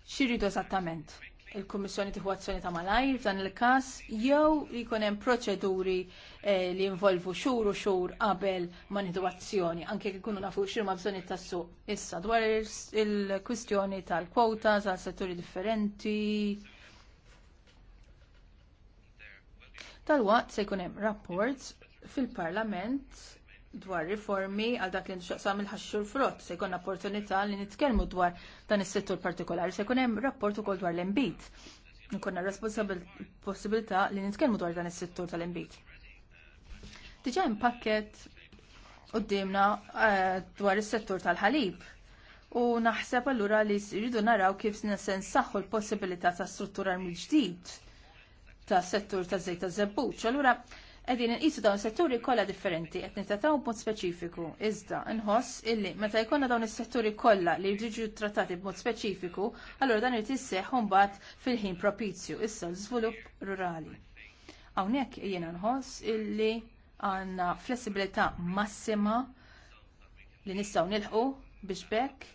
X'iridu eżattament? Il-Kummissjoni tieħu azzjoni ta' malajr f'dan il-każ jew li jkun hemm proċeduri Eh, li involvu xhur u xhur qabel ma nieħdu azzjoni, anke kikunu nafu xirma bżonni tas-suq. Issa dwar il-kwistjoni tal-kwota, tal setturi differenti. Tal-waqt se jkun hemm rapport fil-Parlament dwar riformi għal dak li nxaqsam il-ħaxxur frott, se jkun opportunità li nitkellmu dwar dan is-settur partikolari, se jkun hemm rapport ukoll dwar l embit Nkunna responsabilità li nitkellmu dwar dan is-settur tal-imbit. Diġa u d-dimna eh, dwar is-settur tal-ħalib. U naħseb allura li jridu naraw kif nesen saħħu l-possibilità ta' struttura mill-ġdid ta' settur ta' zejt ta' zebbuċ. Allura qegħdin inqisu dawn setturi kollha differenti qed nitataw b'mod speċifiku. Iżda nħoss illi meta jkollna dawn is-setturi kollha li jġiġu trattati b'mod speċifiku, allura dan irid isseħħ mbagħad fil-ħin propizju issa l-żvilupp rurali. Hawnhekk jiena nħoss illi għandna flessibilità massima li nistgħu nilħu biex bekk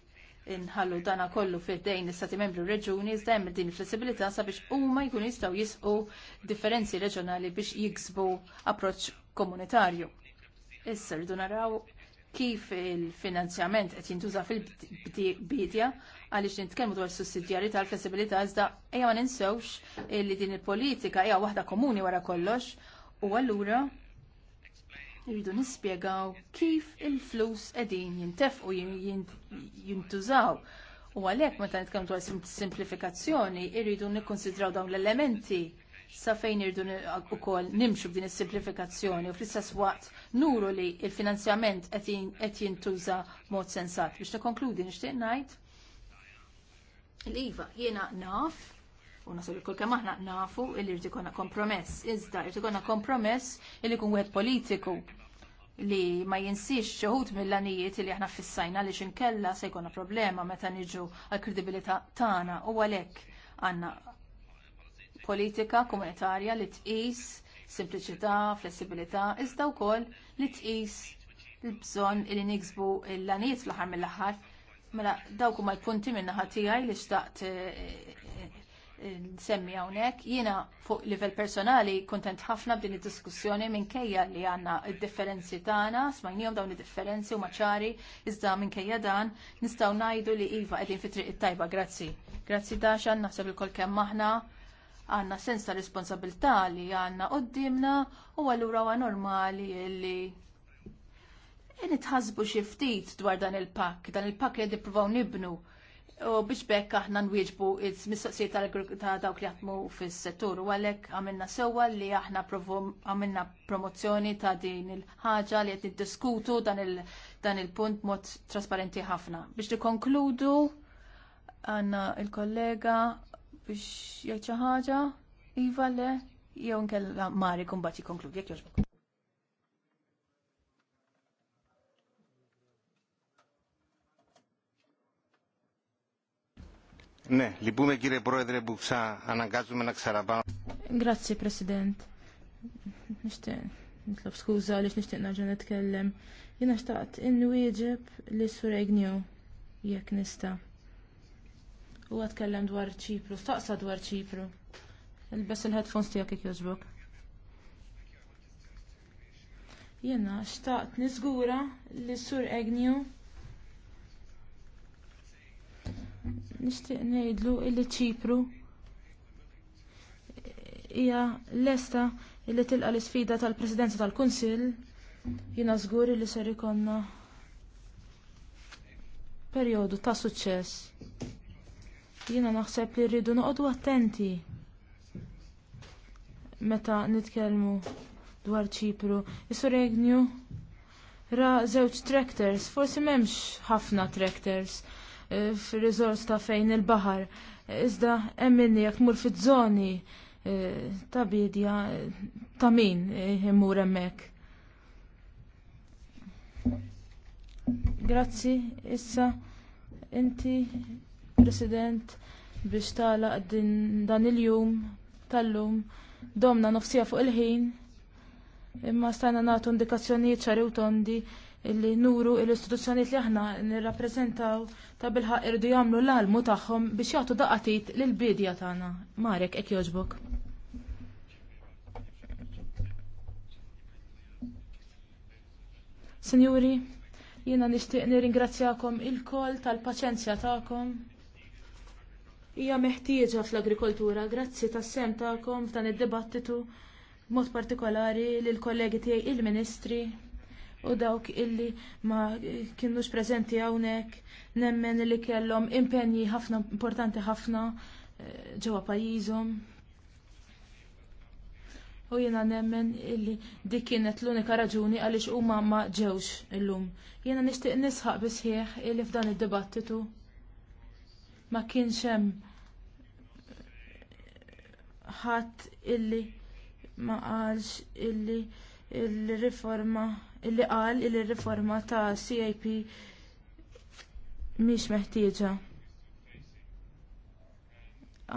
inħallu dana kollu fid-dejn l-istati membri u reġuni iżda hemm din il-flessibilità sabiex huma jkunu jistgħu jisqu differenzi reġjonali biex jiksbu approċċ komunitarju. Issa rridu naraw kif il-finanzjament qed jintuża fil-bidja għaliex nitkellmu dwar sussidjarjetà tal flessibilità iżda ejja ma ninsewx li din il-politika hija waħda komuni wara kollox u allura Irridu nispjegaw kif il-flus qegħdin jintefqu jintużaw. U għalhekk meta nitkellmu dwar simplifikazzjoni, irridu nikkonsidraw dawn l-elementi sa fejn irdu ukoll nimxu b'din is-simplifikazzjoni u fl-istess waqt nuru li l finanzjament qed jintuża mod sensat. Biex nikkonkludi nixtieq ngħid l-iva jiena naf u nasib il-kull kemm aħna nafu illi rrid ikolna kompromess. Iżda rrid ikolna kompromess illi jkun wieħed politiku li ma jinsix ċeħut mill lanijiet li aħna fissajna li xinkella se jkollna problema meta niġu għal kredibilità tagħna u għalhekk għandna politika komunitarja li tqis sempliċità, flessibilità, iżda wkoll li tqis l bżonn li niksbu l-anijiet fl-aħħar mill-aħħar Mela, dawk huma l-punti minn naħa tiegħi li xtaqt eh, nsemmi hawnhekk. Jiena fuq livell personali kuntent ħafna b'din id-diskussjoni minkejja li għandna id-differenzi tagħna, smajnijom dawn id-differenzi u maċari, iżda minkejja dan nistgħu ngħidu li iva qegħdin fi triq it-tajba. Grazzi. Grazzi daxan, naħseb il-kol kem aħna għanna sens ta' responsabilità li għanna d-dimna u għallura għan normali li nitħasbu xiftit dwar dan il-pak, dan il-pak li provaw nibnu U biex bekk aħna nwieġbu il-mistoqsijiet ta' dawk li jaħdmu fis-settur u għalhekk għamilna sewwa li aħna għamilna promozzjoni ta' din il-ħaġa li qed niddiskutu dan il-punt mod trasparenti ħafna. Biex nikkonkludu għandna il-kollega biex jgħid xi ħaġa, Iva le, jew nkella Mari kumbat jikkonkludi jekk jogħġbok. Ναι, λυπούμε κύριε Πρόεδρε που ξαναγκάζουμε να ξαναπάμε. Grazie President. Nishtiq nitlob skuża għaliex nixtieq nerġa' nitkellem. Jiena xtaqt inwieġeb li Egnew jekk nista. U għatkellem dwar ċipru, staqsa dwar ċipru. Ilbes il-headphones tiegħek jekk jogħġbok. Jiena xtaqt niżgura li sur Agnew Nixtieq ngħidlu illi ċipru hija lesta illi tilqa l-isfida tal-Presidenza tal-Kunsill jiena zgur li ser ikonna perjodu ta' suċċess. Jiena naħseb li rridu noqogħdu attenti meta nitkellmu dwar ċipru. Isu regnju ra żewġ tractors, forsi m'hemmx ħafna tractors f'rizors ta' fejn il-bahar. Iżda emminni jek mur fit-żoni eh, ta' bidja eh, ta' min jimmur eh, emmek. Grazzi, issa inti President biex talaq dan il-jum tal-lum domna nofsija fuq il-ħin imma stajna nagħtu indikazzjonijiet ċari u tondi illi nuru l-istituzzjonijiet li aħna nirrappreżentaw ta' bilħaq irdu jagħmlu l-almu tagħhom biex jagħtu daqatit lil bidja tagħna. Marek hekk jogħġbok. Sinjuri, jiena nixtieq nirringrazzjakom il-kol tal-paċenzja tagħkom hija meħtieġa fl-agrikoltura grazzi tas-sem tagħkom f'dan id-dibattitu b'mod partikolari lill kollegi tiegħi il-Ministri u dawk illi ma kienux preżenti hawnhekk nemmen li kellhom impenji ħafna importanti ħafna eh, ġewwa pajjiżhom. U jiena nemmen illi dik kienet l-unika raġuni għaliex huma ma ġewx illum. Jiena nixtieq nisħaq bisħieħ illi f'dan id-dibattitu ma kienx hemm ħadd illi ma qalx illi il-riforma illi qal li r riforma ta' CIP mhix meħtieġa.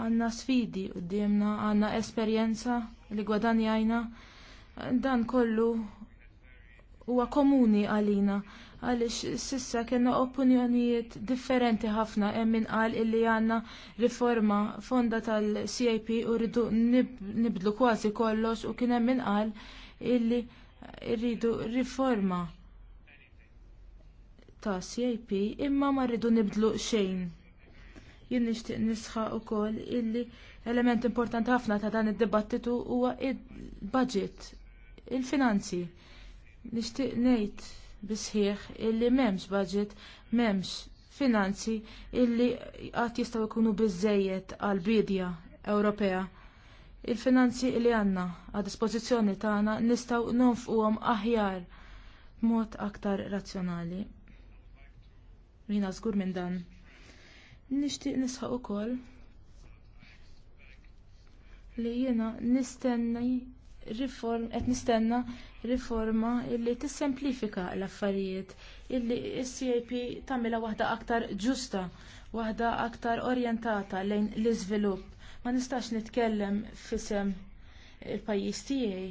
Għandna sfidi quddiemna, għandna esperjenza li gwadanjajna, dan kollu huwa komuni għalina għaliex sissa kena opinjonijiet differenti ħafna hemm min qal illi għandna riforma fonda tal-CIP u rridu nibdlu kważi kollox u kien hemm min qal illi rridu riforma ta' CIP imma ma rridu nibdlu xejn. Jien nixtieq nisħaq ukoll illi element importanti ħafna ta' dan id-dibattitu huwa il-budget, il-finanzi. Nixtieq ngħid bisħieħ illi m'hemmx budget, m'hemmx finanzi illi qatt jistgħu jkunu biżżejjed għall bidja Ewropea il-finanzi li għandna għad dispożizzjoni tagħna nistgħu nonfquhom aħjar b'mod aktar razzjonali. Jina żgur minn dan. Nixtieq nisħaq ukoll li jiena nistenni riform qed nistenna riforma illi tissemplifika l-affarijiet illi s-CAP tagħmilha waħda aktar ġusta, waħda aktar orjentata lejn l-iżvilupp ma nistax nitkellem fisem il-pajjiż tiegħi.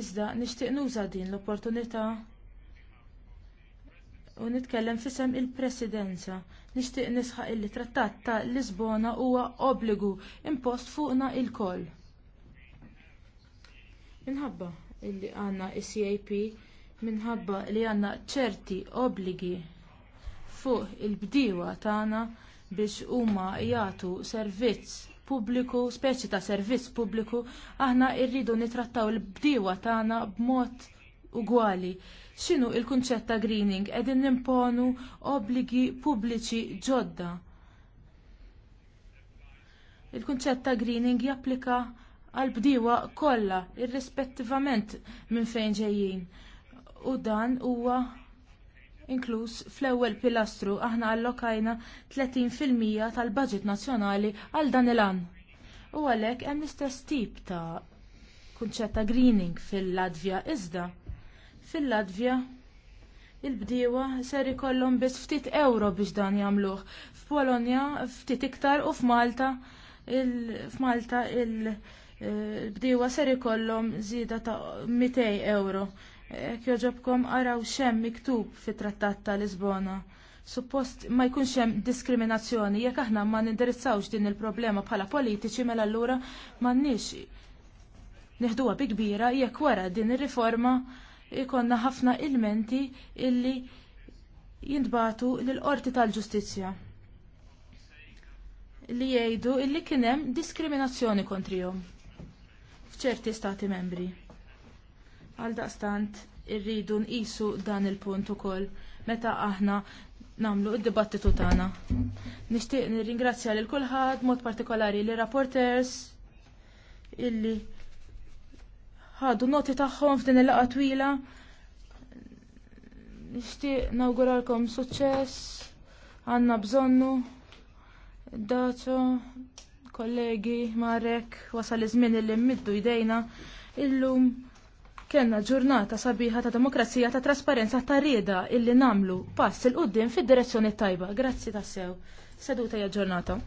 Iżda nixtieq nuża din l-opportunità u nitkellem fisem il-presidenza. Nixtieq nisħaq illi trattat ta' Lisbona huwa obbligu impost fuqna il-koll. Minħabba illi għandna CAP minħabba li għandna ċerti obbligi fuq il-bdiewa tagħna biex huma jagħtu servizz pubbliku, speċi ta' servizz pubbliku, aħna rridu nitrattaw il-bdiewa tagħna b'mod ugwali. X'inhu l kunċett ta' greening qegħdin nimponu obbligi pubbliċi ġodda. Il-kunċett ta' greening japplika għal bdiewa kollha irrispettivament minn fejn ġejjin. U dan huwa inkluż fl-ewwel pilastru aħna allokajna 30% tal-budget nazzjonali għal dan il-an. U għalhekk hemm l-istess tip ta' kunċett ta' greening fil-Latvja iżda fil-Latvja il-bdiewa ser ikollhom biss ftit euro biex dan jagħmluh. F'Polonja ftit iktar u f'Malta f'Malta eh, il-bdiewa ser ikollhom żieda ta' 200 euro jekk joġobkom araw xem miktub fit-trattat ta' Lisbona. Suppost ma jkunx hemm diskriminazzjoni jekk aħna ma nindirizzawx din il-problema bħala politiċi mela allura m'għandniex neħduha bi kbira jekk wara din ir-riforma ikonna ħafna ilmenti illi jintbatu lill qorti tal-Ġustizzja li jgħidu illi kien hemm diskriminazzjoni kontrihom f'ċerti stati membri. Għaldaqstant irridu nqisu dan il-punt ukoll meta aħna nagħmlu id-dibattitu tagħna. Nixtieq nirringrazzja lil kulħadd mod partikolari li rapporters illi ħadu noti tagħhom f'din il-laqgħa twila. Nixtieq nawguralkom suċċess għandna bżonnu daċo kollegi Marek wasal iż-żmien illi mmiddu jdejna illum kellna ġurnata sabiħa ta' demokrazija ta' trasparenza ta' rieda illi namlu pass il-qoddim fid-direzzjoni tajba. Grazzi tassew. Seduta ja ġurnata.